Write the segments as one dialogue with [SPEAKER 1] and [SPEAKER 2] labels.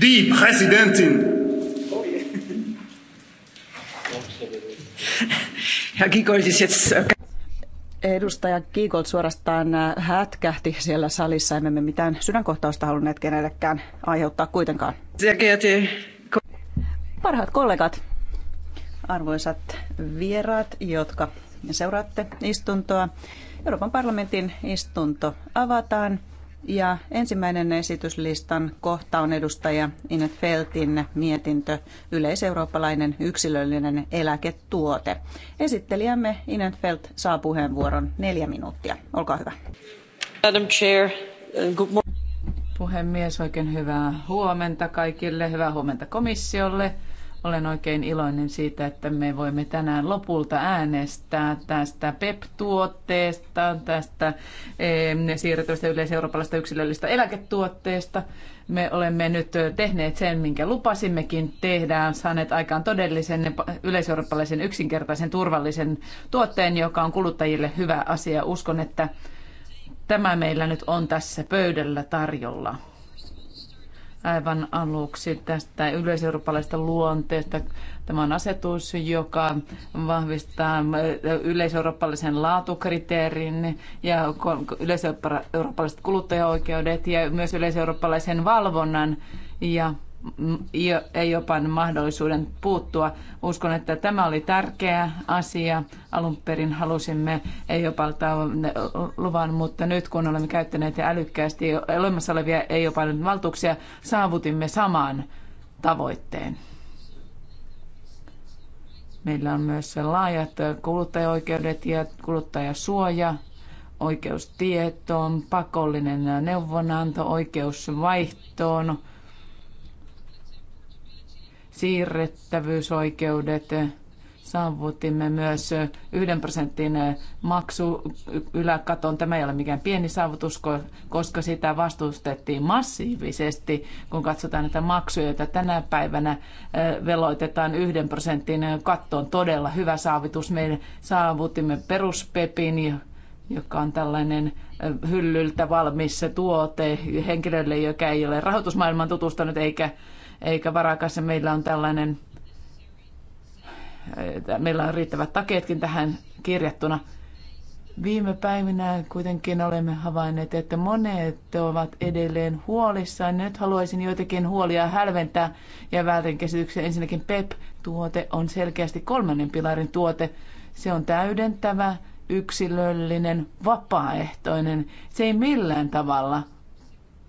[SPEAKER 1] die Präsidentin. Herr Giegold ist jetzt... Äh,
[SPEAKER 2] Edustaja Kiikolt suorastaan äh, hätkähti siellä salissa. Emme me mitään sydänkohtausta halunneet kenellekään aiheuttaa kuitenkaan. Parhaat kollegat, arvoisat vieraat, jotka seuraatte istuntoa. Euroopan parlamentin istunto avataan. Ja ensimmäinen esityslistan kohta on edustaja Inet Feltin mietintö Yleiseurooppalainen yksilöllinen eläketuote. Esittelijämme Inet Felt saa puheenvuoron neljä minuuttia. Olkaa hyvä. Madam Chair, good morning.
[SPEAKER 1] Puhemies, oikein hyvää huomenta kaikille. Hyvää huomenta komissiolle. Olen oikein iloinen siitä, että me voimme tänään lopulta äänestää tästä PEP-tuotteesta, tästä siirrettävästä yleiseurooppalaisesta yksilöllistä eläketuotteesta. Me olemme nyt tehneet sen, minkä lupasimmekin tehdä, saaneet aikaan todellisen yleiseurooppalaisen yksinkertaisen turvallisen tuotteen, joka on kuluttajille hyvä asia. Uskon, että tämä meillä nyt on tässä pöydällä tarjolla aivan aluksi tästä yleiseurooppalaisesta luonteesta. Tämä on asetus, joka vahvistaa äh, yleiseurooppalaisen laatukriteerin ja yleiseurooppalaiset kuluttajaoikeudet ja myös yleiseurooppalaisen valvonnan ja ei jopa mahdollisuuden puuttua. Uskon, että tämä oli tärkeä asia. Alun perin halusimme ei jopa luvan, mutta nyt kun olemme käyttäneet älykkäästi olemassa olevia ei jopa valtuuksia, saavutimme saman tavoitteen. Meillä on myös laajat kuluttajaoikeudet ja kuluttajasuoja, oikeus tietoon, pakollinen neuvonanto, oikeus vaihtoon, siirrettävyysoikeudet. Saavutimme myös yhden prosentin maksu yläkaton. Tämä ei ole mikään pieni saavutus, koska sitä vastustettiin massiivisesti, kun katsotaan näitä maksuja, joita tänä päivänä veloitetaan yhden prosentin kattoon. Todella hyvä saavutus. Me saavutimme peruspepin, joka on tällainen hyllyltä valmis tuote henkilölle, joka ei ole rahoitusmaailman tutustunut eikä eikä varakas. Meillä on tällainen, meillä on riittävät takeetkin tähän kirjattuna. Viime päivinä kuitenkin olemme havainneet, että monet ovat edelleen huolissaan. Nyt haluaisin joitakin huolia hälventää ja väärinkäsityksiä. Ensinnäkin PEP-tuote on selkeästi kolmannen pilarin tuote. Se on täydentävä, yksilöllinen, vapaaehtoinen. Se ei millään tavalla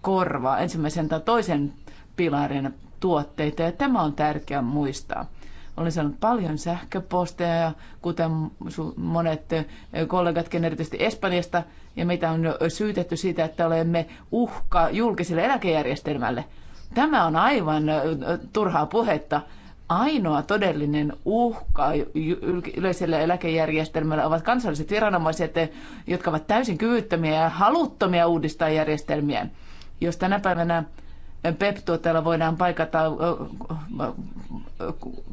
[SPEAKER 1] korvaa ensimmäisen tai toisen pilarin tuotteita ja tämä on tärkeää muistaa. Olen saanut paljon sähköposteja, kuten monet kollegat, erityisesti Espanjasta, ja meitä on syytetty siitä, että olemme uhka julkiselle eläkejärjestelmälle. Tämä on aivan turhaa puhetta ainoa todellinen uhka yleiselle eläkejärjestelmälle ovat kansalliset viranomaiset, jotka ovat täysin kyvyttömiä ja haluttomia uudistaa järjestelmiä. Jos tänä päivänä PEP-tuotteella voidaan paikata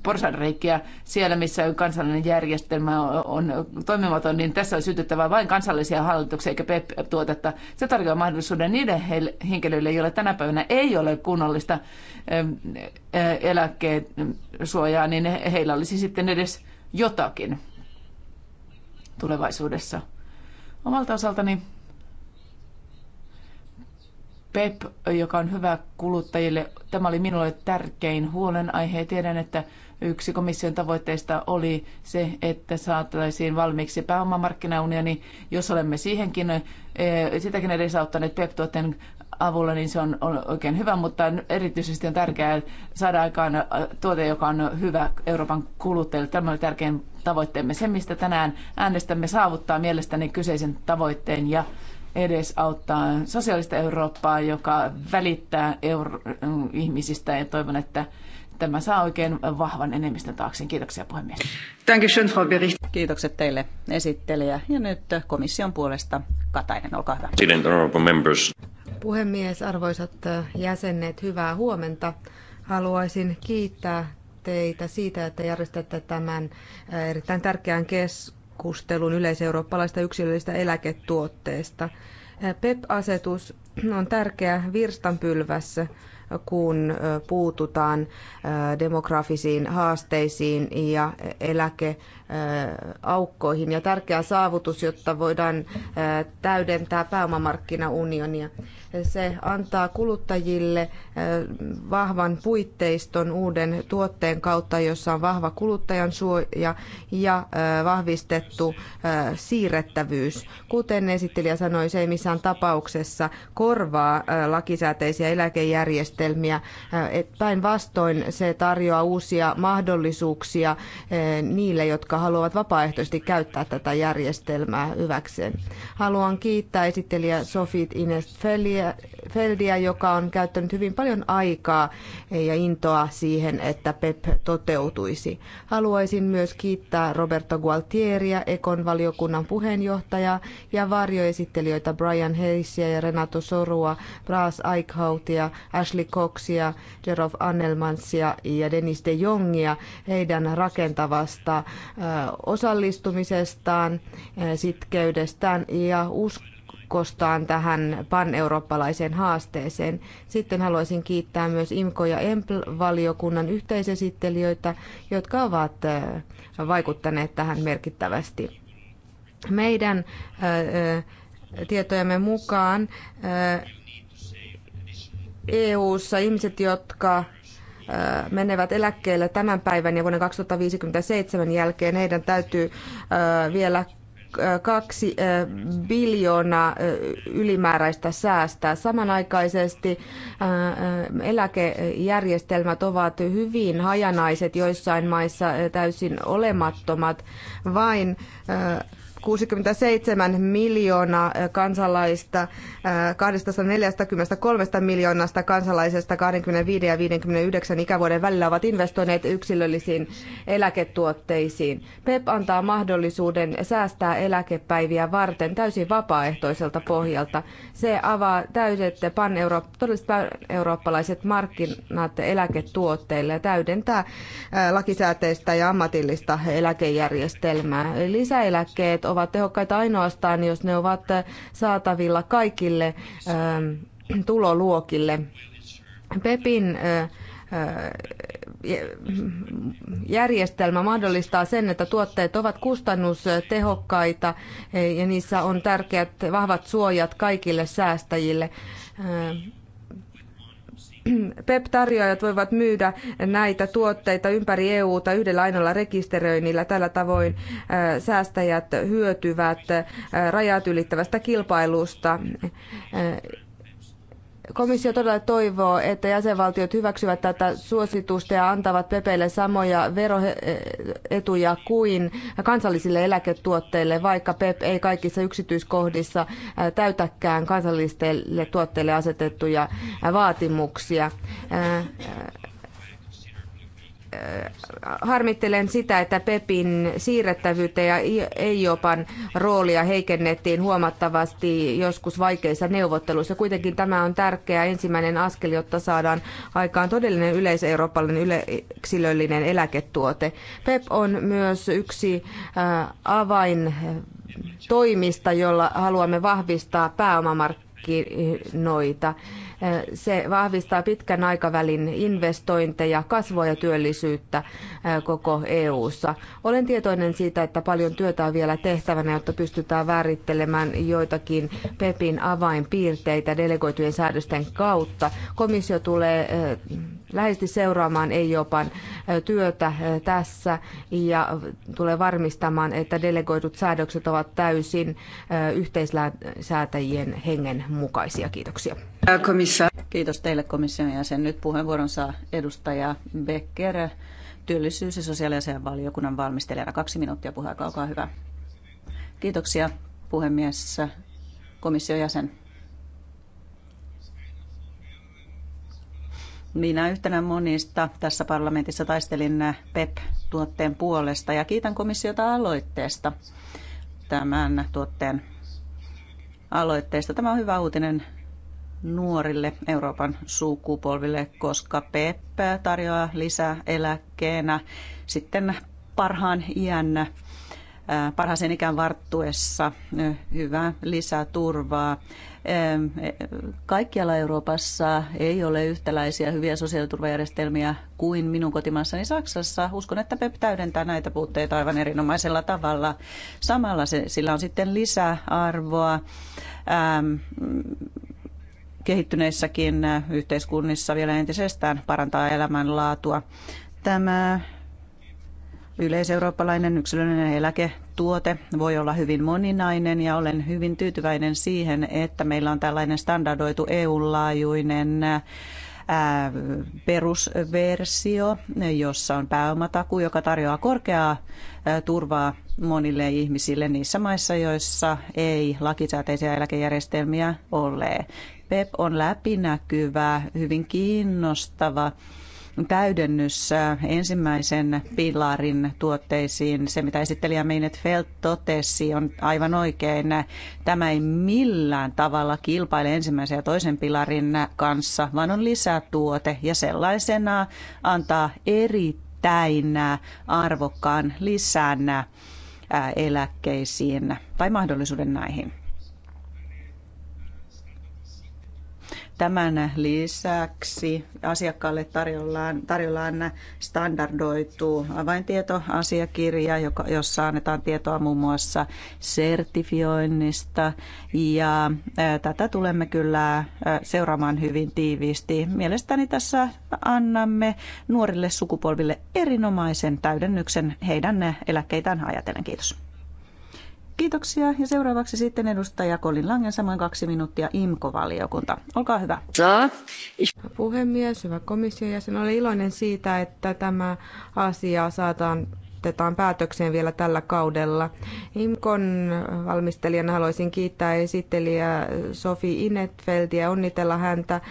[SPEAKER 1] porsanreikiä siellä, missä kansallinen järjestelmä on toimimaton, niin tässä on sytyttävä vain kansallisia hallituksia eikä PEP-tuotetta. Se tarjoaa mahdollisuuden niiden henkilöille, joille tänä päivänä ei ole kunnollista eläkkeen suojaa, niin heillä olisi sitten edes jotakin tulevaisuudessa. Omalta osaltani PEP, joka on hyvä kuluttajille. Tämä oli minulle tärkein huolenaihe. Tiedän, että yksi komission tavoitteista oli se, että saataisiin valmiiksi pääomamarkkinaunioni. Jos olemme siihenkin, eh, sitäkin edesauttaneet PEP-tuotteen avulla, niin se on, on oikein hyvä, mutta erityisesti on tärkeää saada aikaan eh, tuote, joka on hyvä Euroopan kuluttajille. Tämä oli tärkein tavoitteemme. Se, mistä tänään äänestämme, saavuttaa mielestäni kyseisen tavoitteen ja auttaa sosiaalista Eurooppaa, joka välittää euro- ihmisistä ja toivon, että tämä saa oikein vahvan
[SPEAKER 2] enemmistön taakse. Kiitoksia puhemies. Kiitokset teille esittelijä.
[SPEAKER 3] Ja nyt komission puolesta Katainen, olkaa hyvä. Puhemies, arvoisat jäsenet, hyvää huomenta. Haluaisin kiittää teitä siitä, että järjestätte tämän äh, erittäin tärkeän kes- keskustelun yleiseurooppalaista yksilöllistä eläketuotteesta. PEP-asetus on tärkeä virstanpylvässä, kun puututaan demografisiin haasteisiin ja eläke Äh, aukkoihin ja tärkeä saavutus, jotta voidaan äh, täydentää pääomamarkkinaunionia. Se antaa kuluttajille äh, vahvan puitteiston uuden tuotteen kautta, jossa on vahva kuluttajan suoja ja vahvistettu siirrettävyys. Kuten esittelijä sanoi, se ei missään tapauksessa korvaa lakisääteisiä eläkejärjestelmiä. Päinvastoin se tarjoaa uusia mahdollisuuksia niille, jotka haluavat vapaaehtoisesti käyttää tätä järjestelmää hyväkseen. Haluan kiittää esittelijä Sofit Ines Feldia, joka on käyttänyt hyvin paljon aikaa ja intoa siihen, että PEP toteutuisi. Haluaisin myös kiittää Roberto Gualtieria, Ekon valiokunnan puheenjohtaja ja varjoesittelijöitä Brian Heisiä ja Renato Sorua, Braas Eichhautia, Ashley Coxia, Jerov Annelmansia ja Dennis de Jongia heidän rakentavasta osallistumisestaan, sitkeydestään ja uskostaan tähän pan-eurooppalaiseen haasteeseen. Sitten haluaisin kiittää myös IMKO- ja EMPL-valiokunnan yhteisesittelijöitä, jotka ovat vaikuttaneet tähän merkittävästi. Meidän tietojemme mukaan EU:ssa ihmiset, jotka menevät eläkkeelle tämän päivän ja vuoden 2057 jälkeen, heidän täytyy vielä kaksi biljoonaa ylimääräistä säästää. Samanaikaisesti eläkejärjestelmät ovat hyvin hajanaiset, joissain maissa täysin olemattomat. Vain 67 miljoonaa kansalaista 243 miljoonasta kansalaisesta 25 ja 59 ikävuoden välillä ovat investoineet yksilöllisiin eläketuotteisiin. PEP antaa mahdollisuuden säästää eläkepäiviä varten täysin vapaaehtoiselta pohjalta. Se avaa täydet todelliset pan-eurooppalaiset markkinat eläketuotteille ja täydentää lakisääteistä ja ammatillista eläkejärjestelmää. Lisäeläkkeet ovat tehokkaita ainoastaan, jos ne ovat saatavilla kaikille ähm, tuloluokille. Pepin äh, äh, järjestelmä mahdollistaa sen, että tuotteet ovat kustannustehokkaita äh, ja niissä on tärkeät vahvat suojat kaikille säästäjille. PEP-tarjoajat voivat myydä näitä tuotteita ympäri EUta yhdellä ainoalla rekisteröinnillä. Tällä tavoin äh, säästäjät hyötyvät äh, rajat ylittävästä kilpailusta äh, Komissio todella toivoo, että jäsenvaltiot hyväksyvät tätä suositusta ja antavat Pepeille samoja veroetuja kuin kansallisille eläketuotteille, vaikka Pep ei kaikissa yksityiskohdissa täytäkään kansallisille tuotteille asetettuja vaatimuksia. Äh, harmittelen sitä, että Pepin siirrettävyyttä ja EIOPan roolia heikennettiin huomattavasti joskus vaikeissa neuvotteluissa. Kuitenkin tämä on tärkeä ensimmäinen askel, jotta saadaan aikaan todellinen yleiseurooppalainen yksilöllinen eläketuote. PEP on myös yksi äh, avain toimista, jolla haluamme vahvistaa pääomamarkkinoita. Se vahvistaa pitkän aikavälin investointeja, kasvua ja työllisyyttä koko EU:ssa. Olen tietoinen siitä, että paljon työtä on vielä tehtävänä, jotta pystytään määrittelemään joitakin PEPin avainpiirteitä delegoitujen säädösten kautta. Komissio tulee läheisesti seuraamaan EIOPan työtä tässä ja tulee varmistamaan, että delegoidut säädökset ovat täysin yhteislainsäätäjien hengen mukaisia. Kiitoksia.
[SPEAKER 2] Kiitos teille komission jäsen. Nyt puheenvuoron saa edustaja Becker, työllisyys- ja sosiaalisen valiokunnan valmistelijana. Kaksi minuuttia puheaikaa, olkaa hyvä. Kiitoksia puhemies, komission jäsen. Minä yhtenä monista tässä parlamentissa taistelin PEP-tuotteen puolesta ja kiitän komissiota aloitteesta tämän tuotteen aloitteesta. Tämä on hyvä uutinen nuorille Euroopan sukupolville, koska PEP tarjoaa lisää eläkkeenä sitten parhaan iän, parhaaseen ikään varttuessa hyvää lisäturvaa. E, kaikkialla Euroopassa ei ole yhtäläisiä hyviä sosiaaliturvajärjestelmiä kuin minun kotimaassani Saksassa. Uskon, että PEP täydentää näitä puutteita aivan erinomaisella tavalla. Samalla se, sillä on sitten lisäarvoa kehittyneissäkin yhteiskunnissa vielä entisestään parantaa elämänlaatua. Tämä yleiseurooppalainen yksilöllinen eläketuote voi olla hyvin moninainen ja olen hyvin tyytyväinen siihen, että meillä on tällainen standardoitu EU-laajuinen perusversio, jossa on pääomataku, joka tarjoaa korkeaa turvaa monille ihmisille niissä maissa, joissa ei lakisääteisiä eläkejärjestelmiä ole. PEP on läpinäkyvä, hyvin kiinnostava täydennys ensimmäisen pilarin tuotteisiin. Se, mitä esittelijä Meinet Felt totesi, on aivan oikein. Tämä ei millään tavalla kilpaile ensimmäisen ja toisen pilarin kanssa, vaan on lisätuote ja sellaisena antaa erittäin arvokkaan lisänä eläkkeisiin tai mahdollisuuden näihin. Tämän lisäksi asiakkaalle tarjollaan, tarjollaan standardoitu avaintietoasiakirja, joka, jossa annetaan tietoa muun muassa sertifioinnista. Ja tätä tulemme kyllä seuraamaan hyvin tiiviisti. Mielestäni tässä annamme nuorille sukupolville erinomaisen täydennyksen heidän eläkkeitään ajatellen. Kiitos. Kiitoksia. Ja seuraavaksi sitten edustaja Kolin Langen, samoin kaksi minuuttia IMKO-valiokunta. Olkaa hyvä.
[SPEAKER 3] Hyvä puhemies, hyvä komission jäsen. Olen iloinen siitä, että tämä asia saataan otetaan päätökseen vielä tällä kaudella. IMKON valmistelijana haluaisin kiittää esittelijä Sofi Inetfeldiä ja onnitella häntä. Äh,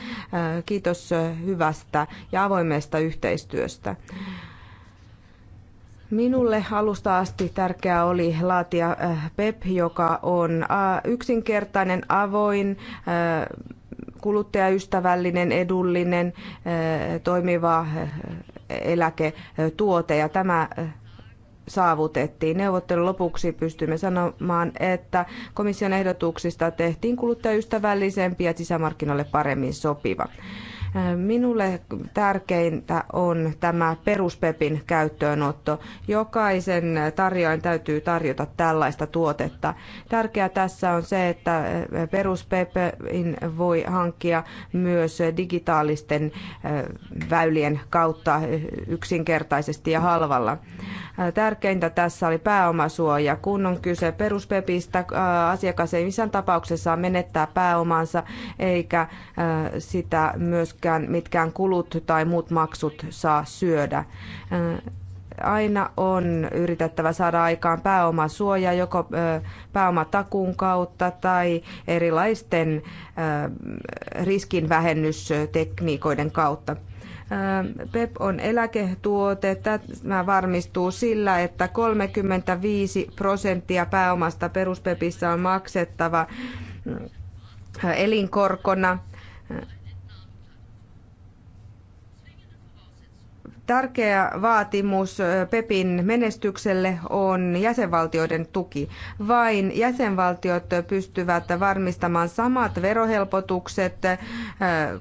[SPEAKER 3] kiitos hyvästä ja avoimesta yhteistyöstä. Minulle alusta asti tärkeää oli laatia äh, PEP, joka on äh, yksinkertainen, avoin, äh, kuluttajaystävällinen, edullinen, toimiva eläketuote. Ja tämä saavutettiin. Neuvottelun lopuksi pystymme sanomaan, että komission ehdotuksista tehtiin kuluttajaystävällisempi ja sisämarkkinoille paremmin sopiva. Minulle tärkeintä on tämä peruspepin käyttöönotto. Jokaisen tarjoajan täytyy tarjota tällaista tuotetta. Tärkeää tässä on se, että peruspepin voi hankkia myös digitaalisten väylien kautta yksinkertaisesti ja halvalla. Tärkeintä tässä oli pääomasuoja. Kun on kyse peruspepistä, asiakas ei missään tapauksessa menettää pääomansa eikä sitä myöskään myöskään mitkään kulut tai muut maksut saa syödä aina on yritettävä saada aikaan pääomasuoja joko pääomatakuun kautta tai erilaisten riskinvähennystekniikoiden kautta. PEP on eläketuote. Tämä varmistuu sillä, että 35 prosenttia pääomasta peruspepissä on maksettava elinkorkona Tärkeä vaatimus PEPin menestykselle on jäsenvaltioiden tuki. Vain jäsenvaltiot pystyvät varmistamaan samat verohelpotukset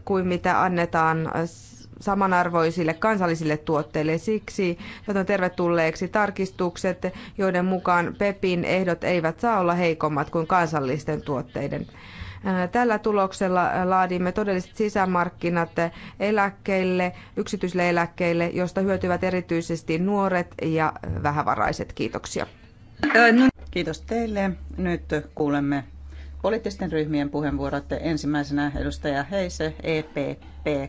[SPEAKER 3] kuin mitä annetaan samanarvoisille kansallisille tuotteille. Siksi joten tervetulleeksi tarkistukset, joiden mukaan PEPin ehdot eivät saa olla heikommat kuin kansallisten tuotteiden. Tällä tuloksella laadimme todelliset sisämarkkinat eläkkeille, yksityisille eläkkeille, josta hyötyvät erityisesti nuoret ja vähävaraiset. Kiitoksia.
[SPEAKER 2] No- Kiitos
[SPEAKER 3] teille. Nyt
[SPEAKER 2] kuulemme poliittisten ryhmien puheenvuorot. Ensimmäisenä edustaja Heise, EPP,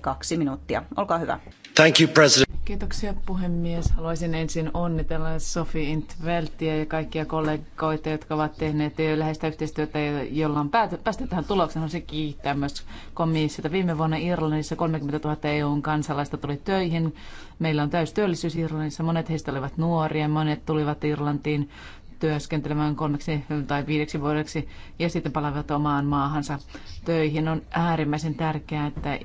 [SPEAKER 2] kaksi minuuttia. Olkaa hyvä.
[SPEAKER 4] Thank you, President.
[SPEAKER 2] Kiitoksia puhemies. Haluaisin
[SPEAKER 1] ensin onnitella Sofi Intveltiä ja kaikkia kollegoita, jotka ovat tehneet läheistä yhteistyötä, jolla on päästy tähän tulokseen. On se kiittää myös komissiota. Viime vuonna Irlannissa 30 000 EUn kansalaista tuli töihin. Meillä on täystyöllisyys Irlannissa. Monet heistä olivat nuoria, monet tulivat Irlantiin työskentelemään kolmeksi tai viideksi vuodeksi ja sitten palaavat omaan maahansa töihin. On äärimmäisen tärkeää, että,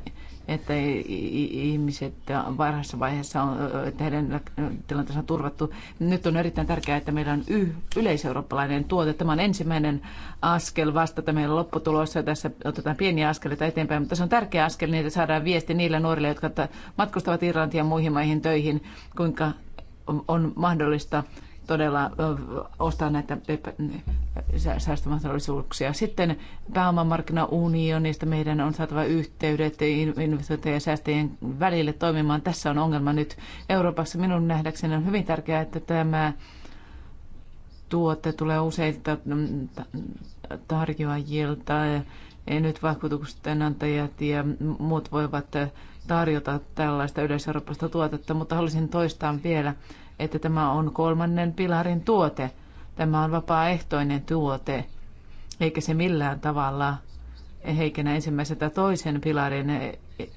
[SPEAKER 1] että ihmiset varhaisessa vaiheessa on, että heidän tilanteensa on turvattu. Nyt on erittäin tärkeää, että meillä on y- yleiseurooppalainen tuote. Tämä on ensimmäinen askel vastata meidän lopputulossa. Tässä otetaan pieniä askeleita eteenpäin, mutta se on tärkeä askel, niin että saadaan viesti niille nuorille, jotka matkustavat Irlantia ja muihin maihin töihin, kuinka on mahdollista todella ostaa näitä säästömahdollisuuksia. Sitten pääomamarkkinaunionista meidän on saatava yhteydet investointien ja säästöjen välille toimimaan. Tässä on ongelma nyt Euroopassa. Minun nähdäkseni on hyvin tärkeää, että tämä tuote tulee useilta mm, tarjoajilta. Ei nyt vakuutusten antajat ja muut voivat tarjota tällaista yleiseurooppalaista tuotetta, mutta haluaisin toistaa vielä että tämä on kolmannen pilarin tuote. Tämä on vapaaehtoinen tuote, eikä se millään tavalla heikennä ensimmäisen tai toisen pilarin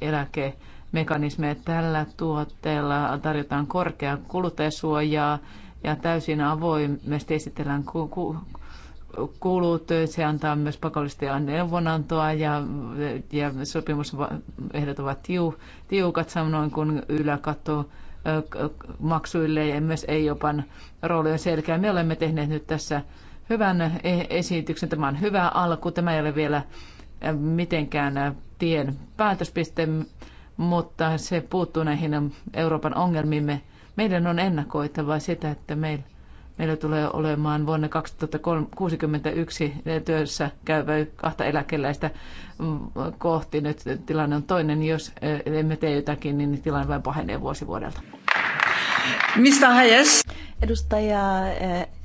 [SPEAKER 1] eläkemekanismeja. Tällä tuotteella tarjotaan korkeaa kuluttajasuojaa ja täysin avoimesti esitellään kulut. Se antaa myös pakollista neuvonantoa ja, ja sopimusehdot ovat tiu, tiukat, samoin kuin yläkatto maksuille ja myös EIOPan rooli on selkeä. Me olemme tehneet nyt tässä hyvän e, esityksen. Tämä on hyvä alku. Tämä ei ole vielä mitenkään tien päätöspiste, mutta se puuttuu näihin Euroopan ongelmiimme. Meidän on ennakoitava sitä, että meillä Meillä tulee olemaan vuonna 2061 työssä käyvä kahta eläkeläistä kohti. Nyt tilanne on toinen. Jos eh, emme tee jotakin, niin tilanne vain pahenee vuosi vuodelta.
[SPEAKER 3] Mistä
[SPEAKER 2] Hayes? Edustaja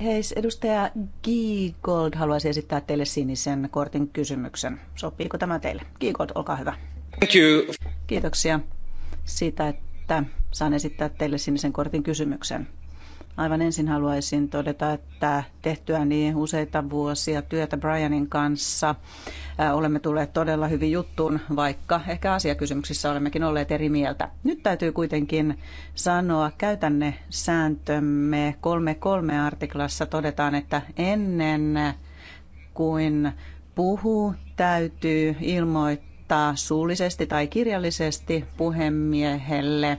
[SPEAKER 2] Heis, eh, edustaja Giegold haluaisi esittää teille sinisen kortin kysymyksen. Sopiiko tämä teille? Giegold, olkaa hyvä. Thank you. Kiitoksia siitä, että saan esittää teille sinisen kortin kysymyksen. Aivan ensin haluaisin todeta, että tehtyä niin useita vuosia työtä Brianin kanssa äh, olemme tulleet todella hyvin juttuun, vaikka ehkä asiakysymyksissä olemmekin olleet eri mieltä. Nyt täytyy kuitenkin sanoa käytänne sääntömme 3.3 artiklassa todetaan, että ennen kuin puhuu, täytyy ilmoittaa suullisesti tai kirjallisesti puhemiehelle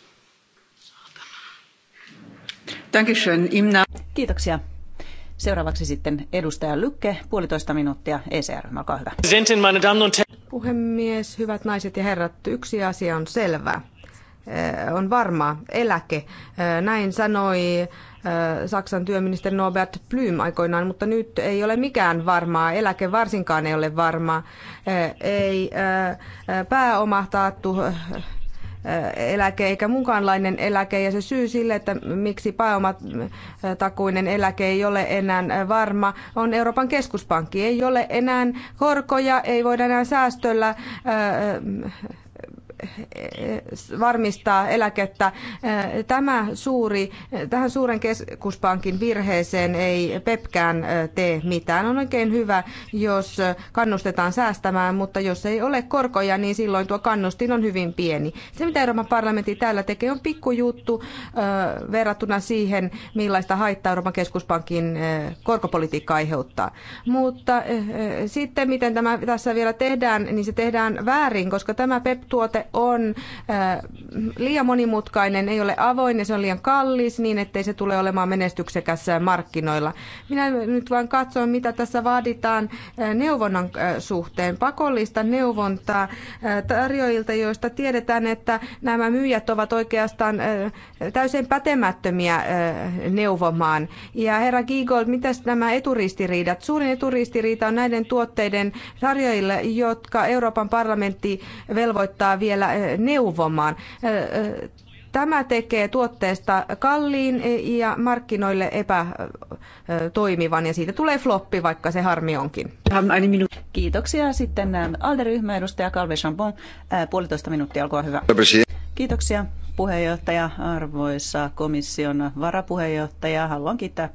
[SPEAKER 2] Kiitoksia. Seuraavaksi sitten edustaja
[SPEAKER 3] Lykke, puolitoista minuuttia ECR, olkaa hyvä. Puhemies, hyvät naiset ja herrat, yksi asia on selvä. Eh, on varma, eläke. Eh, näin sanoi eh, Saksan työministeri Norbert Blüm aikoinaan, mutta nyt ei ole mikään varmaa. Eläke varsinkaan ei ole varmaa. Ei pääoma taattu eläke eikä mukaanlainen eläke. Ja se syy sille, että miksi pääomatakuinen eläke ei ole enää varma, on Euroopan keskuspankki. Ei ole enää korkoja, ei voida enää säästöllä Eh, varmistaa eläkettä. Eh, tämä suuri, tähän suuren keskuspankin virheeseen ei PEPkään eh, tee mitään. On oikein hyvä, jos kannustetaan säästämään, mutta jos ei ole korkoja, niin silloin tuo kannustin on hyvin pieni. Se, mitä Euroopan parlamentti täällä tekee, on pikkujuttu verrattuna siihen, millaista haittaa Euroopan keskuspankin korkopolitiikka aiheuttaa. Mutta sitten, miten tämä tässä vielä tehdään, niin se tehdään väärin, koska tämä PEP-tuote on äh, liian monimutkainen, ei ole avoin ja se on liian kallis niin, ettei se tule olemaan menestyksekäs äh, markkinoilla. Minä nyt vain katson, mitä tässä vaaditaan äh, neuvonnan suhteen. Pakollista neuvontaa tarjoajilta, joista tiedetään, että nämä myyjät ovat oikeastaan täysin pätemättömiä neuvomaan. Ja herra Giegold, mitä nämä eturistiriidat? Suurin eturistiriita on näiden tuotteiden tarjoajille, jotka Euroopan parlamentti velvoittaa vielä vielä eh, neuvomaan. Eh, eh, tämä tekee tuotteesta kalliin ja markkinoille epätoimivan ja siitä tulee floppi, vaikka se harmi onkin. Kiitoksia. Sitten ALDE-ryhmä edustaja Calve Chambon.
[SPEAKER 2] Puolitoista minuuttia, olkaa hyvä. Kiitoksia puheenjohtaja, arvoisa komission varapuheenjohtaja. Haluan kiittää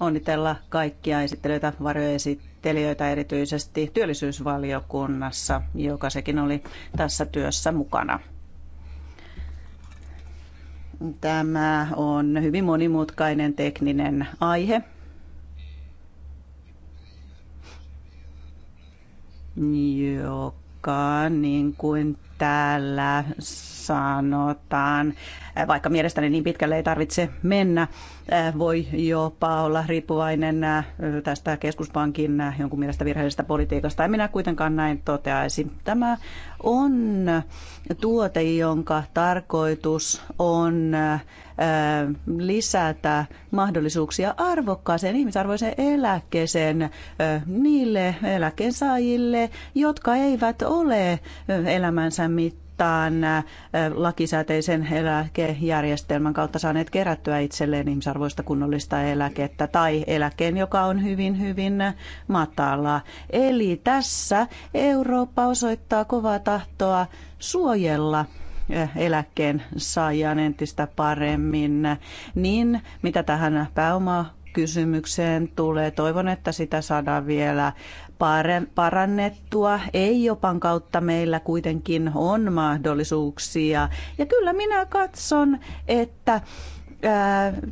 [SPEAKER 2] onnitella kaikkia esittelijöitä, varjoesittelijöitä erityisesti työllisyysvaliokunnassa, joka sekin oli tässä työssä mukana. Tämä on hyvin monimutkainen tekninen aihe. joka niin kuin täällä sanotaan, vaikka mielestäni niin pitkälle ei tarvitse mennä, voi jopa olla riippuvainen tästä keskuspankin jonkun mielestä virheellisestä politiikasta. En minä kuitenkaan näin toteaisi. Tämä on tuote, jonka tarkoitus on äh, lisätä mahdollisuuksia arvokkaaseen ihmisarvoiseen eläkkeeseen äh, niille eläkkeensaajille, jotka eivät ole äh, elämänsä mittaan äh, lakisääteisen eläkejärjestelmän kautta saaneet kerättyä itselleen ihmisarvoista kunnollista eläkettä tai eläkeen, joka on hyvin, hyvin matala. Eli tässä Eurooppa osoittaa kovaa tahtoa suojella äh, eläkkeen saajan entistä paremmin, niin mitä tähän pääomaa kysymykseen tulee. Toivon, että sitä saadaan vielä parannettua. Ei jopan kautta meillä kuitenkin on mahdollisuuksia. Ja kyllä minä katson, että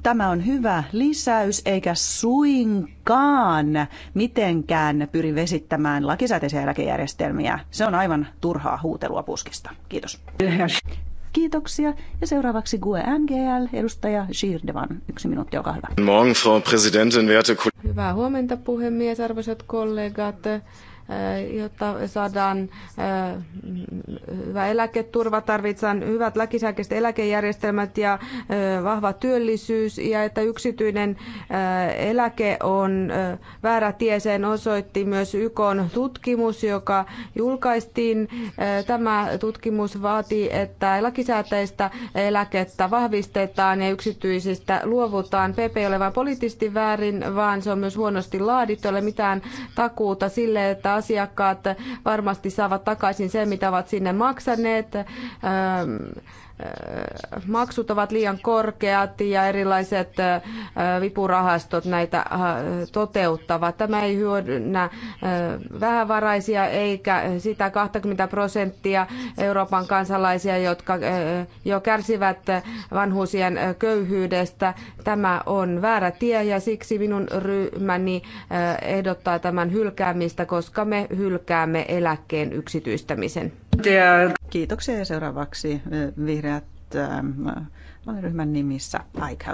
[SPEAKER 2] tämä on hyvä lisäys, eikä suinkaan mitenkään pyri vesittämään lakisääteisiä eläkejärjestelmiä. Se on aivan turhaa huutelua puskista. Kiitos. Kiitoksia. Ja seuraavaksi GUE NGL, edustaja
[SPEAKER 3] Schirdevan. Yksi minuutti, olkaa hyvä.
[SPEAKER 5] Morgen, Frau Präsidentin, werte
[SPEAKER 3] Hyvää huomenta, puhemies, arvoisat kollegat. Eh, jotta saadaan eh, hyvä eläketurva, tarvitaan hyvät lakisääkeiset eläkejärjestelmät ja eh, vahva työllisyys ja että yksityinen eläke on väärä tie, sen osoitti myös YK tutkimus, joka julkaistiin. Tämä tutkimus vaatii, että lakisääteistä eläkettä vahvistetaan ja yksityisistä luovutaan. PP ei ole vain poliittisesti väärin, vaan se on myös huonosti laadittu, ei ole mitään takuuta sille, että asiakkaat varmasti saavat takaisin sen, mitä ovat sinne maksaneet maksut ovat liian korkeat ja erilaiset vipurahastot näitä toteuttavat. Tämä ei hyödynnä vähävaraisia eikä sitä 20 prosenttia Euroopan kansalaisia, jotka jo kärsivät vanhuusien köyhyydestä. Tämä on väärä tie ja siksi minun ryhmäni ehdottaa tämän hylkäämistä, koska me hylkäämme eläkkeen yksityistämisen. Kiitoksia ja seuraavaksi vihreä Ähm, ryhmän nimissä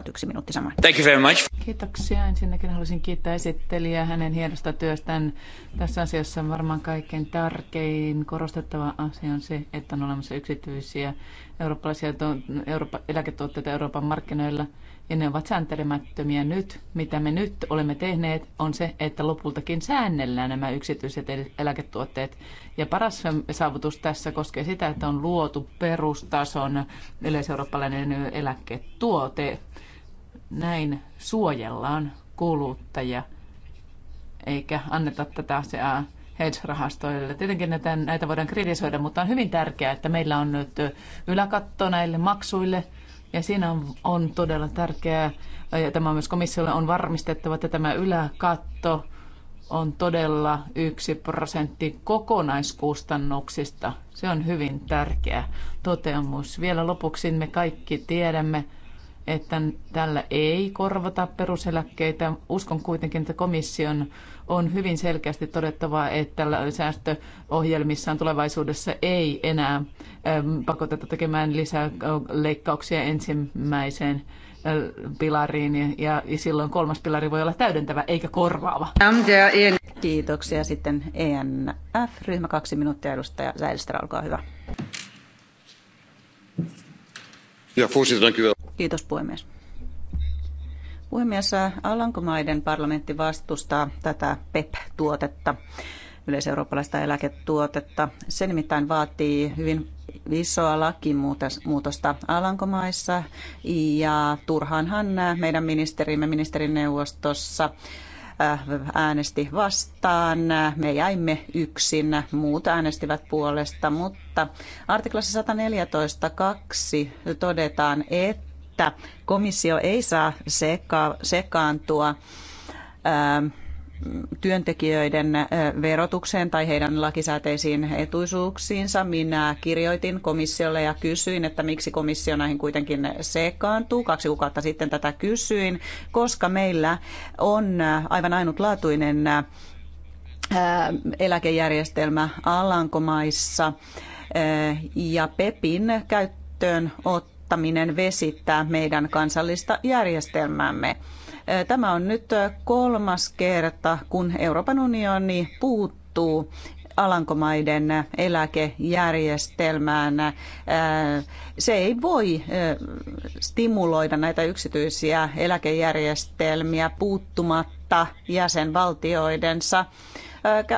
[SPEAKER 2] yksi minuutti
[SPEAKER 6] samoin. Thank you very much.
[SPEAKER 2] Kiitoksia. Ensinnäkin haluaisin kiittää esittelijää hänen hienosta
[SPEAKER 1] työstään. Tässä asiassa varmaan kaikkein tärkein korostettava asia on se, että on olemassa yksityisiä eurooppalaisia to- Eurooppa- eläketuotteita Euroopan markkinoilla – ja ne ovat sääntelemättömiä nyt. Mitä me nyt olemme tehneet on se, että lopultakin säännellään nämä yksityiset eläketuotteet. Ja paras saavutus tässä koskee sitä, että on luotu perustason yleiseurooppalainen eläketuote. Näin suojellaan kuluttajia, eikä anneta tätä asiaa hedge-rahastoille. Tietenkin näitä, näitä voidaan kritisoida, mutta on hyvin tärkeää, että meillä on nyt yläkatto näille maksuille – ja siinä on, on todella tärkeää, ja tämä on myös komissiolle on varmistettava, että tämä yläkatto on todella yksi prosentti kokonaiskustannuksista. Se on hyvin tärkeä toteamus. Vielä lopuksi me kaikki tiedämme, että tällä ei korvata peruseläkkeitä. Uskon kuitenkin, että komission on hyvin selkeästi todettava, että säästöohjelmissaan tulevaisuudessa ei enää ähm, pakoteta tekemään lisää äh, leikkauksia ensimmäiseen
[SPEAKER 2] äh, pilariin ja silloin kolmas pilari voi olla täydentävä eikä korvaava. Kiitoksia. Sitten ENF-ryhmä kaksi minuuttia edustaja Säilistä, olkaa hyvä.
[SPEAKER 6] Ja, voorzitter, dank
[SPEAKER 2] Kiitos puhemies. Puhemies, Alankomaiden parlamentti vastustaa tätä PEP-tuotetta, yleiseurooppalaista eläketuotetta. Se nimittäin vaatii hyvin isoa lakimuutosta Alankomaissa ja turhaanhan meidän ministerimme ministerineuvostossa äh, äänesti vastaan. Me jäimme yksin, muut äänestivät puolesta, mutta artiklassa 114.2 todetaan, että että komissio ei saa seka- sekaantua ähm, työntekijöiden äh, verotukseen tai heidän lakisääteisiin etuisuuksiinsa. Minä kirjoitin komissiolle ja kysyin, että miksi komissio näihin kuitenkin sekaantuu. Kaksi kuukautta sitten tätä kysyin, koska meillä on äh, aivan ainutlaatuinen äh, eläkejärjestelmä Alankomaissa ja PEPin käyttöön ottaa muuttaminen vesittää meidän kansallista järjestelmäämme. Tämä on nyt kolmas kerta, kun Euroopan unioni puuttuu Alankomaiden eläkejärjestelmään. Se ei voi stimuloida näitä yksityisiä eläkejärjestelmiä puuttumatta jäsenvaltioidensa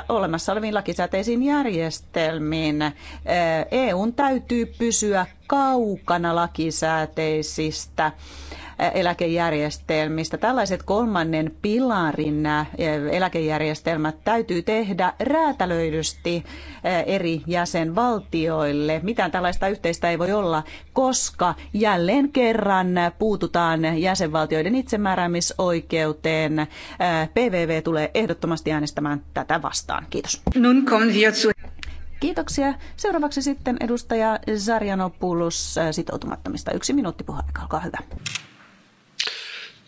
[SPEAKER 2] olemassa oleviin lakisääteisiin järjestelmiin. EUn täytyy pysyä kaukana lakisääteisistä eläkejärjestelmistä. Tällaiset kolmannen pilarin eläkejärjestelmät täytyy tehdä räätälöidysti eri jäsenvaltioille. Mitään tällaista yhteistä ei voi olla, koska jälleen kerran puututaan jäsenvaltioiden itsemääräämisoikeuteen. PVV tulee ehdottomasti äänestämään tätä vastaan. Kiitos. Kiitoksia. Seuraavaksi sitten edustaja Zarjanopoulos sitoutumattomista. Yksi minuutti puheaika, olkaa hyvä.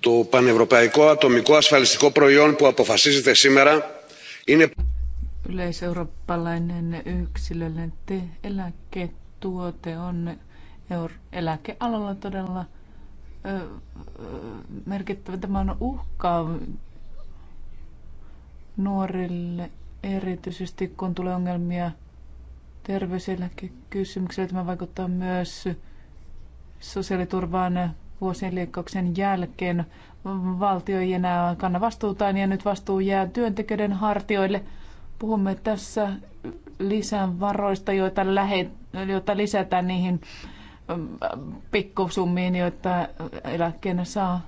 [SPEAKER 6] Το πανευρωπαϊκό ατομικό ασφαλιστικό προϊόν που αποφασίζεται σήμερα
[SPEAKER 4] είναι...
[SPEAKER 1] Yleiseurooppalainen yksilöllinen eläketuote on eläkealalla todella ö, merkittävä. Tämä on uhka nuorille erityisesti, kun tulee ongelmia terveyseläkekysymyksiä. Tämä vaikuttaa myös sosiaaliturvaan vuosien leikkauksen jälkeen valtio ei enää kanna vastuutaan ja nyt vastuu jää työntekijöiden hartioille. Puhumme tässä lisävaroista, joita, lähet, joita lisätään niihin mm, pikkusummiin, joita eläkkeenä saa.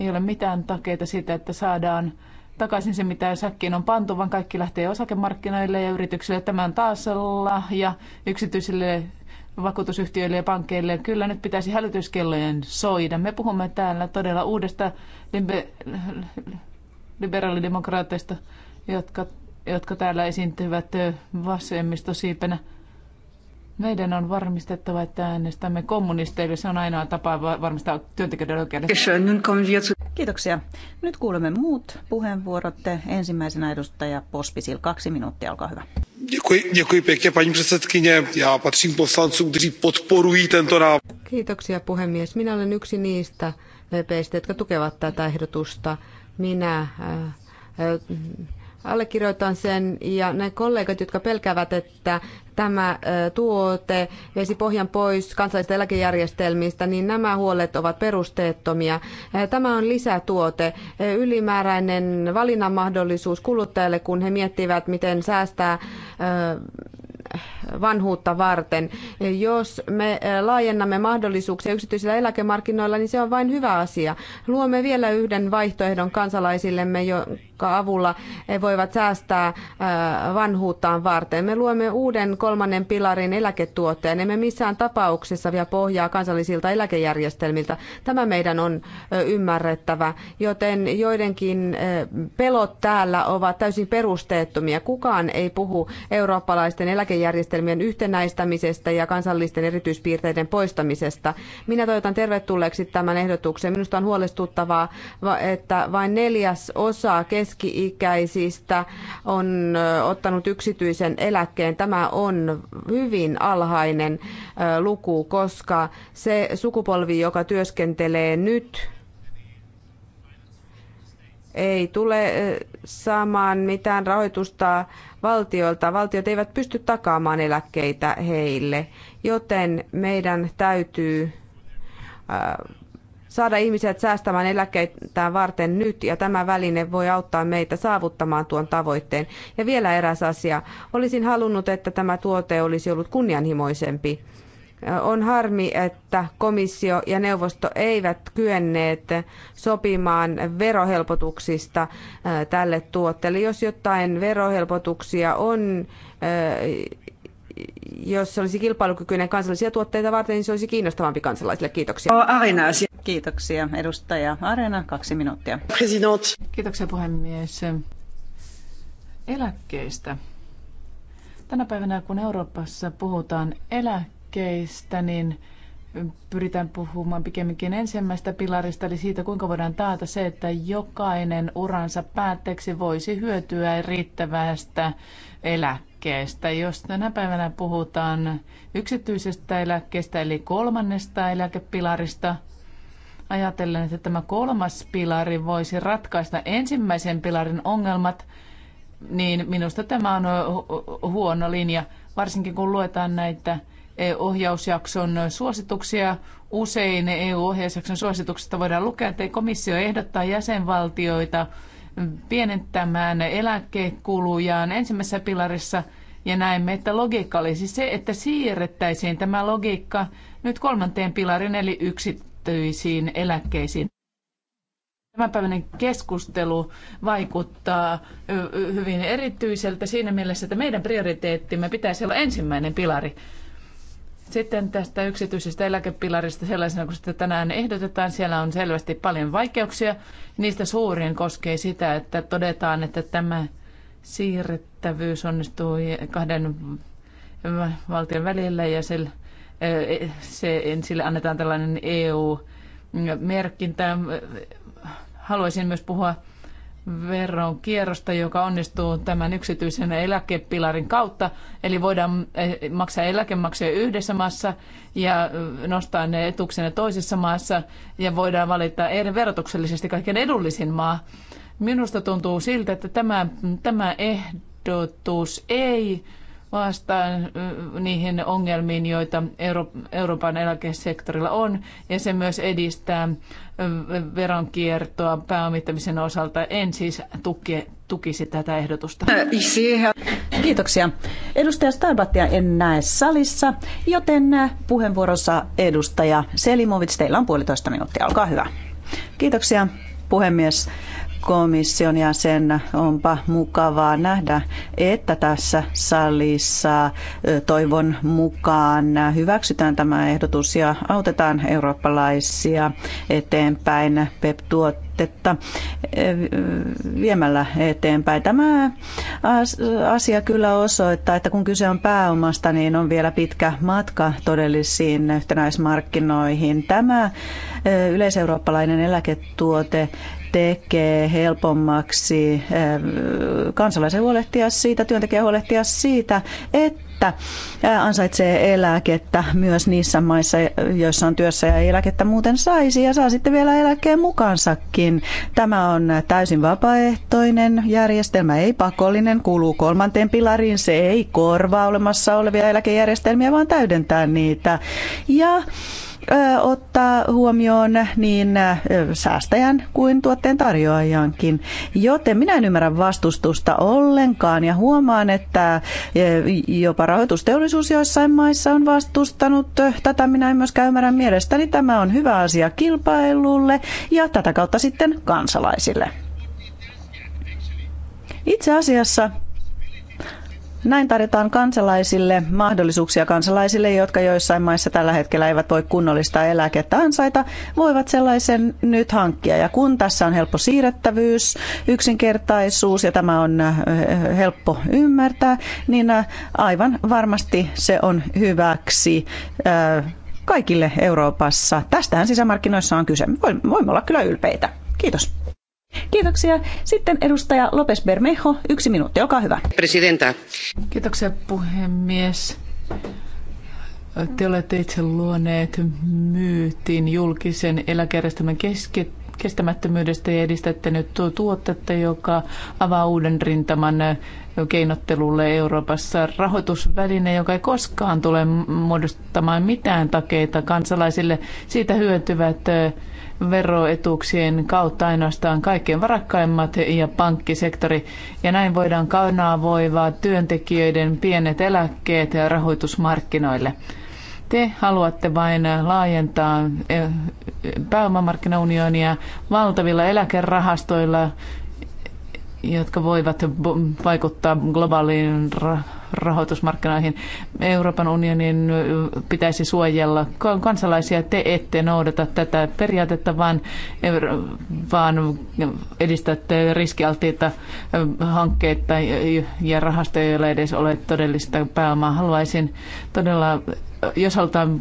[SPEAKER 1] Ei ole mitään takeita siitä, että saadaan takaisin se, mitä säkkiin on pantu, vaan kaikki lähtee osakemarkkinoille ja yrityksille. tämän on taas lahja yksityisille vakuutusyhtiöille ja pankeille. Kyllä nyt pitäisi hälytyskellojen soida. Me puhumme täällä todella uudesta libe- liberaalidemokraateista, jotka, jotka täällä esiintyvät vasemmistosiipenä. Meidän on varmistettava, että äänestämme kommunisteille. Se on ainoa tapa varmistaa työntekijöiden oikeudet.
[SPEAKER 2] Kiitoksia. Nyt kuulemme muut puheenvuorot. Ensimmäisenä
[SPEAKER 3] edustaja Pospisil. Kaksi minuuttia, olkaa hyvä. Kiitoksia puhemies. Minä olen yksi niistä vp jotka tukevat tätä ehdotusta. Minä äh, äh Allekirjoitan sen ja ne kollegat, jotka pelkäävät, että tämä tuote veisi pohjan pois kansallisista eläkejärjestelmistä, niin nämä huolet ovat perusteettomia. Tämä on lisätuote, ylimääräinen valinnanmahdollisuus kuluttajalle, kun he miettivät, miten säästää vanhuutta varten. Jos me laajennamme mahdollisuuksia yksityisillä eläkemarkkinoilla, niin se on vain hyvä asia. Luomme vielä yhden vaihtoehdon kansalaisillemme, jonka avulla he voivat säästää äh, vanhuuttaan varten. Me luomme uuden kolmannen pilarin eläketuotteen. Emme missään tapauksessa vielä pohjaa kansallisilta eläkejärjestelmiltä. Tämä meidän on ymmärrettävä, joten joidenkin pelot täällä ovat täysin perusteettomia. Kukaan ei puhu eurooppalaisten eläkejärjestelmien yhtenäistämisestä ja kansallisten erityispiirteiden poistamisesta. Minä toivotan tervetulleeksi tämän ehdotuksen. Minusta on huolestuttavaa, että vain neljäs osa kes- keski-ikäisistä on ottanut yksityisen eläkkeen. Tämä on hyvin alhainen luku, koska se sukupolvi, joka työskentelee nyt, ei tule saamaan mitään rahoitusta valtiolta. Valtiot eivät pysty takaamaan eläkkeitä heille, joten meidän täytyy saada ihmiset säästämään eläkkeitään varten nyt ja tämä väline voi auttaa meitä saavuttamaan tuon tavoitteen. Ja vielä eräs asia. Olisin halunnut, että tämä tuote olisi ollut kunnianhimoisempi. On harmi, että komissio ja neuvosto eivät kyenneet sopimaan verohelpotuksista äh, tälle tuotteelle. Jos jotain verohelpotuksia on äh, jos se olisi kilpailukykyinen kansallisia tuotteita varten, niin se olisi kiinnostavampi kansalaisille. Kiitoksia. Oh, Aina.
[SPEAKER 2] Kiitoksia. Edustaja Areena, kaksi minuuttia. President. Kiitoksia puhemies.
[SPEAKER 1] Eläkkeistä. Tänä päivänä, kun Euroopassa puhutaan eläkkeistä, niin pyritään puhumaan pikemminkin ensimmäistä pilarista, eli siitä, kuinka voidaan taata se, että jokainen uransa päätteeksi voisi hyötyä riittävästä eläkkeestä eläkkeestä. Jos tänä päivänä puhutaan yksityisestä eläkkeestä eli kolmannesta eläkepilarista, ajatellen, että tämä kolmas pilari voisi ratkaista ensimmäisen pilarin ongelmat, niin minusta tämä on huono linja, varsinkin kun luetaan näitä ohjausjakson suosituksia. Usein EU-ohjausjakson suosituksista voidaan lukea, että komissio ehdottaa jäsenvaltioita pienentämään eläkekulujaan ensimmäisessä pilarissa ja näemme, että logiikka olisi siis se, että siirrettäisiin tämä logiikka nyt kolmanteen pilarin eli yksityisiin eläkkeisiin. Tämänpäiväinen keskustelu vaikuttaa hyvin erityiseltä siinä mielessä, että meidän prioriteettimme pitäisi olla ensimmäinen pilari. Sitten tästä yksityisestä eläkepilarista sellaisena kuin sitä tänään ehdotetaan, siellä on selvästi paljon vaikeuksia. Niistä suurin koskee sitä, että todetaan, että tämä siirrettävyys onnistuu kahden valtion välillä ja se, se, sille annetaan tällainen EU-merkintä. Haluaisin myös puhua veron kierrosta, joka onnistuu tämän yksityisen eläkepilarin kautta. Eli voidaan eh, maksaa eläkemaksuja yhdessä maassa ja nostaa ne etuksena toisessa maassa ja voidaan valita eri verotuksellisesti kaikkein edullisin maa. Minusta tuntuu siltä, että tämä, tämä ehdotus ei vastaan niihin ongelmiin, joita Euro- Euroopan eläkesektorilla on, ja se myös edistää veronkiertoa pääomittamisen osalta. En siis tuki, tukisi tätä ehdotusta.
[SPEAKER 2] Kiitoksia. Edustaja Starbattia en näe salissa, joten puheenvuorossa edustaja Selimovic, teillä on puolitoista minuuttia. Olkaa hyvä. Kiitoksia puhemies komission jäsen, onpa mukavaa nähdä, että tässä salissa toivon mukaan hyväksytään tämä ehdotus ja autetaan eurooppalaisia eteenpäin PEP-tuotetta viemällä eteenpäin. Tämä asia kyllä osoittaa, että kun kyse on pääomasta, niin on vielä pitkä matka todellisiin yhtenäismarkkinoihin. Tämä yleiseurooppalainen eläketuote tekee helpommaksi eh, kansalaisen huolehtia siitä, työntekijä huolehtia siitä, että että ansaitsee eläkettä myös niissä maissa, joissa on työssä ja eläkettä muuten saisi ja saa sitten vielä eläkkeen mukansakin. Tämä on täysin vapaaehtoinen järjestelmä, ei pakollinen, kuuluu kolmanteen pilariin, se ei korvaa olemassa olevia eläkejärjestelmiä, vaan täydentää niitä. Ja ottaa huomioon niin säästäjän kuin tuotteen tarjoajankin. Joten minä en ymmärrä vastustusta ollenkaan ja huomaan, että jopa Rahoitusteollisuus joissain maissa on vastustanut. Tätä minä en myöskään ymmärrä mielestäni. Tämä on hyvä asia kilpailulle ja tätä kautta sitten kansalaisille. Itse asiassa näin tarjotaan kansalaisille mahdollisuuksia kansalaisille, jotka joissain maissa tällä hetkellä eivät voi kunnollista eläkettä ansaita, voivat sellaisen nyt hankkia. Ja kun tässä on helppo siirrettävyys, yksinkertaisuus ja tämä on äh, helppo ymmärtää, niin äh, aivan varmasti se on hyväksi äh, kaikille Euroopassa. Tästähän sisämarkkinoissa on kyse. Voimme olla kyllä ylpeitä. Kiitos. Kiitoksia. Sitten edustaja Lopes Bermejo, yksi minuutti,
[SPEAKER 5] olkaa hyvä. Presidenta.
[SPEAKER 2] Kiitoksia puhemies.
[SPEAKER 1] Te olette itse luoneet myytin julkisen eläkejärjestelmän keski- kestämättömyydestä ja edistätte nyt tuotetta, joka avaa uuden rintaman keinottelulle Euroopassa rahoitusväline, joka ei koskaan tule muodostamaan mitään takeita kansalaisille. Siitä hyötyvät veroetuuksien kautta ainoastaan kaikkein varakkaimmat ja pankkisektori. Ja näin voidaan kanavoivaa työntekijöiden pienet eläkkeet ja rahoitusmarkkinoille. Te haluatte vain laajentaa e, pääomamarkkinaunionia valtavilla eläkerahastoilla, jotka voivat vaikuttaa globaaliin rahoitusmarkkinoihin. Euroopan unionin pitäisi suojella kansalaisia. Te ette noudata tätä periaatetta, vaan, vaan edistätte riskialtiita hankkeita ja rahastoja, joilla edes ole todellista pääomaa. Haluaisin todella jos halutaan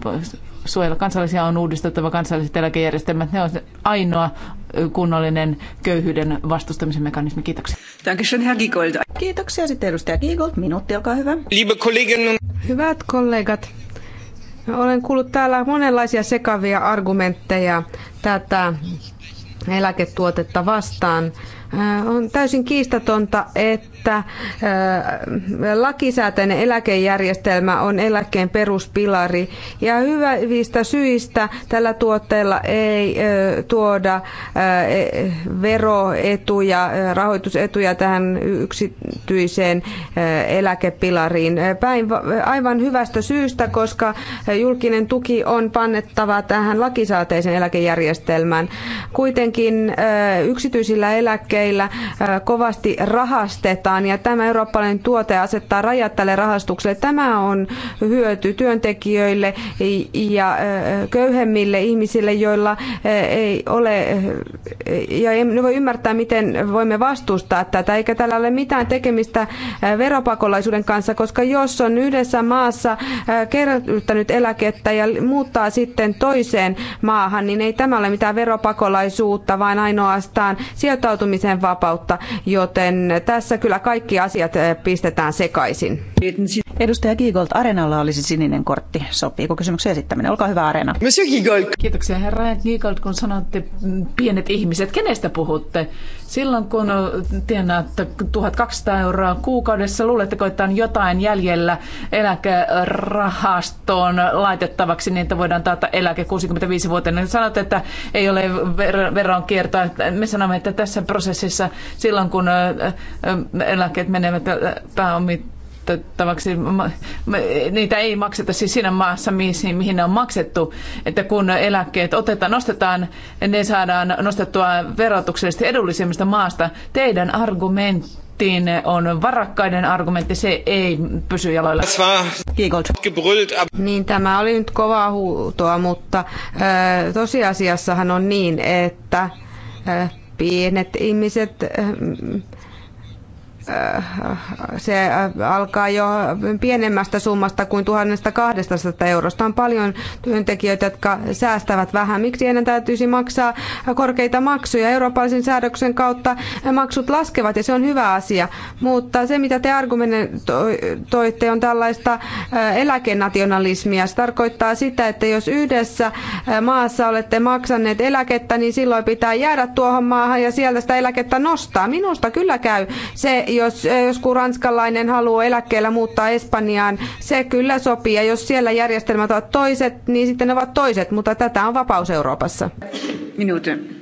[SPEAKER 1] suojella kansallisia on uudistettava kansalliset eläkejärjestelmät. Ne on ainoa kunnollinen köyhyyden vastustamisen mekanismi. Kiitoksia.
[SPEAKER 2] Dankeschön, Herr Giegold.
[SPEAKER 3] Kiitoksia sitten edustaja Giegold. Minuutti, olkaa hyvä. Liebe Hyvät kollegat, olen kuullut täällä monenlaisia sekavia argumentteja tätä eläketuotetta vastaan. Äh, on täysin kiistatonta, että äh, lakisääteinen eläkejärjestelmä on eläkkeen peruspilari ja hyvistä syistä tällä tuotteella ei äh, tuoda veroetuja, rahoitusetuja tähän yksityiseen eläkepilariin. Päin, aivan hyvästä syystä, koska julkinen tuki on pannettava tähän lakisääteisen eläkejärjestelmään. Kuitenkin yksityisillä eläkkeillä liikkeillä, kovasti rahastetaan ja tämä eurooppalainen tuote asettaa rajat tälle rahastukselle. Tämä on hyöty työntekijöille ja köyhemmille ihmisille, joilla ei ole ja emme voi ymmärtää, miten voimme vastustaa tätä, eikä tällä ole mitään tekemistä veropakolaisuuden kanssa, koska jos on yhdessä maassa kerryttänyt eläkettä ja muuttaa sitten toiseen maahan, niin ei tämä ole mitään veropakolaisuutta, vaan ainoastaan sijoittautumisen sen vapautta, joten tässä kyllä kaikki asiat eh, pistetään sekaisin. Edustaja Giegold, Arenalla olisi sininen kortti.
[SPEAKER 2] Sopiiko kysymyksen esittäminen? Olkaa hyvä, Arena. Monsieur Giegold. Kiitoksia, herra Giegold, kun sanotte mm,
[SPEAKER 1] pienet ihmiset. Kenestä puhutte? Silloin kun tienaat 1200 euroa kuukaudessa, luuletteko, että on jotain jäljellä eläkerahastoon laitettavaksi, niin että voidaan taata eläke 65 vuoteen. Niin sanot, että ei ole veronkiertoa. Me sanomme, että tässä prosessissa silloin kun eläkkeet menevät pääomittamaan, maksettavaksi. Niitä ei makseta siis siinä maassa, mihin ne on maksettu. Että kun eläkkeet otetaan, nostetaan, ne saadaan nostettua verotuksellisesti edullisemmista maasta. Teidän argumenttiin on
[SPEAKER 3] varakkaiden argumentti, se ei pysy jaloilla. Niin tämä oli nyt kovaa huutoa, mutta äh, tosiasiassahan on niin, että äh, pienet ihmiset Äh, se äh, alkaa jo pienemmästä summasta kuin 1200 eurosta. On paljon työntekijöitä, jotka säästävät vähän. Miksi heidän täytyisi maksaa korkeita maksuja? Eurooppalaisen säädöksen kautta maksut laskevat ja se on hyvä asia. Mutta se, mitä te argumentoitte, on tällaista äh, eläkenationalismia. Se tarkoittaa sitä, että jos yhdessä maassa olette maksaneet eläkettä, niin silloin pitää jäädä tuohon maahan ja sieltä sitä eläkettä nostaa. Minusta kyllä käy se, jos eh, joskus ranskalainen haluaa eläkkeellä muuttaa Espanjaan, se kyllä sopii. Ja jos siellä järjestelmät ovat toiset, niin sitten ne ovat toiset, mutta tätä on vapaus Euroopassa. Minuutin.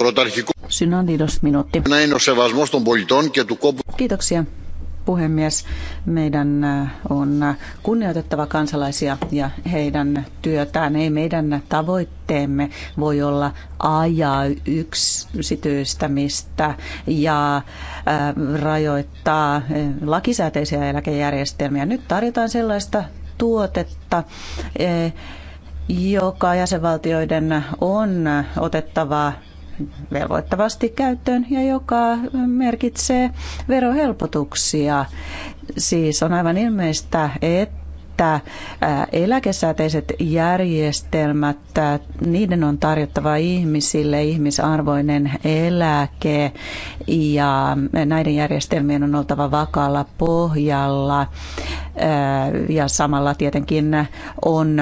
[SPEAKER 3] Πρωταρχικό. Συνάντηρος μινούτη.
[SPEAKER 6] Να είναι ο σεβασμός των πολιτών και του
[SPEAKER 2] puhemies. Meidän äh, on kunnioitettava kansalaisia ja heidän työtään. Ei meidän tavoitteemme voi olla ajaa yksityistämistä ja äh, rajoittaa äh, lakisääteisiä eläkejärjestelmiä. Nyt tarjotaan sellaista tuotetta, joka jäsenvaltioiden on otettava velvoittavasti käyttöön ja joka merkitsee verohelpotuksia. Siis on aivan ilmeistä, että että eläkesäteiset järjestelmät, niiden on tarjottava ihmisille ihmisarvoinen eläke ja näiden järjestelmien on oltava vakaalla pohjalla ja samalla tietenkin on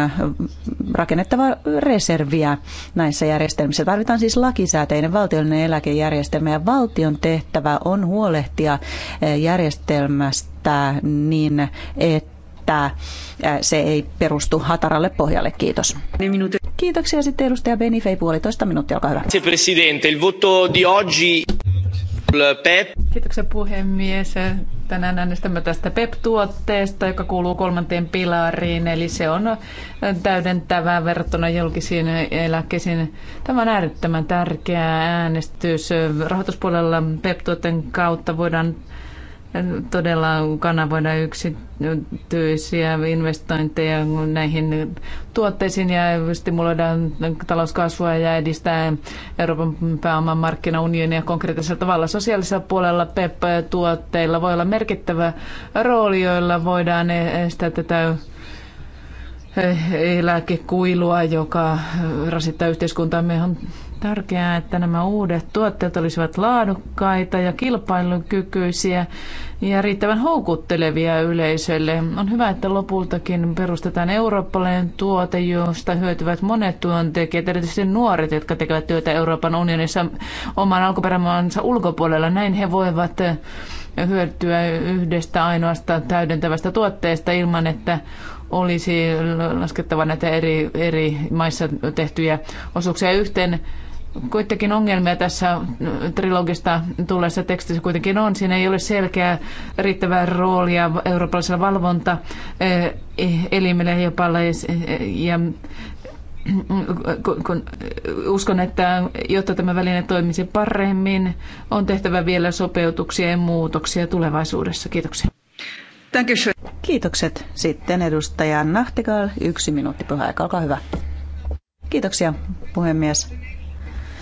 [SPEAKER 2] rakennettava reserviä näissä järjestelmissä. Tarvitaan siis lakisääteinen valtiollinen eläkejärjestelmä ja valtion tehtävä on huolehtia järjestelmästä niin, että että se ei perustu hataralle pohjalle. Kiitos. Kiitoksia sitten edustaja Benifei puolitoista minuuttia, olkaa hyvä.
[SPEAKER 6] Presidente, il voto di oggi... E
[SPEAKER 1] Kiitoksia puhemies. Tänään äänestämme tästä PEP-tuotteesta, joka kuuluu kolmanteen pilariin, eli se on täydentävää verrattuna julkisiin eläkkeisiin. Tämä on äärettömän tärkeä äänestys. Rahoituspuolella PEP-tuotteen kautta voidaan todella kanavoida yksityisiä investointeja näihin tuotteisiin ja stimuloidaan talouskasvua ja edistää Euroopan pääoman markkinaunionia konkreettisella tavalla. Sosiaalisella puolella PEP-tuotteilla voi olla merkittävä rooli, joilla voidaan estää tätä eh, lääkekuilua, joka rasittaa yhteiskuntaa On tärkeää, että nämä uudet tuotteet olisivat laadukkaita ja kilpailukykyisiä ja riittävän houkuttelevia yleisölle. On hyvä, että lopultakin perustetaan eurooppalainen tuote, josta hyötyvät monet työntekijät, erityisesti nuoret, jotka tekevät työtä Euroopan unionissa oman alkuperämaansa ulkopuolella. Näin he voivat hyötyä yhdestä ainoasta täydentävästä tuotteesta ilman, että olisi laskettava näitä eri, eri maissa tehtyjä osuuksia yhteen kuitenkin ongelmia tässä trilogista tulleessa tekstissä kuitenkin on. Siinä ei ole selkeää riittävää roolia eurooppalaisella valvonta eh, elimellä ja, ja kun uskon, että jotta tämä väline toimisi paremmin, on tehtävä vielä sopeutuksia
[SPEAKER 2] ja muutoksia tulevaisuudessa. Kiitoksia. Kiitokset. Sitten edustaja Nahtikal. Yksi minuutti puheaika. Olkaa hyvä. Kiitoksia, puhemies.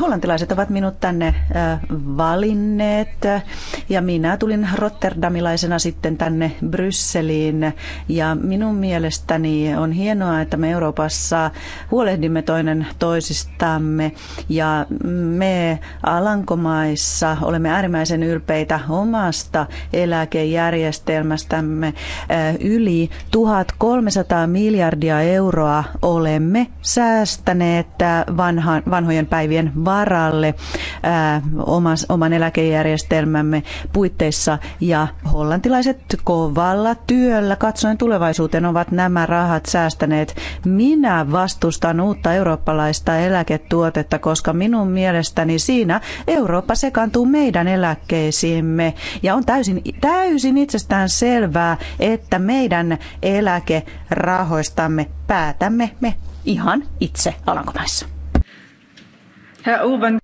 [SPEAKER 2] hollantilaiset ovat minut tänne valinneet ja minä tulin rotterdamilaisena sitten tänne Brysseliin ja minun mielestäni on hienoa, että me Euroopassa huolehdimme toinen toisistamme ja me Alankomaissa olemme äärimmäisen ylpeitä omasta eläkejärjestelmästämme yli 1300 miljardia euroa olemme säästäneet vanhan, vanhan vanhojen päivien varalle äh, oman eläkejärjestelmämme puitteissa. Ja hollantilaiset kovalla työllä katsoen tulevaisuuteen ovat nämä rahat säästäneet. Minä vastustan uutta eurooppalaista eläketuotetta, koska minun mielestäni siinä Eurooppa sekaantuu meidän eläkkeisiimme. Ja on täysin, täysin itsestään selvää, että meidän eläkerahoistamme päätämme me ihan itse Alankomaissa. Herr Urban.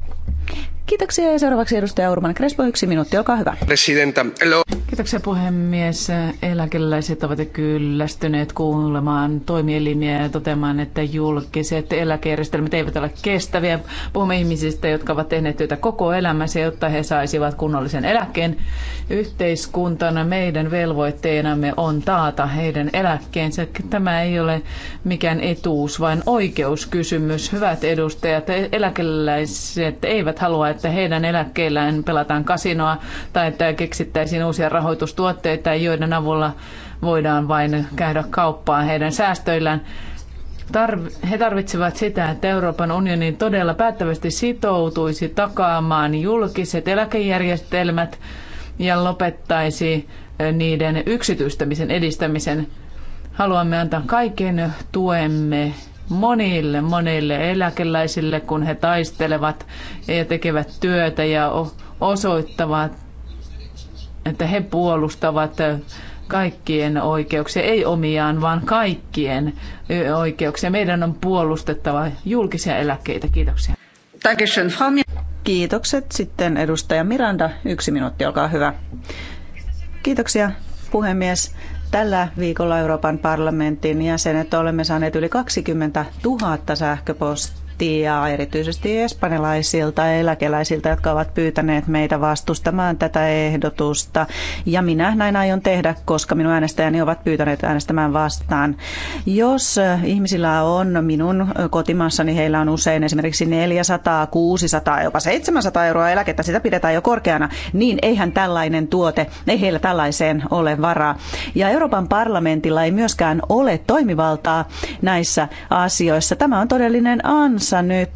[SPEAKER 2] Kiitoksia ja seuraavaksi edustaja Urman Crespo, yksi minuutti, olkaa hyvä.
[SPEAKER 6] Presidenta. Hello.
[SPEAKER 2] Kiitoksia puhemies. Eläkeläiset
[SPEAKER 1] ovat kyllästyneet kuulemaan toimielimiä ja toteamaan, että julkiset eläkejärjestelmät eivät ole kestäviä. Puhumme ihmisistä, jotka ovat tehneet työtä koko elämänsä, jotta he saisivat kunnollisen eläkkeen. Yhteiskuntana meidän velvoitteenamme on taata heidän eläkkeensä. Tämä ei ole mikään etuus, vaan oikeuskysymys. Hyvät edustajat, eläkeläiset eivät halua, että heidän eläkkeellään pelataan kasinoa tai että keksittäisiin uusia rahoitustuotteita, joiden avulla voidaan vain käydä kauppaa heidän säästöillään. he tarvitsevat sitä, että Euroopan unioni todella päättävästi sitoutuisi takaamaan julkiset eläkejärjestelmät ja lopettaisi eh, niiden yksityistämisen edistämisen. Haluamme antaa kaiken tuemme monille, monille eläkeläisille, kun he taistelevat ja tekevät työtä ja osoittavat, että he puolustavat kaikkien oikeuksia, ei omiaan, vaan kaikkien oikeuksia. Meidän on puolustettava
[SPEAKER 2] julkisia eläkkeitä. Kiitoksia. Kiitokset. Sitten edustaja Miranda, yksi minuutti, olkaa hyvä. Kiitoksia puhemies. Tällä viikolla Euroopan parlamentin jäsenet olemme saaneet yli 20 000 sähköpostia ja erityisesti espanjalaisilta eläkeläisiltä, jotka ovat pyytäneet meitä vastustamaan tätä ehdotusta. Ja minä näin aion tehdä, koska minun äänestäjäni ovat pyytäneet äänestämään vastaan. Jos eh, ihmisillä on minun kotimaassani, heillä on usein esimerkiksi 400, 600, jopa 700 euroa eläkettä, sitä pidetään jo korkeana, niin eihän tällainen tuote, ei heillä tällaiseen ole varaa. Ja Euroopan parlamentilla ei myöskään ole toimivaltaa näissä asioissa. Tämä on todellinen ans kanssa nyt,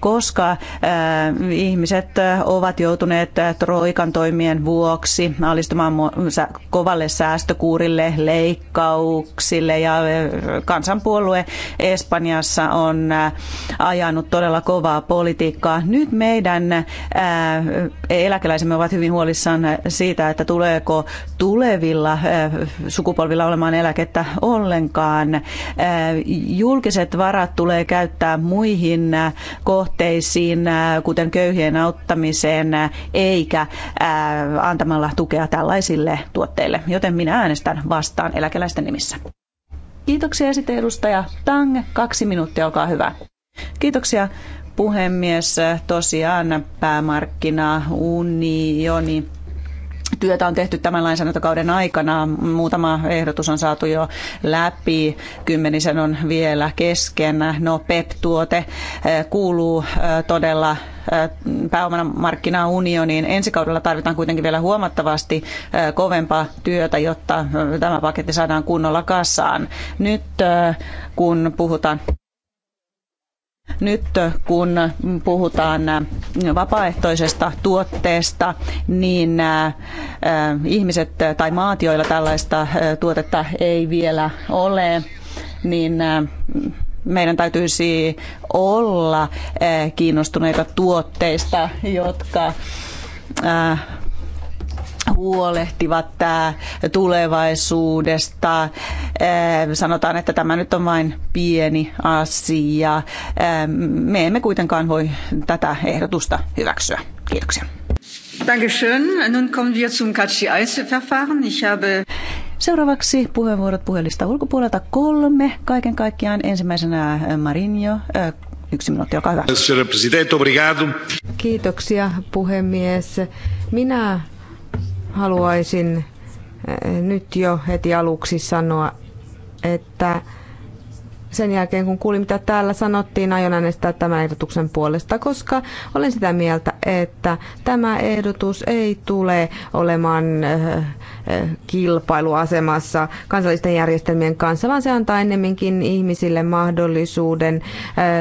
[SPEAKER 2] koska äh, ihmiset ovat joutuneet Troikan toimien vuoksi alistumaan kovalle säästökuurille, leikkauksille ja äh, kansanpuolue Espanjassa on äh, ajanut todella kovaa politiikkaa. Nyt meidän eläkeläisemme ovat hyvin huolissaan siitä, että tuleeko tulevilla sukupolvilla olemaan eläkettä ollenkaan. Julkiset varat tulee käyttää muihin muihin äh, kohteisiin, äh, kuten köyhien auttamiseen, äh, eikä antamalla tukea tällaisille tuotteille. Joten minä äänestän vastaan eläkeläisten nimissä. Kiitoksia ja sitten edustaja Tang. Kaksi minuuttia, olkaa hyvä. Kiitoksia puhemies. Tosiaan päämarkkina Unioni työtä on tehty tämän lainsäädäntökauden aikana. Muutama ehdotus on saatu jo läpi, kymmenisen on vielä kesken. No PEP-tuote eh, kuuluu eh, todella eh, pääomamarkkinaunioniin. Ensi kaudella tarvitaan kuitenkin vielä huomattavasti kovempaa työtä, jotta tämä paketti saadaan kunnolla kasaan. Nyt kun puhutaan nyt kun puhutaan vapaaehtoisesta tuotteesta, niin ihmiset tai maat, joilla tällaista tuotetta ei vielä ole, niin meidän täytyisi olla kiinnostuneita tuotteista, jotka huolehtivat tulevaisuudesta. Sanotaan, että tämä nyt on vain pieni asia. Me emme kuitenkaan voi tätä ehdotusta hyväksyä. Kiitoksia. Dankeschön. Nun kommen wir zum verfahren Ich habe Seuraavaksi puheenvuorot puhelista ulkopuolelta kolme kaiken kaikkiaan. Ensimmäisenä Marinho, yksi minuutti, olkaa hyvä.
[SPEAKER 3] Kiitoksia puhemies. Minä haluaisin eh, nyt jo heti aluksi sanoa, että sen jälkeen, kun kuulin, mitä täällä sanottiin, aion äänestää tämän ehdotuksen puolesta, koska olen sitä mieltä, että tämä ehdotus ei tule olemaan eh, eh, kilpailuasemassa kansallisten järjestelmien kanssa, vaan se antaa ennemminkin ihmisille mahdollisuuden eh,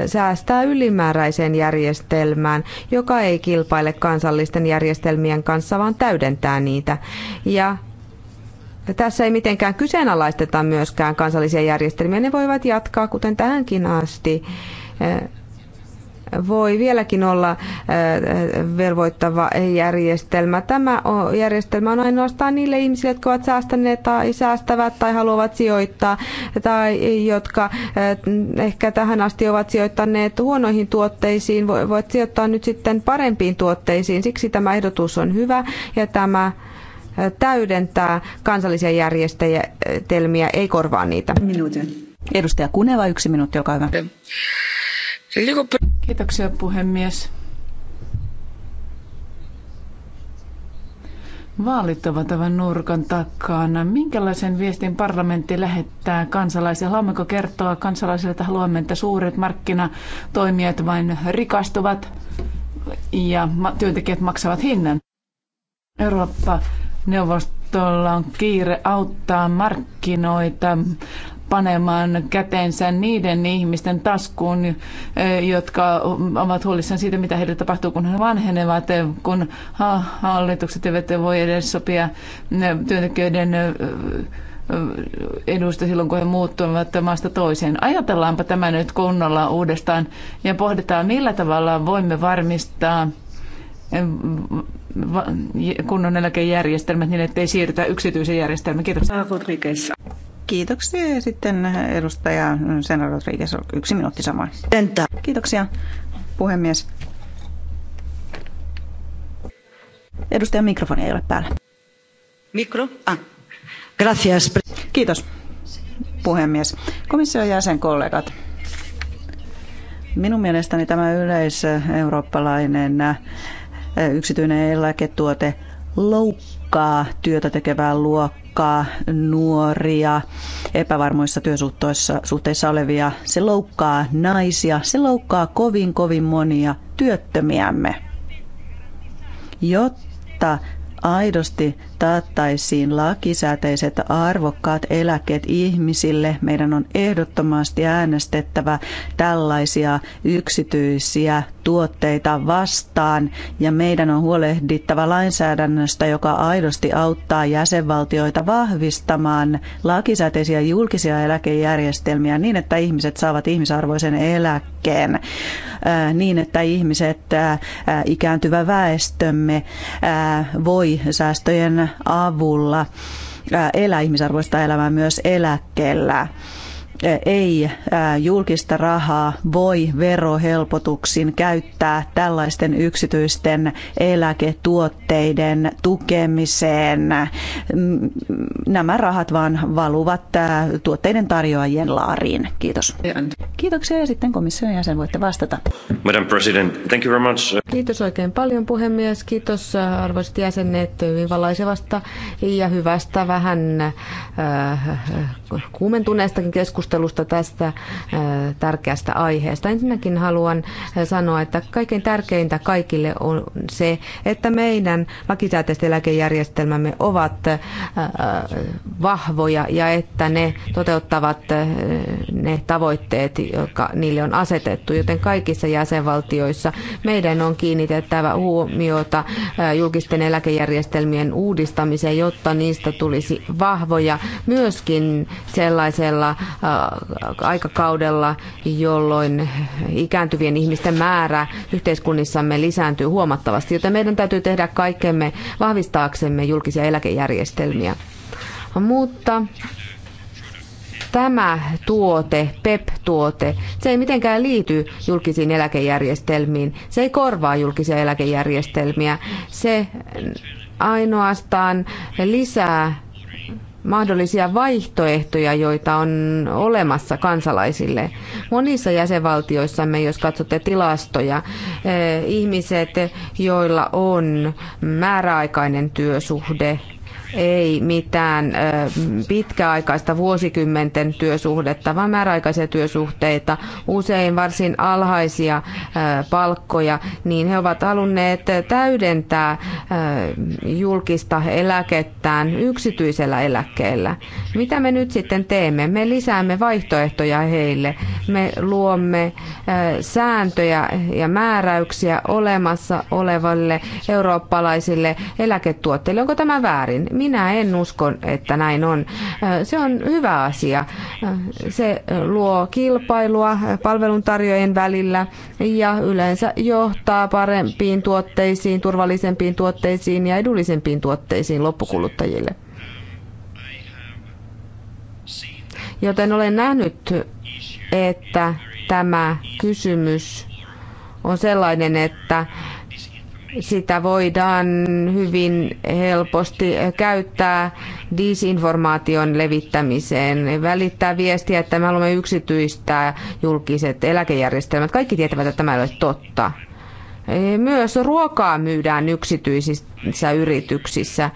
[SPEAKER 3] säästää ylimääräisen järjestelmään, joka ei kilpaile kansallisten järjestelmien kanssa, vaan täydentää niitä. Ja tässä ei mitenkään kyseenalaisteta myöskään kansallisia järjestelmiä. Ne voivat jatkaa kuten tähänkin asti eh, voi vieläkin olla eh, velvoittava järjestelmä. Tämä järjestelmä on ainoastaan niille ihmisille, jotka ovat säästäneet tai säästävät tai haluavat sijoittaa tai jotka eh, ehkä tähän asti ovat sijoittaneet huonoihin tuotteisiin, voivat sijoittaa nyt sitten parempiin tuotteisiin. Siksi tämä ehdotus on hyvä ja tämä täydentää kansallisia järjestelmiä, ei korvaa niitä. Minuutin. Edustaja Kuneva, yksi minuutti, olkaa hyvä.
[SPEAKER 2] Kiitoksia puhemies.
[SPEAKER 1] Vaalit ovat aivan nurkan takana. Minkälaisen viestin parlamentti lähettää kansalaisille? Haluammeko kertoa kansalaisille, että haluamme, että suuret markkinatoimijat vain rikastuvat ja työntekijät maksavat hinnan? Eurooppa Neuvostolla on kiire auttaa markkinoita panemaan kätensä niiden ihmisten taskuun, eh, jotka ovat huolissaan siitä, mitä heille tapahtuu, kun he vanhenevat, eh, kun hallitukset eivät voi edes sopia eh, työntekijöiden edusta silloin, kun he muuttuvat maasta toiseen. Ajatellaanpa tämä nyt kunnolla uudestaan ja pohditaan, millä tavalla voimme varmistaa
[SPEAKER 2] kunnon eläkejärjestelmät niin, ettei siirrytä yksityisen järjestelmän. Kiitoksia. Rodriguez. Kiitoksia. Sitten edustaja Sena Rodriguez, yksi minuutti samaan. Kiitoksia, puhemies. Edustajan mikrofoni ei ole päällä.
[SPEAKER 3] Mikro? Ah.
[SPEAKER 2] Gracias. Kiitos, puhemies. Komission jäsenkollegat, minun mielestäni tämä yleiseurooppalainen eurooppalainen yksityinen eläketuote loukkaa työtä tekevää luokkaa, nuoria, epävarmoissa työsuhteissa suhteissa olevia. Se loukkaa naisia, se loukkaa kovin kovin monia työttömiämme. Jotta aidosti taattaisiin lakisääteiset arvokkaat eläkkeet ihmisille, meidän on ehdottomasti äänestettävä tällaisia yksityisiä tuotteita vastaan ja meidän on huolehdittava lainsäädännöstä, joka aidosti auttaa jäsenvaltioita vahvistamaan lakisääteisiä julkisia eläkejärjestelmiä niin, että ihmiset saavat ihmisarvoisen eläkkeen, äh, niin että ihmiset, äh, äh, ikääntyvä väestömme voi säästöjen avulla elää ihmisarvoista elämää myös eläkkeellä ei äh, julkista rahaa voi verohelpotuksin käyttää tällaisten yksityisten eläketuotteiden tukemiseen. Mm, nämä rahat vaan valuvat äh, tuotteiden tarjoajien laariin. Kiitos. Kiitoksia ja sitten komission jäsen voitte
[SPEAKER 3] vastata.
[SPEAKER 4] Madam President, thank you very much.
[SPEAKER 3] Kiitos oikein paljon puhemies. Kiitos äh, arvoisat jäsenet hyvin valaisevasta ja hyvästä vähän äh, kuumentuneestakin keskustelusta keskustelusta tästä äh, tärkeästä aiheesta. Ensinnäkin haluan äh, sanoa, että kaikkein tärkeintä kaikille on se, että meidän lakisääteiset eläkejärjestelmämme ovat äh, vahvoja ja että ne toteuttavat ne tavoitteet, jotka niille on asetettu, joten kaikissa jäsenvaltioissa meidän on kiinnitettävä huomiota julkisten eläkejärjestelmien uudistamiseen, jotta niistä tulisi vahvoja myöskin sellaisella aikakaudella, jolloin ikääntyvien ihmisten määrä yhteiskunnissamme lisääntyy huomattavasti, joten meidän täytyy tehdä kaikkemme vahvistaaksemme julkisia eläkejärjestelmiä. Mutta tämä tuote, PEP-tuote, se ei mitenkään liity julkisiin eläkejärjestelmiin. Se ei korvaa julkisia eläkejärjestelmiä. Se ainoastaan lisää mahdollisia vaihtoehtoja, joita on olemassa kansalaisille. Monissa jäsenvaltioissamme, jos katsotte tilastoja, eh, ihmiset, joilla on määräaikainen työsuhde, ei mitään pitkäaikaista vuosikymmenten työsuhdetta, vaan määräaikaisia työsuhteita, usein varsin alhaisia palkkoja, niin he ovat halunneet täydentää julkista eläkettään yksityisellä eläkkeellä. Mitä me nyt sitten teemme? Me lisäämme vaihtoehtoja heille. Me luomme sääntöjä ja määräyksiä olemassa olevalle eurooppalaisille eläketuotteille. Onko tämä väärin? Minä en usko, että näin on. Se on hyvä asia. Se luo kilpailua palveluntarjoajien välillä ja yleensä johtaa parempiin tuotteisiin, turvallisempiin tuotteisiin ja edullisempiin tuotteisiin loppukuluttajille. Joten olen nähnyt, että tämä kysymys on sellainen, että sitä voidaan hyvin helposti käyttää disinformaation levittämiseen, välittää viestiä, että me haluamme yksityistää julkiset eläkejärjestelmät. Kaikki tietävät, että tämä ei ole totta. Myös ruokaa myydään yksityisissä yrityksissä.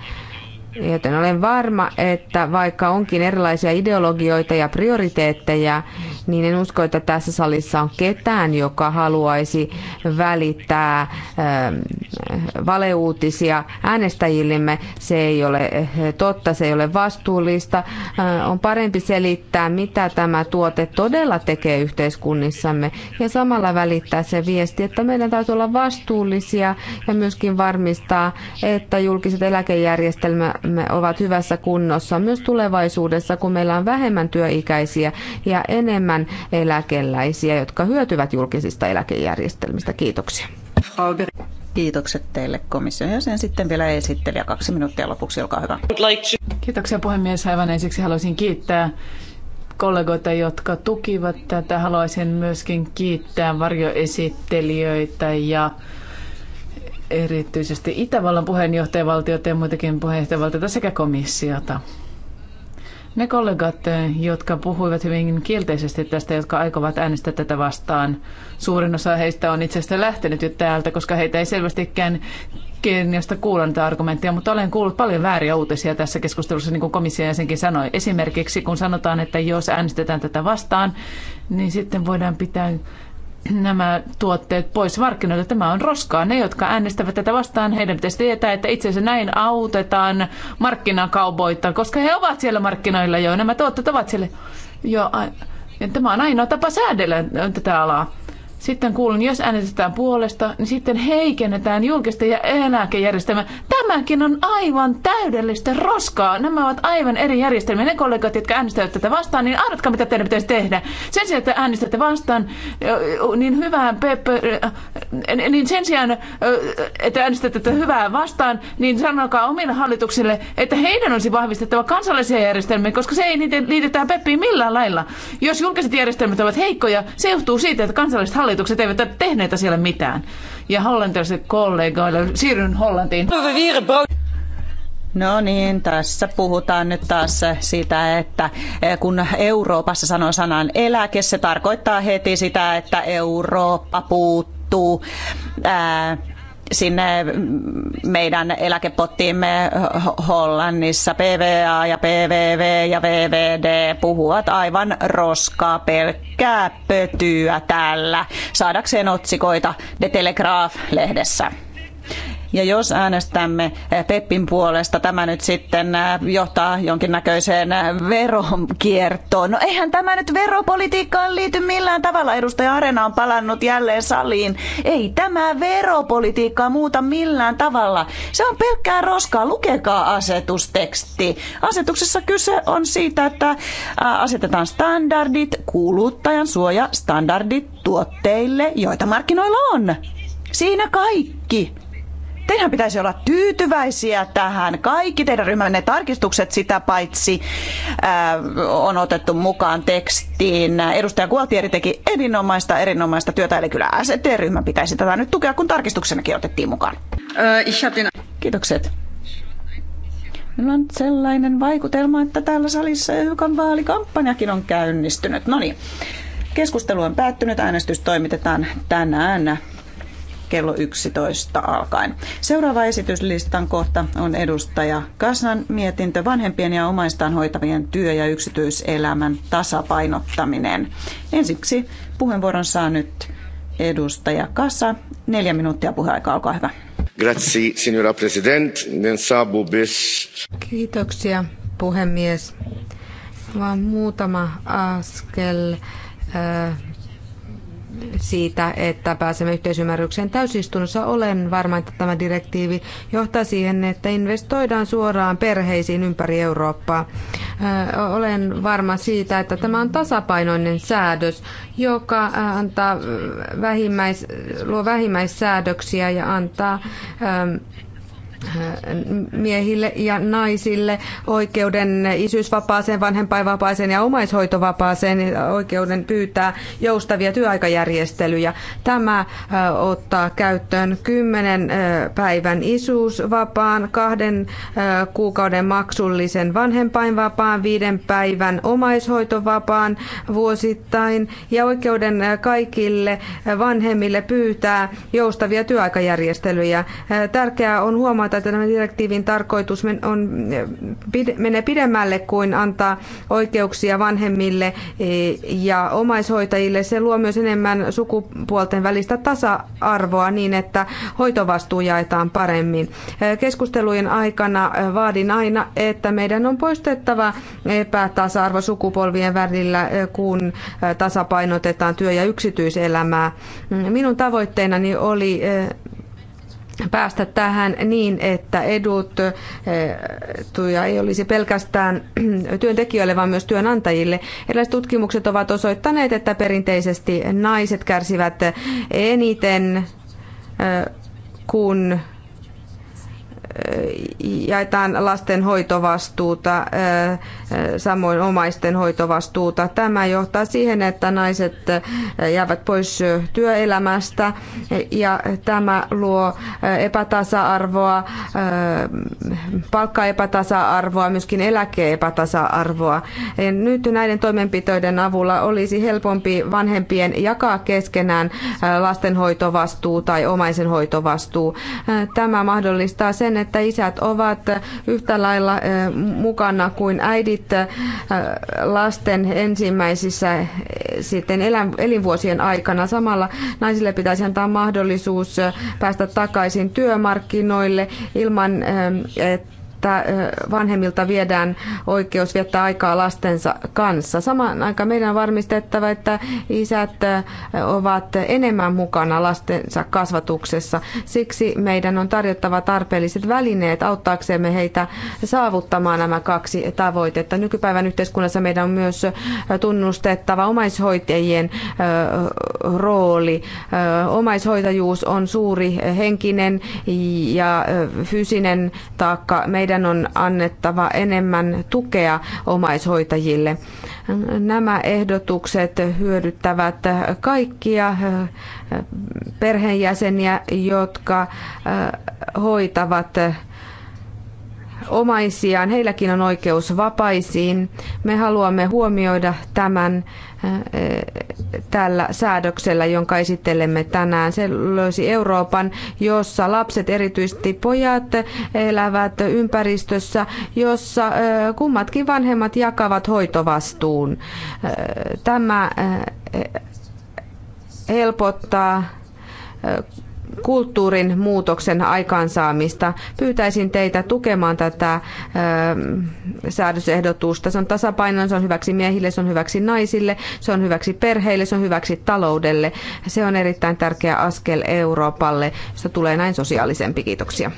[SPEAKER 3] Joten olen varma, että vaikka onkin erilaisia ideologioita ja prioriteetteja, niin en usko, että tässä salissa on ketään, joka haluaisi välittää ähm, valeuutisia äänestäjillemme. Se ei ole äh, totta, se ei ole vastuullista. Äh, on parempi selittää, mitä tämä tuote todella tekee yhteiskunnissamme ja samalla välittää se viesti, että meidän täytyy olla vastuullisia ja myöskin varmistaa, että julkiset eläkejärjestelmät me ovat hyvässä kunnossa myös tulevaisuudessa, kun meillä on vähemmän työikäisiä ja enemmän eläkeläisiä, jotka hyötyvät julkisista eläkejärjestelmistä. Kiitoksia.
[SPEAKER 2] Kiitokset teille komission sen Sitten vielä esittelijä kaksi minuuttia lopuksi, olkaa hyvä.
[SPEAKER 1] Kiitoksia puhemies. Aivan ensiksi haluaisin kiittää kollegoita, jotka tukivat tätä. Haluaisin myöskin kiittää varjoesittelijöitä ja erityisesti Itävallan puheenjohtajavaltiota ja muitakin puheenjohtajavaltioita sekä komissiota. Ne kollegat, jotka puhuivat hyvin kielteisesti tästä, jotka aikovat äänestää tätä vastaan, suurin osa heistä on itse asiassa lähtenyt jo täältä, koska heitä ei selvästikään kiinnosta kuulla näitä argumentteja, mutta olen kuullut paljon vääriä uutisia tässä keskustelussa, niin kuin komissio jäsenkin sanoi. Esimerkiksi kun sanotaan, että jos äänestetään tätä vastaan, niin sitten voidaan pitää nämä tuotteet pois markkinoilta. Tämä on roskaa. Ne, jotka äänestävät tätä vastaan, heidän pitäisi tietää, että itse asiassa näin autetaan markkinakaupoita, koska he ovat siellä markkinoilla jo. Nämä tuotteet ovat siellä jo. Ja tämä on ainoa tapa säädellä tätä alaa. Sitten kuulun, jos äänestetään puolesta, niin sitten heikennetään julkista ja eläkejärjestelmää. Tämäkin on aivan täydellistä roskaa. Nämä ovat aivan eri järjestelmiä. Ne kollegat, jotka äänestävät tätä vastaan, niin arvatkaa, mitä teidän pitäisi tehdä. Sen sijaan, että äänestätte vastaan, niin hyvää Pepe, niin sen sijaan, että äänestätte tätä hyvää vastaan, niin sanokaa omille hallituksille, että heidän olisi vahvistettava kansallisia järjestelmiä, koska se ei niitä liitetä Peppiin millään lailla. Jos julkiset järjestelmät ovat heikkoja, se johtuu siitä, että kansalliset hallitukset hallitukset eivät
[SPEAKER 2] ole tehneet siellä mitään. Ja hollantilaiset kollegoille, siirryn Hollantiin. No niin, tässä puhutaan nyt taas sitä, että kun Euroopassa sanoo sanan eläke, se tarkoittaa heti sitä, että Eurooppa puuttuu. Ää, sinne meidän eläkepottiimme Hollannissa PVA ja PVV ja VVD puhuvat aivan roskaa pelkkää pötyä täällä saadakseen otsikoita The Telegraph-lehdessä. Ja jos äänestämme eh, PEPPin puolesta, tämä nyt sitten eh, johtaa jonkinnäköiseen eh, veronkiertoon. No eihän tämä nyt veropolitiikkaan liity millään tavalla. Edustaja Arena on palannut jälleen saliin. Ei tämä veropolitiikkaa muuta millään tavalla. Se on pelkkää roskaa. Lukekaa asetusteksti. Asetuksessa kyse on siitä, että asetetaan standardit, kuluttajan suoja, standardit tuotteille, joita markkinoilla on. Siinä kaikki. Teidän pitäisi olla tyytyväisiä tähän. Kaikki teidän ryhmänne tarkistukset sitä paitsi ää, äh, on otettu mukaan tekstiin. Edustaja Gualtieri teki erinomaista, erinomaista työtä, eli kyllä ST-ryhmä pitäisi tätä nyt tukea, kun tarkistuksenakin otettiin mukaan. Äh, Kiitokset. Minulla on sellainen vaikutelma, että täällä salissa YKn vaalikampanjakin on käynnistynyt. No niin, keskustelu on päättynyt, äänestys toimitetaan tänään kello 11 alkaen. Seuraava esityslistan kohta on edustaja Kasnan mietintö vanhempien ja omaistaan hoitavien työ- ja yksityiselämän tasapainottaminen. Ensiksi puheenvuoron saa nyt edustaja Kasa. Neljä minuuttia puheaika, olkaa hyvä.
[SPEAKER 7] Grazie, signora president.
[SPEAKER 3] Kiitoksia, puhemies. Vaan muutama askel äh, siitä, että pääsemme yhteisymmärrykseen täysistunnossa. Olen varma, että tämä direktiivi johtaa siihen, että investoidaan suoraan perheisiin ympäri Eurooppaa. Olen varma siitä, että tämä on tasapainoinen säädös, joka antaa vähimmäis, luo vähimmäissäädöksiä ja antaa miehille ja naisille oikeuden isyysvapaaseen, vanhempainvapaaseen ja omaishoitovapaaseen oikeuden pyytää joustavia työaikajärjestelyjä. Tämä ottaa käyttöön kymmenen päivän isyysvapaan, kahden kuukauden maksullisen vanhempainvapaan, viiden päivän omaishoitovapaan vuosittain ja oikeuden kaikille vanhemmille pyytää joustavia työaikajärjestelyjä. Tärkeää on huomata, tai tämän direktiivin tarkoitus on, eh, menee pidemmälle kuin antaa oikeuksia vanhemmille eh, ja omaishoitajille. Se luo myös enemmän sukupuolten välistä tasa-arvoa niin, että hoitovastuu jaetaan paremmin. Eh, keskustelujen aikana vaadin aina, että meidän on poistettava epätasa-arvo sukupolvien välillä, kun tasapainotetaan työ- ja yksityiselämää. Mm, minun tavoitteenani oli päästä tähän niin, että edut eh, ei olisi pelkästään työntekijöille, vaan myös työnantajille. Erilaiset tutkimukset ovat osoittaneet, että perinteisesti naiset kärsivät eniten, eh, kun jaetaan lasten hoitovastuuta, samoin omaisten hoitovastuuta. Tämä johtaa siihen, että naiset jäävät pois työelämästä ja tämä luo epätasa-arvoa, palkkaepätasa-arvoa, myöskin eläkeepätasa-arvoa. Nyt näiden toimenpiteiden avulla olisi helpompi vanhempien jakaa keskenään lastenhoitovastuu tai omaisen hoitovastuu. Tämä mahdollistaa sen, että isät ovat yhtä lailla eh, mukana kuin äidit eh, lasten ensimmäisissä eh, sitten elinvuosien aikana. Samalla naisille pitäisi antaa mahdollisuus päästä takaisin työmarkkinoille ilman, että että vanhemmilta viedään oikeus viettää aikaa lastensa kanssa. Samaan aikaan meidän on varmistettava, että isät ovat enemmän mukana lastensa kasvatuksessa. Siksi meidän on tarjottava tarpeelliset välineet auttaaksemme heitä saavuttamaan nämä kaksi tavoitetta. Nykypäivän yhteiskunnassa meidän on myös tunnustettava omaishoitajien rooli. Omaishoitajuus on suuri henkinen ja fyysinen taakka meidän meidän on annettava enemmän tukea omaishoitajille. Nämä ehdotukset hyödyttävät kaikkia eh, perheenjäseniä, jotka eh, hoitavat eh, omaisiaan. Heilläkin on oikeus vapaisiin. Me haluamme huomioida tämän eh, tällä säädöksellä, jonka esittelemme tänään. Se löysi Euroopan, jossa lapset, erityisesti pojat, elävät ympäristössä, jossa eh, kummatkin vanhemmat jakavat hoitovastuun. Eh, tämä helpottaa kulttuurin muutoksen aikaansaamista. Pyytäisin teitä tukemaan tätä ö, säädösehdotusta. Se on tasapainoinen, se on hyväksi miehille, se on hyväksi naisille, se on hyväksi perheille, se on hyväksi taloudelle. Se on erittäin tärkeä askel Euroopalle, josta tulee näin sosiaalisempi. Kiitoksia.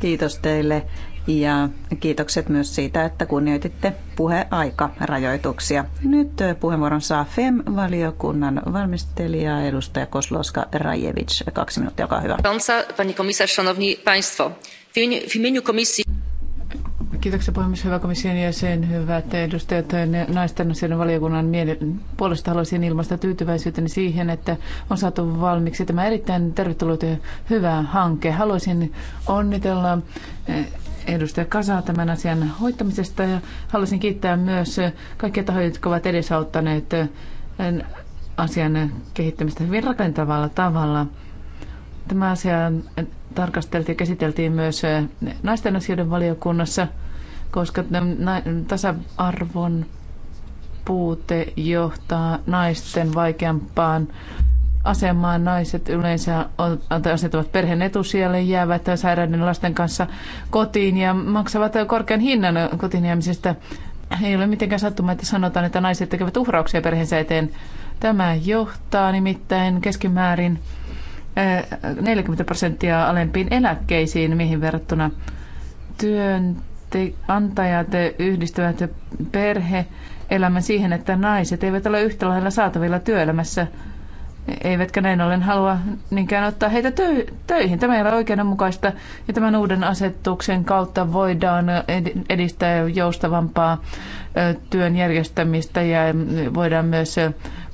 [SPEAKER 2] Kiitos teille ja kiitokset myös siitä, että kunnioititte puheaikarajoituksia. Nyt puheenvuoron saa FEM-valiokunnan valmistelija edustaja Kosloska Rajevic. Kaksi minuuttia, olkaa hyvä.
[SPEAKER 1] Kiitoksia puhemies, hyvä komission jäsen, hyvät edustajat. Naisten asioiden valiokunnan puolesta haluaisin ilmaista tyytyväisyyteni siihen, että on saatu valmiiksi tämä erittäin tervetullut ja hyvä hanke. Haluaisin onnitella edustaja Kasaa tämän asian hoitamisesta ja haluaisin kiittää myös kaikkia tahoja, jotka ovat edesauttaneet asian kehittämistä hyvin rakentavalla tavalla. Tämä asia tarkasteltiin ja käsiteltiin myös naisten asioiden valiokunnassa, koska tasa-arvon puute johtaa naisten vaikeampaan asemaan. Naiset yleensä asettavat perheen etusijalle, jäävät sairaiden lasten kanssa kotiin ja maksavat korkean hinnan kotiin jäämisestä. Ei ole mitenkään sattumaa, että sanotaan, että naiset tekevät uhrauksia perheensä eteen. Tämä johtaa nimittäin keskimäärin 40 eh, prosenttia alempiin eläkkeisiin mihin verrattuna. Työnantajat yhdistävät perhe elämän siihen, että naiset eivät ole yhtä lailla saatavilla työelämässä – eivätkä näin ollen halua niinkään ottaa heitä töihin. Tämä ei ole oikeudenmukaista ja tämän uuden asetuksen kautta voidaan edistää joustavampaa työn järjestämistä ja voidaan myös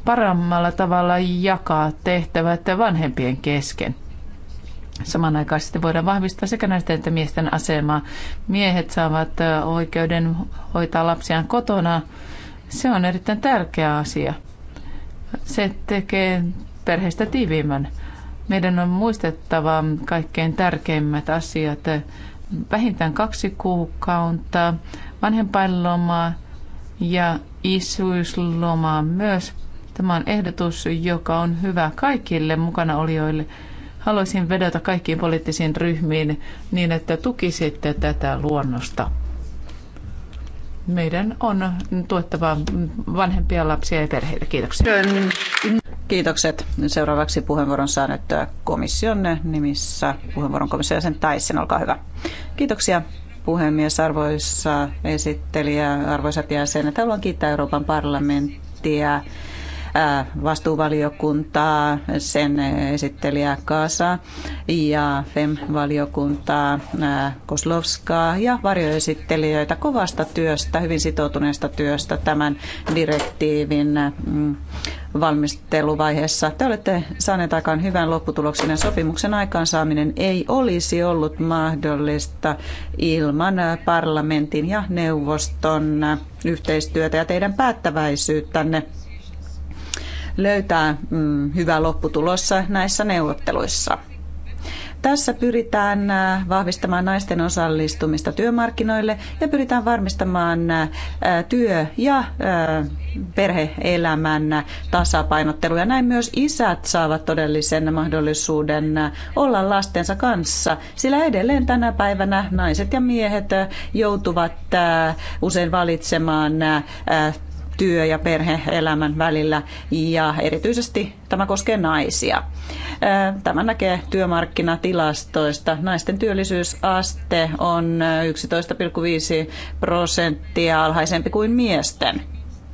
[SPEAKER 1] paremmalla tavalla jakaa tehtävät vanhempien kesken. Samanaikaisesti voidaan vahvistaa sekä naisten että miesten asemaa. Miehet saavat oikeuden hoitaa lapsiaan kotona. Se on erittäin tärkeä asia. Se tekee perheestä tiiviimmän. Meidän on muistettava kaikkein tärkeimmät asiat. Vähintään kaksi kuukautta vanhempainlomaa ja isyyslomaa myös. Tämä on ehdotus, joka on hyvä kaikille mukana olijoille. Haluaisin vedota kaikkiin poliittisiin ryhmiin niin, että tukisitte tätä luonnosta meidän on
[SPEAKER 2] tuettava vanhempia lapsia ja perheitä. Kiitoksia. Kiitokset. Seuraavaksi puheenvuoron saa nyt äh, komission nimissä puheenvuoron komission jäsen taissin Olkaa hyvä. Kiitoksia puhemies, arvoisa esittelijä, arvoisat jäsenet. Haluan kiittää Euroopan parlamenttia vastuuvaliokuntaa, sen esittelijä Kaasa ja FEM-valiokuntaa Koslovskaa ja varjoesittelijöitä kovasta työstä, hyvin sitoutuneesta työstä tämän direktiivin mm, valmisteluvaiheessa. Te olette saaneet aikaan hyvän lopputuloksen ja sopimuksen aikaansaaminen ei olisi ollut mahdollista ilman parlamentin ja neuvoston yhteistyötä ja teidän päättäväisyyttänne löytää mm, hyvä lopputulos näissä neuvotteluissa. Tässä pyritään äh, vahvistamaan naisten osallistumista työmarkkinoille ja pyritään varmistamaan äh, työ- ja äh, perheelämän tasapainottelu. Ja näin myös isät saavat todellisen mahdollisuuden olla lastensa kanssa, sillä edelleen tänä päivänä naiset ja miehet joutuvat usein valitsemaan työ- ja perheelämän välillä ja erityisesti tämä koskee naisia. Tämä näkee työmarkkinatilastoista. Naisten työllisyysaste on 11,5 prosenttia alhaisempi kuin miesten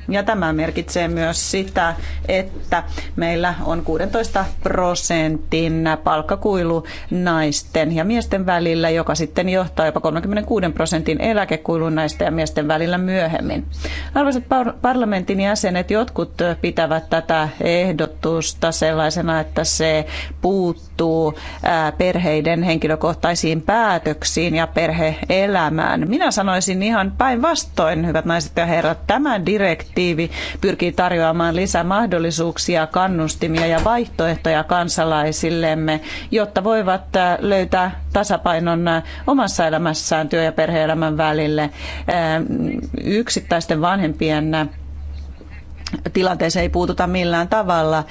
[SPEAKER 2] ja tämä merkitsee myös sitä, että meillä on 16 prosentin palkkakuilu naisten ja miesten välillä, joka sitten johtaa jopa 36 prosentin eläkekuiluun naisten ja miesten välillä myöhemmin. Arvoisat parlamentin jäsenet, jotkut pitävät tätä ehdotusta sellaisena, että se puuttuu perheiden henkilökohtaisiin päätöksiin ja perheelämään. Minä sanoisin ihan päinvastoin, hyvät naiset ja herrat, tämä direktiivi direktiivi pyrkii tarjoamaan lisämahdollisuuksia, kannustimia ja vaihtoehtoja kansalaisillemme, jotta voivat äh, löytää tasapainon äh, omassa elämässään työ- ja perhe-elämän välille. Äh, yksittäisten vanhempien tilanteeseen ei puututa millään tavalla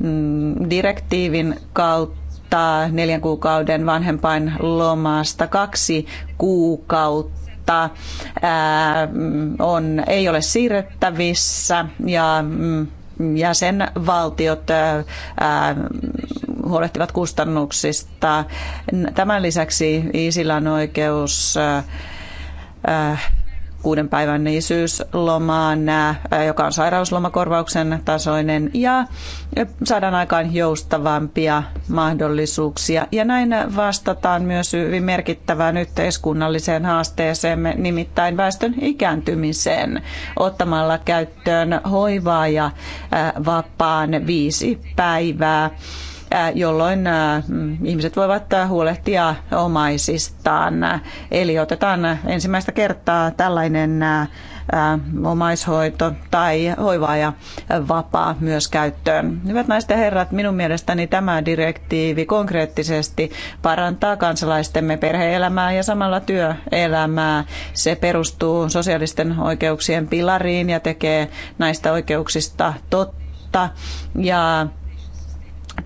[SPEAKER 2] mm, direktiivin kautta neljän kuukauden vanhempain lomasta kaksi kuukautta jota on, ei ole siirrettävissä ja mm, jäsenvaltiot huolehtivat kustannuksista. Tämän lisäksi Iisillä on oikeus kuuden päivän isyyslomaan, joka on sairauslomakorvauksen tasoinen, ja saadaan aikaan joustavampia mahdollisuuksia. Ja näin vastataan myös hyvin merkittävään yhteiskunnalliseen haasteeseemme, nimittäin väestön ikääntymiseen, ottamalla käyttöön hoivaa ja vapaan viisi päivää Äh, jolloin äh, mm, ihmiset voivat äh, huolehtia omaisistaan. Eli otetaan ensimmäistä kertaa tällainen omaishoito tai hoivaa ja vapaa myös käyttöön. Hyvät naiset ja herrat, minun mielestäni tämä direktiivi konkreettisesti parantaa kansalaistemme perheelämää ja samalla työelämää. Se perustuu sosiaalisten oikeuksien pilariin ja tekee näistä oikeuksista totta totta ja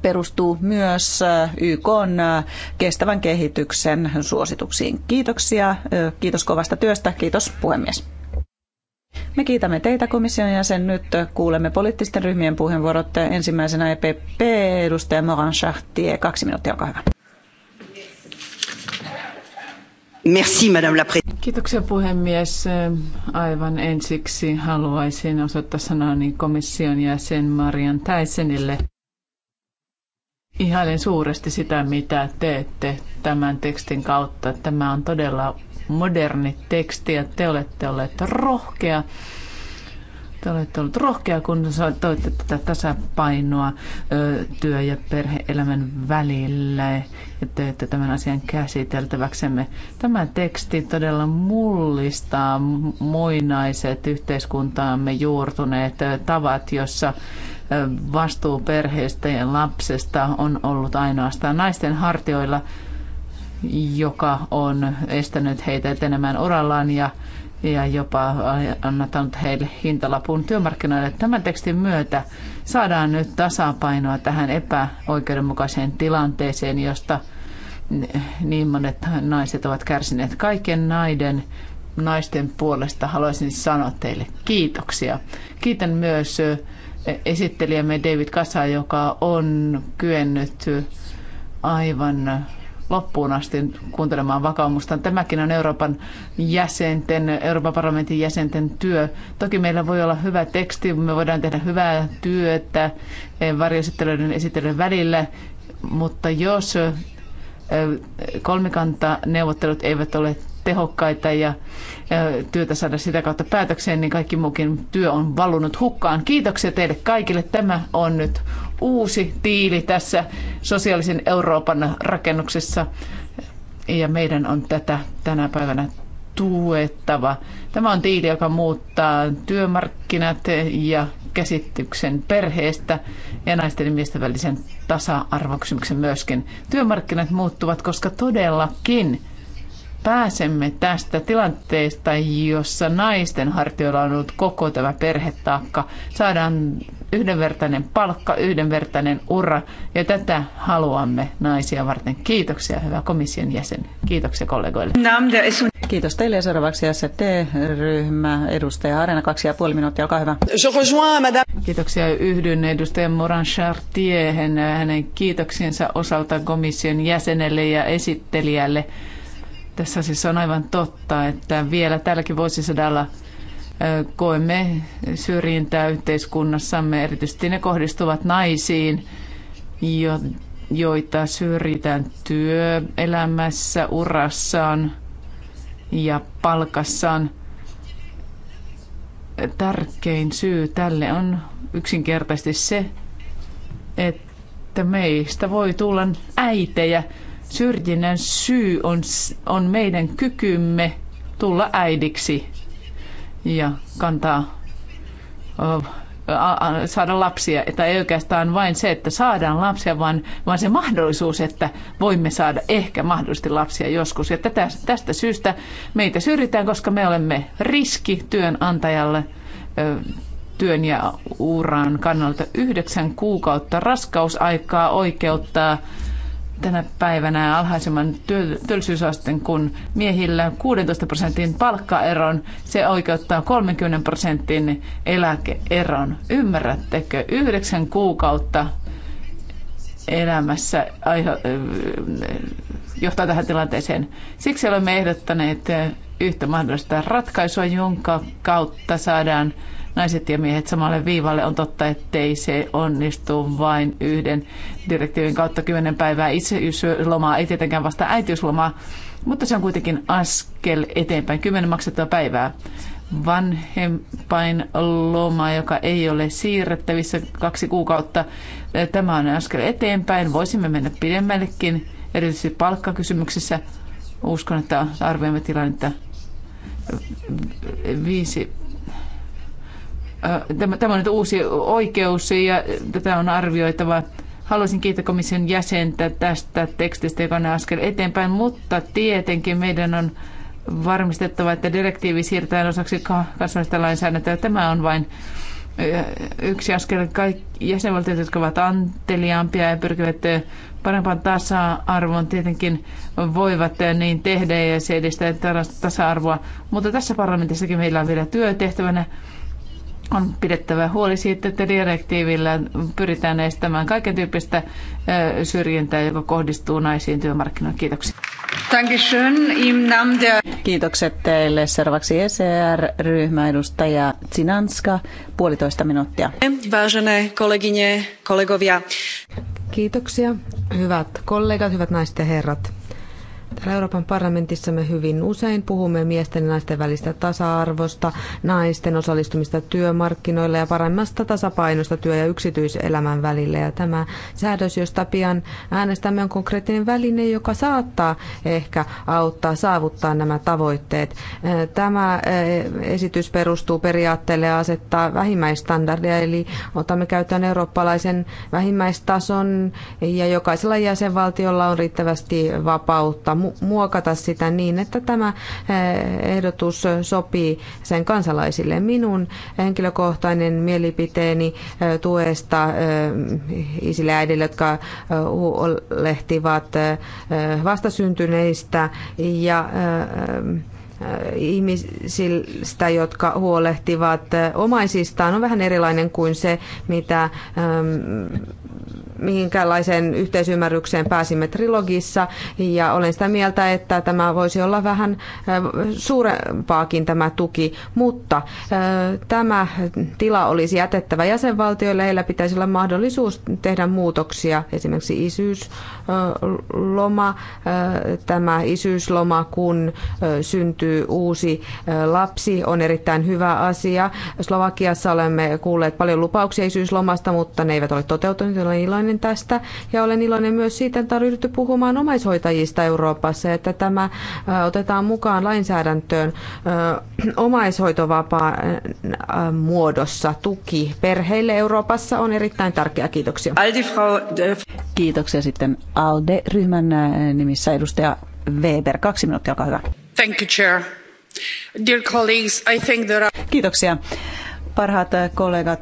[SPEAKER 2] perustuu myös äh, YK äh, kestävän kehityksen suosituksiin. Kiitoksia, kiitos kovasta työstä, kiitos puhemies. Me kiitämme teitä komission jäsen. Nyt kuulemme poliittisten ryhmien puheenvuorot. Ensimmäisenä EPP, edustaja Moran Chartier. Kaksi minuuttia, olkaa hyvä.
[SPEAKER 1] Merci, Madame la Kiitoksia puhemies. Aivan ensiksi haluaisin osoittaa sanani komission jäsen Marian Täisenille. Ihailen suuresti sitä, mitä teette tämän tekstin kautta. Tämä on todella moderni teksti ja te olette olleet rohkea. Te olette olleet rohkea, kun toitte tätä tasapainoa työ- ja perheelämän välillä ja teette tämän asian käsiteltäväksemme. Tämä teksti todella mullistaa muinaiset yhteiskuntaamme juurtuneet tavat, jossa vastuu perheestä ja lapsesta on ollut ainoastaan naisten hartioilla, joka on estänyt heitä etenemään urallaan ja, ja jopa annattanut heille hintalapun työmarkkinoille. Tämän tekstin myötä saadaan nyt tasapainoa tähän epäoikeudenmukaiseen tilanteeseen, josta niin monet naiset ovat kärsineet kaiken naiden naisten puolesta haluaisin sanoa teille kiitoksia. Kiitän myös esittelijämme David Kasa, joka on kyennyt aivan loppuun asti kuuntelemaan vakaumustaan. Tämäkin on Euroopan jäsenten, Euroopan parlamentin jäsenten työ. Toki meillä voi olla hyvä teksti, me voidaan tehdä hyvää työtä eh, varjoesittelyiden esittelyiden välillä, mutta jos eh, kolmikanta neuvottelut eivät ole tehokkaita ja työtä saada sitä kautta päätökseen, niin kaikki muukin työ on valunut hukkaan. Kiitoksia teille kaikille. Tämä on nyt uusi tiili tässä sosiaalisen Euroopan rakennuksessa ja meidän on tätä tänä päivänä tuettava. Tämä on tiili, joka muuttaa työmarkkinat ja käsityksen perheestä ja naisten ja miesten välisen tasa-arvokysymyksen myöskin. Työmarkkinat muuttuvat, koska todellakin pääsemme tästä tilanteesta, jossa naisten hartioilla on ollut koko tämä perhetaakka. Saadaan yhdenvertainen palkka, yhdenvertainen
[SPEAKER 2] ura ja tätä haluamme naisia varten. Kiitoksia hyvä komission jäsen. Kiitoksia kollegoille. Kiitos teille ja seuraavaksi ST-ryhmä edustaja Arena, kaksi ja puoli minuuttia, olkaa hyvä. Kiitoksia yhdyn edustaja Moran Chartiehen
[SPEAKER 1] hänen kiitoksiensa osalta komission jäsenelle ja esittelijälle. Tässä siis on aivan totta, että vielä tälläkin vuosisadalla koemme syrjintää yhteiskunnassamme. Erityisesti ne kohdistuvat naisiin, joita syrjitään työelämässä, urassaan ja palkassaan. Tärkein syy tälle on yksinkertaisesti se, että meistä voi tulla äitejä Syrjinnän syy on, on meidän kykymme tulla äidiksi ja kantaa saada lapsia, tai ei oikeastaan vain se, että saadaan lapsia, vaan, vaan se mahdollisuus, että voimme saada ehkä mahdollisesti lapsia joskus. Ja tätä, tästä syystä meitä syrjitään, koska me olemme riski työnantajalle työn ja uraan kannalta. Yhdeksän kuukautta raskausaikaa oikeuttaa tänä päivänä alhaisemman työllisyysasteen kuin miehillä 16 prosentin palkkaeron. Se oikeuttaa 30 prosentin eläkeeron. Ymmärrättekö? Yhdeksän kuukautta elämässä äh, johtaa tähän tilanteeseen. Siksi olemme ehdottaneet yhtä mahdollista ratkaisua, jonka kautta saadaan naiset ja miehet samalle viivalle. On totta, ettei se onnistu vain yhden direktiivin kautta kymmenen päivää isyyslomaa, ei tietenkään vasta äitiyslomaa, mutta se on kuitenkin askel eteenpäin, kymmenen maksettua päivää vanhempain loma, joka ei ole siirrettävissä kaksi kuukautta. Tämä on askel eteenpäin. Voisimme mennä pidemmällekin, erityisesti palkkakysymyksissä. Uskon, että arvioimme tilannetta viisi Tämä on nyt uusi oikeus ja tätä on arvioitava. Haluaisin kiittää komission jäsentä tästä tekstistä, joka on askel eteenpäin, mutta tietenkin meidän on varmistettava, että direktiivi siirretään osaksi kansallista lainsäädäntöä. Tämä on vain yksi askel. Kaikki jäsenvaltiot, jotka ovat anteliaampia ja pyrkivät parempaan tasa-arvoon, tietenkin voivat niin tehdä ja se edistää tasa-arvoa. Mutta tässä parlamentissakin meillä on vielä työtehtävänä on pidettävä huoli siitä, että direktiivillä pyritään estämään kaiken tyyppistä
[SPEAKER 2] syrjintää, joka kohdistuu naisiin työmarkkinoille. Kiitoksia. Kiitokset teille. Seuraavaksi ECR-ryhmä edustaja
[SPEAKER 3] Sinanska, puolitoista minuuttia. Vážené kollegovia. Kiitoksia. Hyvät kollegat, hyvät naiset ja herrat. Täällä Euroopan parlamentissa me hyvin usein puhumme miesten ja naisten välistä tasa-arvosta, naisten osallistumista työmarkkinoilla ja paremmasta tasapainosta työ- ja yksityiselämän välillä. Ja tämä säädös, josta pian äänestämme, on konkreettinen väline, joka saattaa ehkä auttaa saavuttaa nämä tavoitteet. Äh, tämä äh, esitys perustuu periaatteelle asettaa vähimmäistandardia, eli otamme käyttöön eurooppalaisen vähimmäistason ja jokaisella jäsenvaltiolla on riittävästi vapautta muokata sitä niin, että tämä eh, ehdotus sopii sen kansalaisille. Minun henkilökohtainen mielipiteeni eh, tuesta eh, isille äidille, jotka huolehtivat vastasyntyneistä ja ihmisistä, jotka huolehtivat omaisistaan, on vähän erilainen kuin se, mitä minkälaiseen yhteisymmärrykseen pääsimme trilogissa. Ja olen sitä mieltä, että tämä voisi olla vähän suurempaakin tämä tuki, mutta tämä tila olisi jätettävä jäsenvaltioille. Heillä pitäisi olla mahdollisuus tehdä muutoksia, esimerkiksi isyysloma, tämä isyysloma, kun syntyy uusi lapsi, on erittäin hyvä asia. Slovakiassa olemme kuulleet paljon lupauksia isyyslomasta, mutta ne eivät ole toteutuneet. Olen iloinen iloinen tästä ja olen iloinen myös siitä, että on ryhdytty puhumaan omaishoitajista Euroopassa, että tämä otetaan mukaan lainsäädäntöön omaishoitovapaa muodossa. Tuki perheille Euroopassa on erittäin tärkeä. Kiitoksia.
[SPEAKER 2] Kiitoksia sitten ALDE-ryhmän nimissä edustaja Weber. Kaksi minuuttia, olkaa hyvä. Thank you, Chair. Dear colleagues, I think there are... Kiitoksia. Parhaat kollegat,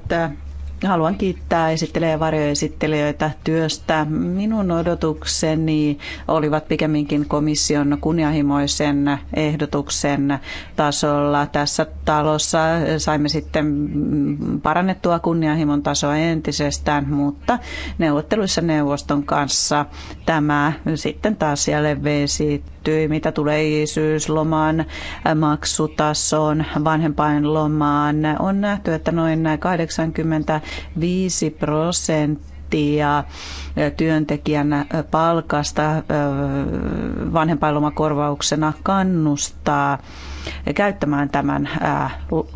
[SPEAKER 2] Haluan kiittää esittelijä- ja varjoesittelijöitä työstä. Minun odotukseni olivat pikemminkin komission kunnianhimoisen ehdotuksen tasolla. Tässä talossa saimme sitten parannettua kunnianhimon tasoa entisestään, mutta neuvotteluissa neuvoston kanssa tämä sitten taas jälleen vesi liittyy, mitä tulee isyyslomaan, maksutasoon, vanhempainlomaan. On nähty, että noin 85 prosenttia prosenttia työntekijän palkasta vanhempainlomakorvauksena kannustaa käyttämään tämän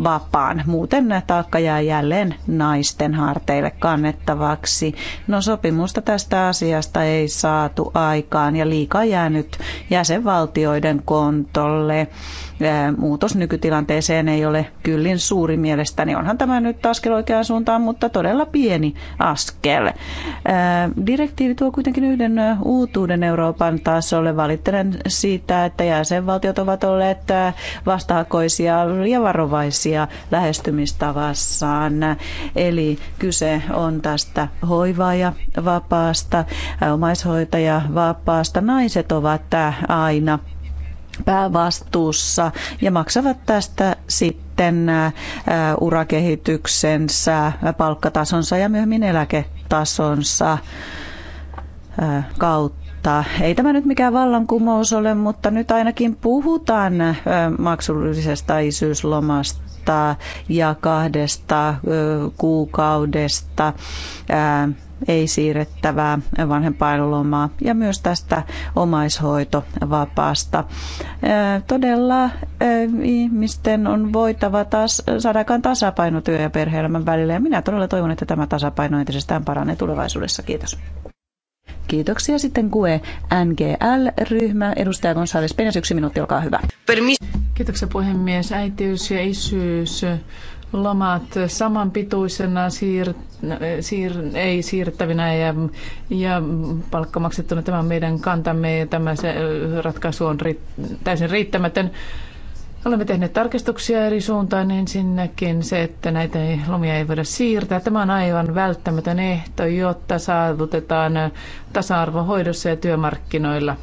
[SPEAKER 2] vapaan. Muuten taakka jää jälleen naisten harteille kannettavaksi. No sopimusta tästä asiasta ei saatu aikaan ja liika jäänyt jäsenvaltioiden kontolle muutos nykytilanteeseen ei ole kyllin suuri mielestäni. Onhan tämä nyt askel oikeaan suuntaan, mutta todella pieni askel. Direktiivi tuo kuitenkin yhden uutuuden Euroopan tasolle. Valittelen siitä, että jäsenvaltiot ovat olleet vastahakoisia ja varovaisia lähestymistavassaan. Eli kyse on tästä hoivaaja vapaasta, omaishoitaja vapaasta. Naiset ovat aina päävastuussa ja maksavat tästä sitten urakehityksensä, palkkatasonsa ja myöhemmin eläketasonsa kautta. Ei tämä nyt mikään vallankumous ole, mutta nyt ainakin puhutaan maksullisesta isyyslomasta ja kahdesta kuukaudesta ei siirrettävää vanhempainlomaa ja myös tästä omaishoitovapaasta. Todella ihmisten on voitava taas aikaan tasapaino työ- ja perhe-elämän välillä ja minä todella toivon, että tämä tasapaino entisestään paranee tulevaisuudessa. Kiitos. Kiitoksia. Sitten QE NGL-ryhmä. Edustaja Gonzales Penäs, yksi minuutti, olkaa hyvä. Kiitoksia puhemies. Äitiys ja isyys
[SPEAKER 1] lomat samanpituisena, siir, siir, ei siirrettävinä ja, ja palkkamaksettuna Tämä on meidän kantamme ja tämä se ratkaisu on ri, täysin riittämätön. Olemme tehneet tarkistuksia eri suuntaan. Ensinnäkin se, että näitä lomia ei voida siirtää. Tämä on aivan välttämätön ehto, jotta saavutetaan tasa-arvo hoidossa ja työmarkkinoilla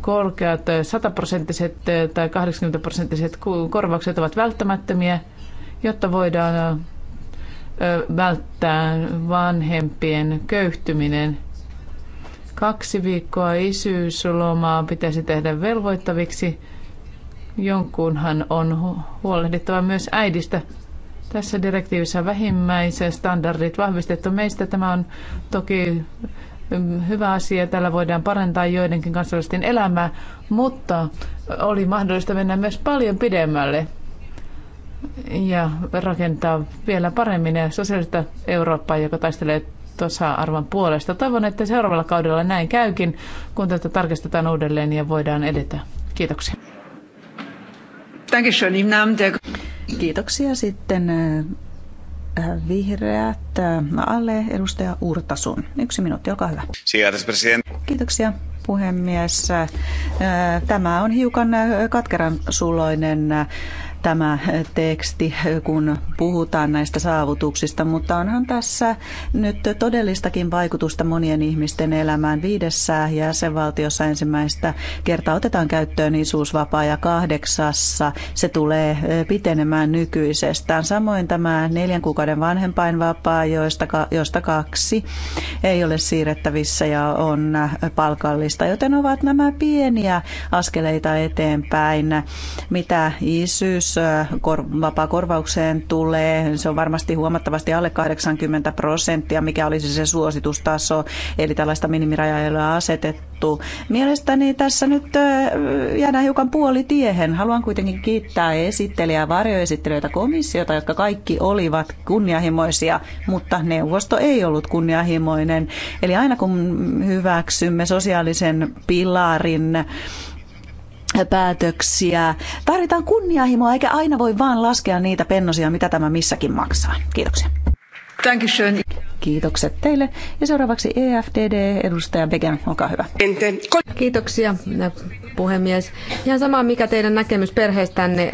[SPEAKER 1] korkeat 100-prosenttiset tai 80-prosenttiset korvaukset ovat välttämättömiä jotta voidaan välttää vanhempien köyhtyminen. Kaksi viikkoa isyyslomaa pitäisi tehdä velvoittaviksi. Jonkunhan on huolehdittava myös äidistä. Tässä direktiivissä vähimmäisen standardit vahvistettu. Meistä tämä on toki hyvä asia. Tällä voidaan parantaa joidenkin kansalaisten elämää, mutta oli mahdollista mennä myös paljon pidemmälle ja rakentaa vielä paremmin ja sosiaalista Eurooppaa, joka taistelee tuossa arvon puolesta. Toivon, että seuraavalla kaudella näin käykin, kun tätä tarkistetaan uudelleen ja voidaan edetä. Kiitoksia.
[SPEAKER 2] Kiitoksia sitten äh, äh, vihreät äh, alle edustaja Urtasun. Yksi minuutti, olkaa hyvä. Kiitoksia puhemies. Tämä on hiukan katkeran suloinen tämä teksti, kun puhutaan näistä saavutuksista, mutta onhan tässä nyt todellistakin vaikutusta monien ihmisten elämään. Viidessä jäsenvaltiossa ensimmäistä kertaa otetaan käyttöön isuusvapaa ja kahdeksassa se tulee pitenemään nykyisestään. Samoin tämä neljän kuukauden vanhempainvapaa, joista, josta kaksi ei ole siirrettävissä ja on palkallista, joten ovat nämä pieniä askeleita eteenpäin, mitä isyys jos vapaakorvaukseen tulee, se on varmasti huomattavasti alle 80 prosenttia, mikä olisi se suositustaso, eli tällaista minimirajaa ei ole asetettu. Mielestäni tässä nyt jäädään hiukan puolitiehen. Haluan kuitenkin kiittää esittelijää, varjoesittelijöitä, komissiota, jotka kaikki olivat kunnianhimoisia, mutta neuvosto ei ollut kunnianhimoinen. Eli aina kun hyväksymme sosiaalisen pilarin, päätöksiä. Tarvitaan kunnianhimoa, eikä aina voi vaan laskea niitä pennosia, mitä tämä missäkin maksaa. Kiitoksia. Dankeschön. Kiitokset teille. Ja seuraavaksi EFDD, edustaja Began, olkaa hyvä.
[SPEAKER 3] Kiitoksia puhemies. Ihan sama, mikä teidän näkemys perheestänne,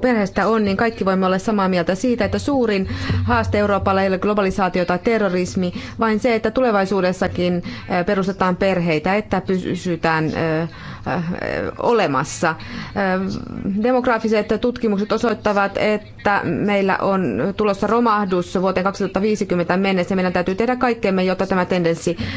[SPEAKER 3] perheestä on, niin kaikki voimme olla samaa mieltä siitä, että suurin haaste Euroopalle ei ole globalisaatio tai terrorismi, vaan se, että tulevaisuudessakin perustetaan perheitä, että pysytään Äh, olemassa. Äh, Demografiset tutkimukset osoittavat, että meillä on tulossa romahdus vuoteen 2050 mennessä. Meidän täytyy tehdä kaikkemme, jotta tämä tendenssi äh,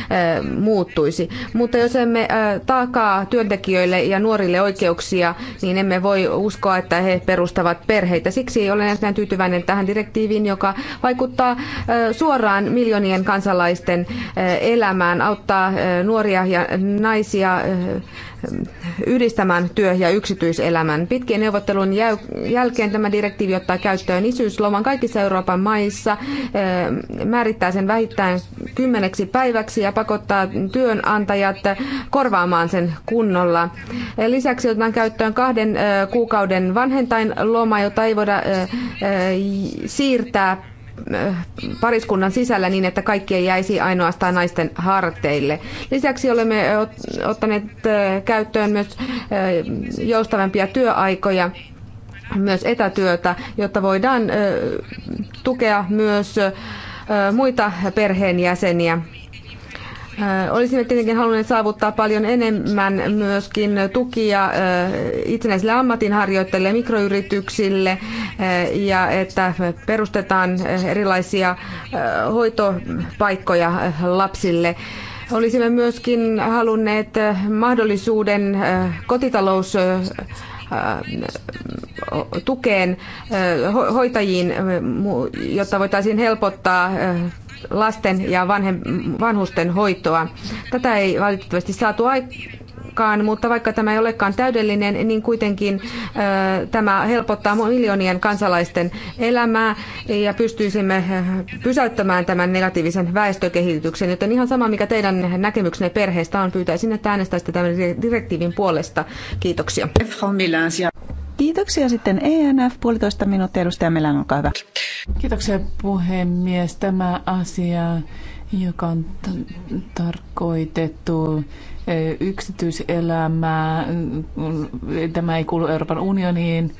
[SPEAKER 3] muuttuisi. Mutta jos emme taakaa työntekijöille ja nuorille oikeuksia, niin emme voi uskoa, että he perustavat perheitä. Siksi olen erittäin tyytyväinen tähän direktiiviin, joka vaikuttaa suoraan miljoonien kansalaisten elämään, auttaa nuoria ja naisia yhdistämään työ- ja yksityiselämän. Pitkien neuvottelun jälkeen tämä direktiivi ottaa käyttöön isyysloman kaikissa Euroopan maissa, eh, määrittää sen vähittäin kymmeneksi päiväksi ja pakottaa työnantajat korvaamaan sen kunnolla. Eh, lisäksi otetaan käyttöön kahden eh, kuukauden vanhentain loma, jota ei voida siirtää Äh, pariskunnan sisällä niin, että kaikki ei jäisi ainoastaan naisten harteille. Lisäksi olemme ottaneet äh, käyttöön myös äh, joustavampia työaikoja myös etätyötä, jotta voidaan tukea myös muita perheenjäseniä Äh, olisimme tietenkin halunneet saavuttaa paljon enemmän myöskin tukia äh, itsenäisille ammatinharjoittajille, mikroyrityksille äh, ja että perustetaan erilaisia hoitopaikkoja lapsille. Olisimme myöskin halunneet mahdollisuuden kotitalous tukeen hoitajiin, jotta voitaisiin helpottaa lasten ja vanhem, vanhusten hoitoa. Tätä ei valitettavasti saatu aikaan, mutta vaikka tämä ei olekaan täydellinen, niin kuitenkin tämä helpottaa miljoonien kansalaisten elämää ja pystyisimme pysäyttämään tämän negatiivisen väestökehityksen. Joten ihan sama, mikä teidän näkemyksenne perheestä on, pyytäisin, että äänestäisitte tämän direktiivin puolesta. Kiitoksia. Kiitoksia sitten ENF, puolitoista minuuttia. Edustaja Melan, olkaa hyvä.
[SPEAKER 1] Kiitoksia puhemies. Tämä asia, joka on tarkoitettu e, yksityiselämää, mm, tämä ei kuulu Euroopan unioniin.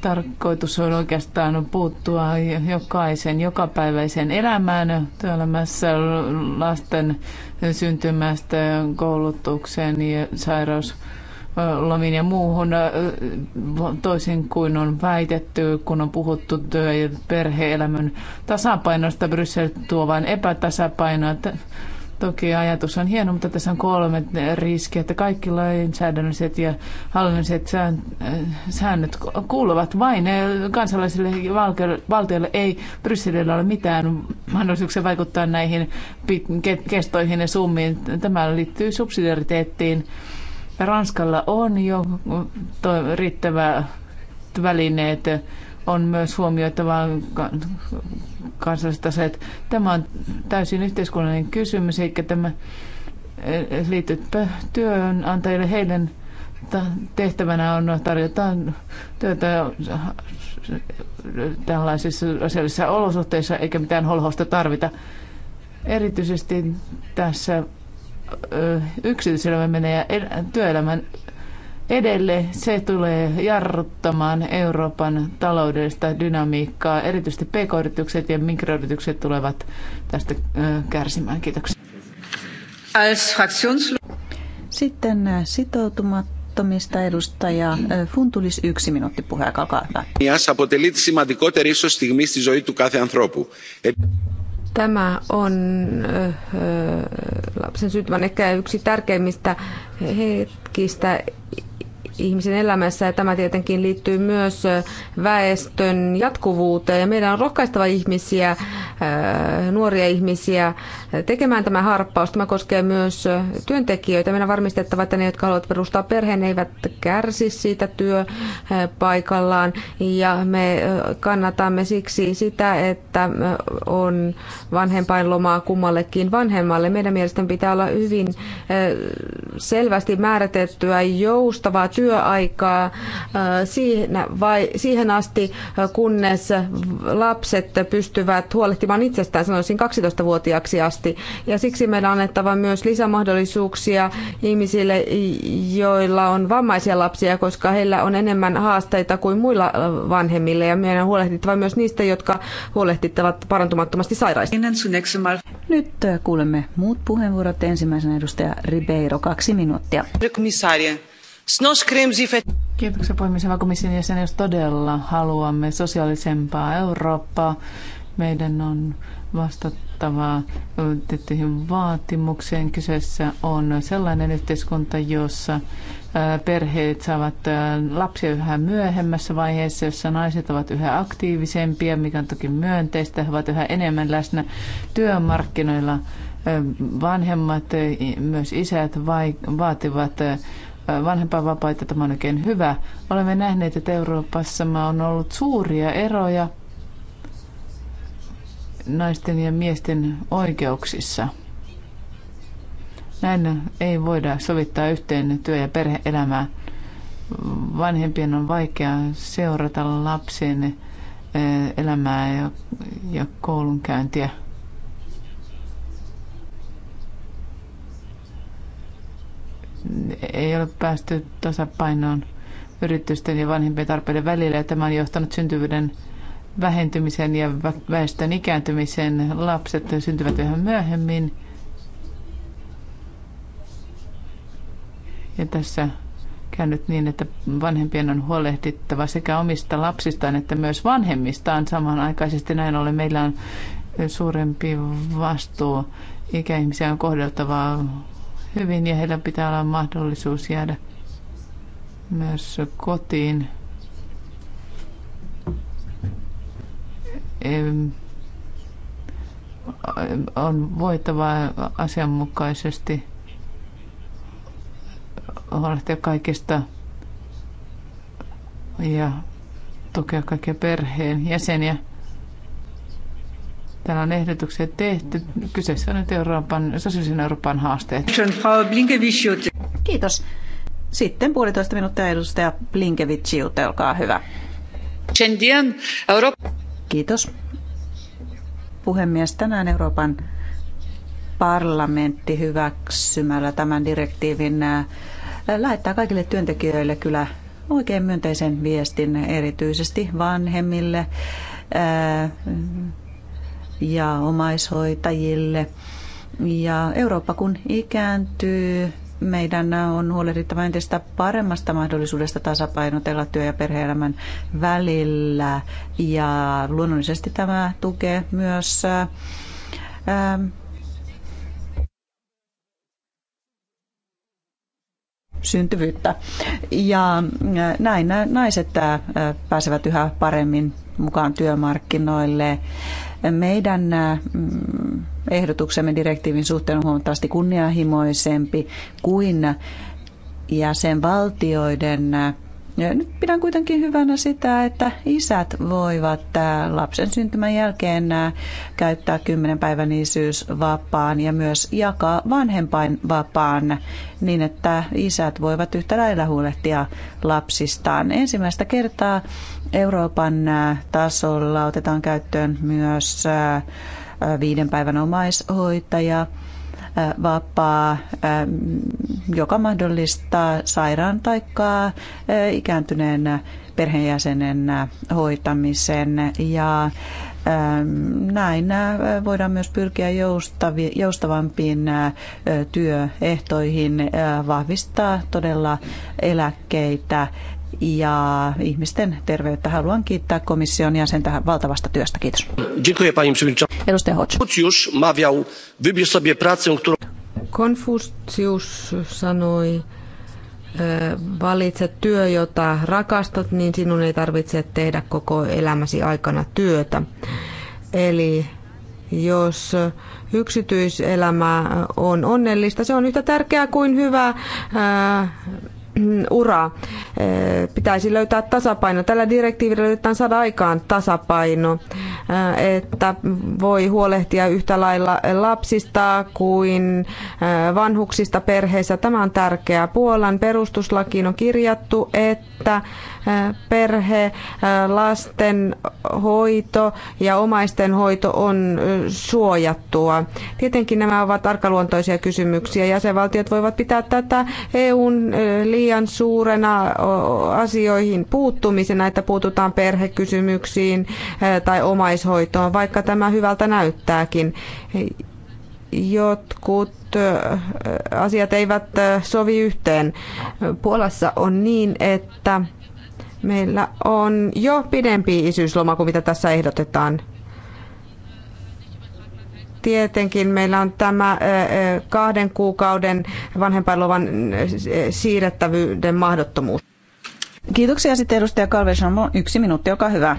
[SPEAKER 1] Tarkoitus on oikeastaan puuttua jokaisen jokapäiväiseen elämään työelämässä lasten syntymästä, koulutukseen ja sairaus lomiin ja muuhun, toisin kuin on väitetty, kun on puhuttu työ- ja perhe-elämän tasapainosta. Bryssel tuo vain epätasapainoa. Toki ajatus on hieno, mutta tässä on kolme riskiä, että kaikki lainsäädännölliset ja hallinnolliset säännöt kuuluvat vain kansalaisille valtioille. Ei Brysselillä ole mitään mahdollisuuksia vaikuttaa näihin kestoihin ja summiin. Tämä liittyy subsidiariteettiin Ranskalla on jo riittävä välineet on myös huomioitava se, että Tämä on täysin yhteiskunnallinen kysymys, eikä tämä eh, liity työnantajille. Heidän tehtävänä on tarjota työtä tällaisissa asiallisissa olosuhteissa, eikä mitään holhosta tarvita. Erityisesti tässä yksityiselämä menee työelämän edelle. Se tulee jarruttamaan Euroopan taloudellista dynamiikkaa. Erityisesti pk-yritykset ja mikroyritykset tulevat tästä kärsimään. Kiitoksia.
[SPEAKER 2] Sitten sitoutumattomista edustaja Funtulis yksi minuutti puheen, olkaa hyvä.
[SPEAKER 8] αποτελεί τη σημαντικότερη ίσως
[SPEAKER 3] Tämä on lapsen syntymän ehkä yksi tärkeimmistä hetkistä ihmisen elämässä ja tämä tietenkin liittyy myös väestön jatkuvuuteen ja meidän on rohkaistava ihmisiä, nuoria ihmisiä tekemään tämä harppaus. Tämä koskee myös työntekijöitä. Meidän on varmistettava, että ne, jotka haluavat perustaa perheen, eivät kärsi siitä työpaikallaan ja me kannatamme siksi sitä, että on vanhempainlomaa kummallekin vanhemmalle. Meidän mielestämme pitää olla hyvin selvästi määritettyä joustavaa työ työaikaa äh, siihen asti, äh, kunnes lapset pystyvät huolehtimaan itsestään, sanoisin 12-vuotiaaksi asti. Ja siksi meidän on annettava myös lisämahdollisuuksia ihmisille, joilla on vammaisia lapsia, koska heillä on enemmän haasteita kuin muilla äh, vanhemmille Ja meidän on huolehdittava myös niistä, jotka huolehtittavat parantumattomasti sairaista.
[SPEAKER 2] Nyt kuulemme muut puheenvuorot. Ensimmäisenä edustaja Ribeiro, kaksi minuuttia. Komissaari.
[SPEAKER 1] Kiitoksia puhemies ja komission jäsen, jos todella
[SPEAKER 2] haluamme sosiaalisempaa Eurooppaa,
[SPEAKER 1] meidän on vastattava tiettyihin vaatimukseen. Kyseessä on sellainen yhteiskunta, jossa perheet saavat lapsia yhä myöhemmässä vaiheessa, jossa naiset ovat yhä aktiivisempia, mikä on toki myönteistä. He ovat yhä enemmän läsnä työmarkkinoilla. Vanhemmat, myös isät vaativat vanhempainvapaita. Tämä on oikein hyvä. Olemme nähneet, että Euroopassa on ollut suuria eroja naisten ja miesten oikeuksissa. Näin ei voida sovittaa yhteen työ- ja perheelämää. Vanhempien on vaikea seurata lapsien elämää ja koulunkäyntiä. ei ole päästy tasapainoon yritysten ja vanhempien tarpeiden välillä ja tämä on johtanut syntyvyyden vähentymisen ja väestön ikääntymisen. Lapset syntyvät vähän myöhemmin. Ja tässä käynyt niin, että vanhempien on huolehdittava sekä omista lapsistaan että myös vanhemmistaan samanaikaisesti. Näin ollen meillä on suurempi vastuu. Ikäihmisiä on kohdeltava hyvin ja heillä pitää olla mahdollisuus jäädä myös kotiin. On voitava asianmukaisesti huolehtia kaikista ja tukea kaikkia perheen jäseniä. Täällä on ehdotuksia tehty. Kyseessä on nyt Euroopan, sosiaalisen Euroopan
[SPEAKER 2] haasteet. Kiitos. Sitten puolitoista minuuttia edustaja Blinkevichiute, olkaa hyvä. Kiitos. Puhemies, tänään Euroopan parlamentti hyväksymällä tämän direktiivin äh, lähettää kaikille työntekijöille kyllä oikein myönteisen viestin erityisesti vanhemmille äh, ja omaishoitajille. Ja Eurooppa kun ikääntyy, meidän on huolehdittava entistä paremmasta mahdollisuudesta tasapainotella työ- ja perheelämän välillä. Ja luonnollisesti tämä tukee myös ää, ähm, syntyvyyttä. Ja äh, näin naiset äh, pääsevät yhä paremmin mukaan työmarkkinoille. Meidän äh, mm, ehdotuksemme direktiivin suhteen on huomattavasti kunnianhimoisempi kuin jäsenvaltioiden äh, nyt pidän kuitenkin hyvänä sitä, että isät voivat lapsen syntymän jälkeen käyttää 10 päivän isyysvapaan ja myös jakaa vanhempainvapaan niin, että isät voivat yhtä lailla huolehtia lapsistaan. Ensimmäistä kertaa Euroopan tasolla otetaan käyttöön myös viiden päivän omaishoitaja – vapaa, joka mahdollistaa sairaan taikkaa ikääntyneen perheenjäsenen hoitamisen ja näin voidaan myös pyrkiä joustavampiin työehtoihin, vahvistaa todella eläkkeitä ja ihmisten terveyttä. Haluan kiittää komission tähän valtavasta työstä. Kiitos.
[SPEAKER 9] Edustaja Hodge. Konfucius
[SPEAKER 3] Konfucius sanoi, e, valitse työ, jota rakastat, niin sinun ei tarvitse tehdä koko elämäsi aikana työtä. Eli jos yksityiselämä on onnellista, se on yhtä tärkeää kuin hyvä ää, e, Mm, uraa. Eh, pitäisi löytää tasapaino. Tällä direktiivillä yritetään saada aikaan tasapaino, eh, että voi huolehtia yhtä lailla lapsista kuin eh, vanhuksista perheessä. Tämä on tärkeää. Puolan perustuslakiin on kirjattu, että perhe, lasten hoito ja omaisten hoito on suojattua. Tietenkin nämä ovat arkaluontoisia kysymyksiä. Jäsenvaltiot voivat pitää tätä EUn liian liian suurena asioihin puuttumisena, että puututaan perhekysymyksiin tai omaishoitoon, vaikka tämä hyvältä näyttääkin. Jotkut asiat eivät sovi yhteen. Puolassa on niin, että meillä on jo pidempi isyysloma kuin mitä tässä ehdotetaan. Tietenkin meillä on tämä kahden kuukauden vanhempainluvan siirrettävyyden mahdottomuus. Kiitoksia sitten edustaja Kalve Shamon. Yksi minuutti, olkaa hyvä.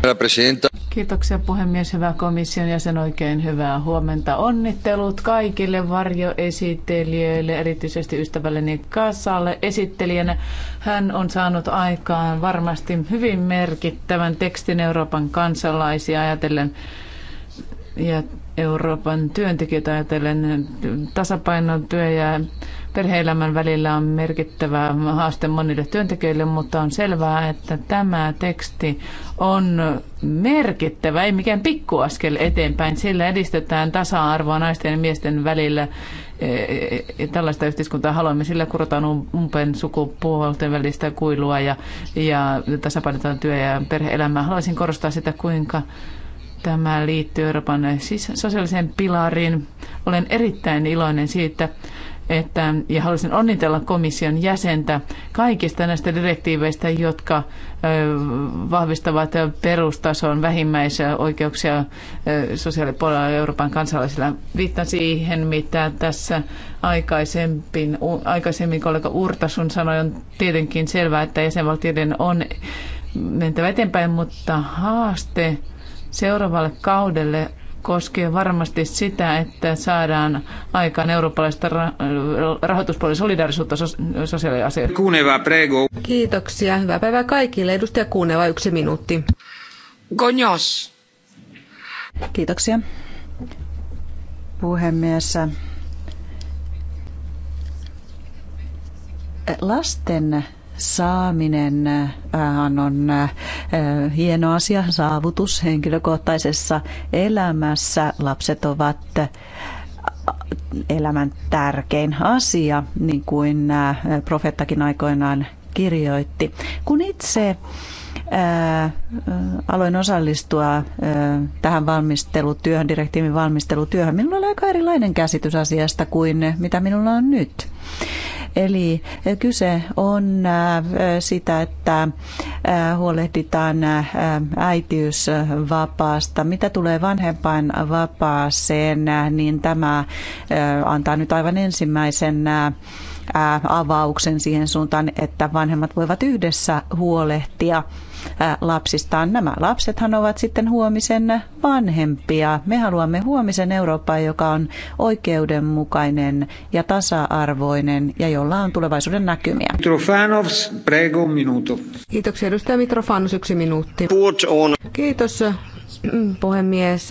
[SPEAKER 3] Kiitoksia puhemies, hyvä
[SPEAKER 1] komission jäsen, oikein hyvää huomenta. Onnittelut kaikille varjoesittelijöille, erityisesti ystävälleni Kasalle esittelijänä. Hän on saanut aikaan varmasti hyvin merkittävän tekstin Euroopan kansalaisia ajatellen ja Euroopan työntekijöitä ajatellen tasapaino työ ja perheelämän välillä on merkittävä haaste monille työntekijöille, mutta on selvää, että tämä teksti on merkittävä, ei mikään pikkuaskel eteenpäin. Sillä edistetään tasa-arvoa naisten ja miesten välillä. E, e, tällaista yhteiskuntaa haluamme. Sillä kurotaan um-, umpeen sukupuolten välistä kuilua ja, ja tasapainotetaan työ- ja perhe-elämää. Haluaisin korostaa sitä, kuinka Tämä liittyy Euroopan sosiaaliseen pilariin. Olen erittäin iloinen siitä, että, ja haluaisin onnitella komission jäsentä kaikista näistä direktiiveistä, jotka vahvistavat perustason vähimmäisoikeuksia sosiaalipuolella Euroopan kansalaisilla. Viittaan siihen, mitä tässä aikaisemmin, aikaisemmin kollega Urtasun sanoi, on tietenkin selvää, että jäsenvaltioiden on mentävä eteenpäin, mutta haaste seuraavalle kaudelle koskee varmasti sitä, että saadaan aikaan eurooppalaista ra-
[SPEAKER 3] rahoituspuolen solidaarisuutta sosiaaliasioihin.
[SPEAKER 6] Kuuneva, prego.
[SPEAKER 3] Kiitoksia. Hyvää päivää kaikille. Edustaja Kuuneva, yksi minuutti. Gonjos. Kiitoksia. Puhemies.
[SPEAKER 2] Lasten saaminen on eh, hieno asia, saavutus henkilökohtaisessa elämässä. Lapset ovat eh, elämän tärkein asia, niin kuin eh, profettakin aikoinaan kirjoitti. Kun itse ää, aloin osallistua ää, tähän valmistelutyöhön, direktiivin valmistelutyöhön, minulla oli aika erilainen käsitys asiasta kuin mitä minulla on nyt. Eli eh, kyse on eh, sitä, että eh, huolehditaan äitiysvapaasta. Mitä tulee vanhempain vapaaseen, niin tämä antaa nyt aivan ensimmäisen avauksen siihen suuntaan, että vanhemmat voivat yhdessä huolehtia lapsistaan. Nämä lapsethan ovat sitten huomisen vanhempia. Me haluamme huomisen Eurooppaa, joka on oikeudenmukainen ja tasa-arvoinen ja jolla on tulevaisuuden näkymiä.
[SPEAKER 6] Mitrofanovs, prego, minuto.
[SPEAKER 2] Kiitoksia
[SPEAKER 3] edustaja Mitrofanos, yksi minuutti. Kiitos mm, puhemies.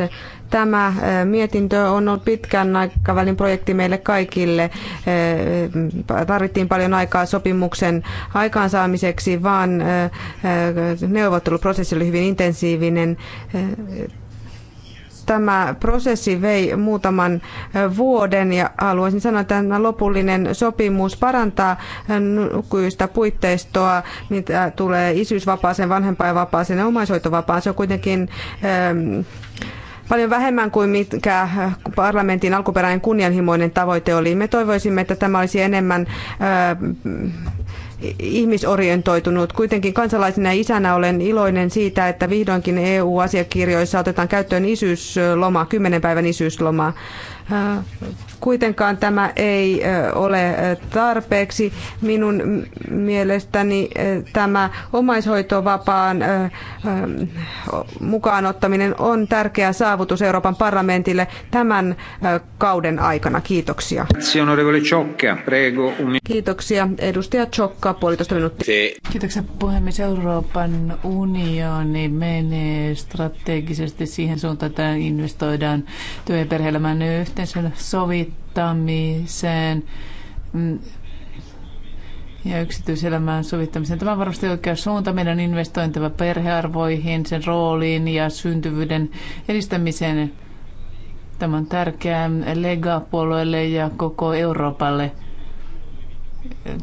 [SPEAKER 3] Tämä äh, mietintö on ollut pitkän aikavälin projekti meille kaikille. Äh, äh, tarvittiin paljon aikaa sopimuksen aikaansaamiseksi, vaan neuvotteluprosessi oli hyvin intensiivinen tämä prosessi vei muutaman vuoden ja haluaisin sanoa, että tämä lopullinen sopimus parantaa nykyistä puitteistoa, mitä tulee isyysvapaaseen, vanhempainvapaaseen ja omaishoitovapaaseen. Se on kuitenkin ähm, paljon vähemmän kuin mikä parlamentin alkuperäinen kunnianhimoinen tavoite oli. Me toivoisimme, että tämä olisi enemmän äh, ihmisorientoitunut. Kuitenkin kansalaisena ja isänä olen iloinen siitä, että vihdoinkin EU-asiakirjoissa otetaan käyttöön isyysloma, kymmenen päivän isyysloma. Kuitenkaan tämä ei ole tarpeeksi. Minun mielestäni tämä omaishoitovapaan mukaan ottaminen on tärkeä saavutus Euroopan parlamentille tämän kauden aikana. Kiitoksia. Kiitoksia. Edustaja Chokka, puolitoista minuuttia. Kiitoksia puhemies.
[SPEAKER 1] Euroopan unioni menee strategisesti siihen suuntaan, että investoidaan työ- ja perhe-elämän yhteisön sovittamiseen mm, ja yksityiselämään sovittamiseen. Tämä on varmasti oikea suunta meidän investointeva perhearvoihin, sen rooliin ja syntyvyyden edistämiseen. Tämä on tärkeää lega ja koko Euroopalle.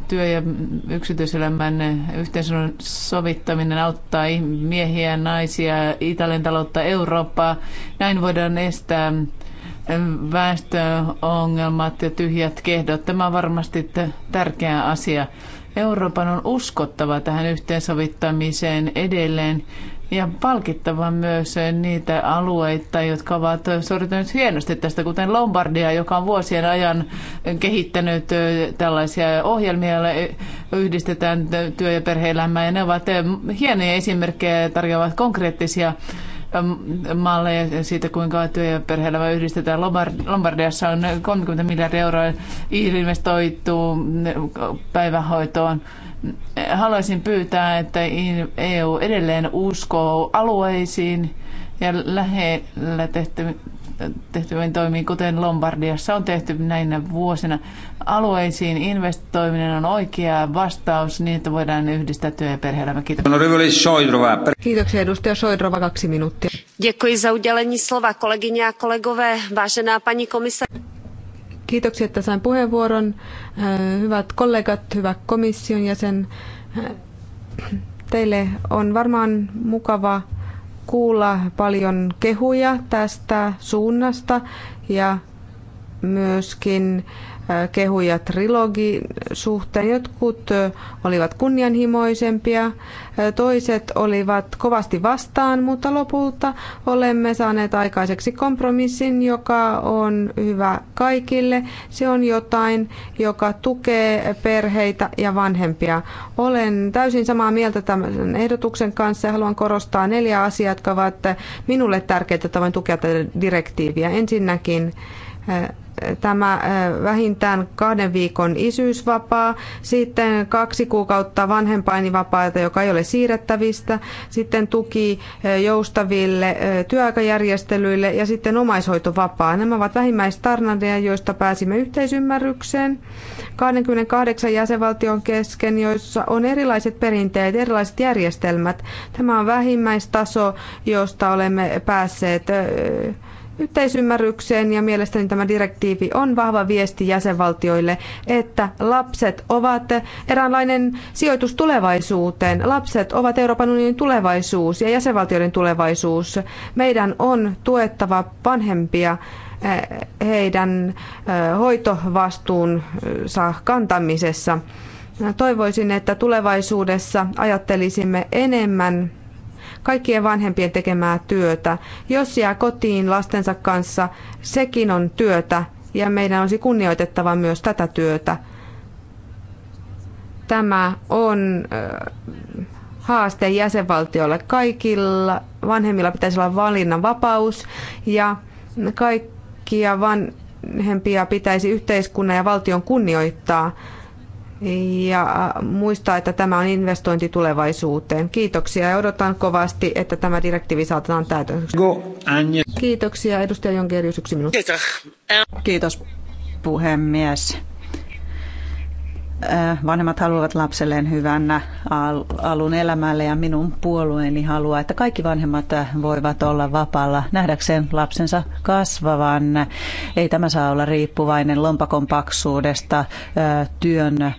[SPEAKER 1] Työ- ja yksityiselämän yhteisön sovittaminen auttaa miehiä, naisia, Italian taloutta, Eurooppaa. Näin voidaan estää väestöongelmat ja tyhjät kehdot. Tämä on varmasti tärkeä asia. Euroopan on uskottava tähän yhteensovittamiseen edelleen ja palkittava myös niitä alueita, jotka ovat suorittaneet hienosti tästä, kuten Lombardia, joka on vuosien ajan kehittänyt tällaisia ohjelmia, joilla yhdistetään työ- ja perhe-elämää, ja ne ovat hienoja esimerkkejä ja tarjoavat konkreettisia malleja siitä, kuinka työ- ja perhe yhdistetään. Lombardiassa on 30 miljardia euroa investoitu päivähoitoon. Haluaisin pyytää, että EU edelleen uskoo alueisiin ja lähellä tehtäviin tehtäviin toimiin, kuten Lombardiassa on tehty näinä vuosina. Alueisiin investoiminen on oikea vastaus niin, että voidaan yhdistää työ- ja perhe-elämä.
[SPEAKER 6] Kiitoksia.
[SPEAKER 3] Kiitoksia edustaja Soidrova, kaksi minuuttia.
[SPEAKER 9] Děkuji za udělení slova, kolegyně a kolegové, vážená paní komissa.
[SPEAKER 3] Kiitoksia, että sain puheenvuoron. Eh, hyvät kollegat, hyvä komission jäsen. Eh, teille on varmaan mukava kuulla paljon kehuja tästä suunnasta ja myöskin kehuja trilogin suhteen. Jotkut olivat kunnianhimoisempia, toiset olivat kovasti vastaan, mutta lopulta olemme saaneet aikaiseksi kompromissin, joka on hyvä kaikille. Se on jotain, joka tukee perheitä ja vanhempia. Olen täysin samaa mieltä tämän ehdotuksen kanssa ja haluan korostaa neljä asiaa, jotka ovat minulle tärkeitä, että voin tukea tätä direktiiviä. Ensinnäkin tämä vähintään kahden viikon isyysvapaa, sitten kaksi kuukautta vanhempainivapaata, joka ei ole siirrettävistä, sitten tuki joustaville työaikajärjestelyille ja sitten omaishoitovapaa. Nämä ovat vähimmäistarnadeja, joista pääsimme yhteisymmärrykseen 28 jäsenvaltion kesken, joissa on erilaiset perinteet, erilaiset järjestelmät. Tämä on vähimmäistaso, josta olemme päässeet yhteisymmärrykseen ja mielestäni tämä direktiivi on vahva viesti jäsenvaltioille, että lapset ovat eräänlainen sijoitus tulevaisuuteen. Lapset ovat Euroopan unionin tulevaisuus ja jäsenvaltioiden tulevaisuus. Meidän on tuettava vanhempia eh, heidän eh, hoitovastuunsa eh, kantamisessa. Toivoisin, että tulevaisuudessa ajattelisimme enemmän kaikkien vanhempien tekemää työtä. Jos jää kotiin lastensa kanssa, sekin on työtä ja meidän olisi kunnioitettava myös tätä työtä. Tämä on haaste jäsenvaltiolle. Kaikilla vanhemmilla pitäisi olla valinnan vapaus ja kaikkia vanhempia pitäisi yhteiskunnan ja valtion kunnioittaa ja muistaa, että tämä on investointi tulevaisuuteen. Kiitoksia ja odotan kovasti, että tämä direktiivi saatetaan täytäntöön. Kiitoksia edustaja Jonkerius, yksi minuutti. Kiitos puhemies.
[SPEAKER 2] Äh, vanhemmat haluavat lapselleen hyvän alun elämälle ja minun puolueeni haluaa, että kaikki vanhemmat voivat olla vapaalla nähdäkseen lapsensa kasvavan. Ei tämä saa olla riippuvainen lompakon paksuudesta, äh, työn, äh,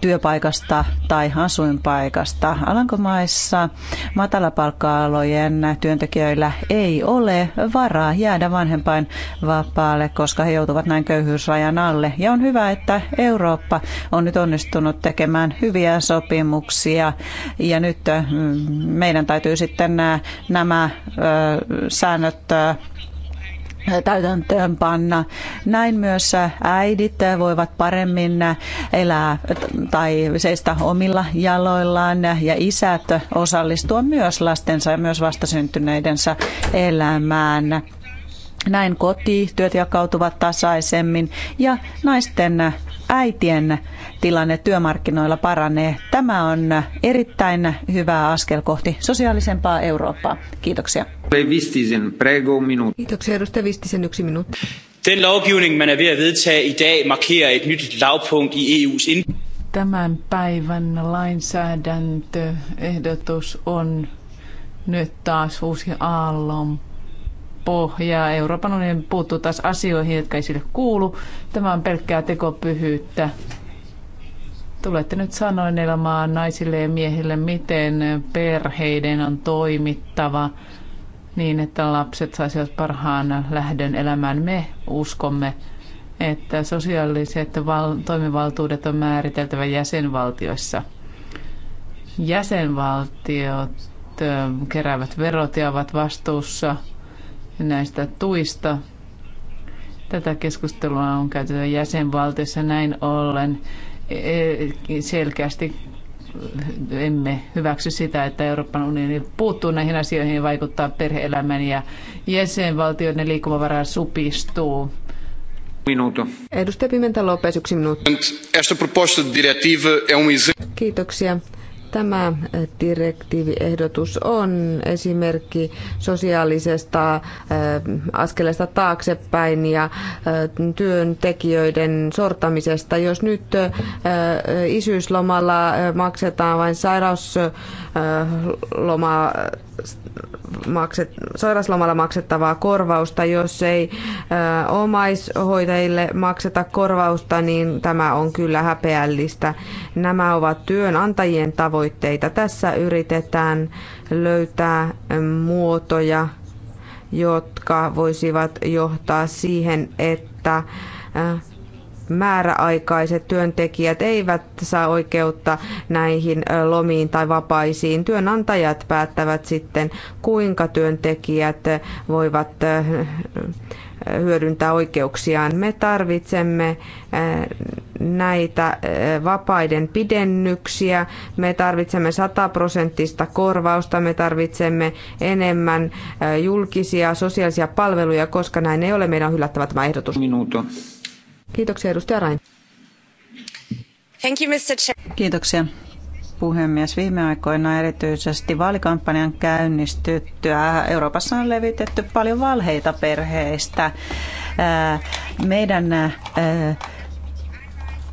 [SPEAKER 2] työpaikasta tai asuinpaikasta. Alankomaissa matalapalkka-alojen työntekijöillä ei ole varaa jäädä vanhempain vapaalle, koska he joutuvat näin köyhyysrajan alle. Ja on hyvä, että Eurooppa on nyt onnistunut tekemään hyviä sopimuksia ja nyt meidän täytyy sitten nämä, nämä säännöt täytäntöönpanna. Näin myös äidit voivat paremmin elää tai seistä omilla jaloillaan ja isät osallistua myös lastensa ja myös vastasyntyneidensä elämään. Näin kotityöt jakautuvat tasaisemmin ja naisten äitien tilanne työmarkkinoilla paranee. Tämä on erittäin hyvä askel kohti sosiaalisempaa Eurooppaa. Kiitoksia. Kiitoksia edustaja Vistisen yksi minuutti.
[SPEAKER 4] Den lovgivning, man er ved at vedtage i dag, markerer et nyt lavpunkt i EU's ind...
[SPEAKER 1] Tämän päivän lainsäädäntöehdotus on nyt taas uusi aallon pohjaa. Euroopan unioni puuttuu taas asioihin, jotka ei sille kuulu. Tämä on pelkkää tekopyhyyttä. Tulette nyt sanoinelmaan naisille ja miehille, miten perheiden on toimittava niin, että lapset saisivat parhaan lähdön elämään. Me uskomme, että sosiaaliset val- toimivaltuudet on määriteltävä jäsenvaltioissa. Jäsenvaltiot keräävät verot ja ovat vastuussa näistä tuista. Tätä keskustelua on käytetty jäsenvaltiossa näin ollen. Eh, selkeästi emme hyväksy sitä, että Euroopan unioni puuttuu näihin asioihin ja vaikuttaa perheelämän ja jäsenvaltioiden
[SPEAKER 3] liikkumavara supistuu. Minuutu. Edustaja Pimenta Lopes, yksi minuutti. Um Kiitoksia. Tämä äh, direktiiviehdotus on esimerkki sosiaalisesta äh, askeleesta taaksepäin ja äh, työntekijöiden sortamisesta. Jos nyt isyyslomalla maksetaan vain sairausloma makset, sairauslomalla maksettavaa korvausta. Jos ei ö, omaishoitajille makseta korvausta, niin tämä on kyllä häpeällistä. Nämä ovat työnantajien tavoitteita. Tässä yritetään löytää muotoja, jotka voisivat johtaa siihen, että ö, määräaikaiset työntekijät eivät saa oikeutta näihin lomiin tai vapaisiin. Työnantajat päättävät sitten, kuinka työntekijät voivat hyödyntää oikeuksiaan. Me tarvitsemme näitä vapaiden pidennyksiä, me tarvitsemme sataprosenttista korvausta, me tarvitsemme enemmän julkisia sosiaalisia palveluja, koska näin ei ole meidän hylättävä tämä ehdotus. Kiitoksia edustaja Rain. Thank you, Mr. Chair. Kiitoksia puhemies. Viime aikoina erityisesti
[SPEAKER 2] vaalikampanjan käynnistyttyä Euroopassa on levitetty paljon valheita perheistä. Meidän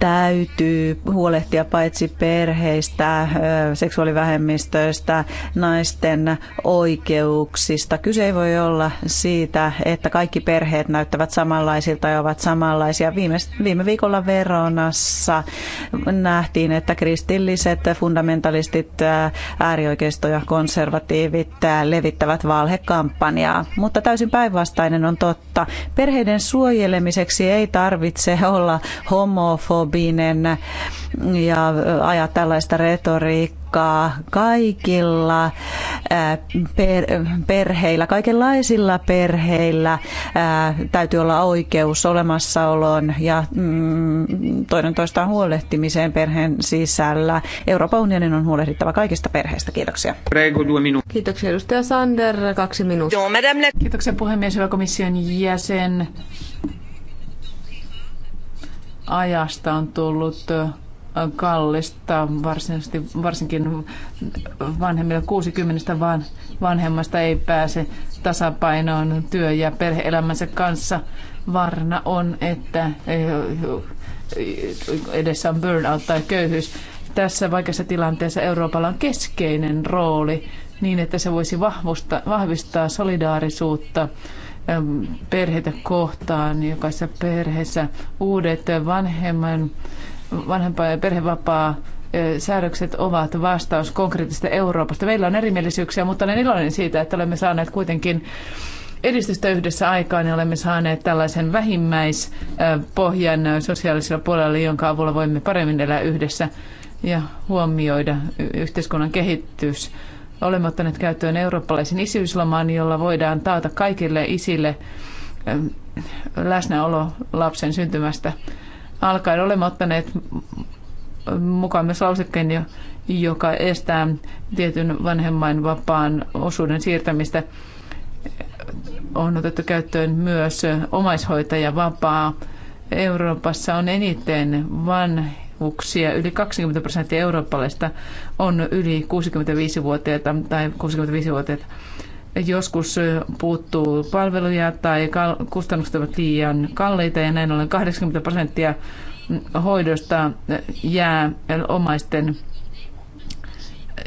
[SPEAKER 2] täytyy huolehtia paitsi perheistä, seksuaalivähemmistöistä, naisten oikeuksista. Kyse ei voi olla siitä, että kaikki perheet näyttävät samanlaisilta ja ovat samanlaisia. Viime, viime viikolla Veronassa nähtiin, että kristilliset fundamentalistit, äärioikeisto ja konservatiivit levittävät valhekampanjaa. Mutta täysin päinvastainen on totta. Perheiden suojelemiseksi ei tarvitse olla homofobi Tobinen ja äh, ajaa tällaista retoriikkaa kaikilla äh, perheillä, kaikenlaisilla perheillä äh, täytyy olla oikeus olemassaoloon ja mm, toinen toistaan huolehtimiseen perheen sisällä. Euroopan unionin on huolehdittava kaikista perheistä. Kiitoksia. Kiitoksia edustaja Sander, kaksi minuuttia. Kiitoksia puhemies, hyvä komission
[SPEAKER 1] jäsen ajasta on tullut kallista, varsinkin vanhemmilla 60 van, vanhemmasta ei pääse tasapainoon työ- ja perheelämänsä kanssa. Varna on, että edessä on burnout tai köyhyys. Tässä vaikeassa tilanteessa Euroopalla on keskeinen rooli niin, että se voisi vahvistaa solidaarisuutta perheitä kohtaan. Jokaisessa perheessä uudet vanhemman, vanhempaa ja perhevapaa e, säädökset ovat vastaus konkreettisesta Euroopasta. Meillä on erimielisyyksiä, mutta olen iloinen siitä, että olemme saaneet kuitenkin edistystä yhdessä aikaan ja olemme saaneet tällaisen vähimmäispohjan sosiaalisella puolella, jonka avulla voimme paremmin elää yhdessä ja huomioida yhteiskunnan kehitys Olemme ottaneet käyttöön eurooppalaisen isyyslomaan, jolla voidaan taata kaikille isille ähm, läsnäolo lapsen syntymästä alkaen. Olemme ottaneet mukaan myös lausekkeen, joka estää tietyn vanhemman vapaan osuuden siirtämistä. On otettu käyttöön myös omaishoitajavapaa. Euroopassa on eniten vanhempia vanhuksia. Yli 20 prosenttia eurooppalaista on yli 65-vuotiaita tai 65-vuotiaita. Joskus puuttuu palveluja tai kustannukset ovat liian kalliita ja näin ollen 80 prosenttia hoidosta jää omaisten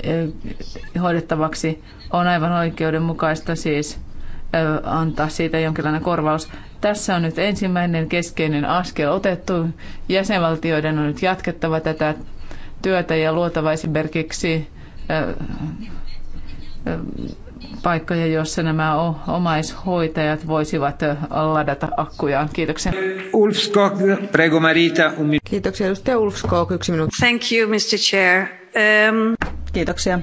[SPEAKER 1] eh, hoidettavaksi. On aivan oikeudenmukaista siis eh, antaa siitä jonkinlainen korvaus. Tässä on nyt ensimmäinen keskeinen askel otettu. Jäsenvaltioiden on nyt jatkettava tätä työtä ja luotava esimerkiksi paikkoja, joissa nämä omaishoitajat voisivat
[SPEAKER 3] ladata akkujaan. Kiitoksia. Ulf Skog, prego Marita. Kiitoksia edustaja Ulf Skog, yksi minuutti. Thank you, Mr. Chair. Um... Kiitoksia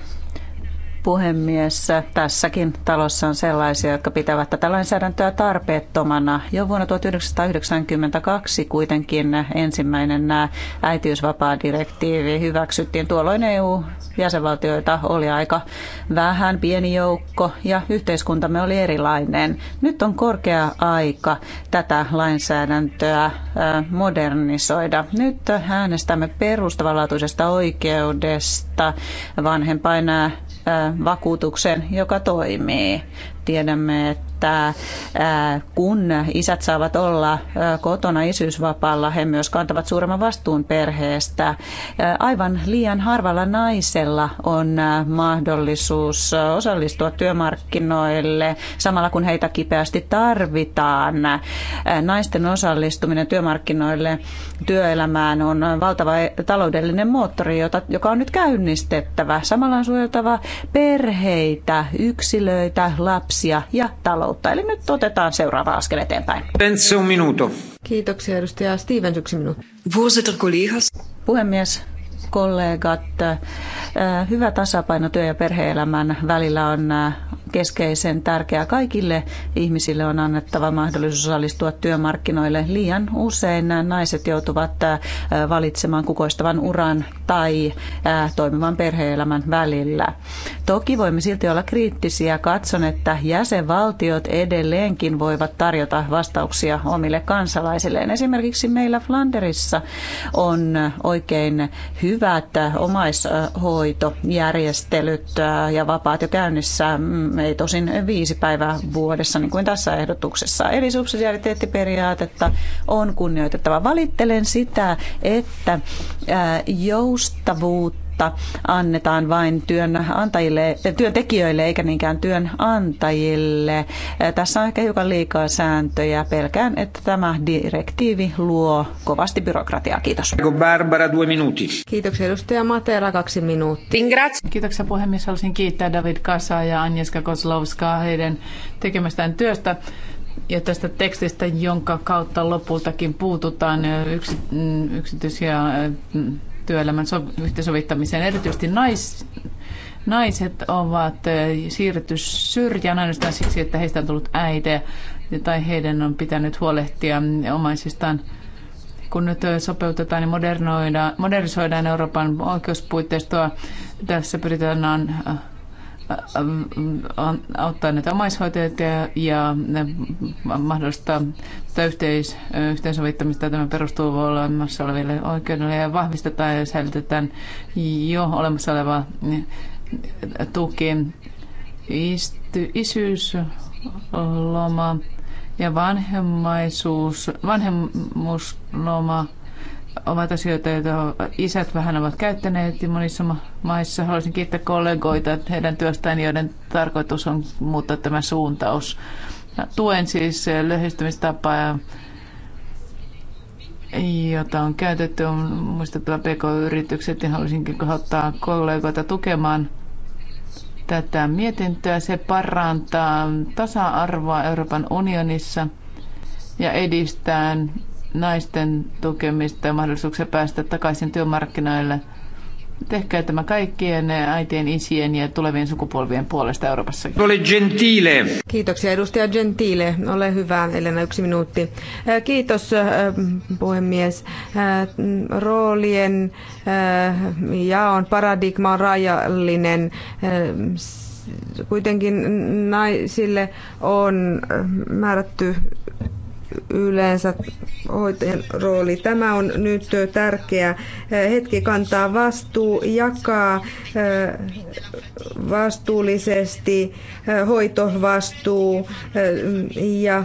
[SPEAKER 2] puhemies. Tässäkin talossa on sellaisia, jotka pitävät tätä lainsäädäntöä tarpeettomana. Jo vuonna 1992 kuitenkin ensimmäinen nämä äitiysvapaa-direktiivi hyväksyttiin. Tuolloin EU-jäsenvaltioita oli aika vähän, pieni joukko ja yhteiskuntamme oli erilainen. Nyt on korkea aika tätä lainsäädäntöä äh, modernisoida. Nyt äänestämme perustavanlaatuisesta oikeudesta vanhempain äh, vakuutuksen, joka toimii. Tiedämme, että kun isät saavat olla kotona isyysvapaalla, he myös kantavat suuremman vastuun perheestä. Aivan liian harvalla naisella on mahdollisuus osallistua työmarkkinoille samalla kun heitä kipeästi tarvitaan. Naisten osallistuminen työmarkkinoille työelämään on valtava e-, taloudellinen moottori, jota, joka on nyt käynnistettävä. Samalla on suojeltava perheitä, yksilöitä, lapsia lapsia ja taloutta. Eli nyt otetaan seuraava askel
[SPEAKER 6] eteenpäin. Stevens minuuto.
[SPEAKER 2] Kiitoksia edustaja Steven, yksi minuutti. Puhemies, kollegat. Äh, hyvä tasapaino työ- ja perheelämän välillä on äh, keskeisen tärkeää. Kaikille ihmisille on annettava mahdollisuus osallistua työmarkkinoille. Liian usein naiset joutuvat äh, valitsemaan kukoistavan uran tai toimivan perheelämän välillä. Toki voimme silti olla kriittisiä. Katson, että jäsenvaltiot edelleenkin voivat tarjota vastauksia omille kansalaisilleen. Esimerkiksi meillä Flanderissa on oikein hyvät omaishoitojärjestelyt ja vapaat jo käynnissä, mm, ei tosin viisi päivää vuodessa, niin kuin tässä ehdotuksessa. Eli subsidiariteettiperiaatetta on kunnioitettava. Valittelen sitä, että jou joustavuutta annetaan vain työnantajille, työntekijöille eikä niinkään työnantajille. Tässä on ehkä hiukan liikaa sääntöjä. Pelkään, että tämä direktiivi luo kovasti byrokratiaa.
[SPEAKER 6] Kiitos. Barbara, due minuti.
[SPEAKER 2] Kiitoksia edustaja Matera, kaksi minuuttia. Kiitoksia puhemies. Haluaisin kiittää
[SPEAKER 1] David Kasa ja Agnieszka Kozlowska heidän tekemästään työstä ja tästä tekstistä, jonka kautta lopultakin puututaan mm, yksityisiä työelämän so- yhteensovittamiseen. Erityisesti nais, naiset ovat siirretty syrjään ainoastaan siksi, että heistä on tullut äite tai heidän on pitänyt huolehtia omaisistaan. Kun nyt sopeutetaan ja niin modernisoidaan Euroopan oikeuspuitteistoa, tässä pyritään auttaa näitä omaishoitajia ja, ja mahdollistaa sitä yhteis, yhteensovittamista. Tämä perustuu olemassa oleville oikeudelle ja vahvistetaan ja säilytetään jo olemassa oleva tuki, isty, loma ja vanhemmaisuus, vanhemmuusloma – ovat asioita, joita isät vähän ovat käyttäneet ja monissa maissa. Haluaisin kiittää kollegoita heidän työstään, joiden tarkoitus on muuttaa tämä suuntaus. Tuen siis löhistymistapaa, jota on käytetty. On muistettava PK-yritykset ja haluaisinkin kohottaa kollegoita tukemaan tätä mietintöä. Se parantaa tasa-arvoa Euroopan unionissa ja edistää naisten tukemista ja mahdollisuuksia päästä takaisin työmarkkinoille. Tehkää tämä kaikkien äitien, isien ja tulevien sukupolvien puolesta Euroopassa. Ole gentile.
[SPEAKER 3] Kiitoksia edustaja Gentile. Ole hyvä, Elena, yksi minuutti. Äh, kiitos äh, puhemies. Äh, roolien jaon paradigma on rajallinen kuitenkin naisille on määrätty yleensä hoitajan rooli. Tämä on nyt tärkeä hetki kantaa vastuu, jakaa eh, vastuullisesti eh, hoitovastuu eh, ja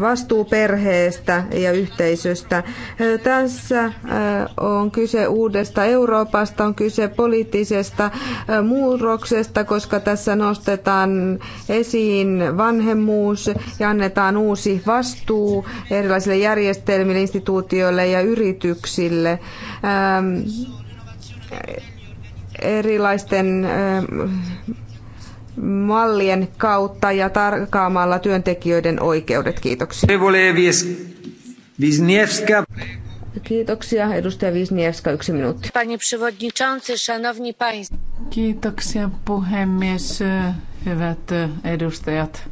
[SPEAKER 3] vastuu perheestä ja yhteisöstä. Tässä on kyse uudesta Euroopasta, on kyse poliittisesta murroksesta, koska tässä nostetaan esiin vanhemmuus ja annetaan uusi vastuu erilaisille järjestelmille, instituutioille ja yrityksille erilaisten mallien kautta ja tarkkaamalla työntekijöiden oikeudet. Kiitoksia. Kiitoksia. Edustaja Wisniewska, yksi minuutti. Kiitoksia puhemies,
[SPEAKER 1] hyvät edustajat,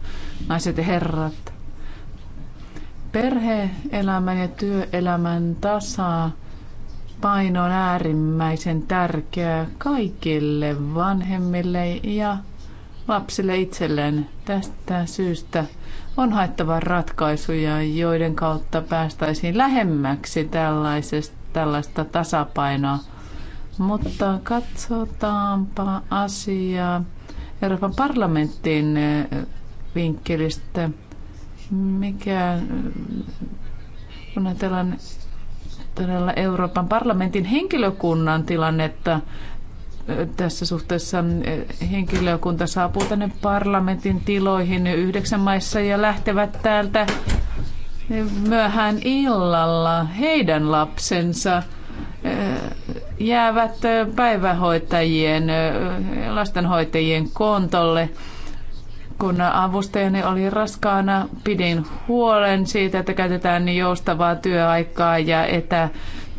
[SPEAKER 1] naiset ja herrat. Perhe-elämän ja työelämän tasa paino on äärimmäisen tärkeä kaikille vanhemmille ja lapsille itselleen. Tästä syystä on haettava ratkaisuja, joiden kautta päästäisiin lähemmäksi tällaisesta, tällaista tasapainoa. Mutta katsotaanpa asiaa Euroopan parlamentin eh, vinkkelistä. Mikä, eh, kun ajatellaan todella Euroopan parlamentin henkilökunnan tilannetta, tässä suhteessa eh, henkilökunta saapuu tänne parlamentin tiloihin yhdeksän maissa ja lähtevät täältä myöhään illalla. Heidän lapsensa eh, jäävät eh, päivähoitajien, lastenhoitajien kontolle. Kun avustajani oli raskaana, pidin huolen siitä, että käytetään niin joustavaa työaikaa ja että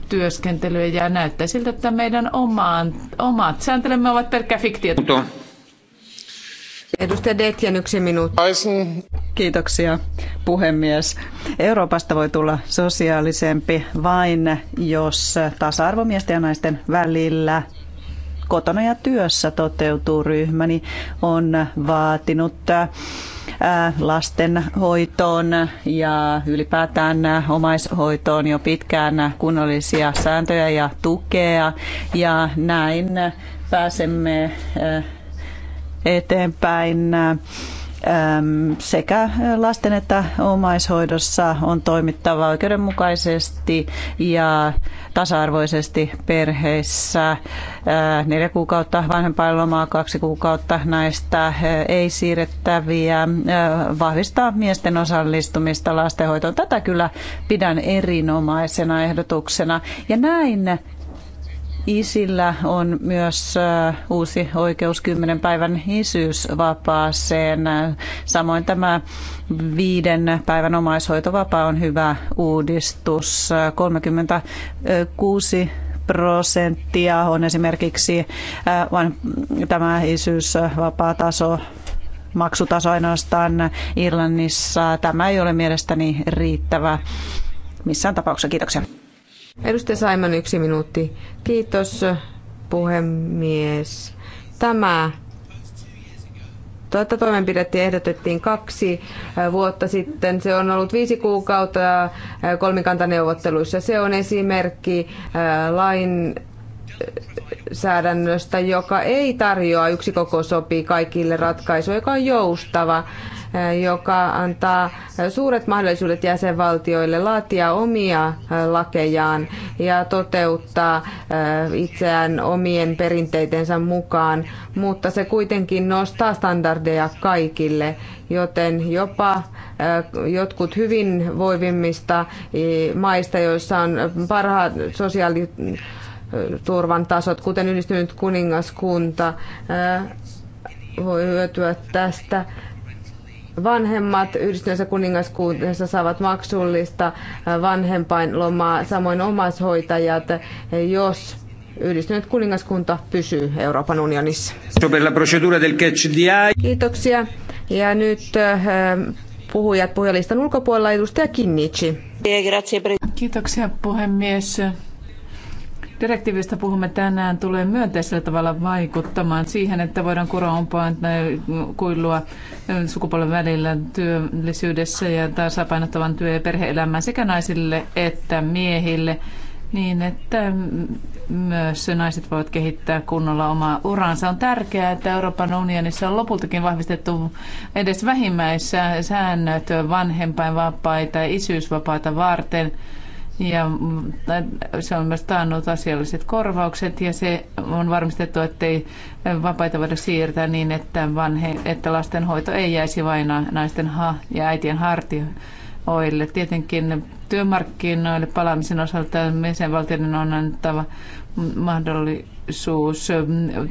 [SPEAKER 1] työskentelyä ja näyttää siltä, että meidän omaan, omat sääntelemme ovat
[SPEAKER 2] pelkkää fiktiota. Edustaja Detjen yksi minuutti. Kiitoksia puhemies. Euroopasta voi tulla sosiaalisempi vain, jos tasa-arvo miesten ja naisten välillä kotona ja työssä toteutuu ryhmäni on vaatinut Äh, lastenhoitoon ja ylipäätään omaishoitoon jo pitkään kunnollisia sääntöjä ja tukea. Ja näin pääsemme äh, eteenpäin sekä lasten että omaishoidossa on toimittava oikeudenmukaisesti ja tasa-arvoisesti perheissä. Äh, neljä kuukautta vanhempainlomaa, kaksi kuukautta näistä äh, ei siirrettäviä, äh, vahvistaa miesten osallistumista lastenhoitoon. Tätä kyllä pidän erinomaisena ehdotuksena. Ja näin Isillä on myös äh, uusi oikeus 10 päivän isyysvapaaseen. Samoin tämä viiden päivän omaishoitovapaa on hyvä uudistus. 36 prosenttia on esimerkiksi äh, tämä isyysvapaataso taso maksutaso ainoastaan Irlannissa. Tämä ei ole mielestäni riittävä
[SPEAKER 3] missään tapauksessa. Kiitoksia. Edustaja Simon, yksi minuutti. Kiitos, puhemies. Tämä Tätä toimenpidettä ehdotettiin kaksi äh, vuotta sitten. Se on ollut viisi kuukautta äh, kolmikantaneuvotteluissa. Se on esimerkki äh, lain lainsäädännöstä, joka ei tarjoa yksi koko sopii kaikille ratkaisua, joka on joustava, eh, joka antaa suuret mahdollisuudet jäsenvaltioille laatia omia eh, lakejaan ja toteuttaa eh, itseään omien perinteitensä mukaan, mutta se kuitenkin nostaa standardeja kaikille, joten jopa jotkut hyvinvoivimmista maista, joissa on parhaat sosiaali turvan tasot, kuten yhdistynyt kuningaskunta voi hyötyä tästä. Vanhemmat yhdistyneessä kuningaskunnassa saavat maksullista vanhempainlomaa, samoin omaishoitajat, jos yhdistynyt kuningaskunta pysyy Euroopan unionissa. Kiitoksia. Ja nyt puhujat puhujalistan ulkopuolella edustaja Kinnici. Kiitoksia puhemies direktiivistä puhumme
[SPEAKER 1] tänään tulee myönteisellä tavalla vaikuttamaan siihen, että voidaan kurompaa äh, kuilua äh, sukupuolen välillä työllisyydessä ja tasapainottavan työ- ja perhe-elämään sekä naisille että miehille niin, että myös naiset voivat kehittää kunnolla omaa uransa. On tärkeää, että Euroopan unionissa on lopultakin vahvistettu edes vähimmäissäännöt vanhempainvapaita ja isyysvapaata varten – ja mm, se on myös taannut asialliset korvaukset ja se on varmistettu, ei vapaita voida siirtää niin, että, vanhe, että lastenhoito ei jäisi vain naisten ha- ja äitien hartioille. Tietenkin työmarkkinoille palaamisen osalta valtioiden on annettava mahdollisuus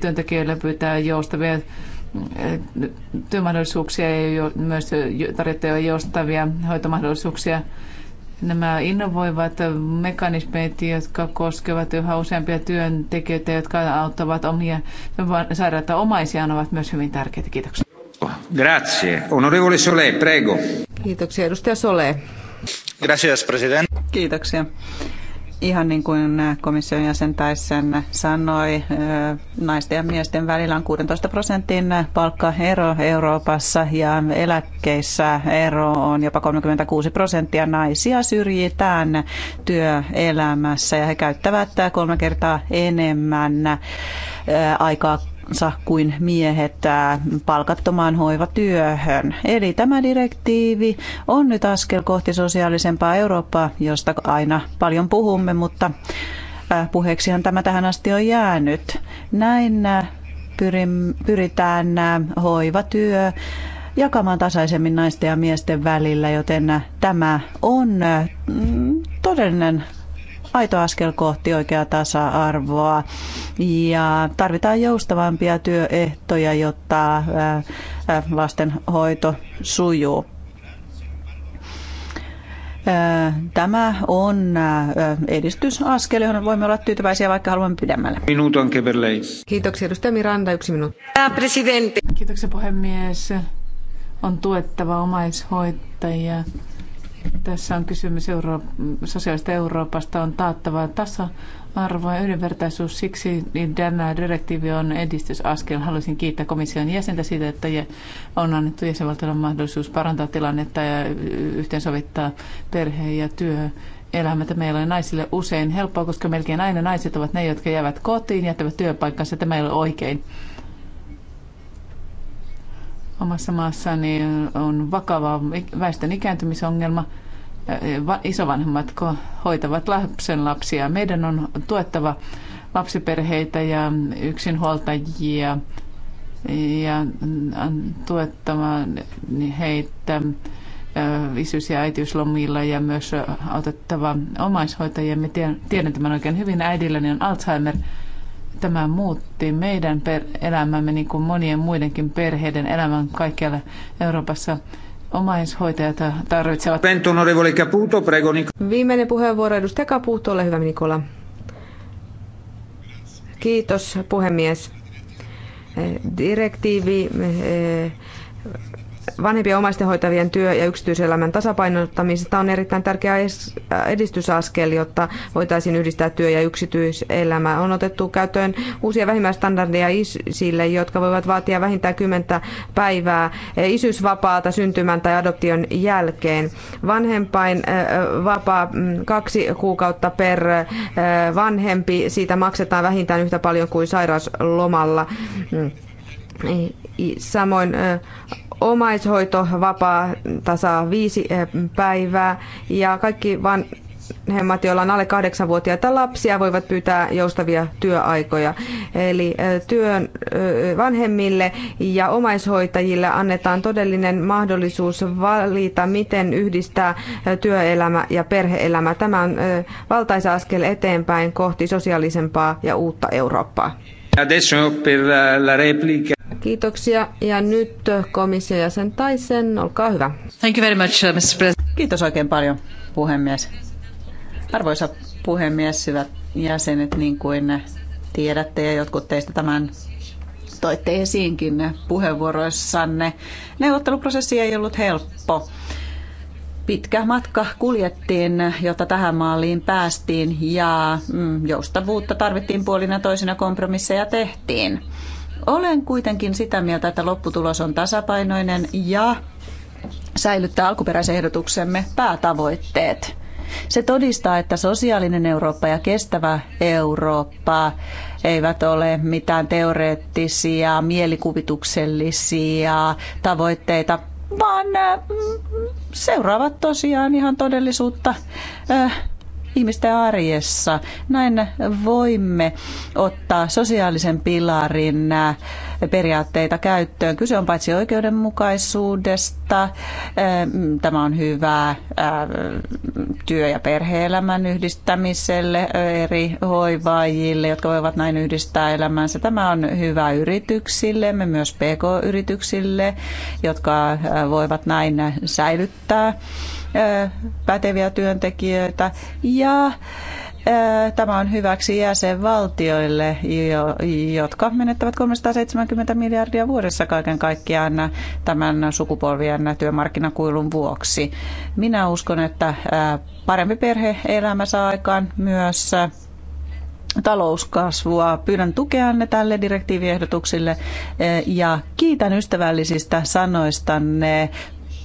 [SPEAKER 1] työntekijöille pyytää joustavia mm, työmahdollisuuksia ja myös tarjottavia joustavia hoitomahdollisuuksia nämä innovoivat mekanismit, jotka koskevat yhä useampia työntekijöitä, jotka auttavat omia sairaita omaisiaan, ovat myös hyvin tärkeitä. Kiitoksia.
[SPEAKER 6] Grazie. Onorevole Sole, prego.
[SPEAKER 2] Kiitoksia, edustaja Sole.
[SPEAKER 6] Gracias,
[SPEAKER 7] president.
[SPEAKER 2] Kiitoksia ihan niin kuin komission jäsen Tyson sanoi, naisten ja miesten välillä on 16 prosentin palkkaero Euroopassa ja eläkkeissä ero on jopa 36 prosenttia. Naisia syrjitään työelämässä ja he käyttävät kolme kertaa enemmän aikaa naispuolensa kuin miehet palkattomaan hoivatyöhön. Eli tämä direktiivi on nyt askel kohti sosiaalisempaa Eurooppaa, josta aina paljon puhumme, mutta puheeksihan tämä tähän asti on jäänyt. Näin pyritään hoivatyö jakamaan tasaisemmin naisten ja miesten välillä, joten tämä on mm, todellinen aito askel kohti oikeaa tasa-arvoa ja tarvitaan joustavampia työehtoja, jotta lastenhoito sujuu. Tämä on edistysaskel, johon voimme olla tyytyväisiä, vaikka haluamme pidemmälle. Minuuton Kiitoksia, edustaja Miranda, yksi minuutti. Kiitoksia, puhemies.
[SPEAKER 1] On tuettava omaishoitajia tässä on kysymys Euro- sosiaalista Euroopasta, on taattava tasa-arvo ja yhdenvertaisuus. Siksi niin tämä direktiivi on edistysaskel. Haluaisin kiittää komission jäsentä siitä, että on annettu jäsenvaltiolle mahdollisuus parantaa tilannetta ja yhteensovittaa perhe ja työ elämätä Meillä on naisille usein helppoa, koska melkein aina naiset ovat ne, jotka jäävät kotiin, ja jättävät työpaikkansa. Tämä ei ole oikein omassa maassani on vakava väestön ikääntymisongelma. Isovanhemmat hoitavat lapsen lapsia. Meidän on tuettava lapsiperheitä ja yksinhuoltajia ja tuettava heitä isyys- ja äitiyslomilla ja myös autettava omaishoitajia. Me tiedän tämän oikein hyvin. Äidilläni on Alzheimer Tämä muutti meidän elämämme niin kuin monien muidenkin perheiden elämän kaikkialla Euroopassa omaishoitajat tarvitsevat.
[SPEAKER 6] Caputo, prego,
[SPEAKER 3] Viimeinen puheenvuoro edustaja Caputo, ole hyvä Nikola. Kiitos puhemies. Direktiivi eh, vanhempien omaisten hoitavien työ- ja yksityiselämän tasapainottamisesta on erittäin tärkeä äh, edistysaskel, jotta voitaisiin yhdistää työ- ja yksityiselämää. On otettu käyttöön uusia vähimmäistandardeja isille, jotka voivat vaatia vähintään 10 päivää eh, isyysvapaata syntymän tai adoption jälkeen. Vanhempain eh, vapaa mm, kaksi kuukautta per eh, vanhempi, siitä maksetaan vähintään yhtä paljon kuin sairauslomalla. Mm. Samoin Omaishoito vapaa tasaa viisi eh, päivää ja kaikki van, vanhemmat, joilla on alle kahdeksanvuotiaita lapsia, voivat pyytää joustavia työaikoja. Eli eh, työn eh, vanhemmille ja omaishoitajille annetaan todellinen mahdollisuus valita, miten yhdistää työelämä ja perheelämä. Tämä on valtaisa askel eteenpäin kohti sosiaalisempaa ja uutta Eurooppaa.
[SPEAKER 6] Adesso per la replica.
[SPEAKER 3] Kiitoksia. Ja nyt komission jäsen Taisen, olkaa hyvä. Thank you very much, uh, Mr. President. Kiitos oikein paljon, puhemies.
[SPEAKER 2] Arvoisa puhemies, hyvät jäsenet, niin kuin tiedätte ja jotkut teistä tämän toitte esiinkin puheenvuoroissanne. Neuvotteluprosessi ei ollut helppo. Pitkä matka kuljettiin, jotta tähän maaliin päästiin ja mm, joustavuutta tarvittiin puolina toisina kompromisseja tehtiin. Olen kuitenkin sitä mieltä, että lopputulos on tasapainoinen ja säilyttää alkuperäisen ehdotuksemme päätavoitteet. Se todistaa, että sosiaalinen Eurooppa ja kestävä Eurooppa eivät ole mitään teoreettisia, mielikuvituksellisia tavoitteita, vaan mm, seuraavat tosiaan ihan todellisuutta äh, ihmisten arjessa. Näin voimme ottaa sosiaalisen pilarin äh, periaatteita käyttöön. Kyse on paitsi oikeudenmukaisuudesta, äh, tämä on hyvää äh, työ- ja perhe-elämän yhdistämiselle eri hoivaajille, jotka voivat näin yhdistää elämänsä. Tämä on hyvä yrityksille, me myös pk-yrityksille, jotka voivat näin säilyttää päteviä työntekijöitä ja Tämä on hyväksi jäsenvaltioille, jotka menettävät 370 miljardia vuodessa kaiken kaikkiaan tämän sukupolvien työmarkkinakuilun vuoksi. Minä uskon, että parempi perhe-elämä saa aikaan myös talouskasvua. Pyydän tukeanne tälle direktiiviehdotuksille ja kiitän ystävällisistä sanoistanne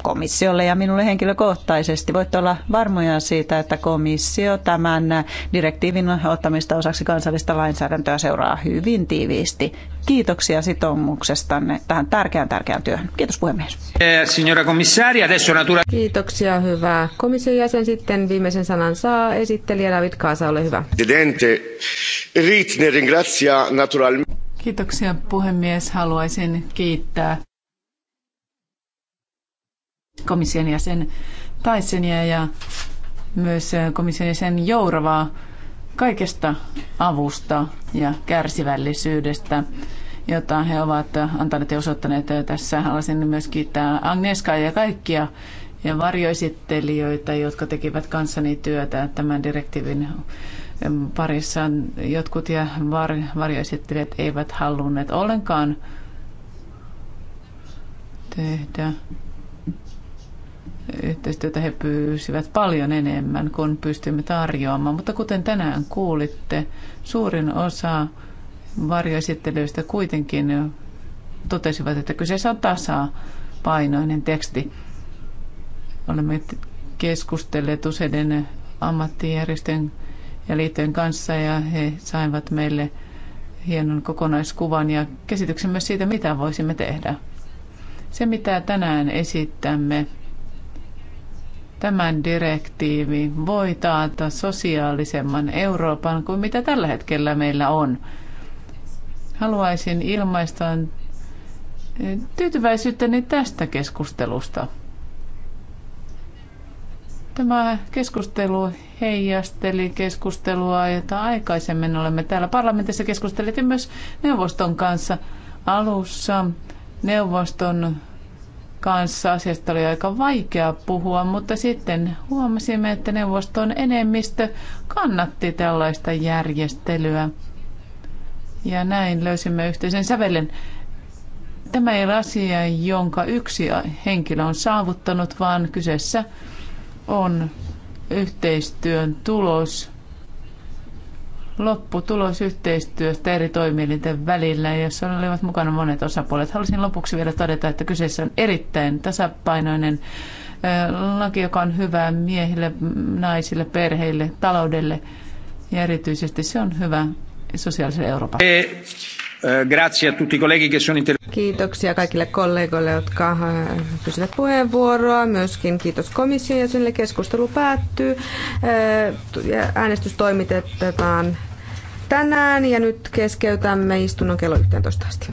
[SPEAKER 2] komissiolle ja minulle henkilökohtaisesti. Voitte olla varmoja siitä, että komissio tämän direktiivin ottamista osaksi kansallista lainsäädäntöä seuraa hyvin tiiviisti. Kiitoksia sitoumuksestanne tähän tärkeään tärkeään työhön. Kiitos puhemies.
[SPEAKER 6] Eh,
[SPEAKER 3] Kiitoksia, hyvä komission jäsen. Sitten viimeisen sanan saa esittelijä David Kaasa, ole hyvä.
[SPEAKER 1] Kiitoksia puhemies. Haluaisin kiittää komission jäsen Tysonia ja myös komission jäsen Jourovaa kaikesta avusta ja kärsivällisyydestä, jota he ovat antaneet ja osoittaneet. Tässä haluaisin myös kiittää Agneskaa ja kaikkia ja varjoesittelijöitä, jotka tekivät kanssani työtä tämän direktiivin parissa. Jotkut ja var, varjoesittelijät eivät halunneet ollenkaan tehdä yhteistyötä he pyysivät paljon enemmän kuin pystymme tarjoamaan. Mutta kuten tänään kuulitte, suurin osa varjoesittelyistä kuitenkin totesivat, että kyseessä on tasapainoinen teksti. Olemme keskustelleet useiden ammattijärjestön ja liittojen kanssa ja he saivat meille hienon kokonaiskuvan ja käsityksen myös siitä, mitä voisimme tehdä. Se, mitä tänään esittämme, tämän direktiivi voi taata sosiaalisemman Euroopan kuin mitä tällä hetkellä meillä on. Haluaisin ilmaista tyytyväisyyteni tästä keskustelusta. Tämä keskustelu heijasteli keskustelua, jota aikaisemmin olemme täällä parlamentissa keskustelleet ja myös neuvoston kanssa alussa. Neuvoston kanssa asiasta oli aika vaikea puhua, mutta sitten huomasimme, että neuvoston enemmistö kannatti tällaista järjestelyä. Ja näin löysimme yhteisen sävelen. Tämä ei ole asia, jonka yksi henkilö on saavuttanut, vaan kyseessä on yhteistyön tulos lopputulos yhteistyöstä eri toimielinten välillä, jossa olivat mukana monet osapuolet. Haluaisin lopuksi vielä todeta, että kyseessä on erittäin tasapainoinen laki, joka on hyvä miehille, naisille, perheille, taloudelle ja erityisesti se on hyvä sosiaaliselle Euroopalle.
[SPEAKER 6] Eh, eh, grazie a tutti i colleghi che sono
[SPEAKER 3] Kiitoksia kaikille kollegoille, jotka äh, pysyvät puheenvuoroa. Myöskin kiitos komission sinne Keskustelu päättyy. Äh, äänestys toimitetaan tänään ja nyt keskeytämme istunnon kello 11 asti.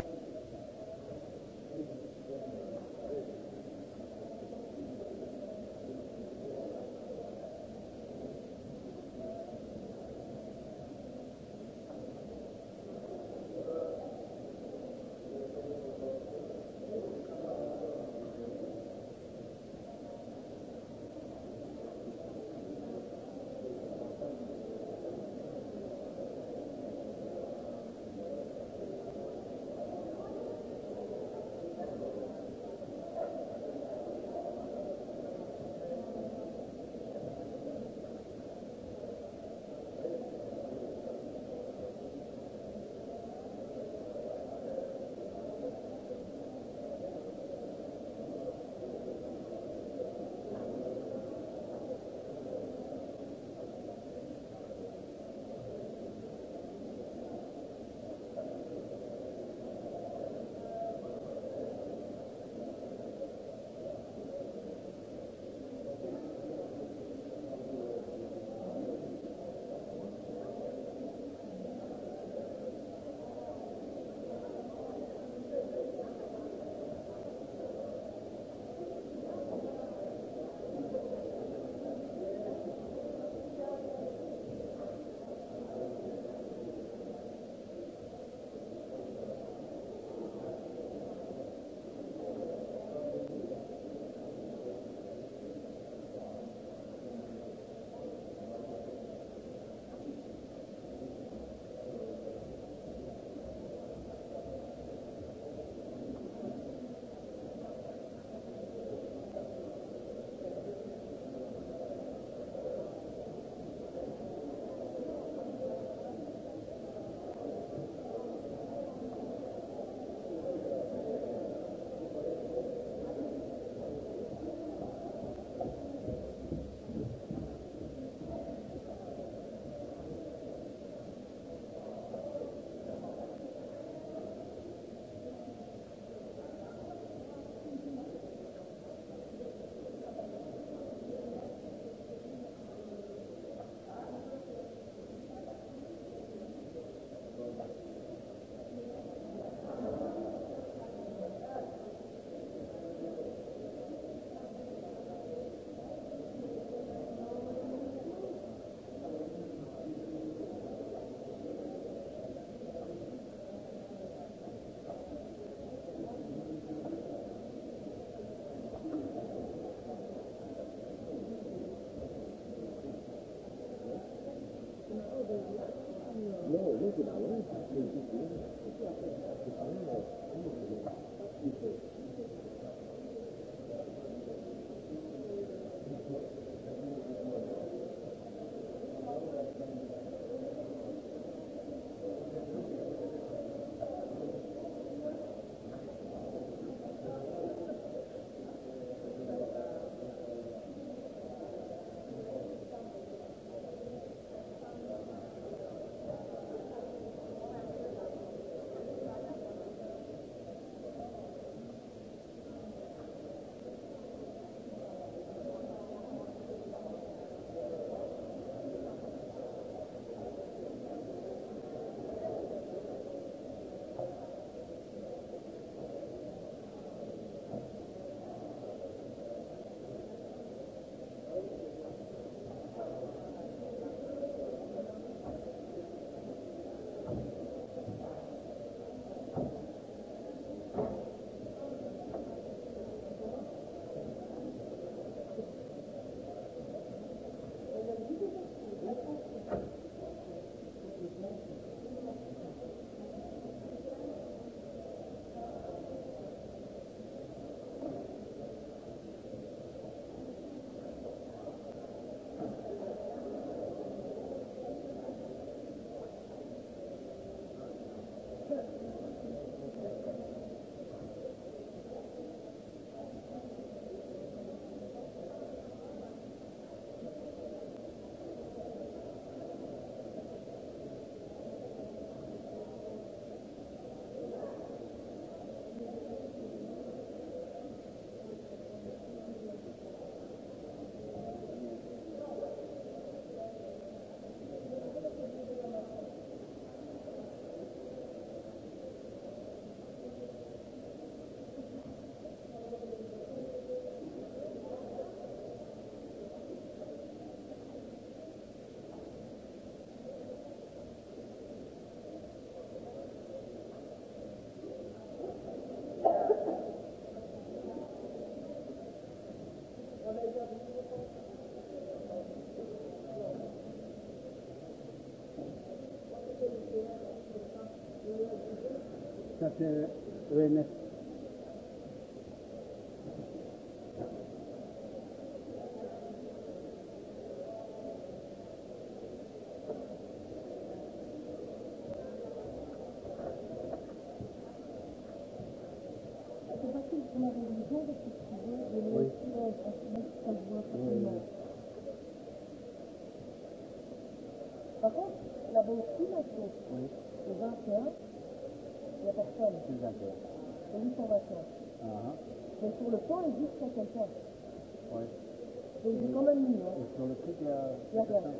[SPEAKER 7] ne vei ne Par contre, la bonne personne qui nous intéresse. C'est lui son vacances. Uh -huh. Mais sur le temps, il dit que c'est quelqu'un. Oui. Donc j'ai quand même mis. Hein. Et sur le truc, il là. La guerre.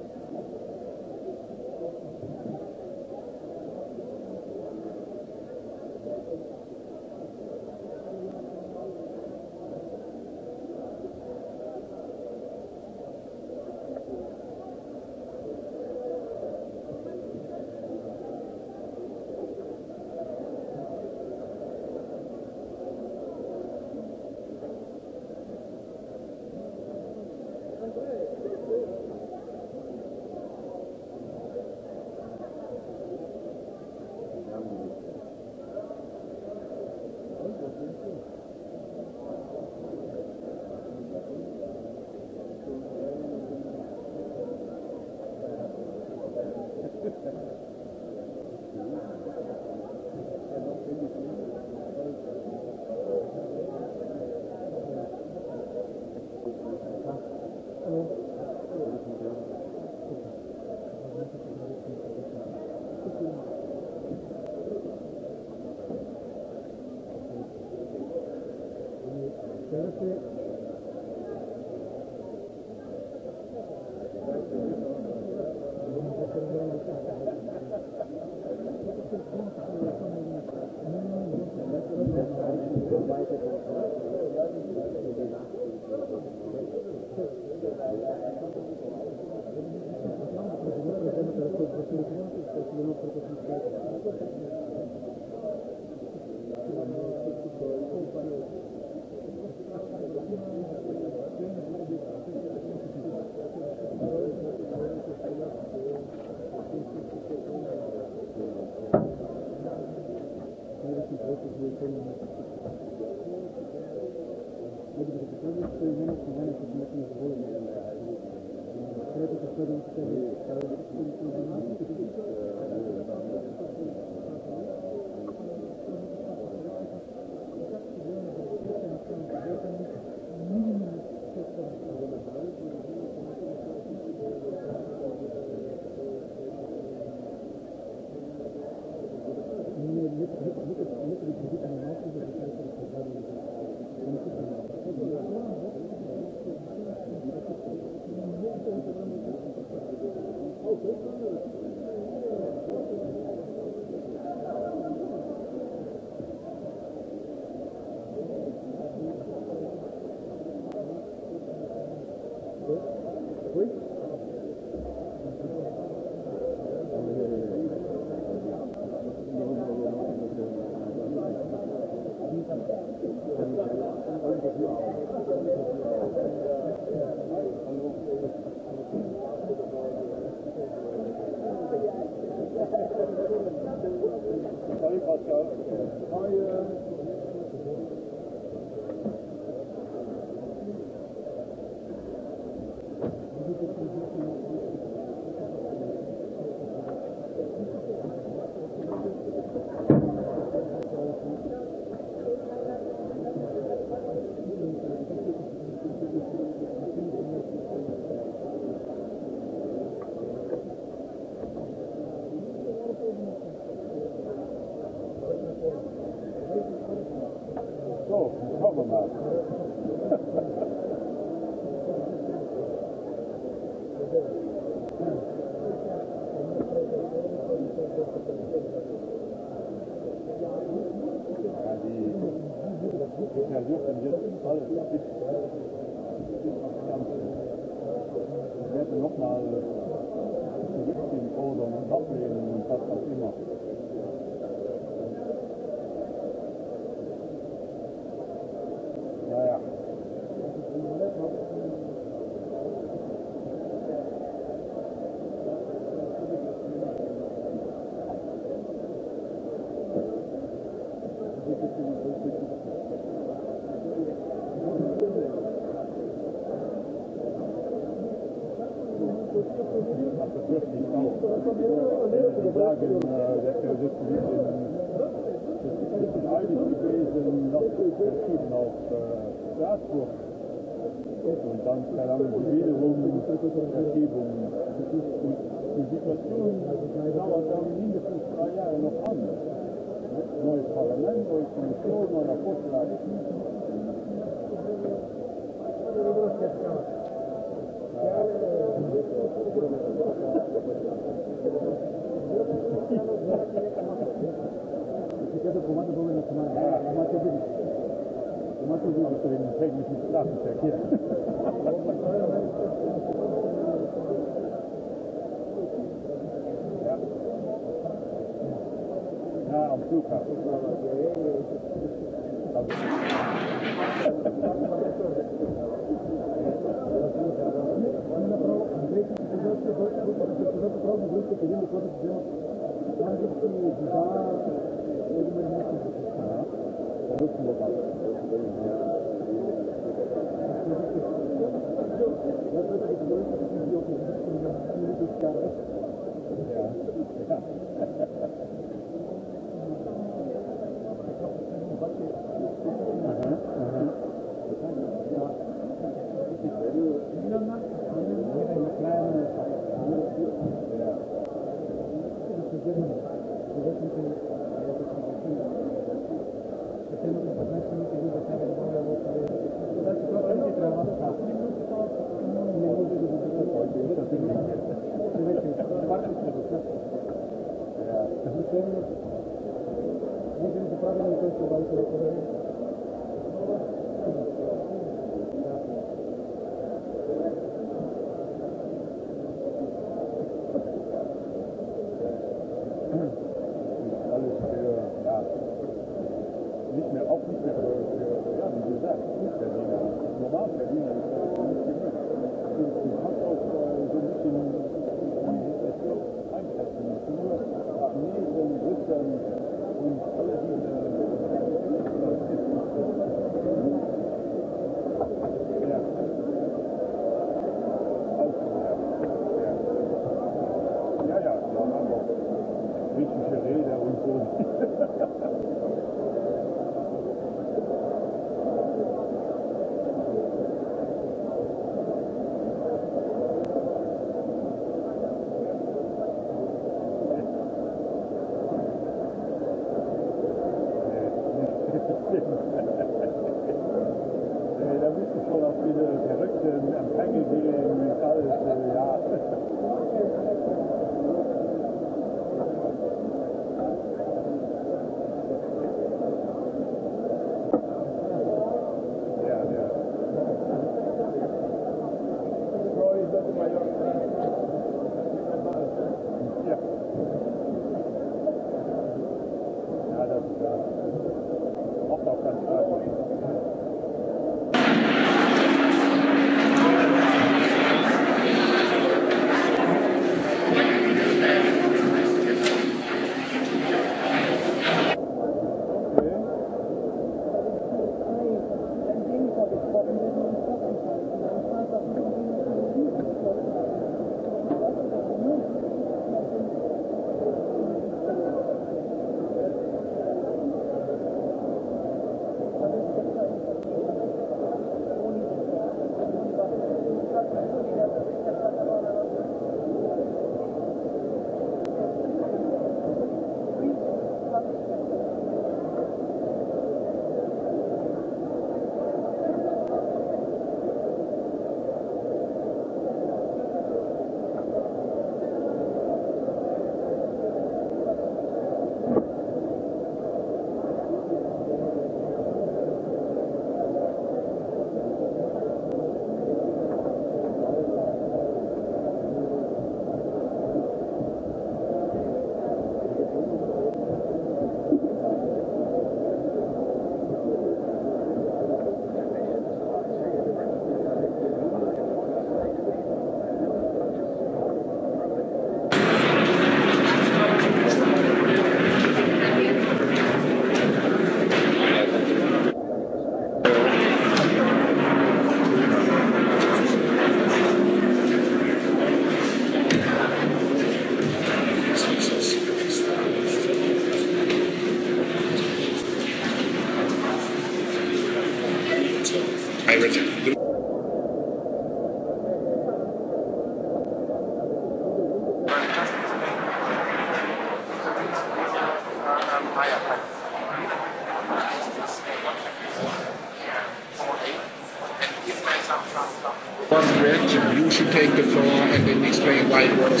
[SPEAKER 7] take the floor and then explain why it was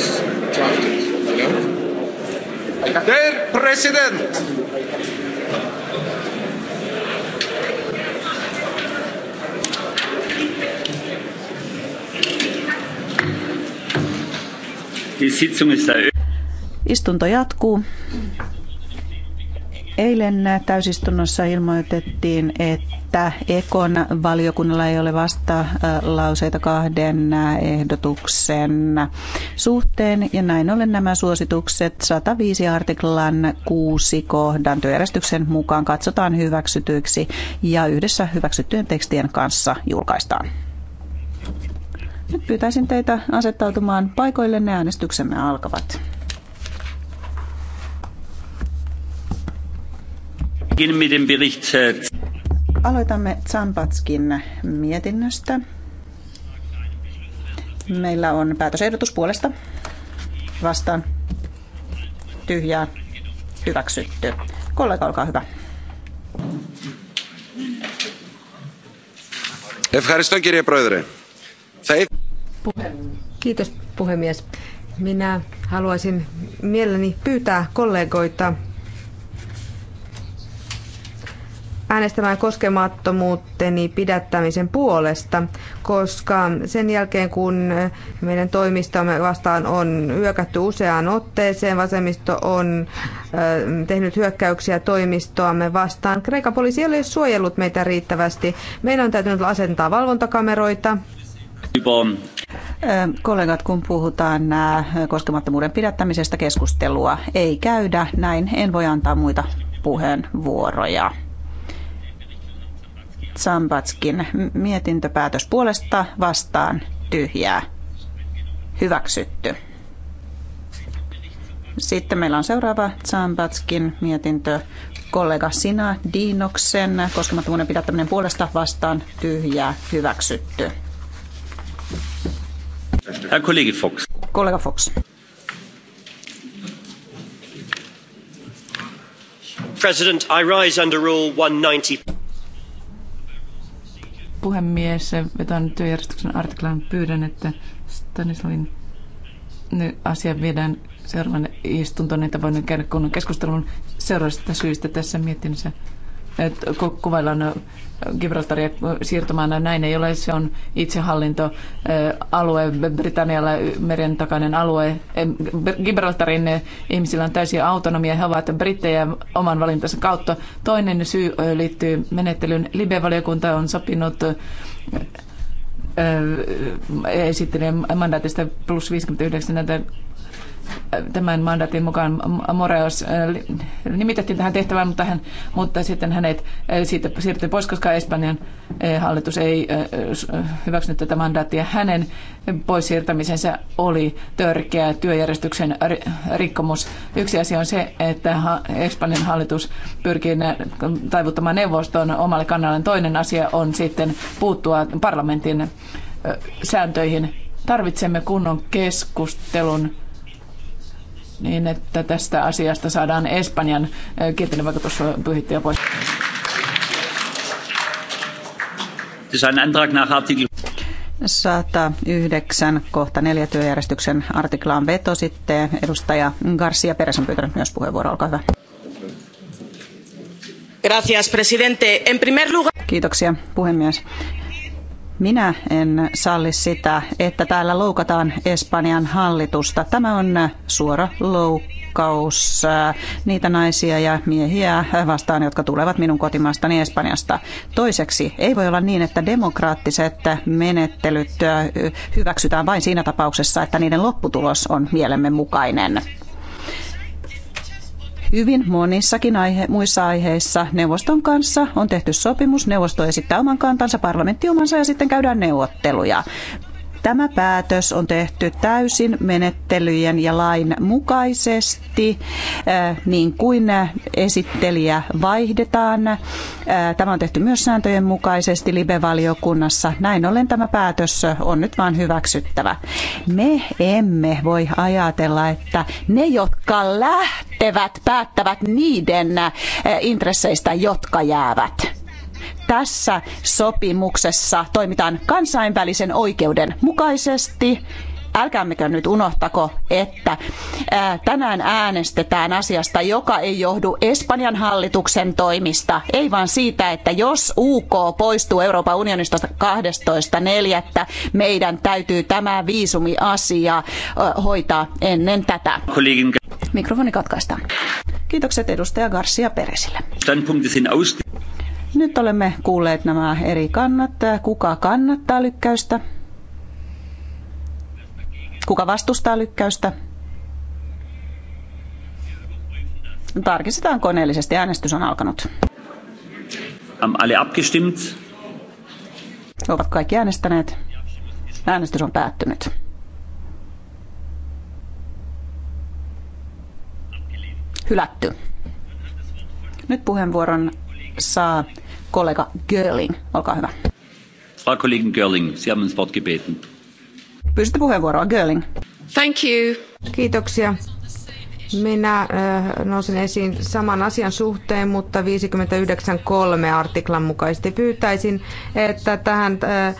[SPEAKER 7] drafted. Hello? know? Der Präsident!
[SPEAKER 2] Istunto jatkuu. Eilen täysistunnossa ilmoitettiin, että että Ekon valiokunnalla ei ole vasta lauseita kahden ehdotuksen suhteen. Ja näin ollen nämä suositukset 105 artiklan 6 kohdan työjärjestyksen mukaan katsotaan hyväksytyiksi ja yhdessä hyväksyttyjen tekstien kanssa julkaistaan. Nyt pyytäisin teitä asettautumaan ne äänestyksemme alkavat.
[SPEAKER 4] Beginnen mit dem Bericht äh,
[SPEAKER 2] Aloitamme Zambatskin mietinnöstä. Meillä on päätösehdotus puolesta. Vastaan. Tyhjää. Hyväksytty. Kollega, olkaa hyvä.
[SPEAKER 8] E-
[SPEAKER 3] Kiitos puhemies. Minä haluaisin mielelläni pyytää kollegoita äänestämään koskemattomuuteni pidättämisen puolesta, koska sen jälkeen kun meidän toimistamme vastaan on hyökätty useaan otteeseen, vasemmisto on tehnyt hyökkäyksiä toimistoamme vastaan. Kreikan poliisi ei ole suojellut meitä riittävästi. Meidän on täytynyt asentaa valvontakameroita, Kollegat, kun puhutaan koskemattomuuden
[SPEAKER 2] pidättämisestä, keskustelua ei käydä. Näin en voi antaa muita puheenvuoroja. Sambatskin mietintöpäätös puolesta vastaan tyhjää. Hyväksytty. Sitten meillä on seuraava Zambatskin mietintö. Kollega Sina Diinoksen koskemattomuuden pidättäminen puolesta vastaan tyhjää hyväksytty.
[SPEAKER 4] Herr Kollege Fox. Kollega Fox. President, I rise under rule 190
[SPEAKER 1] puhemies, vetoan työjärjestyksen artiklan pyydän, että Stanislavin asia viedään seuraavan istuntoon, että voin käydä kunnon keskustelun seuraavasta syystä tässä mietinnössä. Kuvaillaan Gibraltaria siirtomana. Näin ei ole, se on itsehallintoalue, Britannialla meren takainen alue. Gibraltarin ihmisillä on täysin autonomia, he ovat brittejä oman valintansa kautta. Toinen syy liittyy menettelyyn. Libe-valiokunta on sopinut esittelijän mandaatista plus 59 näitä tämän mandaatin mukaan Moreos äh, nimitettiin tähän tehtävään, mutta, hän, mutta sitten hänet äh, siitä siirtyi pois, koska Espanjan äh, hallitus ei hyväksynyt tätä mandaattia. Hänen pois siirtämisensä oli törkeä työjärjestyksen rikkomus. Yksi asia on se, että Espanjan hallitus pyrkii taivuttamaan neuvoston omalle kannalleen. Toinen asia on sitten puuttua parlamentin sääntöihin. Tarvitsemme kunnon keskustelun niin, että tästä asiasta saadaan Espanjan kielteinen vaikutus pyhittyä pois.
[SPEAKER 2] Er das yhdeksän kohta neljä työjärjestyksen artiklaan veto sitten. Edustaja Garcia Peres on pyytänyt myös puheenvuoroa. Olkaa hyvä.
[SPEAKER 3] Gracias, presidente. En primer lugar...
[SPEAKER 2] Kiitoksia, puhemies. Minä en salli sitä, että täällä loukataan Espanjan hallitusta. Tämä on suora loukkaus niitä naisia ja miehiä vastaan, jotka tulevat minun kotimaastani Espanjasta. Toiseksi, ei voi olla niin, että demokraattiset menettelyt hyväksytään vain siinä tapauksessa, että niiden lopputulos on mielemme mukainen hyvin monissakin aihe, muissa aiheissa neuvoston kanssa on tehty sopimus, neuvosto esittää oman kantansa, parlamentti omansa ja sitten käydään neuvotteluja. Tämä päätös on tehty täysin menettelyjen ja lain mukaisesti, niin kuin esittelijä vaihdetaan. Tämä on tehty myös sääntöjen mukaisesti Libe-valiokunnassa. Näin ollen tämä päätös on nyt vain hyväksyttävä. Me emme voi ajatella, että ne, jotka lähtevät, päättävät niiden intresseistä, jotka jäävät. Tässä sopimuksessa toimitaan kansainvälisen oikeuden mukaisesti älkäämmekö nyt unohtako, että tänään äänestetään asiasta, joka ei johdu Espanjan hallituksen toimista, ei vaan siitä, että jos UK poistuu Euroopan unionista 12.4., meidän täytyy tämä viisumiasia hoitaa ennen tätä. Mikrofoni katkaistaan. Kiitokset edustaja Garcia Peresille. Nyt olemme kuulleet nämä eri kannat. Kuka kannattaa lykkäystä? Kuka vastustaa lykkäystä? Tarkistetaan koneellisesti. Äänestys on alkanut.
[SPEAKER 4] Am alle abgestimmt?
[SPEAKER 2] Ovat kaikki äänestäneet. Äänestys on päättynyt. Hylätty. Nyt puheenvuoron saa kollega Görling. Olkaa hyvä.
[SPEAKER 4] Frau Kollegin Görling, Sie haben ins Wort gebeten.
[SPEAKER 3] Pyysitte puheenvuoroa, Görling. Thank you. Kiitoksia minä äh, nousin esiin saman asian suhteen, mutta 59.3 artiklan mukaisesti pyytäisin, että tähän äh, äh,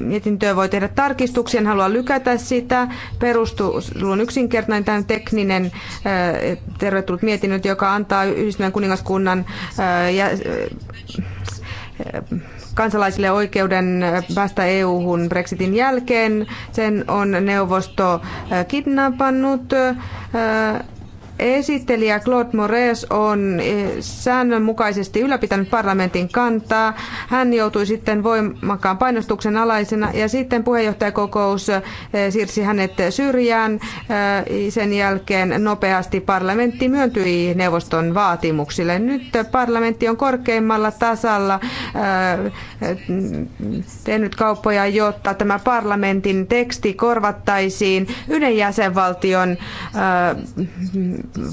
[SPEAKER 3] mietintöön voi tehdä tarkistuksia. En halua lykätä sitä. Perustuu on yksinkertainen tämän tekninen tervetullut mietinnöt, joka antaa yhdistyneen kuningaskunnan kansalaisille oikeuden päästä EU-hun Brexitin jälkeen. Sen on neuvosto äh, kidnappannut äh, Esittelijä Claude Moraes on eh, säännönmukaisesti ylläpitänyt parlamentin kantaa. Hän joutui sitten voimakkaan painostuksen alaisena ja sitten puheenjohtajakokous eh, siirsi hänet syrjään. Eh, sen jälkeen nopeasti parlamentti myöntyi neuvoston vaatimuksille. Nyt parlamentti on korkeimmalla tasalla tehnyt kauppoja, jotta tämä parlamentin teksti korvattaisiin yhden jäsenvaltion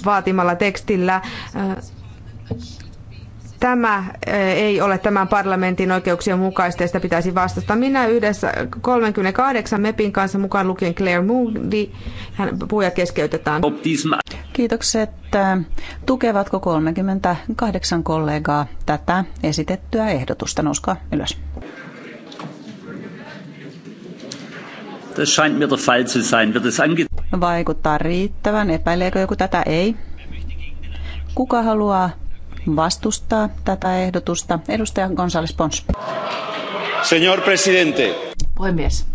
[SPEAKER 3] vaatimalla tekstillä. Tämä eh, ei ole tämän parlamentin oikeuksien mukaista ja sitä pitäisi vastata. Minä yhdessä 38 MEPin kanssa mukaan lukien Claire Moody, hän puhuja keskeytetään. Kiitokset. Tukevatko 38
[SPEAKER 2] kollegaa tätä esitettyä ehdotusta? Nouskaa ylös.
[SPEAKER 4] Das scheint mir der Fall zu sein. Wird es ange
[SPEAKER 2] vaikuttaa riittävän? Epäileekö joku tätä? Ei. Kuka haluaa vastustaa tätä ehdotusta? Edustaja González Pons.
[SPEAKER 8] Señor presidente.
[SPEAKER 2] Puhemies.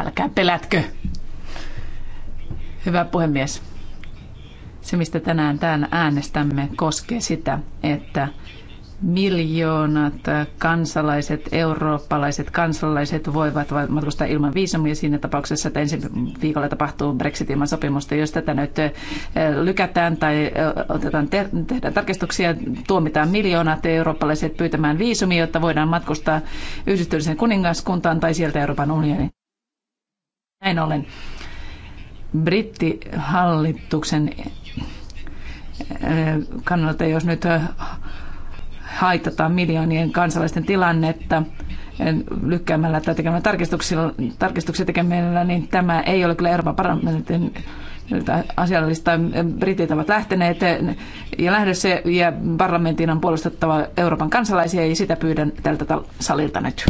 [SPEAKER 1] Älkää pelätkö. Hyvä puhemies. Se, mistä tänään tämän äänestämme, koskee sitä, että miljoonat kansalaiset, eurooppalaiset kansalaiset voivat matkustaa ilman viisumia siinä tapauksessa, että ensi viikolla tapahtuu Brexit ilman sopimusta. Jos tätä nyt eh, lykätään tai eh, otetaan te- tehdään tarkistuksia, tuomitaan miljoonat eurooppalaiset pyytämään viisumia, jotta voidaan matkustaa yhdistyneeseen kuningaskuntaan tai sieltä Euroopan unioniin. Näin ollen brittihallituksen eh, kannalta, jos nyt haitata miljoonien kansalaisten tilannetta lykkäämällä tai tekemällä tarkistuksia, tarkistuksia tekemällä, niin tämä ei ole kyllä Euroopan parlamentin asiallista. Britit ovat lähteneet ja lähdössä ja parlamentin on puolustettava Euroopan
[SPEAKER 2] kansalaisia ja sitä pyydän tältä salilta nyt.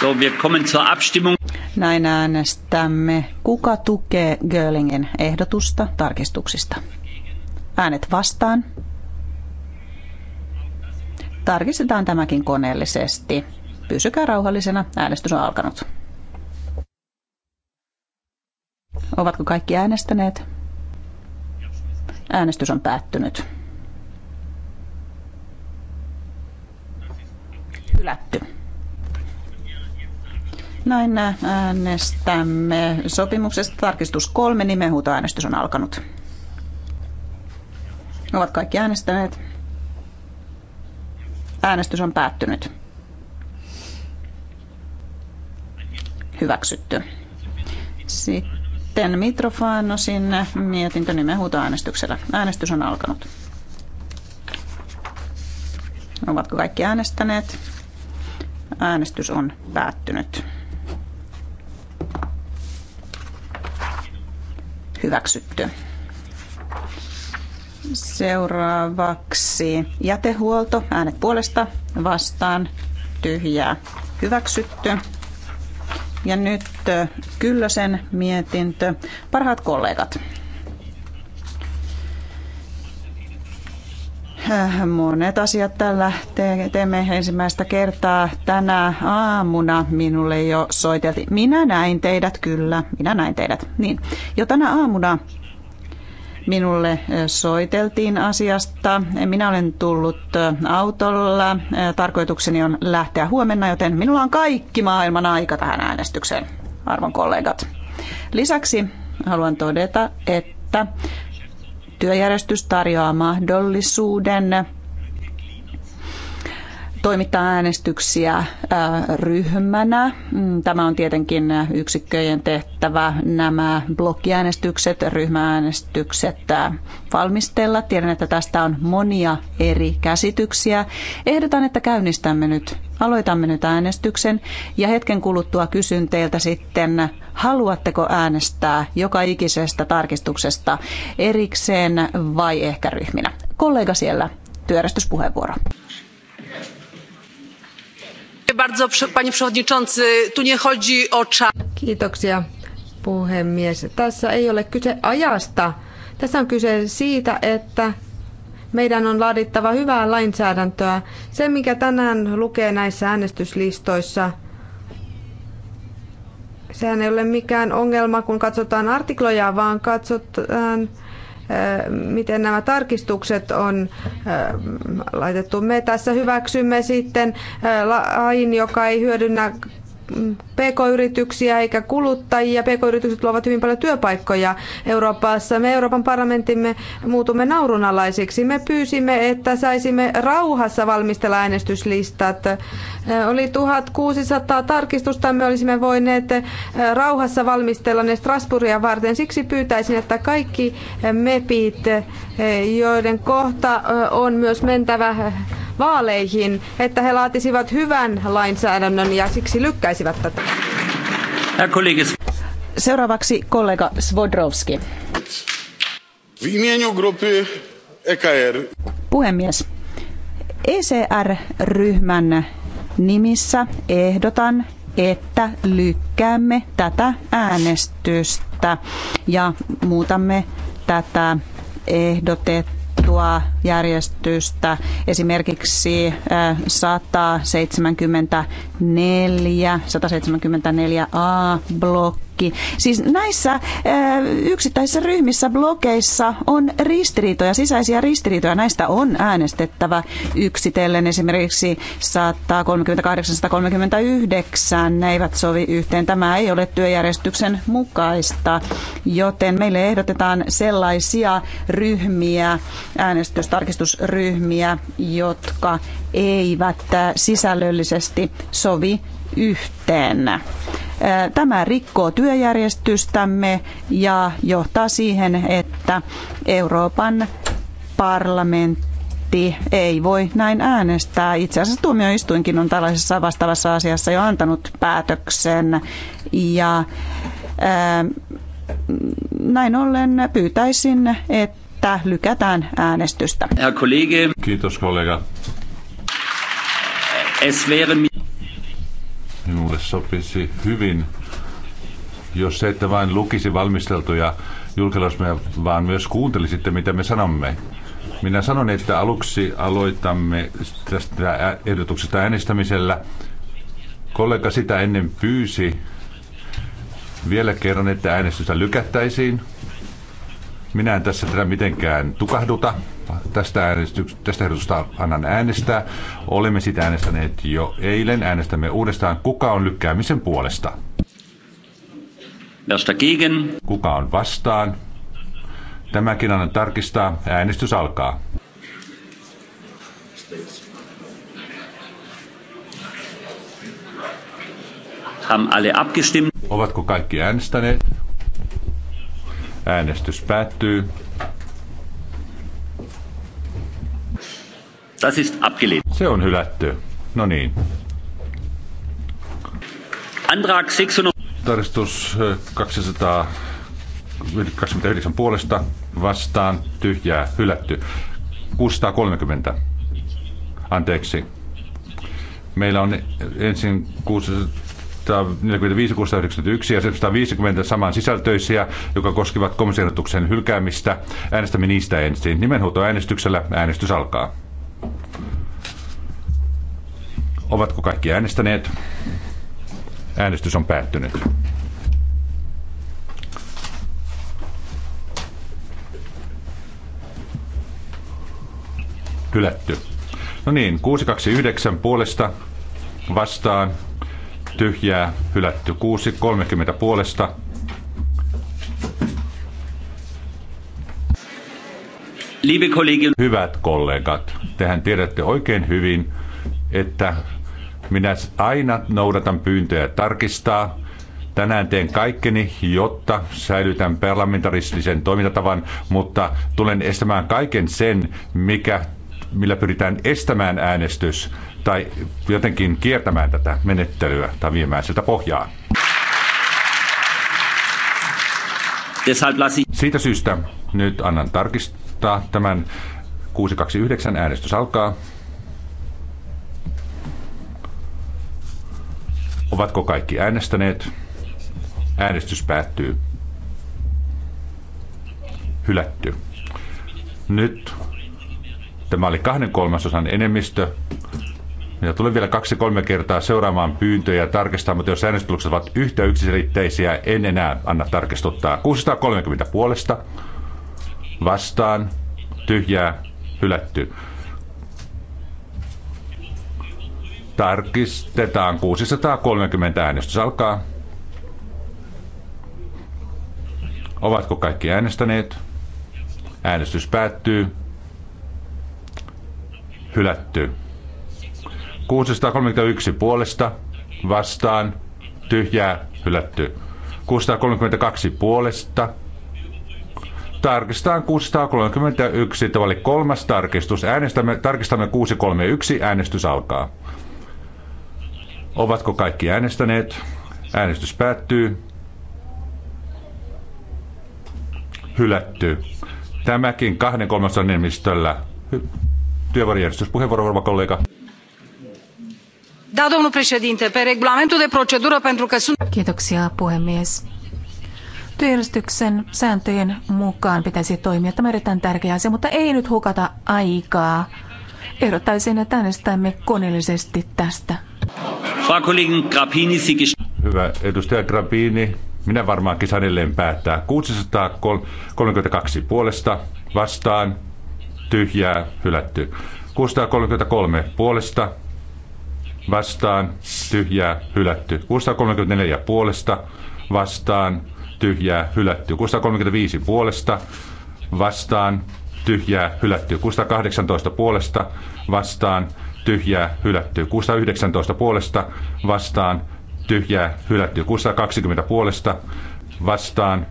[SPEAKER 4] So, wir kommen zur Abstimmung.
[SPEAKER 2] Näin äänestämme. Kuka tukee Görlingin ehdotusta tarkistuksista? Äänet vastaan tarkistetaan tämäkin koneellisesti. Pysykää rauhallisena, äänestys on alkanut. Ovatko kaikki äänestäneet? Äänestys on päättynyt. Hylätty. Näin äänestämme sopimuksesta. Tarkistus kolme, äänestys on alkanut. Ovat kaikki äänestäneet. Äänestys on päättynyt. Hyväksytty. Sitten sinne mietintö nimenhuuta äänestyksellä. Äänestys on alkanut. Ovatko kaikki äänestäneet? Äänestys on päättynyt. Hyväksytty. Seuraavaksi jätehuolto. Äänet puolesta vastaan tyhjää hyväksytty. Ja nyt Kyllösen mietintö. Parhaat kollegat. Äh, monet asiat tällä teemme ensimmäistä kertaa tänä aamuna. Minulle jo soiteltiin. Minä näin teidät, kyllä. Minä näin teidät. Niin. Jo tänä aamuna Minulle soiteltiin asiasta. Minä olen tullut autolla. Tarkoitukseni on lähteä huomenna, joten minulla on kaikki maailman aika tähän äänestykseen, arvon kollegat. Lisäksi haluan todeta, että työjärjestys tarjoaa mahdollisuuden toimittaa äänestyksiä äh, ryhmänä. Mm, tämä on tietenkin yksikköjen tehtävä nämä blokkiäänestykset, ryhmääänestykset äh, valmistella. Tiedän, että tästä on monia eri käsityksiä. Ehdotan, että käynnistämme nyt, aloitamme nyt äänestyksen ja hetken kuluttua kysyn teiltä sitten, haluatteko äänestää joka ikisestä tarkistuksesta erikseen vai ehkä ryhminä. Kollega siellä, työjärjestyspuheenvuoro
[SPEAKER 1] panie przewodniczący! Tu nie chodzi o czas.
[SPEAKER 3] Kiitoksia puhemies. Tässä ei ole kyse ajasta. Tässä on kyse siitä, että meidän on laadittava hyvää lainsäädäntöä. Se, mikä tänään lukee näissä äänestyslistoissa, sehän ei ole mikään ongelma, kun katsotaan artikloja, vaan katsotaan miten nämä tarkistukset on laitettu. Me tässä hyväksymme sitten lain, joka ei hyödynnä pk-yrityksiä eikä kuluttajia. Pk-yritykset luovat hyvin paljon työpaikkoja Euroopassa. Me Euroopan parlamentimme muutumme naurunalaisiksi. Me pyysimme, että saisimme rauhassa valmistella äänestyslistat. Oli 1600 tarkistusta, me olisimme voineet rauhassa valmistella ne Strasbourgia varten. Siksi pyytäisin, että kaikki mepit, joiden kohta on myös mentävä vaaleihin, että he laatisivat hyvän lainsäädännön ja siksi lykkäisivät pitäisivät
[SPEAKER 4] tätä.
[SPEAKER 3] Seuraavaksi kollega Svodrovski.
[SPEAKER 4] E
[SPEAKER 2] Puhemies, ECR-ryhmän nimissä ehdotan, että lykkäämme tätä äänestystä ja muutamme tätä ehdotettua järjestystä esimerkiksi 170 äh, 174, 174a blokki. Siis näissä eh, yksittäisissä ryhmissä blokeissa on ristiriitoja, sisäisiä ristiriitoja. Näistä on äänestettävä yksitellen. Esimerkiksi 138, 139 ne eivät sovi yhteen. Tämä ei ole työjärjestyksen mukaista, joten meille ehdotetaan sellaisia ryhmiä, äänestystarkistusryhmiä, jotka eivät äh, sisällöllisesti sovi yhteen. Äh, tämä rikkoo työjärjestystämme ja johtaa siihen, että Euroopan parlamentti ei voi näin äänestää. Itse asiassa tuomioistuinkin on tällaisessa vastaavassa asiassa jo antanut päätöksen. Ja ää, ähm, näin ollen pyytäisin, että lykätään äänestystä.
[SPEAKER 4] Kiitos kollega. Es wäre
[SPEAKER 8] Minulle sopisi hyvin, jos se, että vain lukisi valmisteltuja julkilausumia, vaan myös kuuntelisitte, mitä me sanomme. Minä sanon, että aluksi aloitamme tästä ehdotuksesta äänestämisellä. Kollega sitä ennen pyysi vielä kerran, että äänestystä lykättäisiin. Minä en tässä tätä mitenkään tukahduta. Tästä, äänestys, tästä ehdotusta annan äänestää. Olemme sitä äänestäneet jo eilen. Äänestämme uudestaan. Kuka on lykkäämisen puolesta? Dagegen. Kuka on vastaan? Tämäkin annan tarkistaa. Äänestys alkaa. Haben alle abgestimmt? Ovatko kaikki äänestäneet? Äänestys päättyy. Das ist abgelehnt. Se on hylätty. No niin. Antrag 600. Tarkistus 229 puolesta vastaan tyhjää hylätty. 630. Anteeksi. Meillä on ensin 645, 691 ja 750 saman sisältöisiä, jotka koskivat komissiotuksen hylkäämistä. Äänestämme niistä ensin. äänestyksellä. äänestys alkaa. Ovatko kaikki äänestäneet? Äänestys on päättynyt. Hylätty. No niin, 629 puolesta vastaan, tyhjää, hylätty 630 puolesta. Hyvät kollegat, tehän tiedätte oikein hyvin, että minä aina noudatan pyyntöjä tarkistaa. Tänään teen kaikkeni, jotta säilytän parlamentaristisen toimintatavan, mutta tulen estämään kaiken sen, mikä, millä pyritään estämään äänestys tai jotenkin kiertämään tätä menettelyä tai viemään sitä pohjaa. Siitä syystä nyt annan tarkistaa tämän 629 äänestys alkaa. Ovatko kaikki äänestäneet? Äänestys päättyy. Hylätty. Nyt tämä oli kahden kolmasosan enemmistö. Ja tulee vielä kaksi-kolme kertaa seuraamaan pyyntöjä ja tarkistaa, mutta jos äänestykset ovat yhtä yksiselitteisiä, en enää anna tarkistuttaa. 630 puolesta vastaan, tyhjää, hylätty. Tarkistetaan 630 äänestys alkaa. Ovatko kaikki äänestäneet? Äänestys päättyy. Hylätty. 631 puolesta, vastaan, tyhjää, hylätty. 632 puolesta. Tarkistetaan 631, tämä oli kolmas tarkistus. Äänestämme, tarkistamme 631, äänestys alkaa. Ovatko kaikki äänestäneet? Äänestys päättyy. Hylätty. Tämäkin kahden kolmasosan enemmistöllä. puheenvuoro, varma kollega.
[SPEAKER 10] Da, domnul președinte, pe regulamentul de procedură, pentru că sunt... Kiitoksia, puhemies. Työjärjestyksen sääntöjen mukaan pitäisi toimia. Tämä on erittäin tärkeä asia, mutta ei nyt hukata aikaa. Ehdottaisin, että äänestämme koneellisesti tästä.
[SPEAKER 8] Hyvä edustaja Grappini, minä varmaankin saan edelleen päättää. 632 puolesta vastaan, tyhjää, hylätty. 633 puolesta vastaan, tyhjää, hylätty. 634 puolesta vastaan, tyhjää, hylätty. 635 puolesta vastaan, tyhjää, hylätty. 618 puolesta vastaan, tyhjää hylätty. 619 puolesta vastaan tyhjää hylätty. 620 puolesta vastaan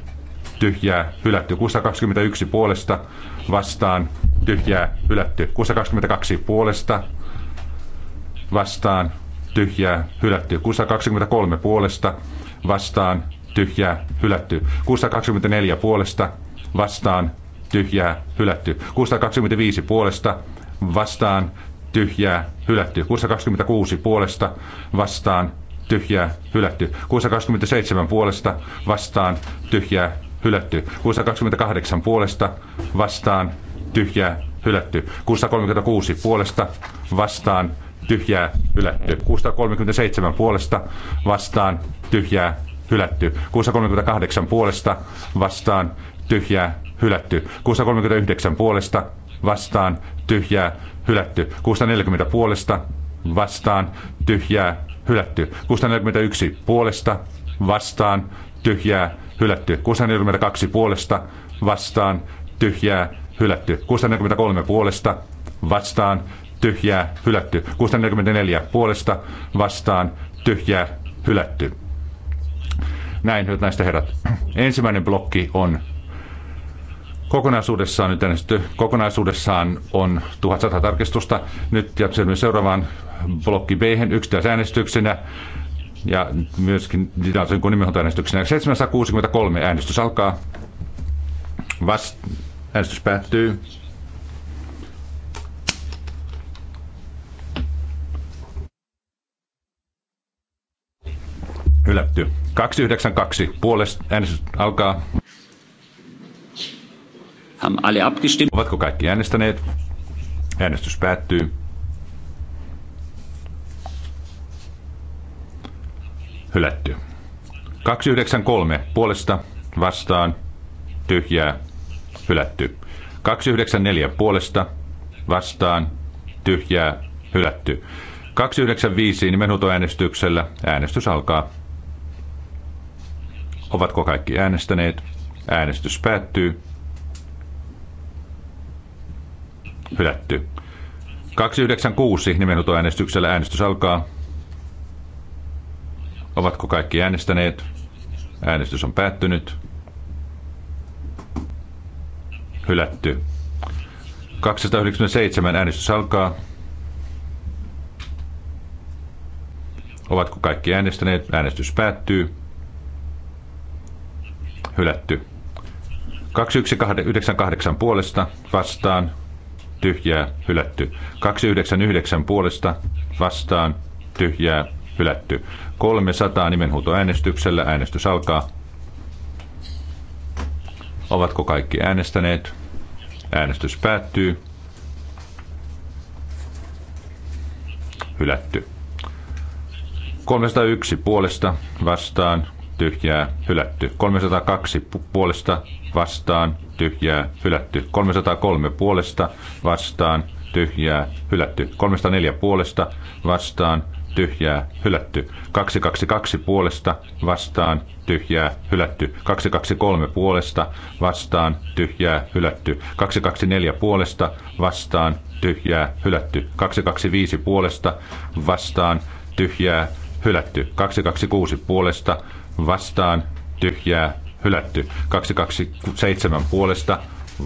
[SPEAKER 8] tyhjää hylätty. 621 puolesta vastaan tyhjää hylätty. 622 puolesta vastaan tyhjää hylätty. 623 puolesta vastaan tyhjää hylätty. 624 puolesta vastaan tyhjää hylätty. 625 puolesta vastaan tyhjää, hylätty. 626 puolesta vastaan, tyhjää, hylätty. 627 puolesta vastaan, tyhjää, hylätty. 628 puolesta vastaan, tyhjää, hylätty. 636 puolesta vastaan, tyhjää, hylätty. 637 puolesta vastaan, tyhjää, hylätty. 638 puolesta vastaan, tyhjää, hylätty. 639 puolesta vastaan tyhjää hylätty. 640 puolesta vastaan tyhjää hylätty. 641 puolesta vastaan tyhjää hylätty. 642 puolesta vastaan tyhjää hylätty. 643 puolesta vastaan tyhjää hylätty. 644 puolesta vastaan tyhjää hylätty. Näin, hyvät näistä herrat. Ensimmäinen blokki on Kokonaisuudessaan nyt äänestetty, kokonaisuudessaan on 1100 tarkistusta nyt ja seuraavaan blokki B yksittäisäänestyksenä ja myöskin nimenhoito äänestyksenä. 763 äänestys alkaa. Vast, äänestys päättyy. Hylätty. 292 puolesta äänestys alkaa. Ovatko kaikki äänestäneet? Äänestys päättyy. Hylätty. 293 puolesta vastaan tyhjää hylätty. 294 puolesta vastaan tyhjää hylätty. 295 nimenhuutoäänestyksellä äänestys alkaa. Ovatko kaikki äänestäneet? Äänestys päättyy. hylätty. 296 äänestyksellä äänestys alkaa. Ovatko kaikki äänestäneet? Äänestys on päättynyt. Hylätty. 297 äänestys alkaa. Ovatko kaikki äänestäneet? Äänestys päättyy. Hylätty. 2198 puolesta vastaan tyhjää, hylätty. 299 puolesta vastaan, tyhjää, hylätty. 300 äänestyksellä, äänestys alkaa. Ovatko kaikki äänestäneet? Äänestys päättyy. Hylätty. 301 puolesta vastaan, tyhjää, hylätty. 302 puolesta vastaan, tyhjää, hylätty. 303 puolesta vastaan, tyhjää, hylätty. 304 puolesta vastaan, tyhjää, hylätty. 222 puolesta vastaan, tyhjää, hylätty. 223 puolesta vastaan, tyhjää, hylätty. 224 puolesta vastaan, tyhjää, hylätty. 225 puolesta vastaan, tyhjää, hylätty. 226 puolesta vastaan, tyhjää, hylätty. 227 puolesta,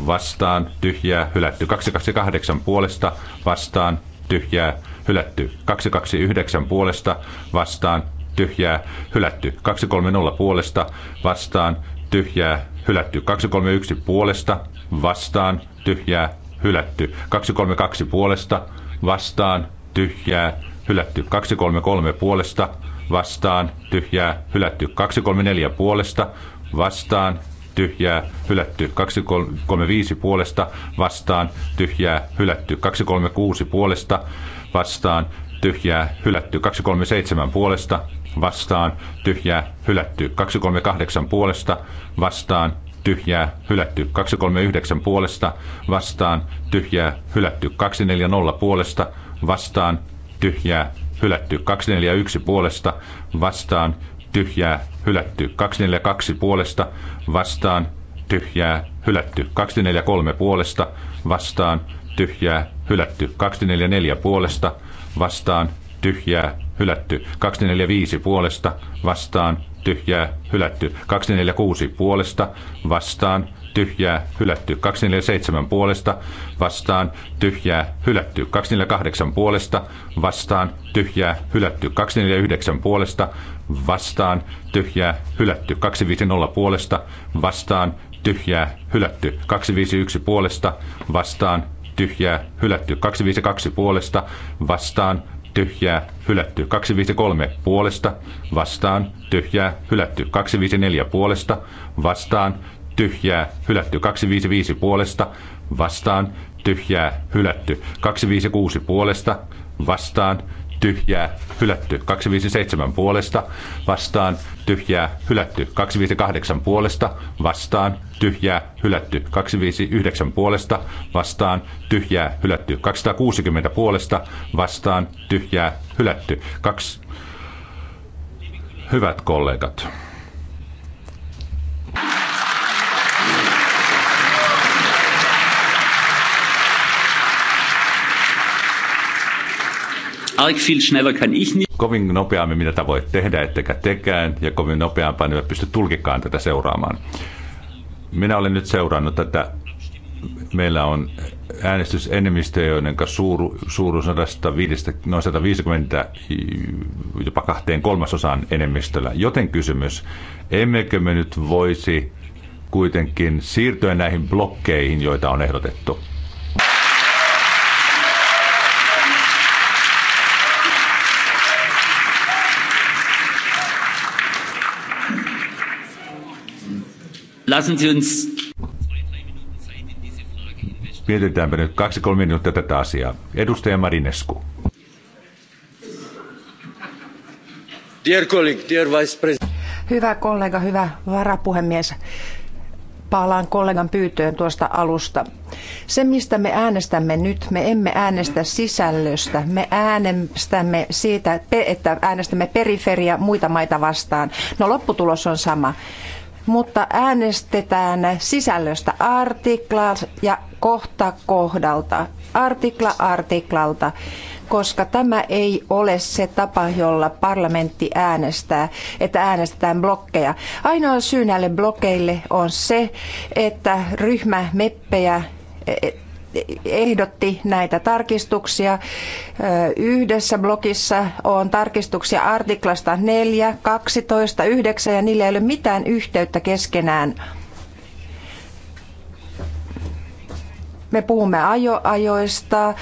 [SPEAKER 8] vastaan, tyhjää, hylätty. 228 puolesta, vastaan, tyhjää, hylätty. 229 puolesta, vastaan, tyhjää, hylätty. 230 puolesta, vastaan, tyhjää, hylätty. 231 puolesta, vastaan, tyhjää, hylätty. 232 puolesta, vastaan, tyhjää, hylätty. 233 puolesta, vastaan, tyhjää, hylätty. 234 puolesta, vastaan, tyhjää, hylätty. 235 puolesta, vastaan, tyhjää, hylätty. 236 puolesta, vastaan, tyhjää, hylätty. 237 puolesta, vastaan, tyhjää, hylätty. 238 puolesta, vastaan, tyhjää, hylätty. 239 puolesta, vastaan, tyhjää, hylätty. 240 puolesta, vastaan, tyhjää, hylätty 241 puolesta, vastaan tyhjää, hylätty 242 puolesta, vastaan tyhjää, hylätty 243 puolesta, vastaan tyhjää, hylätty 244 puolesta, vastaan tyhjää, hylätty 245 puolesta, vastaan tyhjää, hylätty 246 puolesta, vastaan tyhjää, hylätty. 247 puolesta, vastaan, tyhjää, hylätty. 248 puolesta, vastaan, tyhjää, hylätty. 249 puolesta, vastaan, tyhjää, hylätty. 250 puolesta, vastaan, tyhjää, hylätty. 251 puolesta, vastaan, tyhjää, hylätty. 252 puolesta, vastaan, tyhjää, hylätty. 253 puolesta, vastaan, tyhjää, hylätty. 254 puolesta, vastaan, tyhjää, hylätty. 255 puolesta, vastaan, tyhjää, hylätty. 256 puolesta, vastaan, tyhjää, hylätty. 257 puolesta, vastaan, tyhjää, hylätty. 258 puolesta, vastaan, tyhjää, hylätty. 259 puolesta, vastaan, tyhjää, hylätty. 260 puolesta, vastaan, tyhjää, hylätty. 2. Hyvät kollegat. arg viel schneller kann ich nicht. Kovin nopeammin mitä voi tehdä, ettekä tekään, ja kovin nopeampaan ei pysty tulkikaan tätä seuraamaan. Minä olen nyt seurannut tätä. Meillä on äänestysenemmistö, joiden suuru, suuruus on 150, noin 150 jopa kahteen kolmasosaan enemmistöllä. Joten kysymys, emmekö me nyt voisi kuitenkin siirtyä näihin blokkeihin, joita on ehdotettu?
[SPEAKER 4] Lassen Sie uns...
[SPEAKER 8] Mietitäänpä nyt kaksi kolme minuuttia tätä asiaa. Edustaja Marinescu.
[SPEAKER 6] Dear colleague, dear vice president.
[SPEAKER 9] Hyvä kollega, hyvä varapuhemies. Palaan kollegan pyytöön tuosta alusta. Se, mistä me äänestämme nyt, me emme äänestä sisällöstä. Me äänestämme siitä, että äänestämme periferia muita maita vastaan. No lopputulos on sama mutta äänestetään sisällöstä artiklaa ja kohta kohdalta, artikla artiklalta, koska tämä ei ole se tapa, jolla parlamentti äänestää, että äänestetään blokkeja. Ainoa syy näille blokeille on se, että ryhmä meppejä ehdotti näitä tarkistuksia. Yhdessä blokissa on tarkistuksia artiklasta 4, 12, 9 ja niillä ei ole mitään yhteyttä keskenään Me puhumme ajoajoista,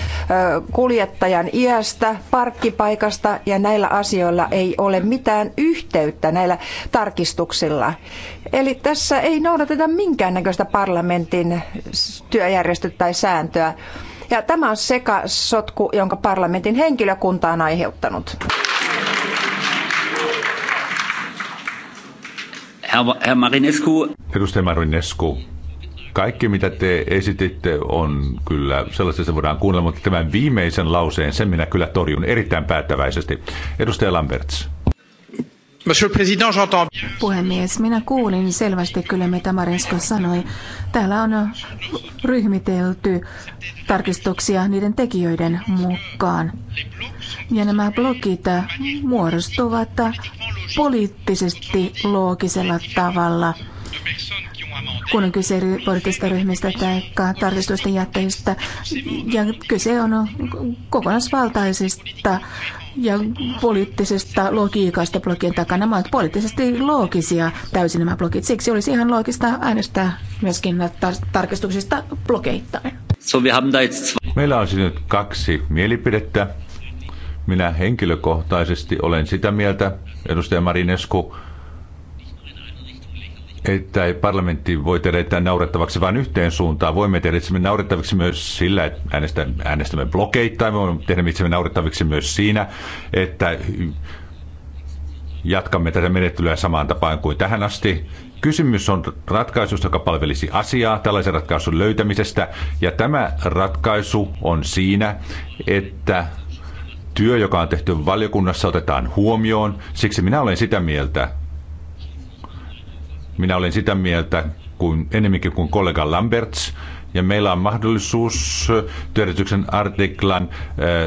[SPEAKER 9] kuljettajan iästä, parkkipaikasta ja näillä asioilla ei ole mitään yhteyttä näillä tarkistuksilla. Eli tässä ei noudateta minkäännäköistä parlamentin työjärjestystä tai sääntöä. Ja tämä on sekasotku, jonka parlamentin henkilökunta on aiheuttanut.
[SPEAKER 4] Herr Marinescu.
[SPEAKER 8] Edustaja Marinescu. Kaikki, mitä te esititte, on kyllä sellaista, se voidaan kuunnella, mutta tämän viimeisen lauseen, sen minä kyllä torjun erittäin päättäväisesti. Edustaja Lamberts. Monsieur
[SPEAKER 10] Puhemies, minä kuulin selvästi kyllä, mitä Marensko sanoi. Täällä on ryhmitelty tarkistuksia niiden tekijöiden mukaan. Ja nämä blogit muodostuvat poliittisesti loogisella tavalla kun on kyse poliittisista ryhmistä tai tarkistusten jättäjistä. Ja kyse on kokonaisvaltaisista ja poliittisesta logiikasta blogien takana. Nämä ovat poliittisesti loogisia täysin nämä blogit. Siksi olisi ihan loogista äänestää myöskin tar- tarkistuksista blogeittain.
[SPEAKER 8] So Meillä on siis nyt kaksi mielipidettä. Minä henkilökohtaisesti olen sitä mieltä, edustaja Marinesku, että ei parlamentti voi tehdä tämän naurettavaksi vain yhteen suuntaan. Voimme tehdä itsemme naurettaviksi myös sillä, että äänestämme, äänestämme blokeittain. Voimme tehdä itsemme naurettaviksi myös siinä, että jatkamme tätä menettelyä samaan tapaan kuin tähän asti. Kysymys on ratkaisusta, joka palvelisi asiaa, tällaisen ratkaisun löytämisestä. Ja tämä ratkaisu on siinä, että työ, joka on tehty valiokunnassa, otetaan huomioon. Siksi minä olen sitä mieltä, minä olen sitä mieltä kuin, enemmänkin kuin kollega Lamberts, ja meillä on mahdollisuus työjärjestyksen artiklan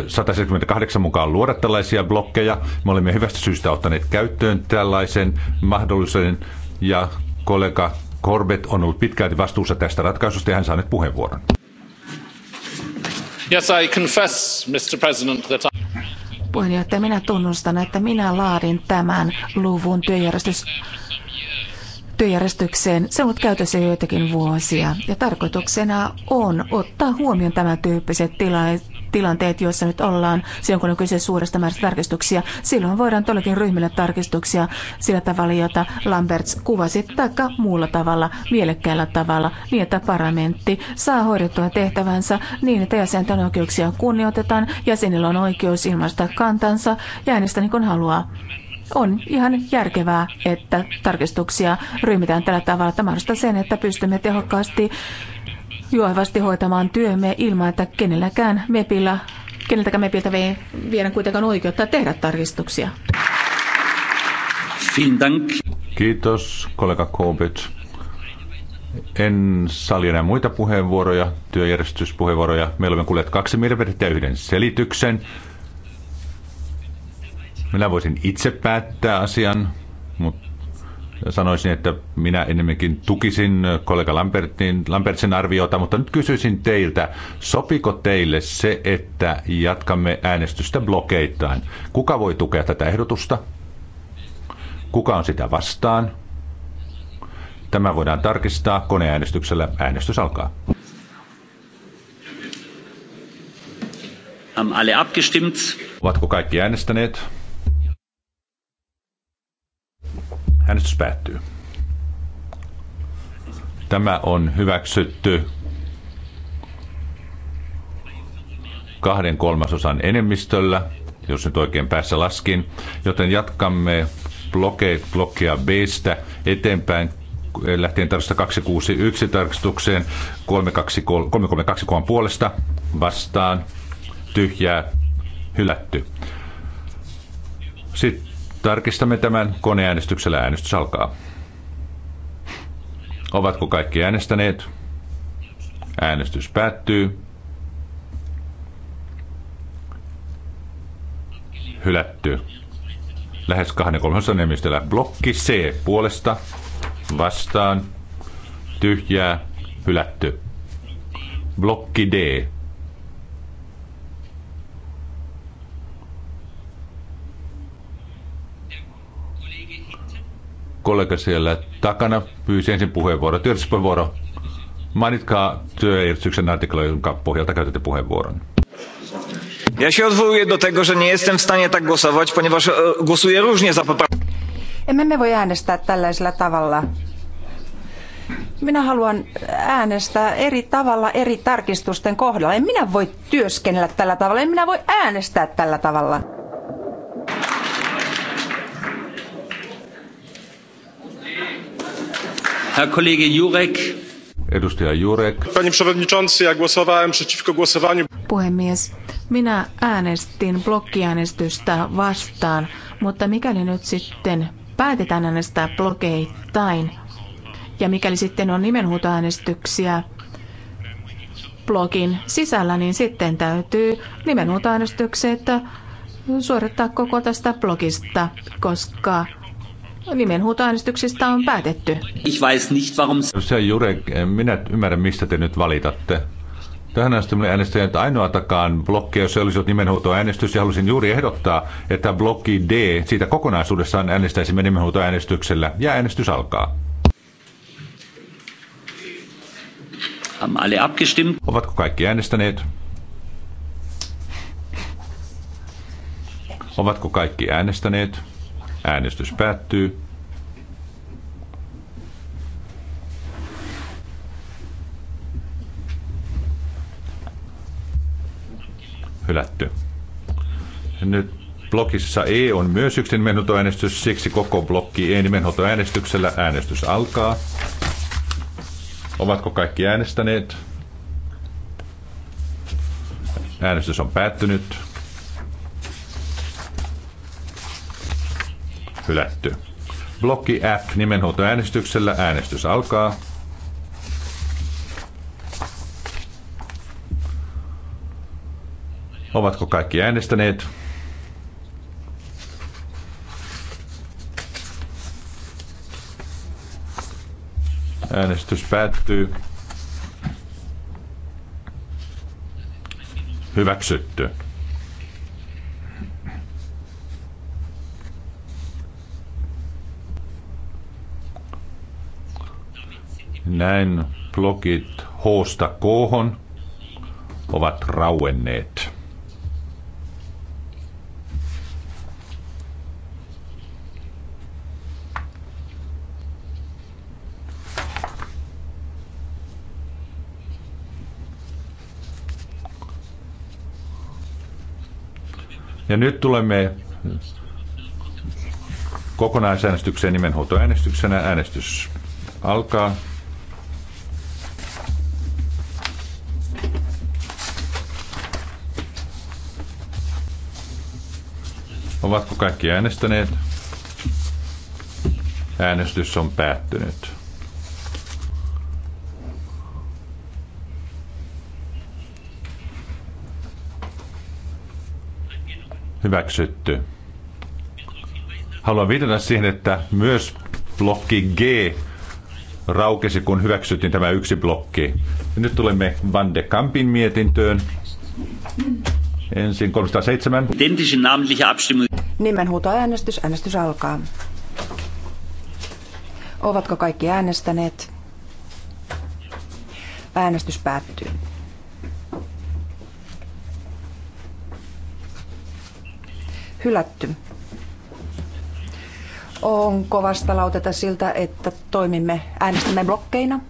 [SPEAKER 8] 178 eh, mukaan luoda tällaisia blokkeja. Me olemme hyvästä syystä ottaneet käyttöön tällaisen mahdollisuuden, ja kollega Corbett on ollut pitkälti vastuussa tästä ratkaisusta, ja hän saa nyt puheenvuoron. Yes, I confess, Mr. President, that I... Puheenjohtaja,
[SPEAKER 10] minä tunnustan, että minä laadin tämän luvun työjärjestys työjärjestykseen. Se on ollut käytössä joitakin vuosia ja tarkoituksena on ottaa huomioon tämän tyyppiset tila- tilanteet, joissa nyt ollaan, silloin kun on kyse suuresta määrästä tarkistuksia. Silloin voidaan todellakin ryhmille tarkistuksia sillä tavalla, jota Lamberts kuvasi, taikka muulla tavalla, mielekkäällä tavalla, niin että parlamentti saa hoidettua tehtävänsä niin, että jäsenten oikeuksia kunnioitetaan, jäsenillä on oikeus ilmaista kantansa ja äänestä niin kuin haluaa on ihan järkevää, että tarkistuksia ryhmitään tällä tavalla. Tämä mahdollistaa sen, että pystymme tehokkaasti juohevasti hoitamaan työmme ilman, että kenelläkään mepillä, keneltäkään mepiltä ei viedä kuitenkaan oikeutta tehdä tarkistuksia.
[SPEAKER 8] Kiitos, kollega Kobit. En sali enää muita puheenvuoroja, työjärjestyspuheenvuoroja. Meillä on kuulleet kaksi mielipidettä yhden selityksen. Minä voisin itse päättää asian, mutta sanoisin, että minä enemmänkin tukisin kollega Lambertin, Lambertsen arviota, mutta nyt kysyisin teiltä, sopiko teille se, että jatkamme äänestystä blokeittain? Kuka voi tukea tätä ehdotusta? Kuka on sitä vastaan? Tämä voidaan tarkistaa koneäänestyksellä. Äänestys alkaa. Haben alle abgestimmt? Ovatko kaikki äänestäneet? Äänestys päättyy. Tämä on hyväksytty kahden kolmasosan enemmistöllä, jos nyt oikein päässä laskin. Joten jatkamme bloke, blokkia b eteenpäin lähtien tarkistusta 261 tarkastukseen 332 kohan puolesta vastaan tyhjää hylätty. Sitten Tarkistamme tämän koneäänestyksellä. Äänestys alkaa. Ovatko kaikki äänestäneet? Äänestys päättyy. Hylätty. Lähes kahden kolmasosan enemmistöllä. Blokki C puolesta. Vastaan. Tyhjää. Hylätty. Blokki D kollega siellä takana pyysi ensin puheenvuoro. Työllisyyspuheenvuoro. Mainitkaa työjärjestyksen artikla, jonka pohjalta käytätte puheenvuoron.
[SPEAKER 6] Ja się odwołuję do tego, że nie jestem w stanie tak głosować, ponieważ e, głosuję różnie za poprawką.
[SPEAKER 9] Emme me voi äänestää tällaisella tavalla. Minä haluan äänestää eri tavalla eri tarkistusten kohdalla. En minä voi työskennellä tällä tavalla, en minä voi äänestää tällä tavalla.
[SPEAKER 8] Herr Jurek. Edustaja Jurek. przewodniczący, ja głosowałem przeciwko głosowaniu.
[SPEAKER 10] Puhemies, minä äänestin blokkiäänestystä vastaan, mutta mikäli nyt sitten päätetään äänestää blokeittain, ja mikäli sitten on nimenhuutoäänestyksiä blogin sisällä, niin sitten täytyy nimenhuutoäänestykset suorittaa koko tästä blogista, koska Nimenhuutoäänestyksistä on päätetty.
[SPEAKER 8] Ich weiß nicht, warum... Se Jurek, minä ymmärrän, mistä te nyt valitatte. Tähän asti minä äänestäjän ainoatakaan blokki jos se olisi nimenhuutoäänestys, ja halusin juuri ehdottaa, että blokki D, siitä kokonaisuudessaan äänestäisimme nimenhuutoäänestyksellä, ja äänestys alkaa. alle abgestimmt? Ovatko kaikki äänestäneet? Ovatko kaikki äänestäneet? Äänestys päättyy. Hylätty. Nyt blokissa E on myös yksi siksi koko blokki E nimenhoitoäänestyksellä niin äänestys alkaa. Ovatko kaikki äänestäneet? Äänestys on päättynyt. hylätty. Blokki F äänestyksellä äänestys alkaa. Ovatko kaikki äänestäneet? Äänestys päättyy. Hyväksytty. Näin blogit hoosta kohon ovat rauenneet. Ja nyt tulemme kokonaisäänestykseen nimenhuoltoäänestyksenä. Äänestys alkaa. Ovatko kaikki äänestäneet? Äänestys on päättynyt. Hyväksytty. Haluan viitata siihen, että myös blokki G raukesi, kun hyväksyttiin tämä yksi blokki. Ja nyt tulemme Van de Kampin mietintöön. Ensin 307. Identische namentliche Abstimmung.
[SPEAKER 9] Nimenhuutoäänestys. Äänestys alkaa. Ovatko kaikki äänestäneet? Äänestys päättyy. Hylätty. Onko vastalauteta siltä, että toimimme, äänestämme blokkeina?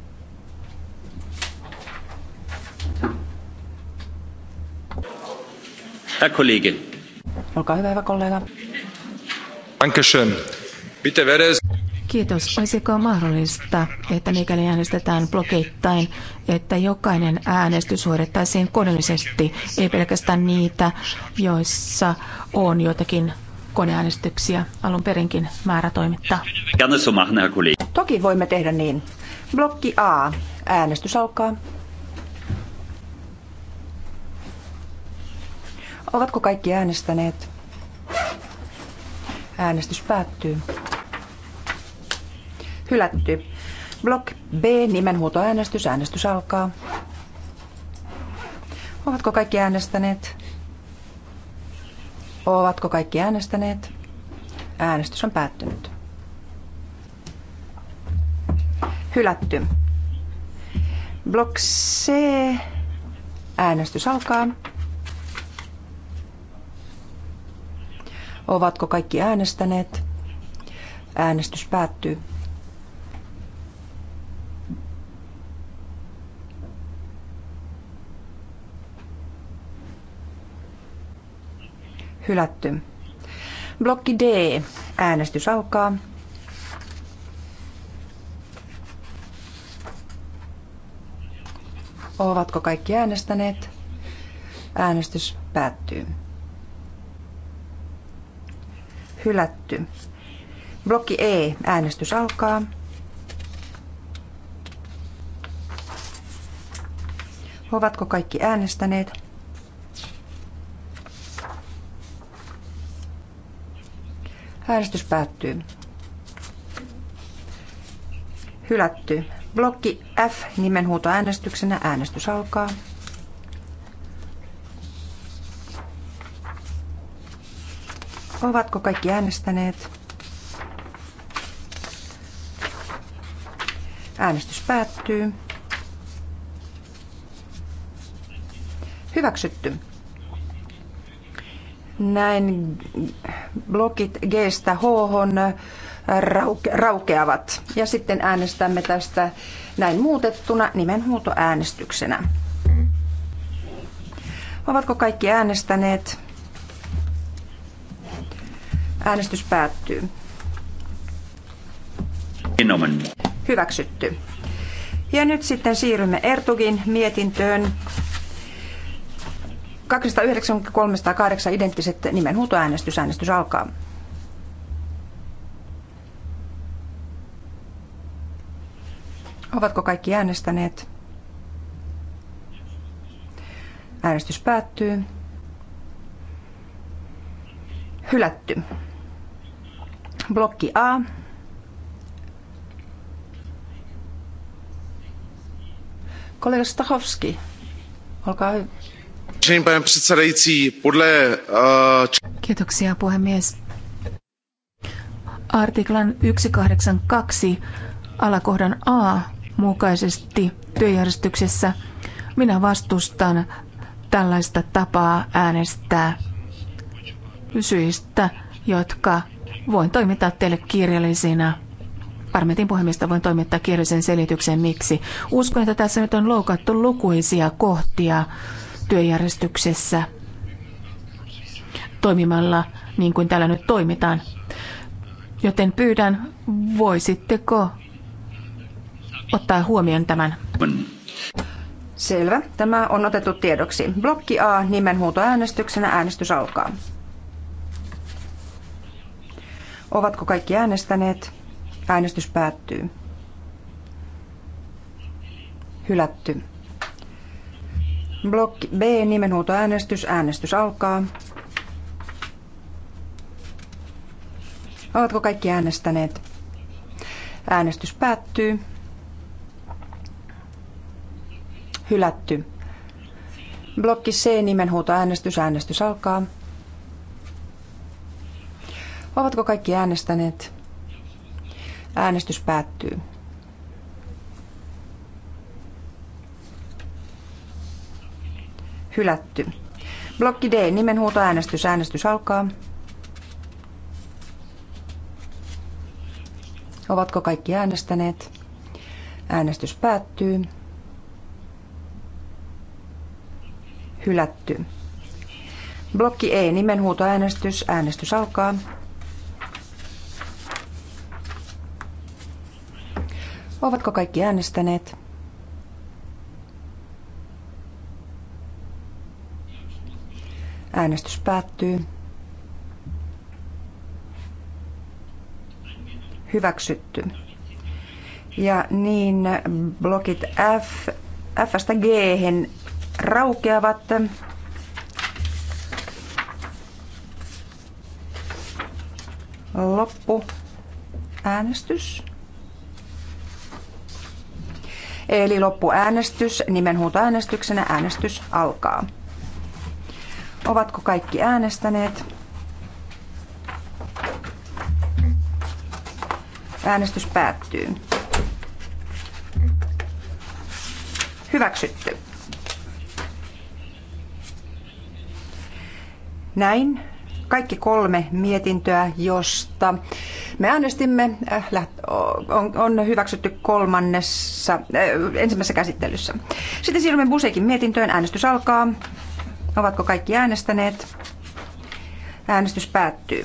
[SPEAKER 9] Herr Kollege, Olkaa hyvä, hyvä kollega.
[SPEAKER 8] Dankeschön. Bitte werde es...
[SPEAKER 10] Kiitos. Olisiko mahdollista, että mikäli äänestetään blokeittain, että jokainen äänestys suorittaisiin kodellisesti, ei pelkästään niitä, joissa on joitakin koneäänestyksiä alun perinkin määrä toimittaa? Toki voimme
[SPEAKER 9] tehdä niin. Blokki A. Äänestys alkaa. Ovatko kaikki äänestäneet? Äänestys päättyy. Hylätty. Blok B, nimenhuutoäänestys. Äänestys alkaa. Ovatko kaikki äänestäneet? Ovatko kaikki äänestäneet? Äänestys on päättynyt. Hylätty. Blok C. Äänestys alkaa. Ovatko kaikki äänestäneet? Äänestys päättyy. Hylätty. Blokki D. Äänestys alkaa. Ovatko kaikki äänestäneet? Äänestys päättyy hylätty. Blokki E, äänestys alkaa. Ovatko kaikki äänestäneet? Äänestys päättyy. Hylätty. Blokki F nimenhuutoäänestyksenä. Äänestys alkaa. Ovatko kaikki äänestäneet? Äänestys päättyy. Hyväksytty. Näin blokit G-stä h raukeavat. Ja sitten äänestämme tästä näin muutettuna nimenhuutoäänestyksenä. Ovatko kaikki äänestäneet? Äänestys päättyy. Hyväksytty. Ja nyt sitten siirrymme Ertugin mietintöön. 293-308 identtiset nimenhuutoäänestys. Äänestys alkaa. Ovatko kaikki äänestäneet? Äänestys päättyy. Hylätty. Blokki A. Kolega Stachowski, olkaa
[SPEAKER 10] hyvä.
[SPEAKER 6] Pane předsedající, podle... Eh,
[SPEAKER 10] Kiitoksia puhemies. Artiklan 182 alakohdan A mukaisesti työjärjestyksessä minä vastustan tällaista tapaa äänestää syistä, jotka Voin toimittaa teille kirjallisina. Parmetin puhemista voin toimittaa kirjallisen selityksen, miksi. Uskon, että tässä nyt on loukattu lukuisia kohtia työjärjestyksessä toimimalla niin kuin täällä nyt toimitaan. Joten pyydän, voisitteko ottaa huomioon tämän?
[SPEAKER 9] Selvä. Tämä on otettu tiedoksi. Blokki A nimenhuutoäänestyksenä äänestys alkaa. Ovatko kaikki äänestäneet? Äänestys päättyy. Hylätty. Blokki B, nimenhuutoäänestys. Äänestys alkaa. Ovatko kaikki äänestäneet? Äänestys päättyy. Hylätty. Blokki C, nimenhuutoäänestys. Äänestys alkaa. Ovatko kaikki äänestäneet? Äänestys päättyy. Hylätty. Blokki D, nimenhuuto Äänestys alkaa. Ovatko kaikki äänestäneet? Äänestys päättyy. Hylätty. Blokki E, äänestys. Äänestys alkaa. Ovatko kaikki äänestäneet? Äänestys päättyy. Hyväksytty. Ja niin blokit F, F-stä G raukeavat. Loppu. Äänestys. Eli loppuäänestys, nimenhuutoäänestyksenä äänestys alkaa. Ovatko kaikki äänestäneet? Äänestys päättyy. Hyväksytty. Näin kaikki kolme mietintöä, josta me äänestimme, äh, on, on hyväksytty kolmannessa, äh, ensimmäisessä käsittelyssä. Sitten siirrymme Busekin mietintöön. Äänestys alkaa. Ovatko kaikki äänestäneet? Äänestys päättyy.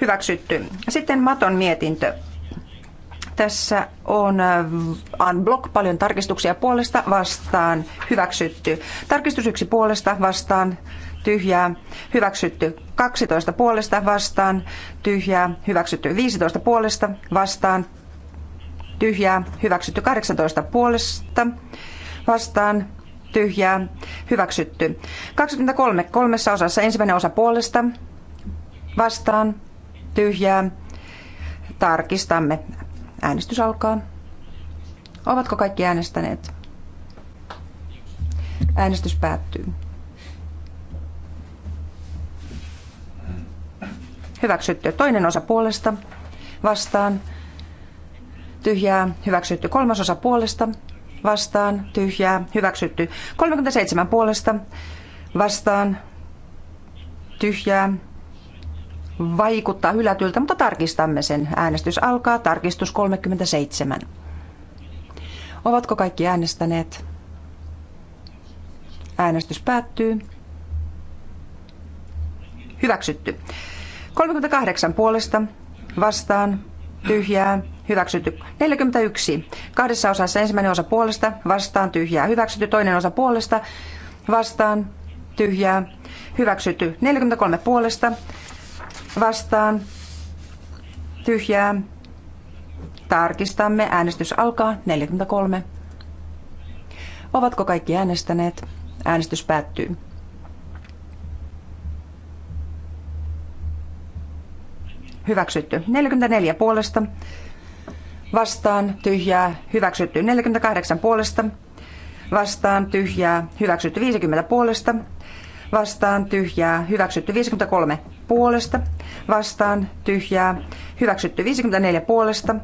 [SPEAKER 9] Hyväksytty. Sitten Maton mietintö. Tässä on unblock äh, paljon tarkistuksia puolesta vastaan hyväksytty. Tarkistus yksi puolesta vastaan tyhjää, hyväksytty 12 puolesta vastaan, tyhjää, hyväksytty 15 puolesta vastaan, tyhjää, hyväksytty 18 puolesta vastaan, tyhjää, hyväksytty 23 kolmessa osassa ensimmäinen osa puolesta vastaan, tyhjää, tarkistamme. Äänestys alkaa. Ovatko kaikki äänestäneet? Äänestys päättyy. Hyväksytty toinen osa puolesta. Vastaan. Tyhjää. Hyväksytty kolmas osa puolesta. Vastaan. Tyhjää. Hyväksytty 37 puolesta. Vastaan. Tyhjää vaikuttaa hylätyltä, mutta tarkistamme sen. Äänestys alkaa. Tarkistus 37. Ovatko kaikki äänestäneet? Äänestys päättyy. Hyväksytty. 38 puolesta vastaan tyhjää hyväksytty. 41. Kahdessa osassa ensimmäinen osa puolesta vastaan tyhjää hyväksytty. Toinen osa puolesta vastaan tyhjää hyväksytty. 43 puolesta vastaan tyhjää. Tarkistamme. Äänestys alkaa. 43. Ovatko kaikki äänestäneet? Äänestys päättyy. Hyväksytty. 44 puolesta. Vastaan tyhjää. Hyväksytty. 48 puolesta. Vastaan tyhjää. Hyväksytty. 50 puolesta. Vastaan tyhjää. Hyväksytty. 53 puolesta, vastaan, tyhjää, hyväksytty 54 puolesta,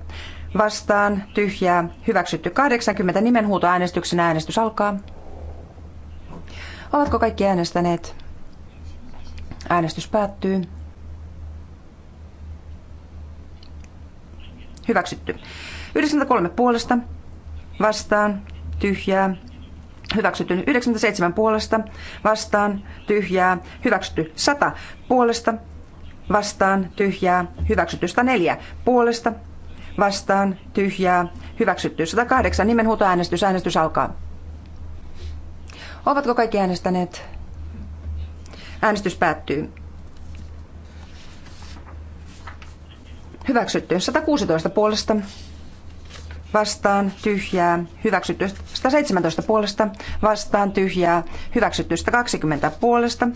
[SPEAKER 9] vastaan, tyhjää, hyväksytty 80 nimenhuutoäänestyksen äänestys alkaa. Ovatko kaikki äänestäneet? Äänestys päättyy. Hyväksytty. 93 puolesta, vastaan, tyhjää, Hyväksytty 97 puolesta vastaan tyhjää. Hyväksytty 100 puolesta vastaan tyhjää. Hyväksytty 104 puolesta vastaan tyhjää. Hyväksytty 108 nimenhuutoäänestys. Äänestys alkaa. Ovatko kaikki äänestäneet? Äänestys päättyy. Hyväksytty 116 puolesta vastaan tyhjää, hyväksytystä 117 puolesta, vastaan tyhjää, hyväksytystä kaksikymmentä puolesta,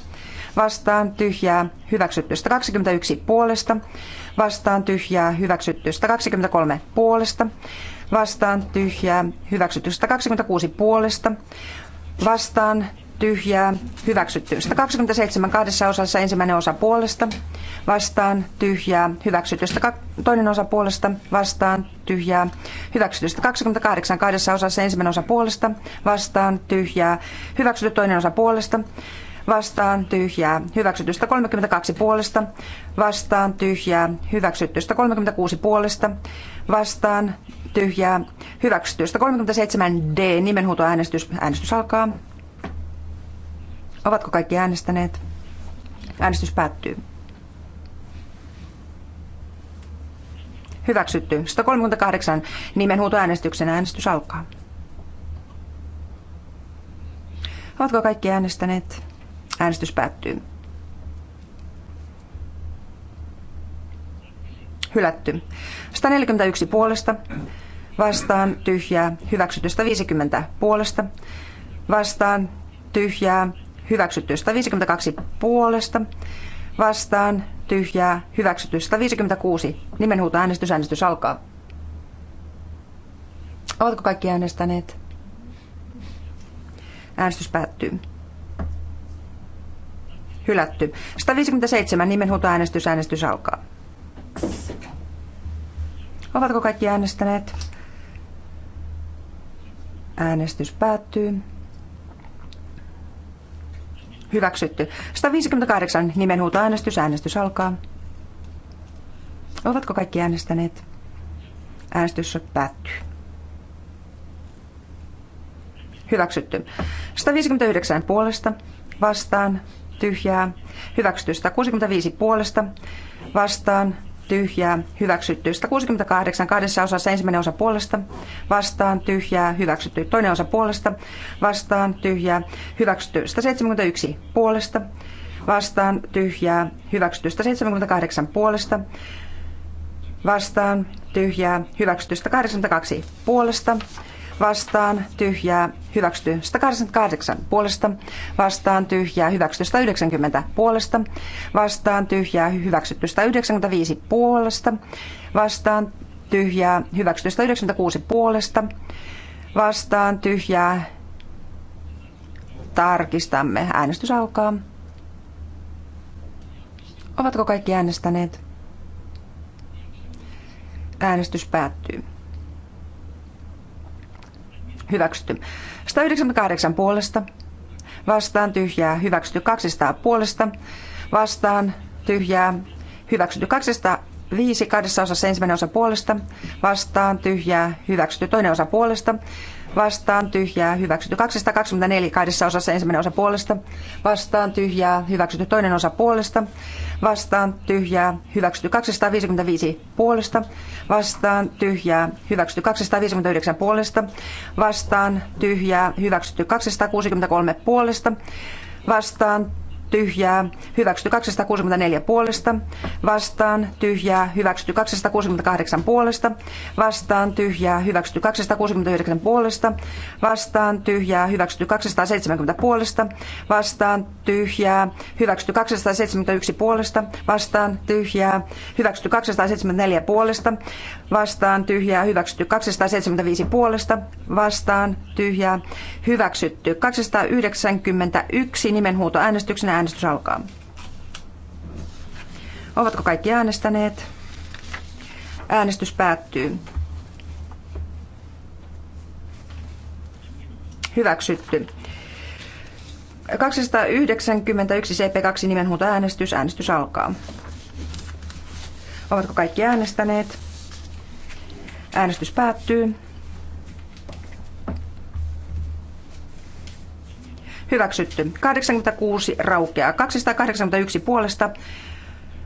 [SPEAKER 9] vastaan tyhjää, hyväksytystä kaksikymmentäyksi puolesta, vastaan tyhjää, hyväksytystä kaksikymmentäkolme puolesta, vastaan tyhjää, hyväksytystä kaksikymmentäkuusi puolesta, vastaan tyhjää, hyväksytty. 127 kahdessa osassa ensimmäinen osa puolesta, vastaan, tyhjää, hyväksytty. Toinen osa puolesta, vastaan, tyhjää, hyväksytty. 28 kahdessa osassa ensimmäinen osa puolesta, vastaan, tyhjää, hyväksytty. Toinen osa puolesta, vastaan tyhjää, hyväksytystä 32 puolesta, vastaan tyhjää, hyväksytystä 36 puolesta, vastaan tyhjää, hyväksytystä 37 D, nimenhuutoäänestys, äänestys alkaa. Ovatko kaikki äänestäneet? Äänestys päättyy. Hyväksytty. 138 äänestyksen äänestys alkaa. Ovatko kaikki äänestäneet? Äänestys päättyy. Hylätty. 141 puolesta. Vastaan tyhjää. Hyväksytystä 50 puolesta. Vastaan tyhjää hyväksytty 152 puolesta, vastaan tyhjää hyväksytty 156. Nimenhuuto äänestys, äänestys alkaa. Ovatko kaikki äänestäneet? Äänestys päättyy. Hylätty. 157 nimenhuuto äänestys, äänestys alkaa. Ovatko kaikki äänestäneet? Äänestys päättyy hyväksytty. 158 nimenhuutoäänestys. Äänestys alkaa. Ovatko kaikki äänestäneet? Äänestys päättyy. Hyväksytty. 159 puolesta, vastaan, tyhjää. Hyväksytty 165 puolesta, vastaan, tyhjää, hyväksytty. 168 kahdessa osassa ensimmäinen osa puolesta, vastaan, tyhjää, hyväksytty. Toinen osa puolesta, vastaan, tyhjää, hyväksytty. 171 puolesta, vastaan, tyhjää, hyväksytty. 178 puolesta, vastaan, tyhjää, hyväksytty. 182 puolesta, vastaan tyhjää hyväksytty 188 puolesta, vastaan tyhjää hyväksytty 190 puolesta, vastaan tyhjää hyväksytty 195 puolesta, vastaan tyhjää hyväksytty 196 puolesta, vastaan tyhjää tarkistamme. Äänestys alkaa. Ovatko kaikki äänestäneet? Äänestys päättyy hyväksytty. 198 puolesta, vastaan tyhjää, hyväksytty 200 puolesta, vastaan tyhjää, hyväksytty 205 kahdessa osassa ensimmäinen osa puolesta, vastaan tyhjää, hyväksytty toinen osa puolesta, vastaan tyhjää hyväksytty 224 kahdessa osassa ensimmäinen osa puolesta vastaan tyhjää hyväksytty toinen osa puolesta vastaan tyhjää hyväksytty 255 puolesta vastaan tyhjää hyväksytty 259 puolesta vastaan tyhjää hyväksytty 263 puolesta vastaan tyhjää, hyväksytty 264 puolesta, vastaan tyhjää, hyväksytty 268 puolesta, vastaan tyhjää, hyväksytty 269 puolesta, vastaan tyhjää, hyväksytty 270 puolesta, vastaan tyhjää, hyväksytty 271 puolesta, vastaan tyhjää, hyväksytty 274 puolesta, vastaan tyhjää, hyväksytty 275 puolesta, vastaan tyhjää, hyväksytty 291 nimenhuutoäänestyksenä Äänestys alkaa. Ovatko kaikki äänestäneet? Äänestys päättyy. Hyväksytty. 291 CP2 nimenhuuto äänestys. Äänestys alkaa. Ovatko kaikki äänestäneet? Äänestys päättyy. Hyväksytty. 86 raukeaa. 281 puolesta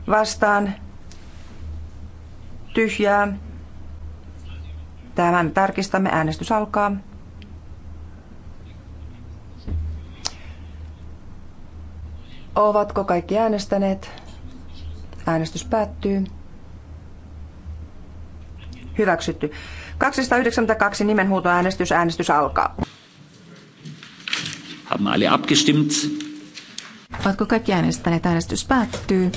[SPEAKER 9] vastaan. Tyhjää. Tämän tarkistamme. Äänestys alkaa. Ovatko kaikki äänestäneet? Äänestys päättyy. Hyväksytty. 292 nimenhuutoäänestys. Äänestys alkaa.
[SPEAKER 4] Haben alle abgestimmt?
[SPEAKER 9] Ovatko kaikki äänestäneet? Äänestys päättyy.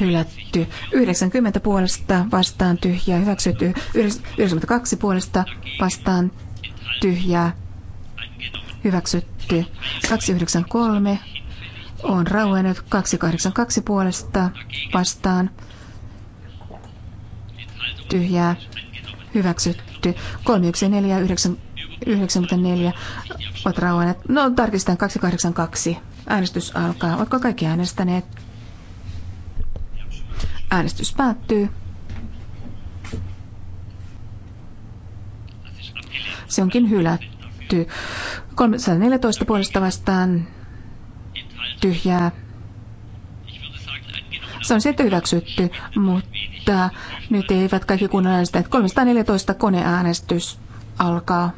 [SPEAKER 10] Hylätty. 90 puolesta vastaan tyhjää. Hyväksytty. 92 puolesta vastaan tyhjää. Hyväksytty. 293 on rauennut 282 puolesta vastaan tyhjää hyväksytty hylätty. 3494. ovat rauhaneet. No tarkistetaan 282. Äänestys alkaa. Oletko kaikki äänestäneet? Äänestys päättyy. Se onkin hylätty. 314 puolesta vastaan tyhjää. Se on sitten hyväksytty, mutta mutta nyt eivät kaikki kunnan äänestäjät. 314 koneäänestys alkaa.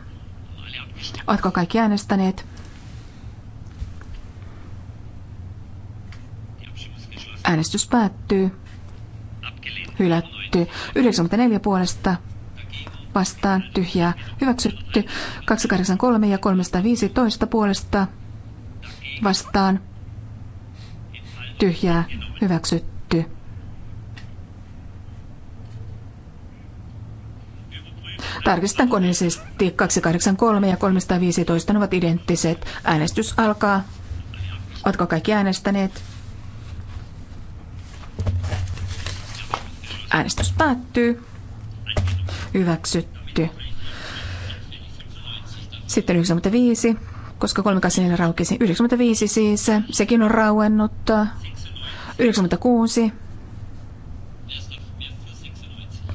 [SPEAKER 10] Oletko kaikki äänestäneet? Äänestys päättyy. Hylätty. 94 puolesta vastaan tyhjää. Hyväksytty. 283 ja 315 puolesta vastaan tyhjää. Hyväksytty. Tarkistan koneellisesti 283 ja 315 ovat identtiset. Äänestys alkaa. Oletko kaikki äänestäneet? Äänestys päättyy. Hyväksytty. Sitten 95, koska 384 raukesi. 95 siis, sekin on rauennut. 96.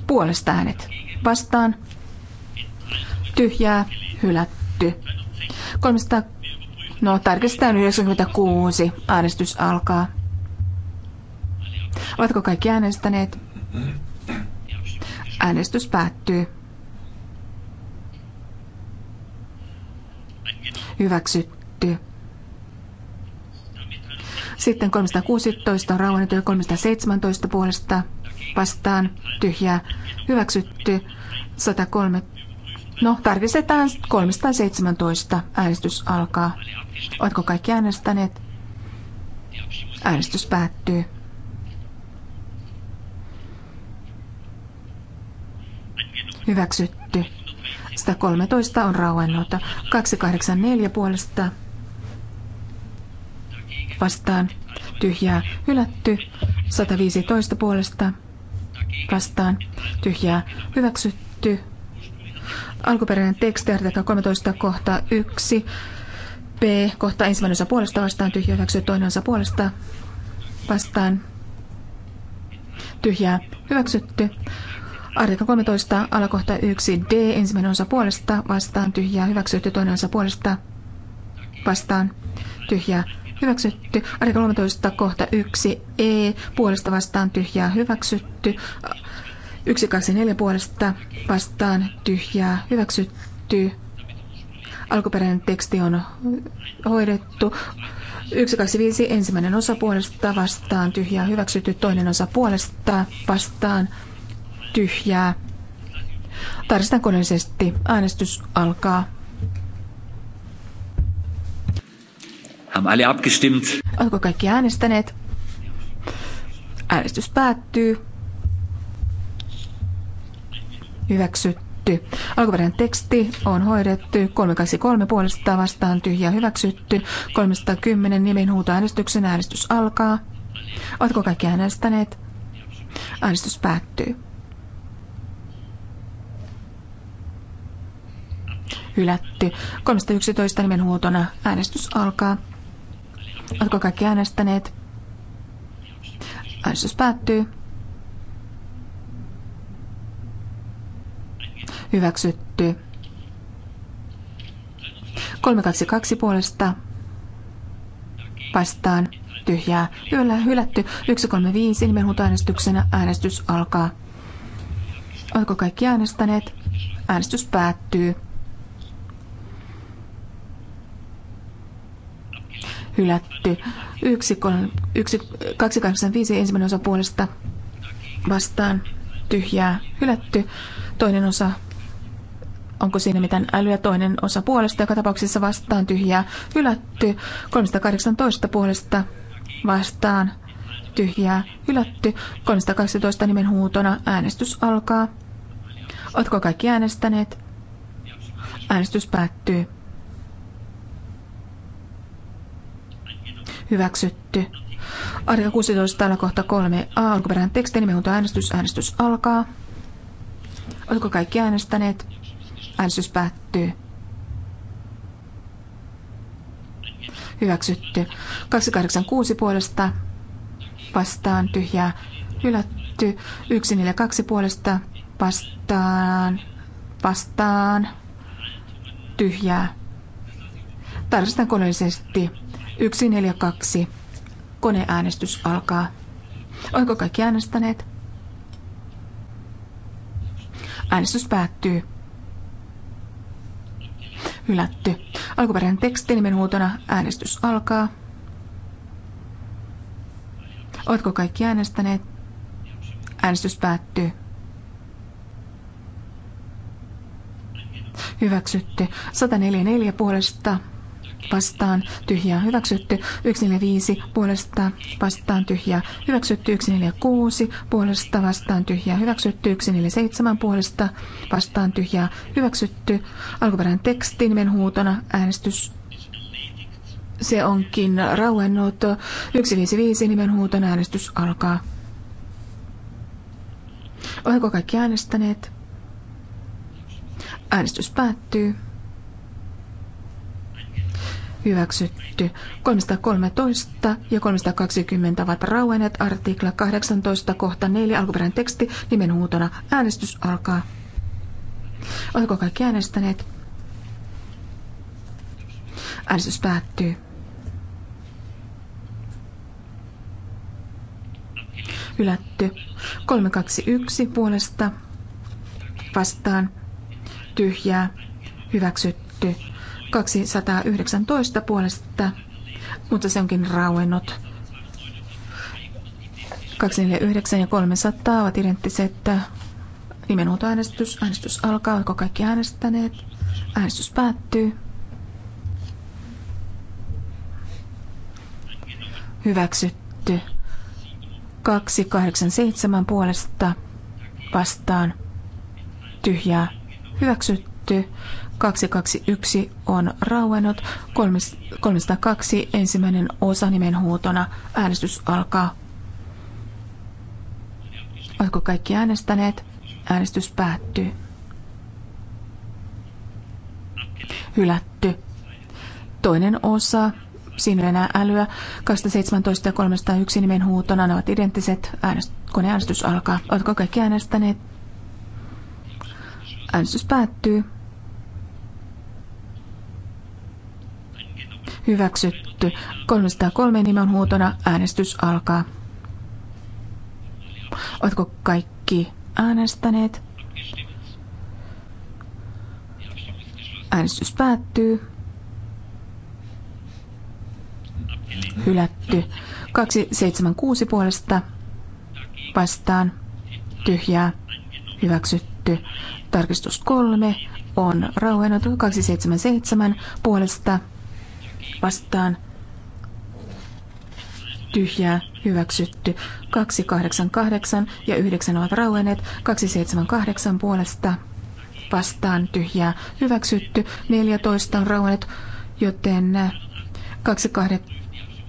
[SPEAKER 10] Puolesta äänet. Vastaan tyhjää, hylätty. 300, no tarkistetaan 96, äänestys alkaa. Ovatko kaikki äänestäneet? Äänestys päättyy. Hyväksytty. Sitten 316 on rauhannyt 317 puolesta vastaan tyhjää hyväksytty. 103 No, tarkistetaan 317. Äänestys alkaa. Oletko kaikki äänestäneet? Äänestys päättyy. Hyväksytty. 113 on rauennut. 284 puolesta vastaan. Tyhjää hylätty. 115 puolesta vastaan. Tyhjää hyväksytty alkuperäinen teksti, artikla 13 kohta 1, B kohta ensimmäinen osa puolesta vastaan, tyhjä hyväksyy toinen osa puolesta vastaan, tyhjää hyväksytty. Artikla 13, alakohta 1, D, ensimmäinen osa puolesta, vastaan tyhjää, hyväksytty, toinen osa puolesta, vastaan tyhjää, hyväksytty. Artikla 13, kohta 1, E, puolesta vastaan tyhjää, hyväksytty neljä puolesta vastaan tyhjää hyväksytty. Alkuperäinen teksti on hoidettu. 125 ensimmäinen osa puolesta vastaan tyhjää hyväksytty. Toinen osa puolesta vastaan tyhjää. Tarkistan koneellisesti. Äänestys alkaa.
[SPEAKER 4] Haben alle abgestimmt?
[SPEAKER 10] Oletko kaikki äänestäneet? Äänestys päättyy hyväksytty. Alkuperäinen teksti on hoidettu 323 puolesta vastaan tyhjä hyväksytty. 310 nimen äänestyksen äänestys alkaa. Oletko kaikki äänestäneet? Äänestys päättyy. Hylätty. 311 nimen huutona äänestys alkaa. Oletko kaikki äänestäneet? Äänestys päättyy. Hyväksytty. 322 puolesta vastaan tyhjää Yöllä hylätty. 135 nimenhuutoäänestyksenä äänestys alkaa. Oletko kaikki äänestäneet? Äänestys päättyy. Hylätty. 285 ensimmäinen osa puolesta vastaan tyhjää hylätty. Toinen osa, onko siinä mitään älyä, toinen osa puolesta, joka tapauksessa vastaan tyhjää hylätty. 318 puolesta vastaan tyhjää hylätty. 312 nimen huutona äänestys alkaa. Oletko kaikki äänestäneet? Äänestys päättyy. Hyväksytty. Artikla 16, täällä kohta 3a, alkuperäinen teksti, nimenhuuto äänestys, äänestys alkaa. Oliko kaikki äänestäneet? Äänestys päättyy. Hyväksytty. 286 puolesta vastaan tyhjää. Hylätty. 142 puolesta vastaan vastaan tyhjää. Tarkistan koneellisesti. 142. Koneäänestys alkaa. Oliko kaikki äänestäneet? Äänestys päättyy. Hylätty. Alkuperäinen teksti nimenhuutona. Äänestys alkaa. Oletko kaikki äänestäneet? Äänestys päättyy. Hyväksytty. 144 puolesta vastaan tyhjää hyväksytty, 145 puolesta vastaan tyhjää hyväksytty, 146 puolesta vastaan tyhjää hyväksytty, 147 puolesta vastaan tyhjää hyväksytty. Alkuperäinen teksti nimen huutona äänestys se onkin rauennut. 155 nimen huuton äänestys alkaa. Oletko kaikki äänestäneet? Äänestys päättyy hyväksytty. 313 ja 320 ovat rauenneet artikla 18 kohta 4 alkuperäinen teksti nimenhuutona. Äänestys alkaa. Oletko kaikki äänestäneet? Äänestys päättyy. Hylätty. 321 puolesta vastaan. Tyhjää. Hyväksytty. 219 puolesta, mutta se onkin rauennut. 249 ja 300 ovat identtiset. Nimenhuutoäänestys. Äänestys alkaa. Oliko kaikki äänestäneet? Äänestys päättyy. Hyväksytty. 287 puolesta vastaan. Tyhjää. Hyväksytty. 221 on rauennut, 302 ensimmäinen osa huutona. Äänestys alkaa. Oletko kaikki äänestäneet? Äänestys päättyy. Hylätty. Toinen osa. Siinä ei enää älyä. 217 ja 301 nimen huutona. Ne ovat identtiset. Äänest- koneäänestys alkaa. Oletko kaikki äänestäneet? Äänestys päättyy. hyväksytty. 303 nimen huutona äänestys alkaa. Oletko kaikki äänestäneet? Äänestys päättyy. Hylätty. 276 puolesta vastaan tyhjää hyväksytty. Tarkistus 3 on rauhennut 277 puolesta vastaan tyhjää hyväksytty. 288 ja 9 ovat rauenneet. 278 puolesta vastaan tyhjää hyväksytty. 14 on rauenneet, joten 28, äh,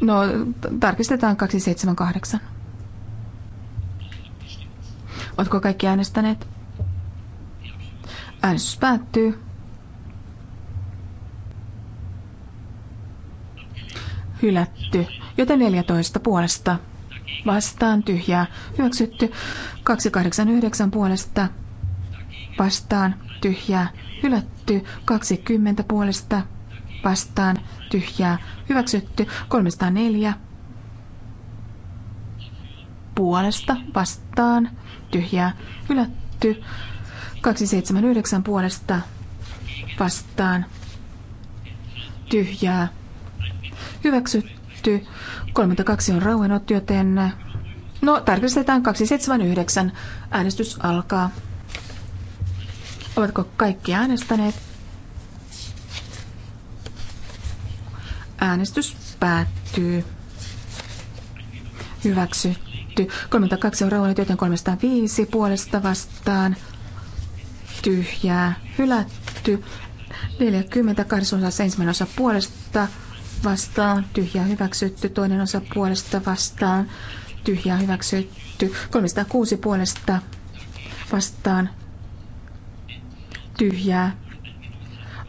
[SPEAKER 10] no, tarkistetaan 278. Oletko kaikki äänestäneet? Äänestys päättyy. hylätty, joten 14 puolesta vastaan tyhjää hyväksytty, 289 puolesta vastaan tyhjää hylätty, 20 puolesta vastaan tyhjää hyväksytty, 304 puolesta vastaan tyhjää hylätty, 279 puolesta vastaan tyhjää hyväksytty. 32 on rauennut, joten no tarkistetaan 279. Äänestys alkaa. Oletko kaikki äänestäneet? Äänestys päättyy. Hyväksytty. 32 on rauennut, joten 305 puolesta vastaan. Tyhjää. Hylätty. 40 ensimmäinen osa puolesta vastaan, tyhjää hyväksytty, toinen osa puolesta vastaan, tyhjää hyväksytty, 306 puolesta vastaan, tyhjää.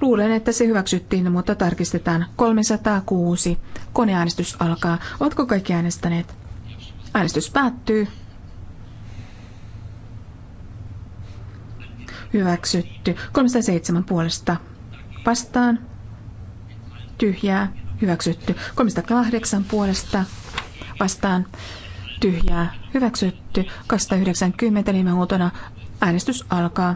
[SPEAKER 10] Luulen, että se hyväksyttiin, mutta tarkistetaan. 306. Koneäänestys alkaa. Oletko kaikki äänestäneet? Äänestys päättyy. Hyväksytty. 307 puolesta vastaan. Tyhjää hyväksytty. 308 puolesta vastaan tyhjää hyväksytty. 290 nimenhuutona äänestys alkaa.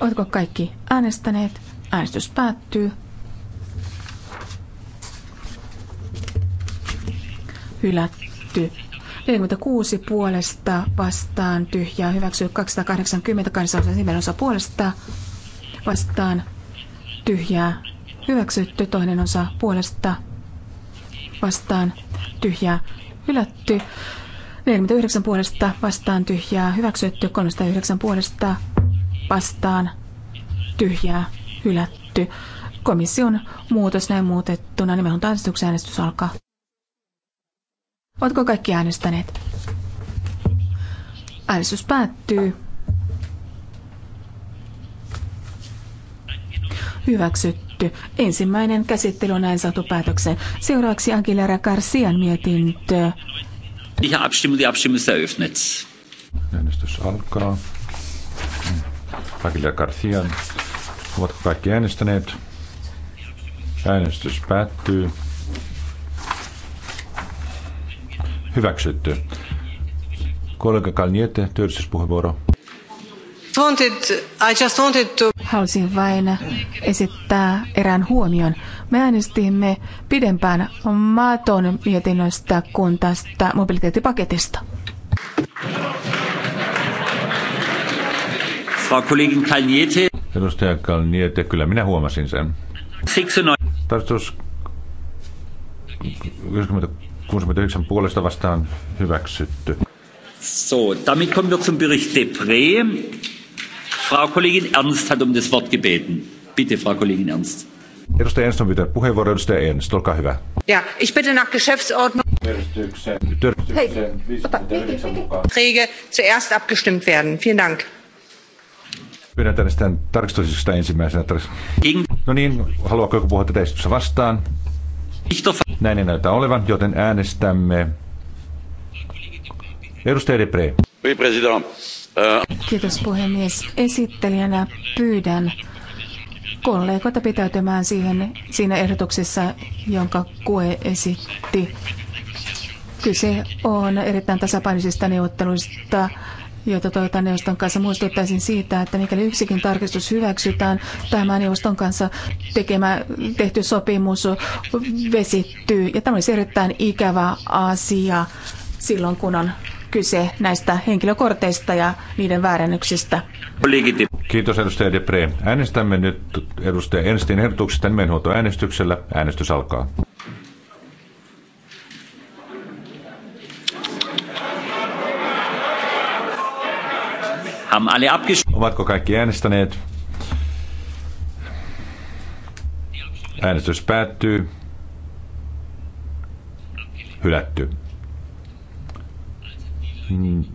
[SPEAKER 10] Oletko kaikki äänestäneet? Äänestys päättyy. Hylätty. 46 puolesta vastaan tyhjää hyväksyy 280 kansalaisen nimen osa puolesta vastaan tyhjää hyväksytty, toinen osa puolesta vastaan tyhjää, hylätty. 49 puolesta vastaan tyhjää, hyväksytty 309 puolesta vastaan tyhjää, hylätty. Komission muutos näin muutettuna nimenomaan äänestyksen äänestys alkaa. Oletko kaikki äänestäneet? Äänestys päättyy. hyväksytty. Ensimmäinen käsittely on näin saatu päätökseen. Seuraavaksi Angela Garcian mietintö.
[SPEAKER 4] Die Abstimmung, die Abstimmung ist eröffnet.
[SPEAKER 8] Äänestys alkaa. Angelera Garcian. Ovatko kaikki äänestäneet? Äänestys päättyy. Hyväksytty. Kollega Kalniete, työllisyyspuheenvuoro.
[SPEAKER 10] Halusin vain esittää erään huomion. Me äänestimme pidempään maaton mietinnöstä kuin tästä mobiliteettipaketista.
[SPEAKER 8] Edustaja Kalniete, kyllä minä huomasin sen. Tarkoitus 69 puolesta vastaan hyväksytty.
[SPEAKER 4] So, damit kommen wir zum Bericht Depre. Frau Kollegin Ernst hat um das Wort gebeten. Bitte, Frau Kollegin
[SPEAKER 8] Ernst. Edustaja Ernst on pyytänyt puheenvuoron. Edustaja Ernst, olkaa hyvä.
[SPEAKER 9] Ja, ich bitte nach Geschäftsordnung.
[SPEAKER 8] Järjestykseen.
[SPEAKER 3] Järjestykseen. Hei, zuerst abgestimmt werden. Vielen Dank.
[SPEAKER 8] Pyydän tänne sitten tarkistuksesta ensimmäisenä. No niin, haluaako joku puhua tätä esitystä vastaan? Näin ei näytä olevan, joten äänestämme. Edustaja Depré. Oui, président.
[SPEAKER 10] Kiitos puhemies. Esittelijänä pyydän kollegoita pitäytymään siihen, siinä ehdotuksessa, jonka KUE esitti. Kyse on erittäin tasapainoisista neuvotteluista, joita toivotan neuvoston kanssa. Muistuttaisin siitä, että mikäli yksikin tarkistus hyväksytään, tämä neuvoston kanssa tekemä, tehty sopimus vesittyy. Ja tämä olisi erittäin ikävä asia silloin, kun on kyse näistä henkilökorteista ja niiden väärännyksistä.
[SPEAKER 8] Kiitos edustaja Depre. Äänestämme nyt edustaja Enstin ehdotuksesta äänestyksellä. Äänestys alkaa. Ovatko kaikki äänestäneet? Äänestys päättyy. Hylätty. Niin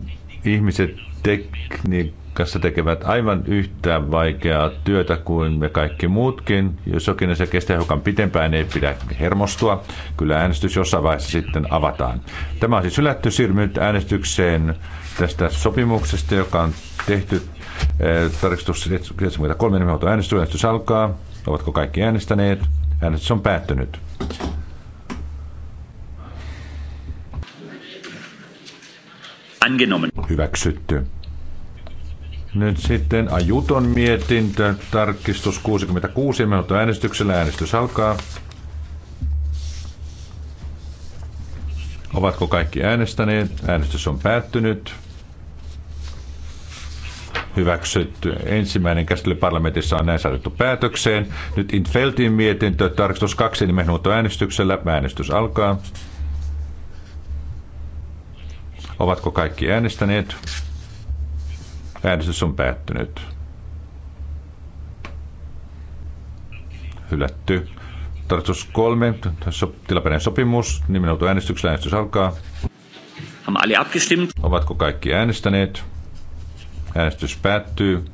[SPEAKER 8] ihmiset tekniikassa tekevät aivan yhtä vaikeaa työtä kuin me kaikki muutkin. Jos jokin se kestää hiukan pitempään, ei pidä hermostua. Kyllä äänestys jossain vaiheessa sitten avataan. Tämä on siis ylätty siirrynyt äänestykseen tästä sopimuksesta, joka on tehty eh, tarkistus 73 nimenhuolto äänestys. Äänestys alkaa. Ovatko kaikki äänestäneet? Äänestys on päättynyt. Angenommen. Hyväksytty. Nyt sitten Ajuton mietintö, tarkistus 66 minuuttia äänestyksellä. Äänestys alkaa. Ovatko kaikki äänestäneet? Äänestys on päättynyt. Hyväksytty. Ensimmäinen käsittely parlamentissa on näin saatettu päätökseen. Nyt Infeltin mietintö, tarkistus 2 äänestyksellä Äänestys alkaa. Ovatko kaikki äänestäneet? Äänestys on päättynyt. Hylätty. Tarkoitus kolme, tilapäinen sopimus, nimenoutu äänestyksellä äänestys alkaa. Ovatko kaikki äänestäneet? Äänestys päättyy.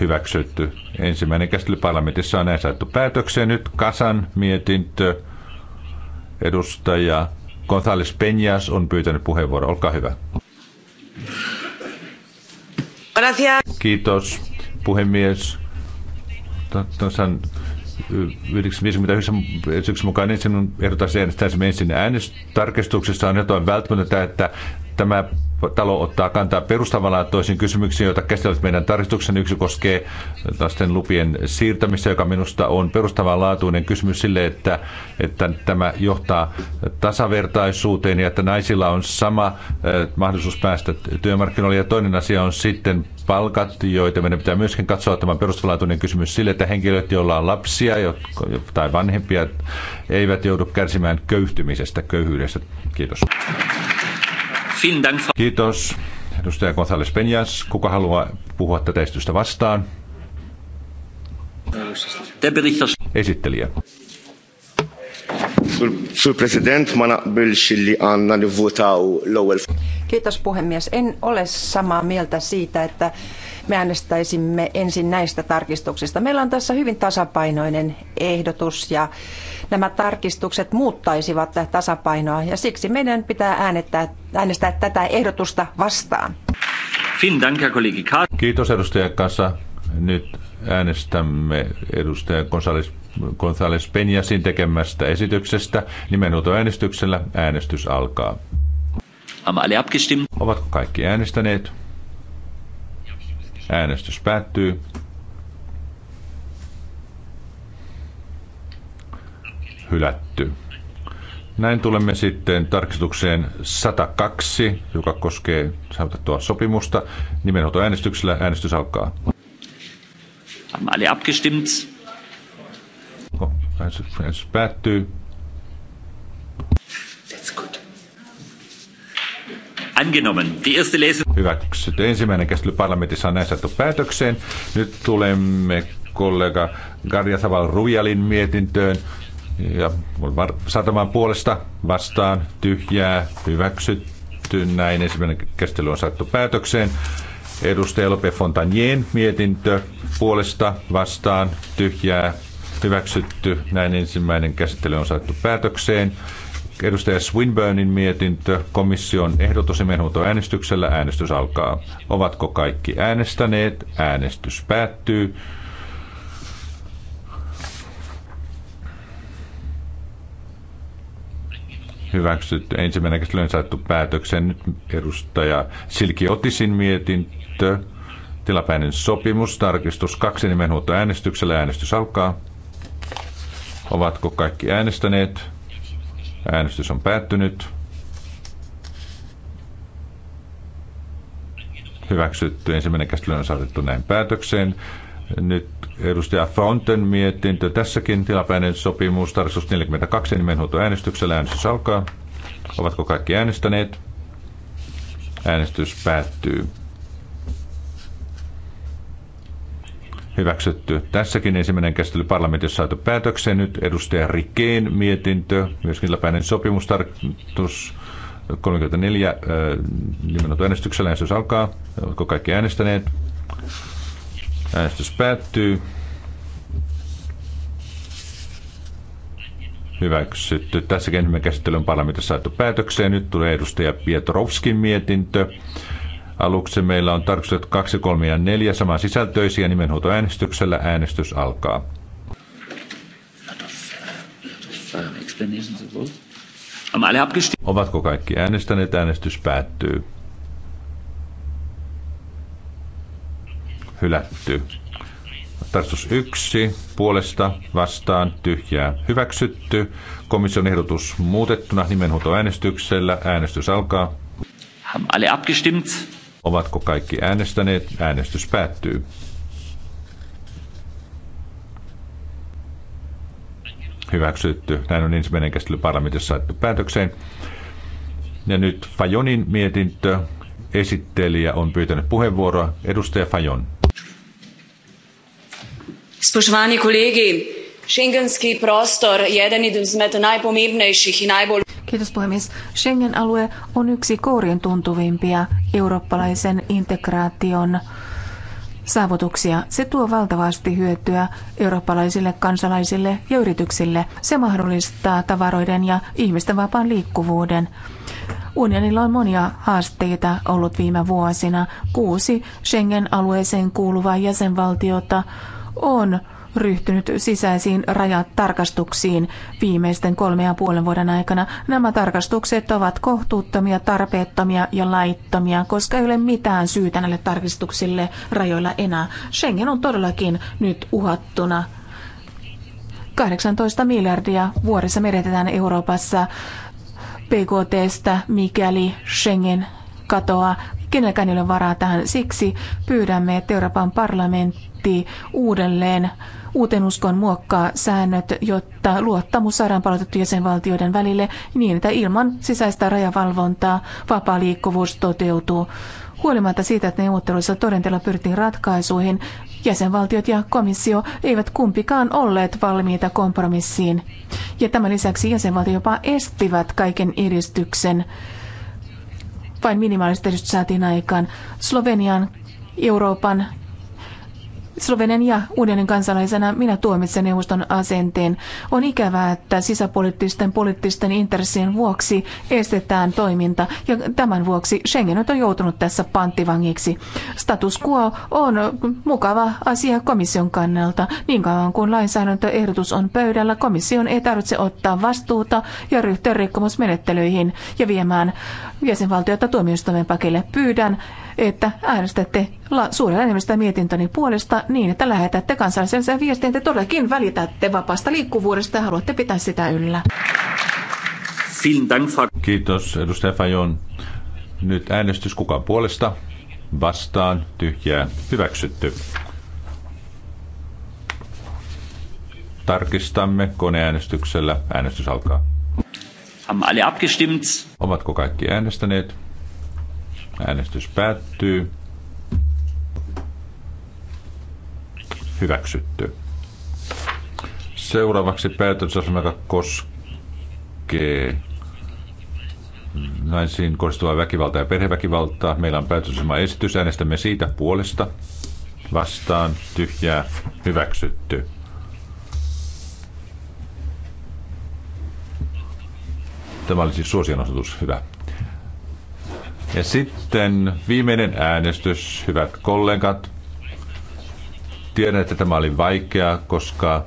[SPEAKER 8] Hyväksytty. Ensimmäinen käsittely parlamentissa on näin saatu päätökseen. Nyt Kasan mietintö. Edustaja González Peñas on pyytänyt puheenvuoroa. Olkaa hyvä. Kiitos, puhemies. Tuossaan 59 esityksen mukaan ensin ehdotan se ensin äänestystarkistuksessa on jotain välttämätöntä, että Tämä talo ottaa kantaa perustavanlaatuisiin kysymyksiin, joita käsitellään meidän tarkistuksen. Yksi koskee lasten lupien siirtämistä, joka minusta on perustavanlaatuinen kysymys sille, että, että tämä johtaa tasavertaisuuteen ja että naisilla on sama eh, mahdollisuus päästä työmarkkinoille. Ja toinen asia on sitten palkat, joita meidän pitää myöskin katsoa tämä perustavanlaatuinen kysymys sille, että henkilöt, joilla on lapsia jotka, tai vanhempia, eivät joudu kärsimään köyhtymisestä, köyhyydestä. Kiitos. Kiitos. Edustaja González Peñas, kuka haluaa puhua tätä esitystä vastaan?
[SPEAKER 7] Esittelijä.
[SPEAKER 9] Kiitos puhemies. En ole samaa mieltä siitä, että me äänestäisimme ensin näistä tarkistuksista. Meillä on tässä hyvin tasapainoinen ehdotus ja nämä tarkistukset muuttaisivat tasapainoa ja siksi meidän pitää äänettää, äänestää tätä ehdotusta vastaan.
[SPEAKER 8] Kiitos edustaja Kasa. Nyt äänestämme edustaja Gonzales, Gonzales Peñasin tekemästä esityksestä. äänestyksellä. äänestys alkaa. Ovatko kaikki äänestäneet? Äänestys päättyy. hylätty. Näin tulemme sitten tarkistukseen 102, joka koskee saavutettua sopimusta. Nimenhoito äänestyksellä äänestys alkaa. Haben
[SPEAKER 4] alle abgestimmt?
[SPEAKER 8] Äänestys, äänestys päättyy. That's good. Angenommen. Die erste Lesung. Hyväksytty. Ensimmäinen käsittely parlamentissa on näin saatu päätökseen. Nyt tulemme kollega Garja Saval Rujalin mietintöön ja saatamaan puolesta vastaan tyhjää hyväksytty. Näin ensimmäinen käsittely on saattu päätökseen. Edustaja Lope Fontanien mietintö puolesta vastaan tyhjää hyväksytty. Näin ensimmäinen käsittely on saattu päätökseen. Edustaja Swinburnin mietintö, komission ehdotus ja äänestyksellä äänestys alkaa. Ovatko kaikki äänestäneet? Äänestys päättyy. hyväksytty, ensimmäinen käsittely saatu päätöksen. Nyt edustaja Silki Otisin mietintö, tilapäinen sopimus, tarkistus kaksi nimenhuolto äänestyksellä, äänestys alkaa. Ovatko kaikki äänestäneet? Äänestys on päättynyt. Hyväksytty. Ensimmäinen käsittely on saatettu näin päätökseen. Nyt edustaja Fountain mietintö. Tässäkin tilapäinen sopimus, tarkistus 42, nimenhuuto äänestyksellä. Äänestys alkaa. Ovatko kaikki äänestäneet? Äänestys päättyy. hyväksytty. Tässäkin ensimmäinen käsittely parlamentissa saatu päätökseen. Nyt edustaja Rikeen mietintö, myöskin läpäinen sopimustarkoitus 34 äh, nimenomaan äänestyksellä. Äänestys alkaa. Oletko kaikki äänestäneet? Äänestys päättyy. Hyväksytty. Tässäkin ensimmäinen käsittely on parlamentissa saatu päätökseen. Nyt tulee edustaja Pietrovskin mietintö. Aluksi meillä on tarkistettu 2, 3 ja 4 saman sisältöisiä nimenhuutoäänestyksellä. Äänestys alkaa. Ovatko kaikki äänestäneet? Äänestys päättyy. hylätty. Tarkistus 1 puolesta vastaan tyhjää hyväksytty. Komission ehdotus muutettuna nimenhuutoäänestyksellä. Äänestys alkaa. Haben alle abgestimmt? Ovatko kaikki äänestäneet? Äänestys päättyy. Hyväksytty. Näin on ensimmäinen käsittely parlamentissa saatu päätökseen. Ja nyt Fajonin mietintö. Esittelijä on pyytänyt puheenvuoroa. Edustaja Fajon.
[SPEAKER 3] Spoštovani kolegi, Schengenski prostor je
[SPEAKER 10] eden izmed najpomembnejših in najbolj... Kiitos puhemies. Schengen-alue on yksi kourien tuntuvimpia eurooppalaisen integraation saavutuksia. Se tuo valtavasti hyötyä eurooppalaisille kansalaisille ja yrityksille. Se mahdollistaa tavaroiden ja ihmisten vapaan liikkuvuuden. Unionilla on monia haasteita ollut viime vuosina. Kuusi Schengen-alueeseen kuuluvaa jäsenvaltiota on ryhtynyt sisäisiin rajatarkastuksiin viimeisten kolme ja puolen vuoden aikana. Nämä tarkastukset ovat kohtuuttomia, tarpeettomia ja laittomia, koska ei ole mitään syytä näille tarkistuksille rajoilla enää. Schengen on todellakin nyt uhattuna. 18 miljardia vuodessa meretetään Euroopassa PKTstä, mikäli Schengen katoaa. Kenelläkään ei ole varaa tähän. Siksi pyydämme, että Euroopan parlamentti piti uudelleen uuten uskon muokkaa säännöt, jotta luottamus saadaan palautettu jäsenvaltioiden välille niin, että ilman sisäistä rajavalvontaa vapaa liikkuvuus toteutuu. Huolimatta siitä, että neuvotteluissa todentella pyrittiin ratkaisuihin, jäsenvaltiot ja komissio eivät kumpikaan olleet valmiita kompromissiin. Ja tämän lisäksi jäsenvaltiot jopa estivät kaiken edistyksen. Vain minimaalista edistystä saatiin aikaan. Slovenian Euroopan Slovenian ja uuden kansalaisena minä tuomitsen neuvoston asenteen. On ikävää, että sisäpoliittisten poliittisten intressien vuoksi estetään toiminta ja tämän vuoksi Schengen on joutunut tässä panttivangiksi. Status quo on mukava asia komission kannalta. Niin kauan kuin lainsäädäntöehdotus on pöydällä, komission ei tarvitse ottaa vastuuta ja ryhtyä rikkomusmenettelyihin ja viemään jäsenvaltiota tuomioistuimen pakille. Pyydän, että äänestätte suurella enemmistöllä mietintöni puolesta niin, että lähetätte kansallisen viestin, te todellakin välitätte vapaasta liikkuvuudesta ja haluatte pitää sitä yllä.
[SPEAKER 8] Kiitos, edustaja Fajon. Nyt äänestys kukaan puolesta, vastaan, tyhjää, hyväksytty. Tarkistamme koneäänestyksellä. Äänestys alkaa. Haben alle abgestimmt? Ovatko kaikki äänestäneet? Äänestys päättyy. hyväksytty. Seuraavaksi päätösasema koskee naisiin kohdistuvaa väkivaltaa ja perheväkivaltaa. Meillä on päätösasema esitys. Äänestämme siitä puolesta. Vastaan tyhjää hyväksytty. Tämä oli siis suosionosoitus. Hyvä. Ja sitten viimeinen äänestys, hyvät kollegat. Tiedän, että tämä oli vaikea, koska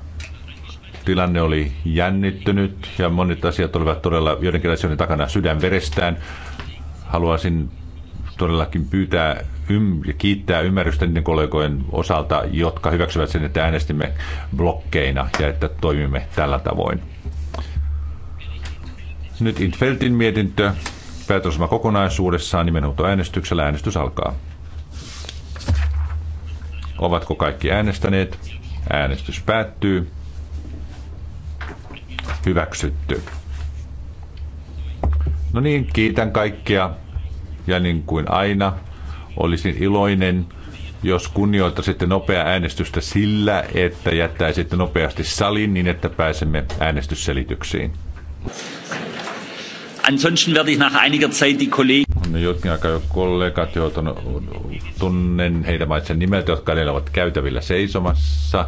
[SPEAKER 8] tilanne oli jännittynyt ja monet asiat olivat todella joidenkin asioiden takana sydänverestään. Haluaisin todellakin pyytää ym- ja kiittää ymmärrystä niiden kollegojen osalta, jotka hyväksyvät sen, että äänestimme blokkeina ja että toimimme tällä tavoin. Nyt Infeltin mietintö, päätösma kokonaisuudessaan äänestyksellä. äänestys alkaa. Ovatko kaikki äänestäneet? Äänestys päättyy. Hyväksytty. No niin, kiitän kaikkia. Ja niin kuin aina, olisin iloinen, jos kunnioittaisitte nopeaa äänestystä sillä, että jättäisitte nopeasti salin niin, että pääsemme äänestysselityksiin. Ansonsten werde ich nach einiger Zeit die Kollegen... On jotkin aikaa jo kollegat, joilta tunnen heidän maitsen nimet, jotka edellä ovat käytävillä seisomassa.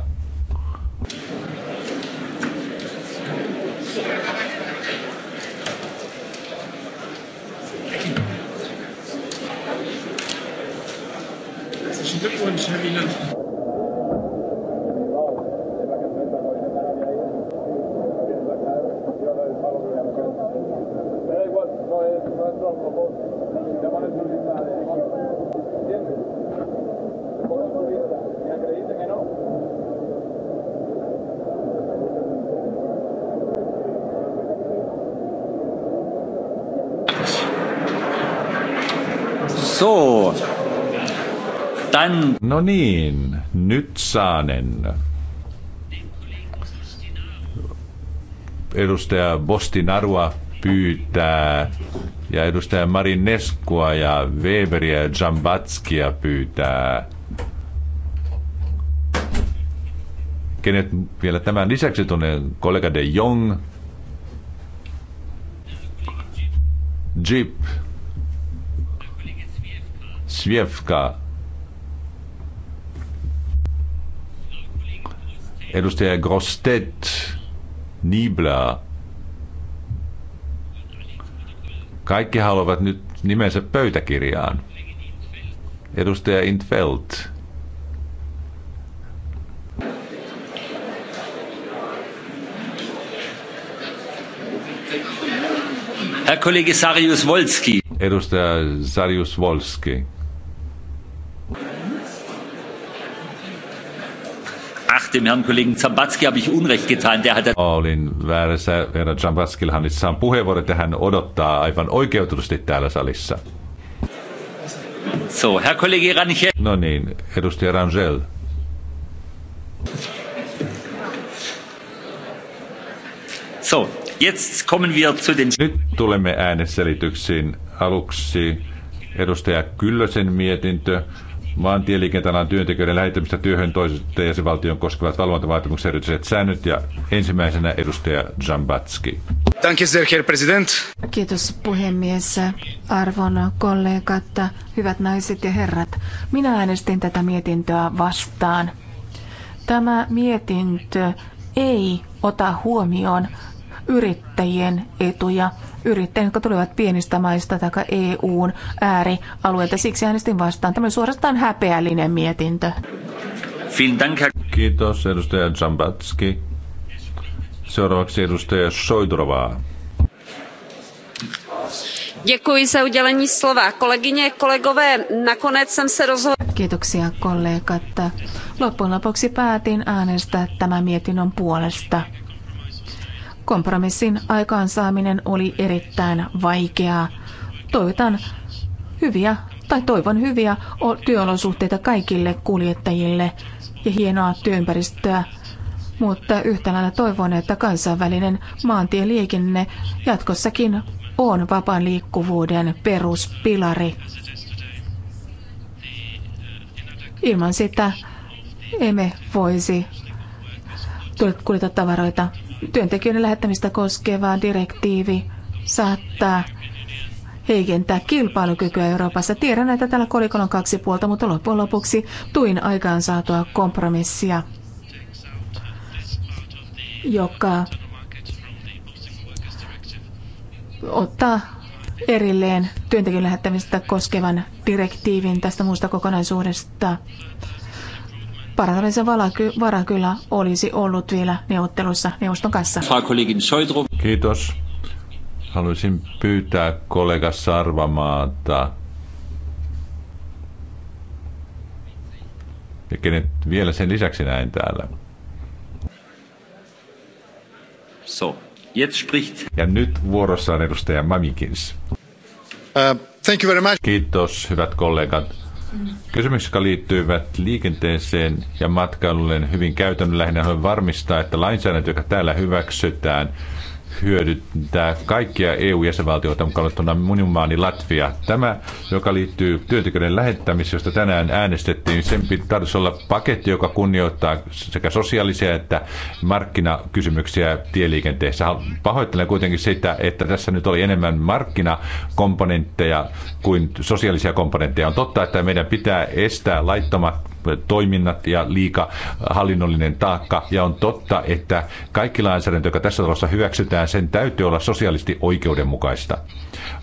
[SPEAKER 7] Herzlichen Glückwunsch, Herr Wieland.
[SPEAKER 8] dann... No niin, nyt saanen. Edustaja Narua pyytää ja edustaja Marineskua ja Weberia ja Jambatskia pyytää. Kenet vielä tämän lisäksi tuonne kollega de Jong, Jeep, Svievka Edustaja Grostet, Nibla. Kaikki haluavat nyt nimensä pöytäkirjaan. Edustaja Intfeld.
[SPEAKER 4] Herr Kollege Sarius Wolski. Edustaja
[SPEAKER 8] Sarius Wolski.
[SPEAKER 4] Ach, dem Herrn Kollegen Zambatski habe ich Unrecht getan. Der hat... Olin
[SPEAKER 8] väärässä. Herra Zambatskillahan itse on puheenvuoro, että hän odottaa aivan oikeutusti täällä salissa. So, Herr Kollege Rangel. No niin, edustaja Rangel. So, jetzt kommen wir zu den... Nyt tulemme äänesselityksiin. Aluksi edustaja Kyllösen mietintö alan työntekijöiden lähettämistä työhön toisesta jäsenvaltion koskevat valvontavaatimukset erityiset säännöt ja ensimmäisenä edustaja Zambatski.
[SPEAKER 10] Kiitos puhemies, arvon kollegat, hyvät naiset ja herrat. Minä äänestin tätä mietintöä vastaan. Tämä mietintö ei ota huomioon yrittäjien etuja, yrittäjien, jotka tulevat pienistä maista tai EUn äärialueelta. Siksi äänestin vastaan. Tämä oli suorastaan häpeällinen mietintö.
[SPEAKER 8] Kiitos edustaja Zambatski. Seuraavaksi edustaja Soidrovaa.
[SPEAKER 3] Děkuji za udělení slova. Kolegyně, kolegové, nakonec jsem se rozhodla...
[SPEAKER 10] Kiitoksia kollegat. Loppujen lopuksi päätin äänestää tämän mietinnön puolesta. Kompromissin aikaansaaminen oli erittäin vaikeaa. Toivotan hyviä tai toivon hyviä työolosuhteita kaikille kuljettajille ja hienoa työympäristöä mutta yhtä lailla toivon, että kansainvälinen maantieliikenne jatkossakin on vapaan liikkuvuuden peruspilari. Ilman sitä emme voisi kuljeta tavaroita työntekijöiden lähettämistä koskeva direktiivi saattaa heikentää kilpailukykyä Euroopassa. Tiedän, että tällä kolikolla on kaksi puolta, mutta loppujen lopuksi tuin aikaan saatua kompromissia, joka ottaa erilleen työntekijän lähettämistä koskevan direktiivin tästä muusta kokonaisuudesta parantamisen vara kyllä olisi ollut vielä neuvottelussa neuvoston kanssa.
[SPEAKER 8] Kiitos. Haluaisin pyytää kollega Sarvamaata ja kenet vielä sen lisäksi näin täällä. So, jetzt spricht. Ja nyt vuorossa on edustaja Mamikins. Uh, thank you very much. Kiitos, hyvät kollegat Mm. Kysymykset, jotka liittyvät liikenteeseen ja matkailulle hyvin lähinnä on varmistaa, että lainsäädäntö, joka täällä hyväksytään, hyödyttää kaikkia EU-jäsenvaltioita, mukaan luettuna minun Latvia. Tämä, joka liittyy työntekijöiden lähettämiseen, josta tänään äänestettiin, sen pitäisi olla paketti, joka kunnioittaa sekä sosiaalisia että markkinakysymyksiä tieliikenteessä. Pahoittelen kuitenkin sitä, että tässä nyt oli enemmän markkinakomponentteja kuin sosiaalisia komponentteja. On totta, että meidän pitää estää laittomat toiminnat ja liika hallinnollinen taakka. Ja on totta, että kaikki lainsäädäntö, joka tässä talossa hyväksytään, sen täytyy olla sosiaalisesti oikeudenmukaista.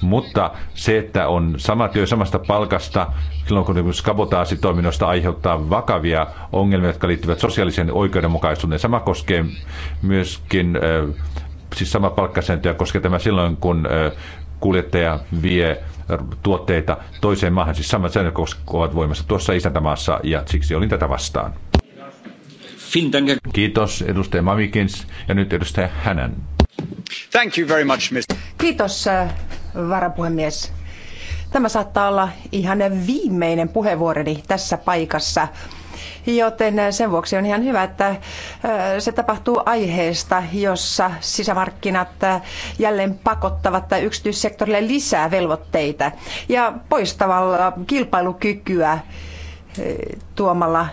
[SPEAKER 8] Mutta se, että on sama työ samasta palkasta, silloin kun kabotaasitoiminnosta aiheuttaa vakavia ongelmia, jotka liittyvät sosiaaliseen oikeudenmukaisuuteen. Sama koskee myöskin siis sama palkkasääntöä koskee tämä silloin, kun kuljettaja vie tuotteita toiseen maahan. Siis samat säännöt ovat voimassa tuossa isäntämaassa ja siksi olin tätä vastaan. Kiitos edustaja Mavikins ja nyt edustaja Hänän.
[SPEAKER 6] Thank you very much, Mr.
[SPEAKER 9] Kiitos äh, varapuhemies. Tämä saattaa olla ihan viimeinen puheenvuoroni tässä paikassa Joten sen vuoksi on ihan hyvä, että se tapahtuu aiheesta, jossa sisämarkkinat jälleen pakottavat yksityissektorille lisää velvoitteita ja poistavalla kilpailukykyä tuomalla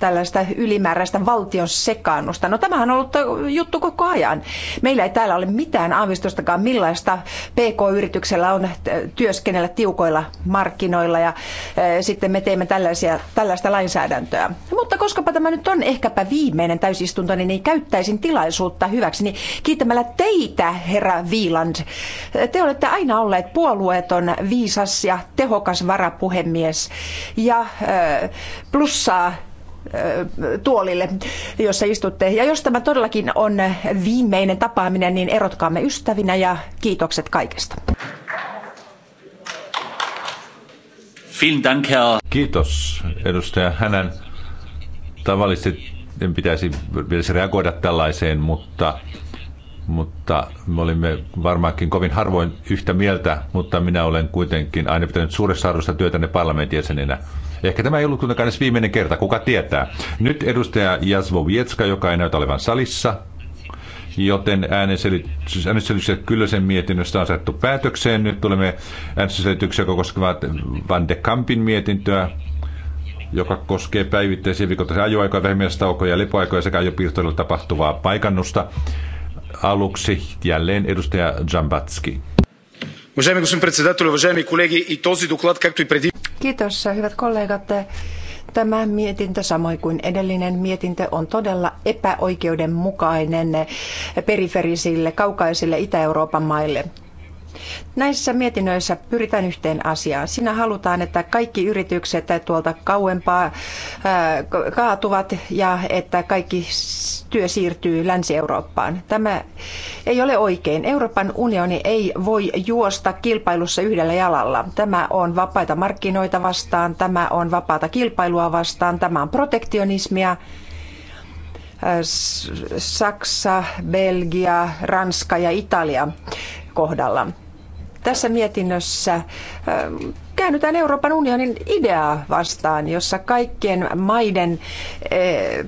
[SPEAKER 9] tällaista ylimääräistä valtion sekaannusta. No tämähän on ollut juttu koko ajan. Meillä ei täällä ole mitään aavistustakaan, millaista PK-yrityksellä on työskennellä tiukoilla markkinoilla ja eh, sitten me teemme tällaisia, tällaista lainsäädäntöä. Mutta koskapa tämä nyt on ehkäpä viimeinen täysistunto, niin käyttäisin tilaisuutta hyväksi niin kiittämällä teitä, herra Viiland. Te olette aina olleet puolueeton, viisas ja tehokas varapuhemies ja eh, plussaa tuolille, jossa istutte. Ja jos tämä todellakin on viimeinen tapaaminen, niin erotkaamme ystävinä ja kiitokset kaikesta.
[SPEAKER 8] Kiitos, edustaja hänen Tavallisesti en pitäisi, pitäisi reagoida tällaiseen, mutta mutta me olimme varmaankin kovin harvoin yhtä mieltä, mutta minä olen kuitenkin aina pitänyt suuressa arvossa työtänne parlamentin jäsenenä. Ehkä tämä ei ollut kuitenkaan edes viimeinen kerta, kuka tietää. Nyt edustaja Jasvo Vietska, joka ei näytä olevan salissa, joten äänestysselitykset Kyllösen mietinnöstä on saatu päätökseen. Nyt tulemme äänestysselityksiä, joka koskevat Van de Kampin mietintöä joka koskee päivittäisiä viikoittaisia ajoaikoja, vähimmäistaukoja, lepoaikoja sekä ajopiirtoilla tapahtuvaa paikannusta. Aluksi jälleen edustaja Jambatski.
[SPEAKER 9] Kiitos, hyvät kollegat. Tämä mietintö, samoin kuin edellinen mietintö, on todella epäoikeudenmukainen periferisille, kaukaisille Itä-Euroopan maille. Näissä mietinnöissä pyritään yhteen asiaan. Siinä halutaan, että kaikki yritykset tuolta kauempaa kaatuvat ja että kaikki työ siirtyy Länsi-Eurooppaan. Tämä ei ole oikein. Euroopan unioni ei voi juosta kilpailussa yhdellä jalalla. Tämä on vapaita markkinoita vastaan, tämä on vapaata kilpailua vastaan, tämä on protektionismia. Saksa, Belgia, Ranska ja Italia kohdalla. Tässä mietinnössä käännytään Euroopan unionin ideaa vastaan, jossa kaikkien maiden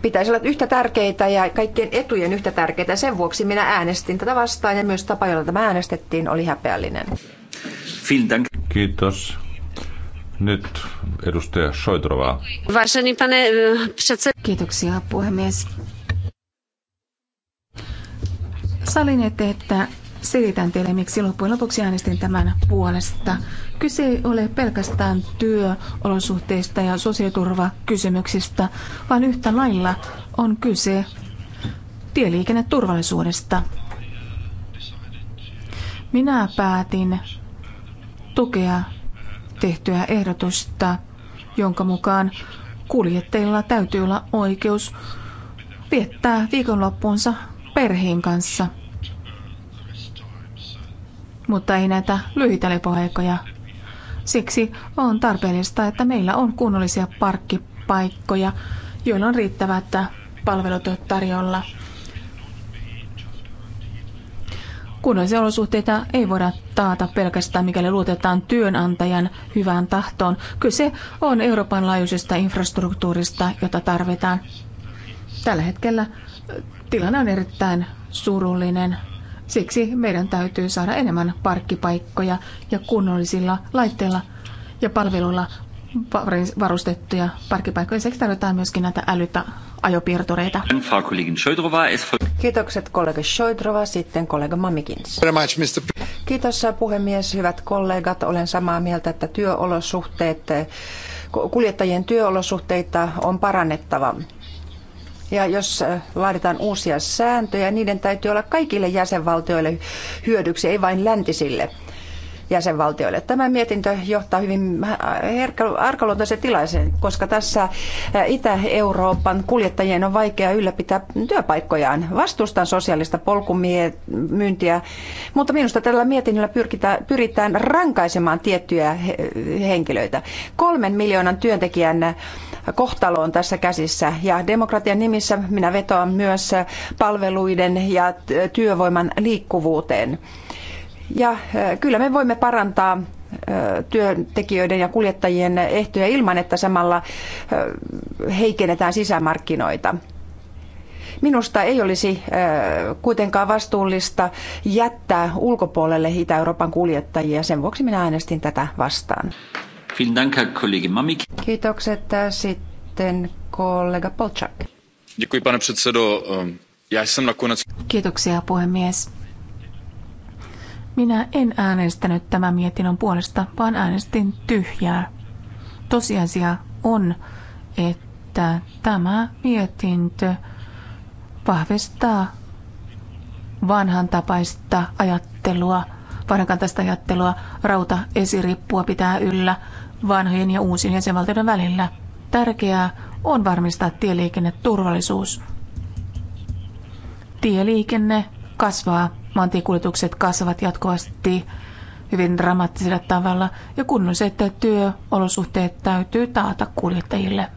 [SPEAKER 9] pitäisi olla yhtä tärkeitä ja kaikkien etujen yhtä tärkeitä. Sen vuoksi minä äänestin tätä vastaan ja myös tapa, jolla tämä äänestettiin, oli häpeällinen.
[SPEAKER 8] Kiitos. Nyt edustaja Soitrova.
[SPEAKER 9] Kiitoksia
[SPEAKER 10] puhemies. Salin että selitän teille, miksi loppujen lopuksi äänestin tämän puolesta. Kyse ei ole pelkästään työolosuhteista ja sosiaaliturvakysymyksistä, vaan yhtä lailla on kyse tieliikenneturvallisuudesta. Minä päätin tukea tehtyä ehdotusta, jonka mukaan kuljettajilla täytyy olla oikeus viettää viikonloppuunsa perheen kanssa – mutta ei näitä lyhyitä lepoaikoja. Siksi on tarpeellista, että meillä on kunnollisia parkkipaikkoja, joilla on riittävät palvelut tarjolla. Kunnollisia olosuhteita ei voida taata pelkästään, mikäli luotetaan työnantajan hyvään tahtoon. Kyse on Euroopan laajuisesta infrastruktuurista, jota tarvitaan. Tällä hetkellä tilanne on erittäin surullinen. Siksi meidän täytyy saada enemmän parkkipaikkoja ja kunnollisilla laitteilla ja palveluilla varustettuja parkkipaikkoja. Siksi tarvitaan myöskin näitä älytä
[SPEAKER 9] ajopiirtureita. Kiitokset kollega Shoidrova, sitten kollega Mamikins. Kiitos äh, puhemies, hyvät kollegat. Olen samaa mieltä, että työolosuhteet, äh, kuljettajien työolosuhteita on parannettava ja jos äh, laaditaan uusia sääntöjä, niiden täytyy olla kaikille jäsenvaltioille hyödyksi, ei vain läntisille jäsenvaltioille. Tämä mietintö johtaa hyvin arkaluontoiseen tilaisen, koska tässä äh, Itä-Euroopan kuljettajien on vaikea ylläpitää työpaikkojaan. Vastustan sosiaalista polkumyyntiä, mutta minusta tällä mietinnöllä pyritään rankaisemaan tiettyjä henkilöitä. Kolmen miljoonan työntekijän kohtalo on tässä käsissä. Ja demokratian nimissä minä vetoan myös palveluiden ja työvoiman liikkuvuuteen. Ja äh, kyllä me voimme parantaa äh, työntekijöiden ja kuljettajien ehtoja ilman, että samalla äh, heikennetään sisämarkkinoita. Minusta ei olisi kuitenkaan vastuullista jättää ulkopuolelle Itä-Euroopan kuljettajia. Sen vuoksi minä äänestin tätä vastaan. Kiitokset äh, sitten kollega Polchak.
[SPEAKER 8] Děkuji, pane předsedo. Ehm, já jsem nakonec...
[SPEAKER 9] Kiitoksia, puhemies.
[SPEAKER 10] Minä en äänestänyt tämän mietinnön puolesta, vaan äänestin tyhjää. Tosiasia on, että tämä mietintö vahvistaa vanhan tapaista ajattelua, vanhankantaista ajattelua, rauta esirippua pitää yllä vanhojen ja uusien jäsenvaltioiden välillä. Tärkeää on varmistaa tieliikenneturvallisuus. Tieliikenne kasvaa, maantiekuljetukset kasvavat jatkuvasti hyvin dramaattisella tavalla ja kunnolliset työolosuhteet täytyy taata kuljettajille.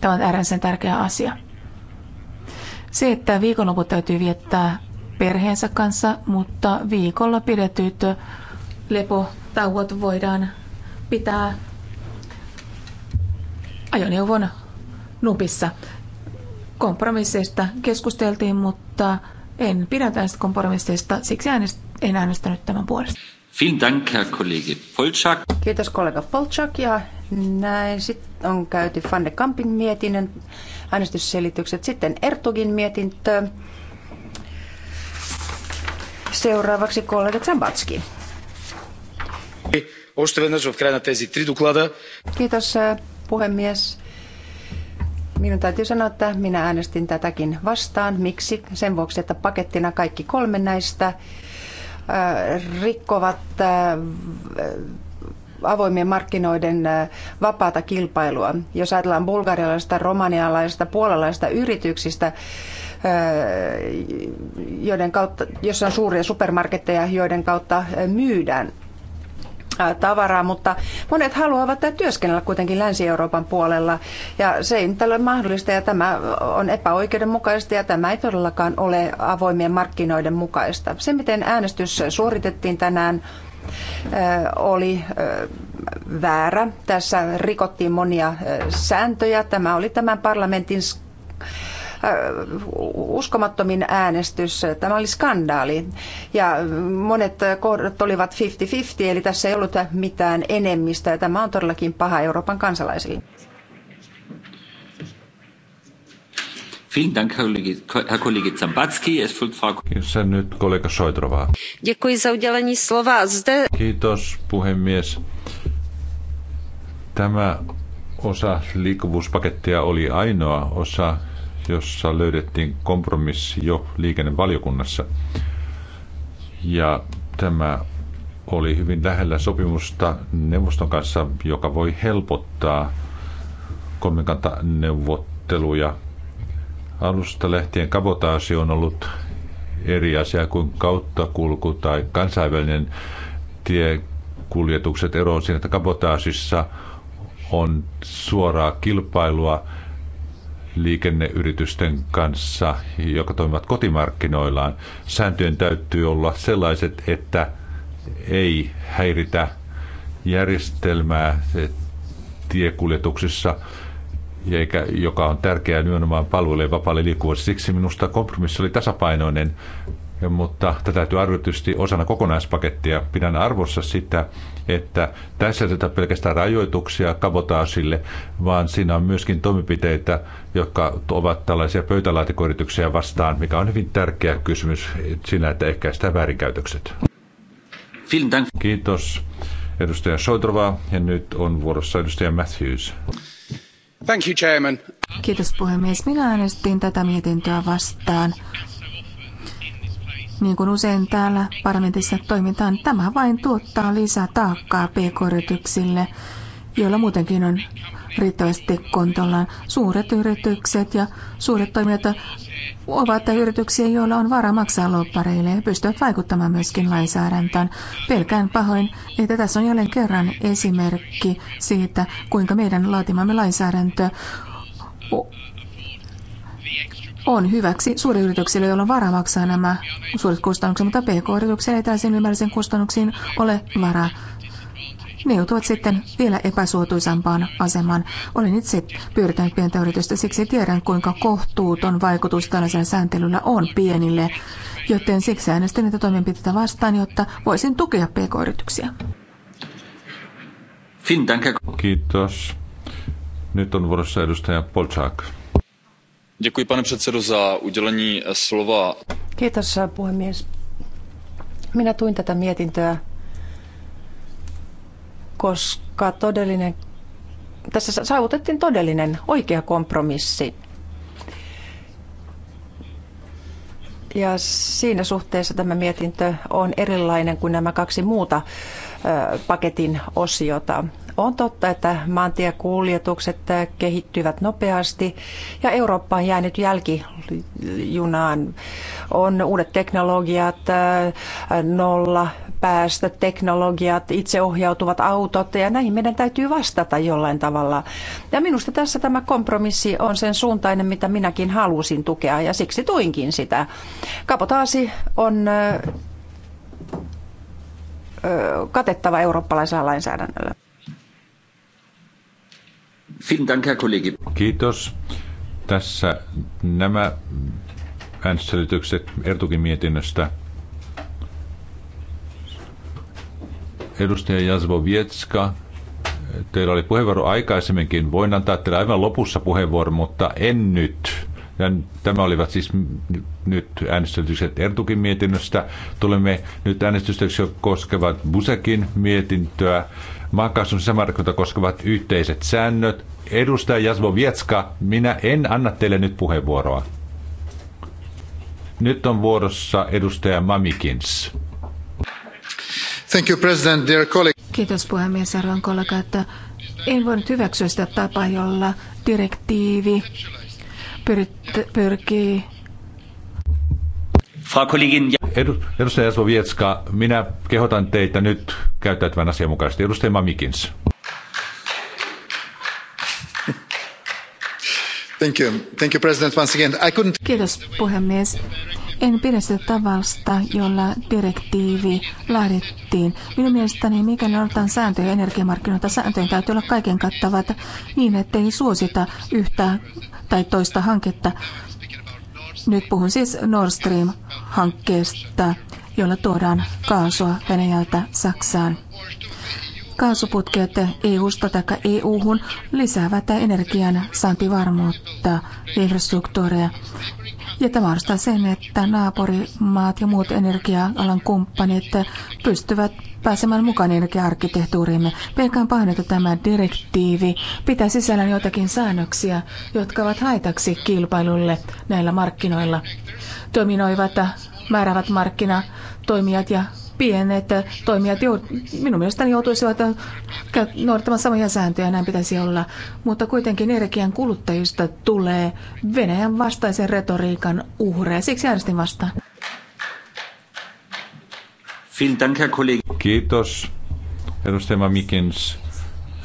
[SPEAKER 10] Tämä on äärensen tärkeä asia. Se, että viikonloput täytyy viettää perheensä kanssa, mutta viikolla pidetyt lepotauot voidaan pitää ajoneuvon nupissa. Kompromisseista keskusteltiin, mutta en pidä tästä kompromisseista, siksi äänest-
[SPEAKER 9] en äänestänyt tämän puolesta.
[SPEAKER 4] Dank, Herr Kollege Polchak.
[SPEAKER 9] Kiitos kollega Polchak ja näin sitten on käyty Van de Kampin mietinnön äänestysselitykset. Sitten Ertugin mietintö. Seuraavaksi kollega Zambatski.
[SPEAKER 6] Kiitos
[SPEAKER 9] puhemies. Minun täytyy sanoa, että minä äänestin tätäkin vastaan. Miksi? Sen vuoksi, että pakettina kaikki kolme näistä äh, rikkovat äh, avoimien markkinoiden äh, vapaata kilpailua. Jos ajatellaan bulgarialaista, romanialaista, puolalaista yrityksistä, joiden kautta, jossa on suuria supermarketteja, joiden kautta myydään Äh, tavaraa, mutta monet haluavat työskennellä kuitenkin Länsi-Euroopan puolella ja se ei nyt ole mahdollista ja tämä on epäoikeudenmukaista ja tämä ei todellakaan ole avoimien markkinoiden mukaista. Se, miten äänestys suoritettiin tänään, äh, oli äh, väärä. Tässä rikottiin monia sääntöjä. Tämä oli tämän parlamentin uskomattomin äänestys. Tämä oli skandaali ja monet kohdat olivat 50-50, eli tässä ei ollut mitään enemmistöä ja tämä on todellakin paha Euroopan kansalaisille.
[SPEAKER 8] Vielen Dank, Herr Kollege Zambatski. Es folgt Frau nyt kollega soitrova.
[SPEAKER 3] Děkuji za udělení slova. Zde...
[SPEAKER 8] Kiitos, puhemies. Tämä osa liikkuvuuspakettia oli ainoa osa, jossa löydettiin kompromissi jo liikennevaliokunnassa. Ja tämä oli hyvin lähellä sopimusta neuvoston kanssa, joka voi helpottaa kolmikantaneuvotteluja. Alusta lähtien kabotaasi on ollut eri asia kuin kauttakulku tai kansainvälinen tiekuljetukset eroon siinä, että kabotaasissa on suoraa kilpailua liikenneyritysten kanssa, jotka toimivat kotimarkkinoillaan. Sääntöjen täytyy olla sellaiset, että ei häiritä järjestelmää tiekuljetuksissa, eikä, joka on tärkeää nimenomaan palvelujen vapaalle liikkuvuudelle. Siksi minusta kompromissi oli tasapainoinen, mutta tätä täytyy arvotusti osana kokonaispakettia. Pidän arvossa sitä, että tässä ei pelkästään rajoituksia kabotaasille, vaan siinä on myöskin toimenpiteitä, jotka ovat tällaisia pöytälaatikoyrityksiä vastaan, mikä on hyvin tärkeä kysymys siinä, että ehkäistään väärinkäytökset. Kiitos edustaja Soitrova ja nyt on vuorossa edustaja Matthews. Thank you, Chairman.
[SPEAKER 10] Kiitos puhemies. Minä äänestin tätä mietintöä vastaan niin kuin usein täällä parlamentissa toimitaan, tämä vain tuottaa lisää taakkaa pk-yrityksille, joilla muutenkin on riittävästi kontollaan. Suuret yritykset ja suuret toimijat ovat yrityksiä, joilla on varaa maksaa loppareille ja pystyvät vaikuttamaan myöskin lainsäädäntöön. Pelkään pahoin, että tässä on jälleen kerran esimerkki siitä, kuinka meidän laatimamme lainsäädäntö on hyväksi suuryrityksille, joilla on varaa maksaa nämä suuret kustannukset, mutta pk yrityksille ei täysin ylimääräisiin kustannuksiin ole varaa. Ne joutuvat sitten vielä epäsuotuisampaan asemaan. Olen itse pyörittänyt pientä yritystä, siksi tiedän kuinka kohtuuton vaikutus tällaisella sääntelyllä on pienille, joten siksi äänestin niitä toimenpiteitä vastaan, jotta voisin tukea pk-yrityksiä.
[SPEAKER 8] Kiitos. Nyt on vuorossa edustaja Polchak
[SPEAKER 1] pane
[SPEAKER 9] eh, eh, puhemies minä tuin tätä mietintöä koska todellinen, tässä saavutettiin todellinen oikea kompromissi. Ja siinä suhteessa tämä mietintö on erilainen kuin nämä kaksi muuta eh, paketin osiota. On totta, että maantiekuljetukset kehittyvät nopeasti ja Eurooppa on jäänyt jälkijunaan. On uudet teknologiat, nolla päästöteknologiat, itseohjautuvat autot ja näihin meidän täytyy vastata jollain tavalla. Ja minusta tässä tämä kompromissi on sen suuntainen, mitä minäkin halusin tukea ja siksi tuinkin sitä. Kapotaasi on katettava eurooppalaisella lainsäädännöllä.
[SPEAKER 8] Kiitos. Tässä nämä äänestysselitykset Ertukin mietinnöstä. Edustaja Jasvo Vietska, teillä oli puheenvuoro aikaisemminkin. Voin antaa teille aivan lopussa puheenvuoron, mutta en nyt. Ja tämä olivat siis nyt äänestykset Ertukin mietinnöstä. Tulemme nyt äänestystä, koskevat Busekin mietintöä maakaasun sisämarkkinoita koskevat yhteiset säännöt. Edustaja Jasvo Vietska, minä en anna teille nyt puheenvuoroa. Nyt on vuorossa edustaja Mamikins. Thank you, President, dear colleague.
[SPEAKER 10] Kiitos puhemies, arvon kollega, että en voinut hyväksyä sitä tapaa, jolla direktiivi pyrkii
[SPEAKER 8] Frau Kollegin... Edustaja Jaslovietska, minä kehotan teitä nyt käyttäytyvän asianmukaisesti. Edustaja Mamikins.
[SPEAKER 6] Thank you. Thank you, President, once again.
[SPEAKER 10] I couldn't... Kiitos puhemies. En pidä sitä tavasta, jolla direktiivi laadittiin. Minun mielestäni mikä noudataan sääntöjä energiamarkkinoita, sääntöjen täytyy olla kaiken kattavat niin, ettei suosita yhtä tai toista hanketta. Nyt puhun siis Nord Stream-hankkeesta, jolla tuodaan kaasua Venäjältä Saksaan. Kaasuputkeet EU-sta tai EU-hun lisäävät energian saantivarmuutta ja infrastruktuuria. Ja tämä sen, että naapurimaat ja muut energia-alan kumppanit pystyvät pääsemään mukaan energia-arkkitehtuuriimme. Pelkään pahoin, että tämä direktiivi pitää sisällään jotakin säännöksiä, jotka ovat haitaksi kilpailulle näillä markkinoilla. Toiminoivat, määrävät markkinatoimijat ja pienet toimijat jo, minun mielestäni joutuisivat noudattamaan samoja sääntöjä, näin pitäisi olla. Mutta kuitenkin energian kuluttajista tulee Venäjän vastaisen retoriikan uhreja, siksi äänestin vastaan.
[SPEAKER 8] Kiitos, edustaja Mikins.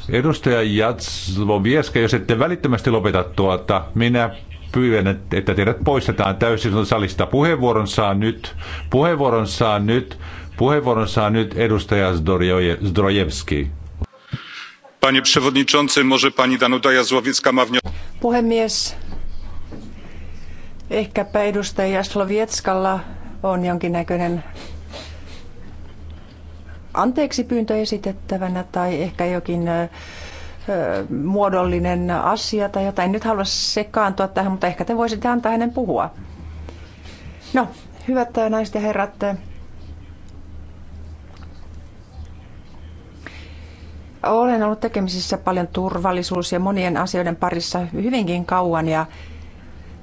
[SPEAKER 8] Edustaja Jatslovieska, jos ette välittömästi lopeta tuota, minä pyydän, että teidät poistetaan täysin salista. Puheenvuoron saa nyt, puheenvuoron saa nyt, puheenvuoron saa nyt edustaja Zdrojevski. Panie przewodniczący, może pani Danuta Jazłowiecka ma wniosek.
[SPEAKER 9] Puhemies, ehkäpä edustaja Jaslovietskalla on jonkinnäköinen anteeksi pyyntö esitettävänä tai ehkä jokin muodollinen asia tai jotain. En nyt halua sekaantua tähän, mutta ehkä te voisitte antaa hänen puhua. No, hyvät naiset ja herrat, olen ollut tekemisissä paljon turvallisuus ja monien asioiden parissa hyvinkin kauan ja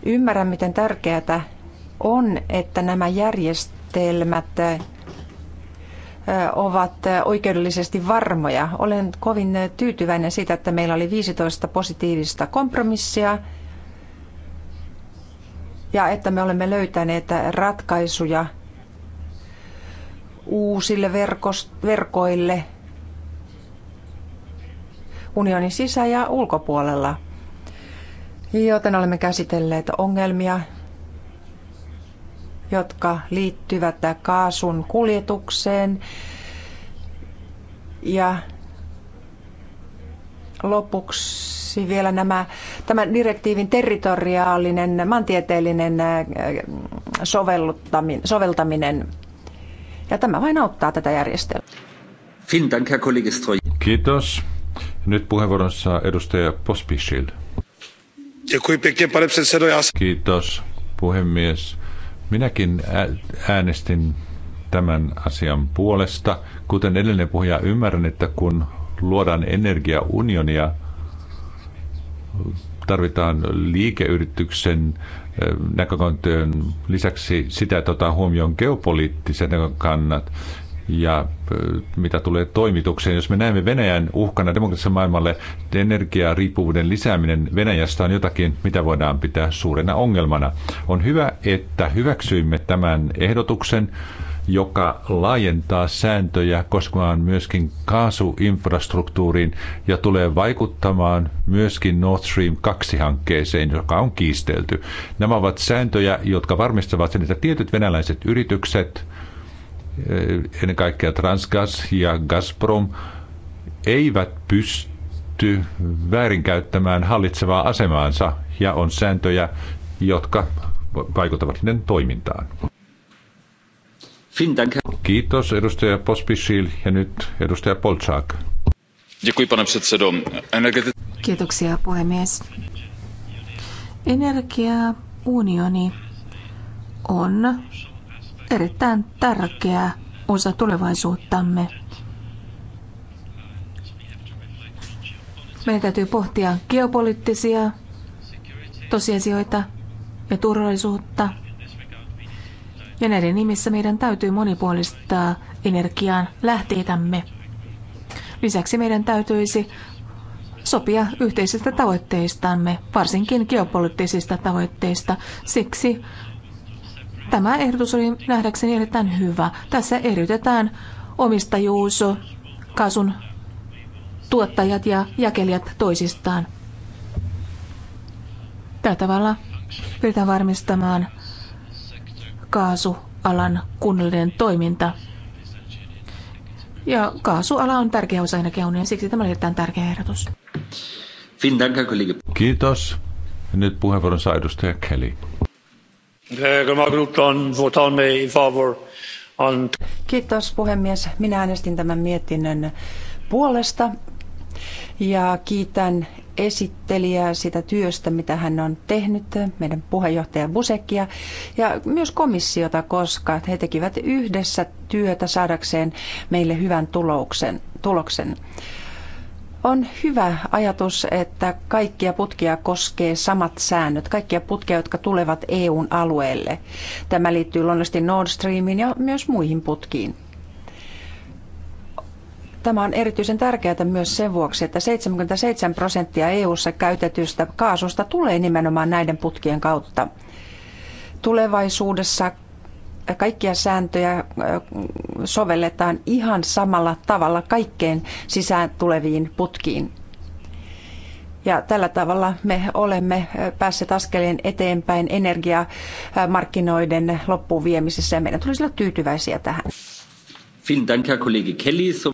[SPEAKER 9] ymmärrän, miten tärkeää on, että nämä järjestelmät ovat oikeudellisesti varmoja. Olen kovin tyytyväinen siitä, että meillä oli 15 positiivista kompromissia ja että me olemme löytäneet ratkaisuja uusille verkoille unionin sisä- ja ulkopuolella. Joten olemme käsitelleet ongelmia, jotka liittyvät kaasun kuljetukseen. Ja lopuksi vielä nämä, tämän direktiivin territoriaalinen, maantieteellinen äh, soveltaminen. Ja tämä vain auttaa tätä järjestelmää.
[SPEAKER 8] Kiitos. Nyt puheenvuorossa edustaja Pospisil. Kiitos, puhemies Minäkin äänestin tämän asian puolesta. Kuten edellinen puhuja ymmärrän, että kun luodaan energiaunionia, tarvitaan liikeyrityksen näkökantojen lisäksi sitä, että otetaan huomioon geopoliittiset näkökannat ja äh, mitä tulee toimitukseen. Jos me näemme Venäjän uhkana demokratisessa maailmalle, energiariippuvuuden lisääminen Venäjästä on jotakin, mitä voidaan pitää suurena ongelmana. On hyvä, että hyväksyimme tämän ehdotuksen, joka laajentaa sääntöjä koskemaan myöskin kaasuinfrastruktuuriin ja tulee vaikuttamaan myöskin Nord Stream 2-hankkeeseen, joka on kiistelty. Nämä ovat sääntöjä, jotka varmistavat sen, että tietyt venäläiset yritykset – Eh, ennen kaikkea Transgas ja Gazprom, eivät pysty väärinkäyttämään hallitsevaa asemaansa ja on sääntöjä, jotka vaikuttavat niiden toimintaan. Kiitos edustaja Pospisil ja nyt edustaja Polczak.
[SPEAKER 10] Kiitoksia puhemies. Energiaunioni on erittäin tärkeä osa tulevaisuuttamme. Meidän täytyy pohtia geopoliittisia tosiasioita ja turvallisuutta. Ja näiden nimissä meidän täytyy monipuolistaa energian lähteitämme. Lisäksi meidän täytyisi sopia yhteisistä tavoitteistamme, varsinkin geopoliittisista tavoitteista. Siksi Tämä ehdotus oli nähdäkseni erittäin hyvä. Tässä eriytetään omistajuus, kaasun tuottajat ja jakelijat toisistaan. Tällä tavalla pyritään varmistamaan kaasualan kunnallinen toiminta. Ja kaasuala on tärkeä osa energiaunionia, siksi tämä oli erittäin tärkeä ehdotus.
[SPEAKER 8] Kiitos. Nyt puheenvuoron saa edustaja Kelly.
[SPEAKER 9] Kiitos puhemies. Minä äänestin tämän mietinnön puolesta ja kiitän esittelijää sitä työstä, mitä hän on tehnyt, meidän puheenjohtaja Busekia ja myös komissiota, koska he tekivät yhdessä työtä saadakseen meille hyvän tuloksen. tuloksen. On hyvä ajatus, että kaikkia putkia koskee samat säännöt, kaikkia putkia, jotka tulevat EUn alueelle. Tämä liittyy luonnollisesti Nord Streamiin ja myös muihin putkiin. Tämä on erityisen tärkeää myös sen vuoksi, että 77 prosenttia EU:ssa käytetystä kaasusta tulee nimenomaan näiden putkien kautta. Tulevaisuudessa kaikkia sääntöjä sovelletaan ihan samalla tavalla kaikkeen sisään tuleviin putkiin. Ja tällä tavalla me olemme päässeet askeleen eteenpäin energiamarkkinoiden loppuun viemisessä ja meidän tulisi olla tyytyväisiä tähän.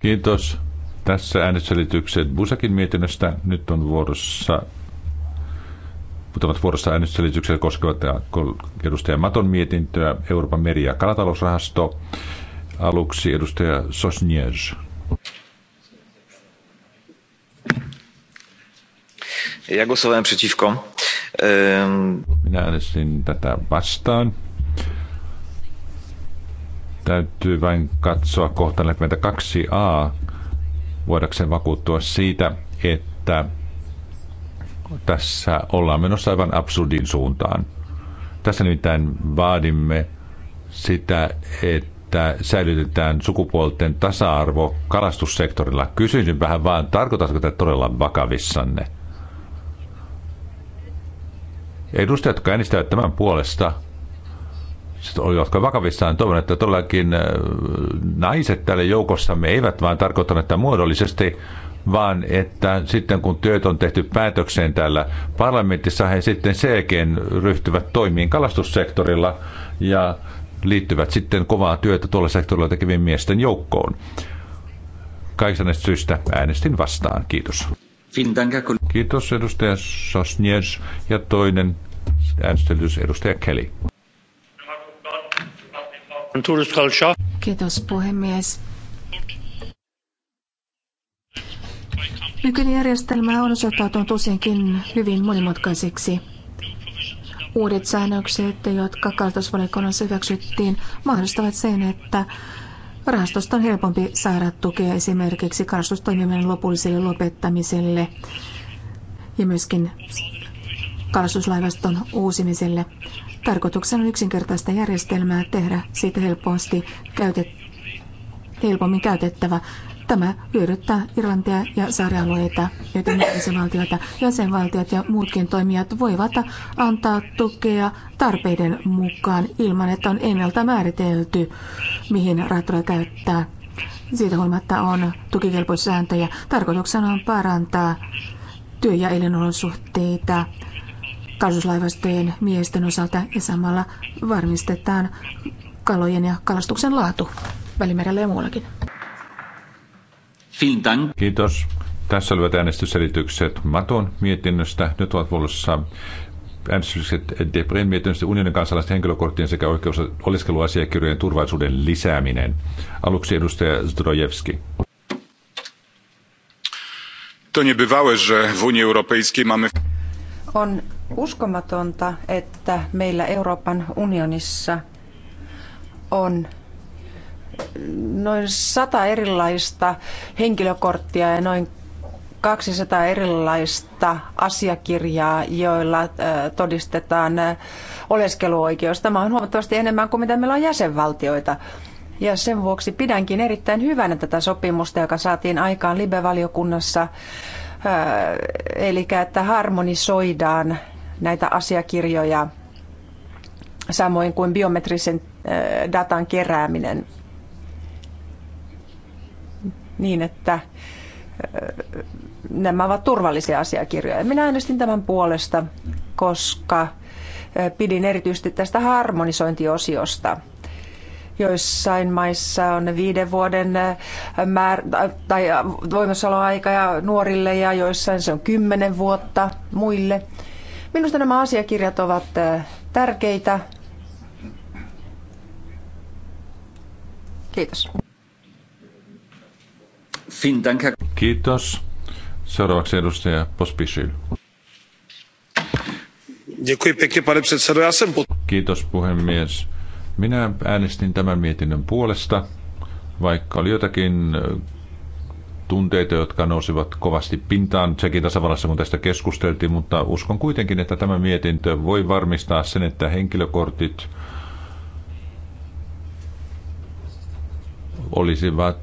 [SPEAKER 8] Kiitos. Tässä äänestysselitykset Busakin mietinnöstä. Nyt on vuorossa Putomat vuorossa äänestyselityksellä koskevat äh, edustaja Maton mietintöä, Euroopan meri- ja kalatalousrahasto. Aluksi edustaja Sosniers.
[SPEAKER 6] Ja głosowałem przeciwko.
[SPEAKER 8] Minä äänestin tätä vastaan. Täytyy vain katsoa kohta 42a, voidakseen vakuuttua siitä, että tässä ollaan menossa aivan absurdin suuntaan. Tässä nimittäin vaadimme sitä, että säilytetään sukupuolten tasa-arvo kalastussektorilla. Kysyisin vähän vaan, tarkoitatko tätä todella vakavissanne? Edustajat, jotka äänestävät tämän puolesta, jotka vakavissaan. Toivon, että todellakin äh, naiset täällä joukossamme eivät vaan tarkoittaneet että muodollisesti, vaan että sitten kun työt on tehty päätökseen täällä parlamentissa, he sitten selkeän ryhtyvät toimiin kalastussektorilla ja liittyvät sitten kovaa työtä tuolla sektorilla tekevien miesten joukkoon. Kaikista näistä syistä äänestin vastaan. Kiitos. Kiitos edustaja Sosnies ja toinen äänestys edustaja Kelly.
[SPEAKER 10] Kiitos puhemies. Nykyinen järjestelmä on osoittautunut useinkin hyvin monimutkaiseksi. Uudet säännökset, jotka kaltaisvaliokunnassa hyväksyttiin, mahdollistavat sen, että rahastosta on helpompi saada tukea esimerkiksi kalastustoiminnan lopulliselle lopettamiselle ja myöskin kalastuslaivaston uusimiselle. Tarkoituksena on yksinkertaista järjestelmää tehdä siitä helposti käytet- helpommin käytettävä Tämä hyödyttää Irlantia ja saarialueita ja jäsenvaltioita. Jäsenvaltiot ja muutkin toimijat voivat antaa tukea tarpeiden mukaan ilman, että on ennalta määritelty, mihin rahoja käyttää. Siitä huolimatta on tukikelpoissääntöjä. Tarkoituksena on parantaa työ- ja elinolosuhteita kalastuslaivastojen miesten osalta ja samalla varmistetaan kalojen ja kalastuksen laatu Välimerellä ja muuallakin.
[SPEAKER 8] Kiitos. Tässä olivat äänestysselitykset Maton mietinnöstä. Nyt ovat vuorossa äänestykset Debren mietinnöstä unionin kansalaisten henkilökorttien sekä oikeus oleskeluasiakirjojen turvallisuuden lisääminen. Aluksi edustaja Zdrojevski. To niebywałe, że w Unii Europejskiej mamy...
[SPEAKER 9] On uskomatonta, että meillä Euroopan unionissa on noin sata erilaista henkilökorttia ja noin 200 erilaista asiakirjaa, joilla todistetaan oleskeluoikeus. Tämä on huomattavasti enemmän kuin mitä meillä on jäsenvaltioita. Ja sen vuoksi pidänkin erittäin hyvänä tätä sopimusta, joka saatiin aikaan Libe-valiokunnassa, eli että harmonisoidaan näitä asiakirjoja samoin kuin biometrisen datan kerääminen niin, että äh, nämä ovat turvallisia asiakirjoja. Minä äänestin tämän puolesta, koska äh, pidin erityisesti tästä harmonisointiosiosta. Joissain maissa on viiden vuoden äh, määr- tai voimassaoloaika ja nuorille ja joissain se on kymmenen vuotta muille. Minusta nämä asiakirjat ovat tärkeitä. Kiitos.
[SPEAKER 8] Kiitos. Seuraavaksi edustaja Pospisil. Kiitos puhemies. Minä äänestin tämän mietinnön puolesta, vaikka oli jotakin tunteita, jotka nousivat kovasti pintaan Tsekin tasavallassa, kun tästä keskusteltiin, mutta uskon kuitenkin, että tämä mietintö voi varmistaa sen, että henkilökortit olisivat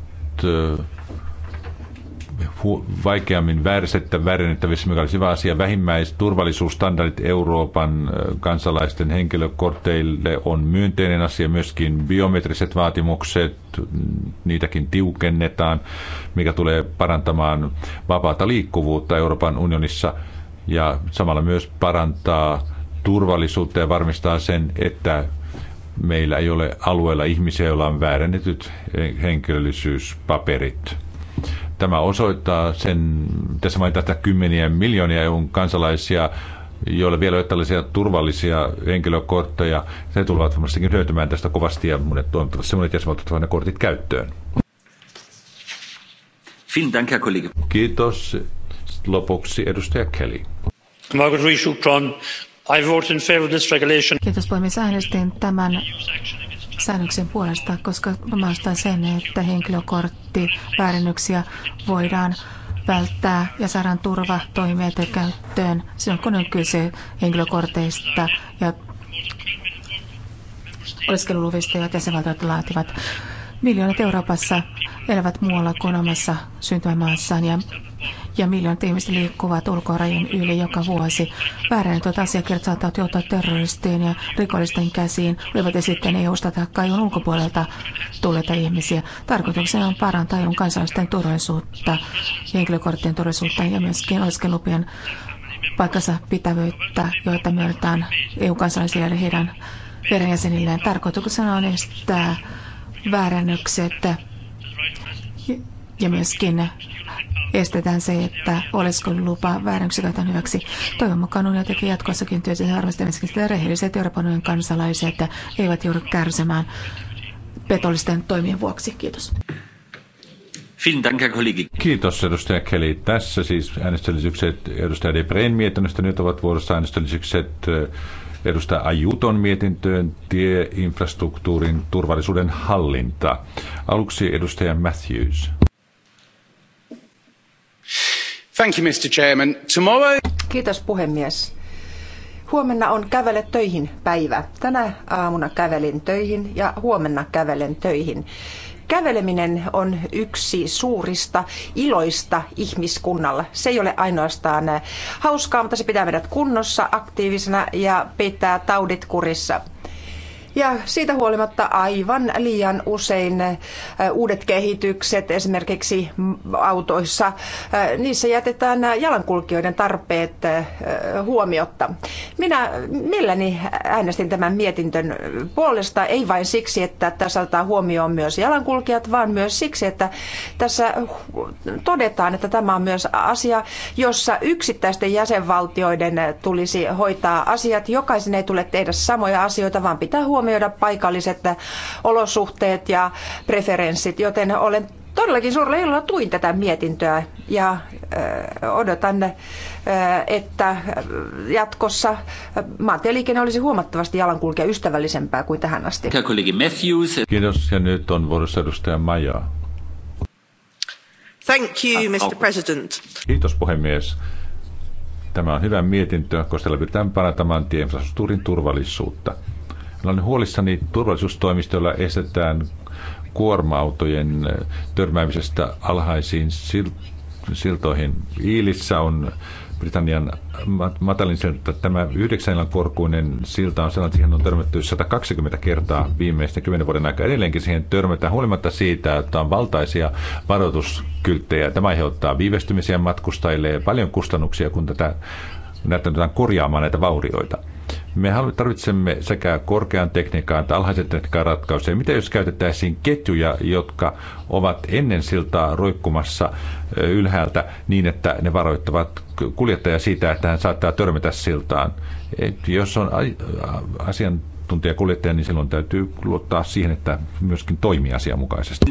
[SPEAKER 8] vaikeammin vääristettävissä, väärennettävissä, mikä olisi hyvä asia. Vähimmäisturvallisuusstandardit Euroopan kansalaisten henkilökorteille on myönteinen asia. Myöskin biometriset vaatimukset, niitäkin tiukennetaan, mikä tulee parantamaan vapaata liikkuvuutta Euroopan unionissa ja samalla myös parantaa turvallisuutta ja varmistaa sen, että meillä ei ole alueella ihmisiä, joilla on väärennetyt henkilöllisyyspaperit. Tämä osoittaa sen, tässä mainitaan tästä kymmeniä miljoonia EUn kansalaisia, joille vielä ole tällaisia turvallisia henkilökortteja. Ne tulevat varmastikin hyötymään tästä kovasti ja monet toivottavasti monet jäsenvaltuutta ne kortit käyttöön. Kiitos. Lopuksi edustaja Kelly.
[SPEAKER 4] Margaret I vote in favor of this regulation.
[SPEAKER 10] Kiitos puhemies. Äänestin tämän säännöksen puolesta, koska mahdollistaa sen, että henkilökorttiväärennöksiä voidaan välttää ja saadaan turvatoimet käyttöön silloin, kun on kyse henkilökorteista ja oleskeluluvista, joita jäsenvaltiot laativat. Miljoonat Euroopassa elävät muualla kuin omassa syntymämaassaan ja ja miljoonat ihmiset liikkuvat ulkorajan yli joka vuosi. Väärennetyt asiakirjat saattavat joutua terroristien ja rikollisten käsiin, olivat sitten EU-sta tai EUn ulkopuolelta tulleita ihmisiä. Tarkoituksena on parantaa EUn kansalaisten turvallisuutta, henkilökorttien turvallisuutta ja myöskin oleskelupien paikkansa pitävyyttä, joita myönnetään EU-kansalaisille ja heidän perheenjäsenilleen. Tarkoituksena on estää väärännökset ja myöskin estetään se, että oleskelulupa vääräksi käytetään hyväksi. Toivon mukaan on tekee jatkossakin työtä varmistamiseksi, että rehelliset Euroopan unionin kansalaiset eivät joudu kärsimään petollisten toimien vuoksi. Kiitos.
[SPEAKER 8] Kiitos edustaja Kelly. Tässä siis äänestöllisykset edustaja Debrein mietinnöstä. Nyt ovat vuorossa äänestöllisykset eh, edustaja Ajuton mietintöön tieinfrastruktuurin turvallisuuden hallinta. Aluksi edustaja Matthews arvoisa
[SPEAKER 9] Kiitos puhemies. Huomenna on kävele töihin päivä. Tänä aamuna kävelin töihin ja huomenna kävelen töihin. Käveleminen on yksi suurista iloista ihmiskunnalla. Se ei ole ainoastaan äh, hauskaa, mutta se pitää meidät kunnossa aktiivisena ja pitää taudit kurissa. Ja siitä huolimatta aivan liian usein uudet kehitykset esimerkiksi autoissa, niissä jätetään jalankulkijoiden tarpeet huomiotta. Minä mielelläni äänestin tämän mietintön puolesta, ei vain siksi, että tässä otetaan huomioon myös jalankulkijat, vaan myös siksi, että tässä todetaan, että tämä on myös asia, jossa yksittäisten jäsenvaltioiden tulisi hoitaa asiat. Jokaisen ei tule tehdä samoja asioita, vaan pitää huomioon huomioida paikalliset olosuhteet ja preferenssit, joten olen todellakin suurella ilolla tuin tätä mietintöä ja odotan, että jatkossa maantieliikenne olisi huomattavasti jalankulkea ystävällisempää kuin tähän asti.
[SPEAKER 8] Kiitos ja nyt on vuorossa edustaja Maja.
[SPEAKER 3] Thank you, ah, Mr. Ah. President.
[SPEAKER 8] Kiitos puhemies. Tämä on hyvä mietintö, koska tällä pyritään parantamaan tieinfrastruktuurin turvallisuutta. Olen huolissani turvallisuustoimistolla estetään kuorma-autojen törmäämisestä alhaisiin siltoihin. Iilissä on Britannian matalin silta. Tämä 9 korkuinen silta on sellainen, että siihen on törmätty 120 kertaa viimeisten kymmenen vuoden aikana. Edelleenkin siihen törmätään huolimatta siitä, että on valtaisia varoituskylttejä. Tämä aiheuttaa viivästymisiä matkustajille ja paljon kustannuksia, kun tätä näyttäydytään korjaamaan näitä vaurioita. Me tarvitsemme sekä korkean tekniikan että alhaisen tekniikan ratkaisuja. Mitä jos käytettäisiin ketjuja, jotka ovat ennen siltaa roikkumassa ylhäältä niin, että ne varoittavat kuljettaja siitä, että hän saattaa törmätä siltaan? Jos on asian tuntija kuljettaja, niin silloin täytyy luottaa siihen, että myöskin toimii asianmukaisesti.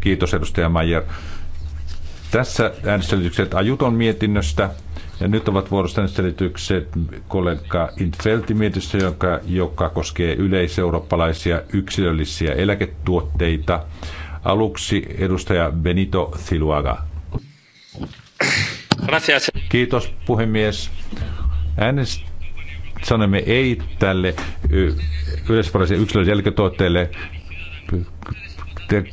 [SPEAKER 8] Kiitos edustaja Mayer. Tässä äänestelytykset Ajuton mietinnöstä. Ja nyt ovat vuorostani selitykset kollega Intfeltin mietistä, joka, joka koskee yleiseurooppalaisia yksilöllisiä eläketuotteita. Aluksi edustaja Benito Ziluaga. Gracias. Kiitos puhemies. Äänest sanomme ei tälle yleisvaralliselle yksilöllisen jälkituotteelle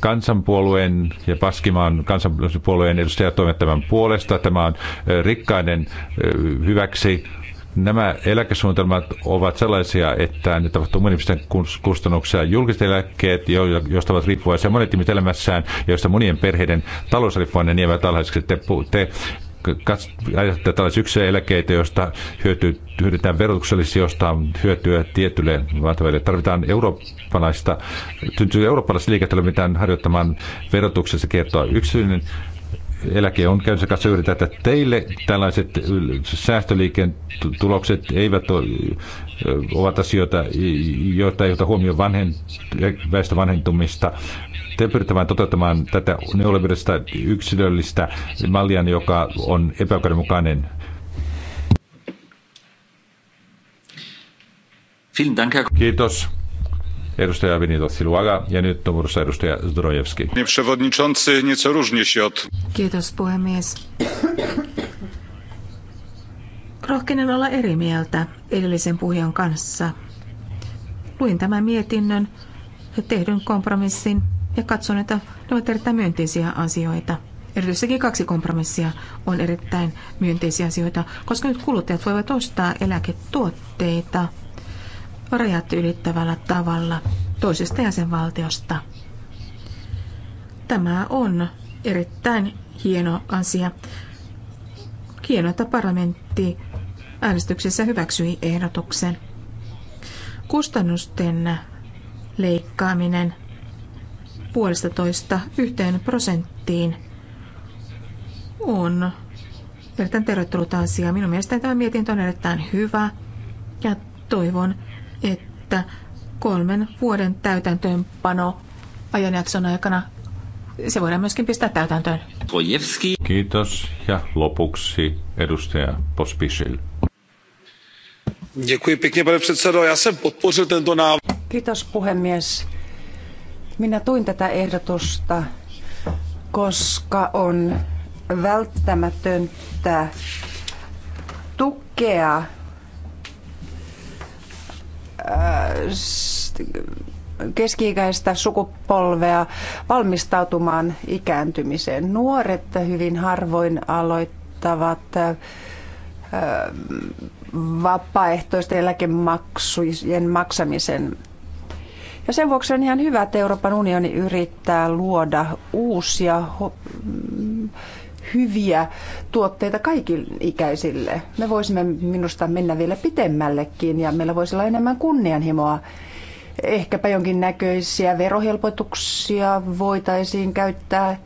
[SPEAKER 8] kansanpuolueen ja Paskimaan kansanpuolueen edustajat toimivat tämän puolesta. Tämä on rikkainen hyväksi. Nämä eläkesuunnitelmat ovat sellaisia, että ne tapahtuu monien kustannuksia. Julkiset eläkkeet, joista ovat riippuvaisia monet ihmiset elämässään joista monien perheiden talousriippuvainen niin niin alhaiseksi. Te, te ajattelee tällaisia eläkeitä, joista hyötyy, hyödytään verotuksellisesti, josta on hyötyä tietylle vaatavalle. Tarvitaan eurooppalaista, syntyy eurooppalaista liikettä, mitään harjoittamaan verotuksessa kertoa. Yksilöllinen eläke on käynnissä kanssa yritetä, että teille tällaiset säästöliikkeen tulokset eivät ole, ovat asioita, joita ei ota huomioon vanhen, väestö vanhentumista. Te pyritte vain toteuttamaan tätä neoliberista yksilöllistä mallia, joka on epäoikeudenmukainen. Kiitos edustaja Vinita Siluaga ja nyt numerossa edustaja Zdrojewski. Przewodniczący nieco różni się od...
[SPEAKER 10] Kiitos puhemies. Rohkenen olla eri mieltä edellisen puhujan kanssa. Luin tämän mietinnön ja tehdyn kompromissin ja katson, että ne ovat erittäin myönteisiä asioita. Erityisesti kaksi kompromissia on erittäin myönteisiä asioita, koska nyt kuluttajat voivat ostaa eläketuotteita – rajat ylittävällä tavalla toisesta jäsenvaltiosta. Tämä on erittäin hieno asia. Hieno että parlamentti äänestyksessä hyväksyi ehdotuksen. Kustannusten leikkaaminen puolesta toista yhteen prosenttiin on erittäin tervetullut asia. Minun mielestäni tämä mietintö on erittäin hyvä ja toivon, että kolmen vuoden täytäntöönpano ajanjakson aikana se voidaan myöskin pistää täytäntöön.
[SPEAKER 8] Kiitos ja lopuksi edustaja Pospisil.
[SPEAKER 9] Kiitos puhemies. Minä tuin tätä ehdotusta, koska on välttämätöntä tukea Äh, keski-ikäistä sukupolvea valmistautumaan ikääntymiseen. Nuoret hyvin harvoin aloittavat äh, vapaaehtoisten eläkemaksujen maksamisen. Ja sen vuoksi on ihan hyvä, että Euroopan unioni yrittää luoda uusia hyviä tuotteita kaikille ikäisille. Me voisimme minusta mennä vielä pitemmällekin ja meillä voisi olla enemmän kunnianhimoa. Ehkäpä jonkin näköisiä verohelpotuksia voitaisiin käyttää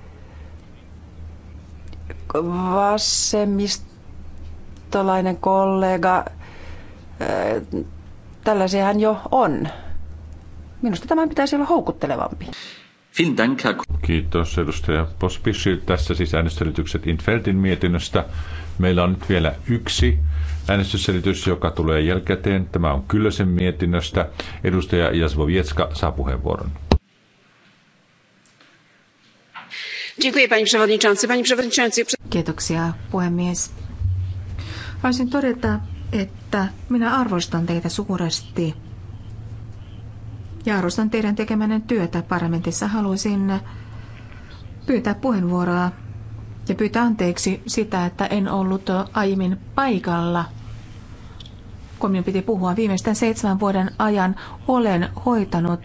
[SPEAKER 9] vasemmistolainen kollega, äh, tällaisia hän jo on. Minusta tämän pitäisi olla houkuttelevampi.
[SPEAKER 8] Kiitos edustaja Pospisil. Tässä siis äänestelytykset Infeltin mietinnöstä. Meillä on nyt vielä yksi äänestysselitys, joka tulee jälkikäteen. Tämä on Kyllösen mietinnöstä. Edustaja Vietska saa puheenvuoron.
[SPEAKER 10] Kiitoksia puhemies. Haluaisin todeta, että minä arvostan teitä suuresti ja arvostan teidän tekemänne työtä parlamentissa. Haluaisin pyytää puheenvuoroa ja pyytää anteeksi sitä, että en ollut aiemmin paikalla. Kun minun piti puhua viimeisten seitsemän vuoden ajan, olen hoitanut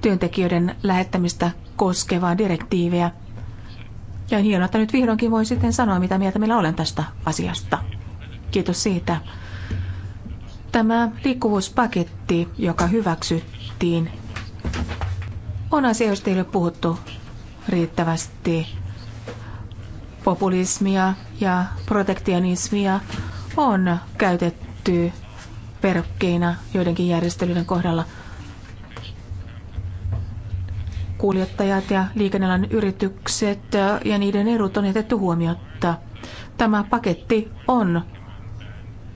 [SPEAKER 10] työntekijöiden lähettämistä koskevaa direktiiviä. Ja on hienoa, että nyt vihdoinkin voi sitten sanoa, mitä mieltä minä olen tästä asiasta. Kiitos siitä. Tämä liikkuvuuspaketti, joka hyväksyttiin, tehtiin. on asioista ei ole puhuttu riittävästi. Populismia ja protektionismia on käytetty verkkeina joidenkin järjestelyiden kohdalla. Kuljettajat ja liikennelän yritykset ja niiden edut on jätetty huomiotta. Tämä paketti on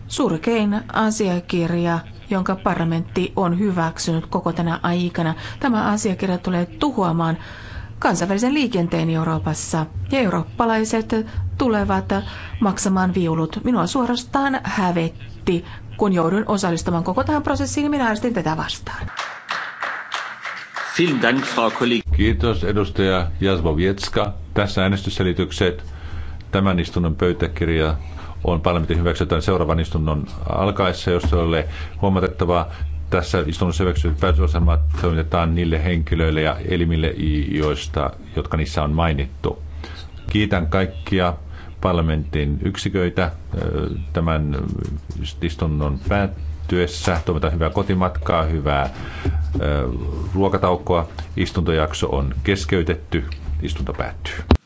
[SPEAKER 10] surkein asiakirja, jonka parlamentti on hyväksynyt koko tänä aikana. Tämä asiakirja tulee tuhoamaan kansainvälisen liikenteen Euroopassa ja eurooppalaiset tulevat maksamaan viulut. Minua suorastaan hävetti, kun joudun osallistumaan koko tähän prosessiin, minä äänestin tätä vastaan.
[SPEAKER 8] Kiitos edustaja Jasbovietska. Tässä äänestysselitykset. Tämän istunnon pöytäkirja on parlamentin hyväksytään seuraavan istunnon alkaessa, jos ole huomatettavaa. Tässä istunnossa hyväksytyt päätösohjelmat toimitetaan niille henkilöille ja elimille, joista, jotka niissä on mainittu. Kiitän kaikkia parlamentin yksiköitä tämän istunnon päättyessä. Toivotan hyvää kotimatkaa, hyvää ruokataukkoa. Istuntojakso on keskeytetty.
[SPEAKER 7] Istunto päättyy.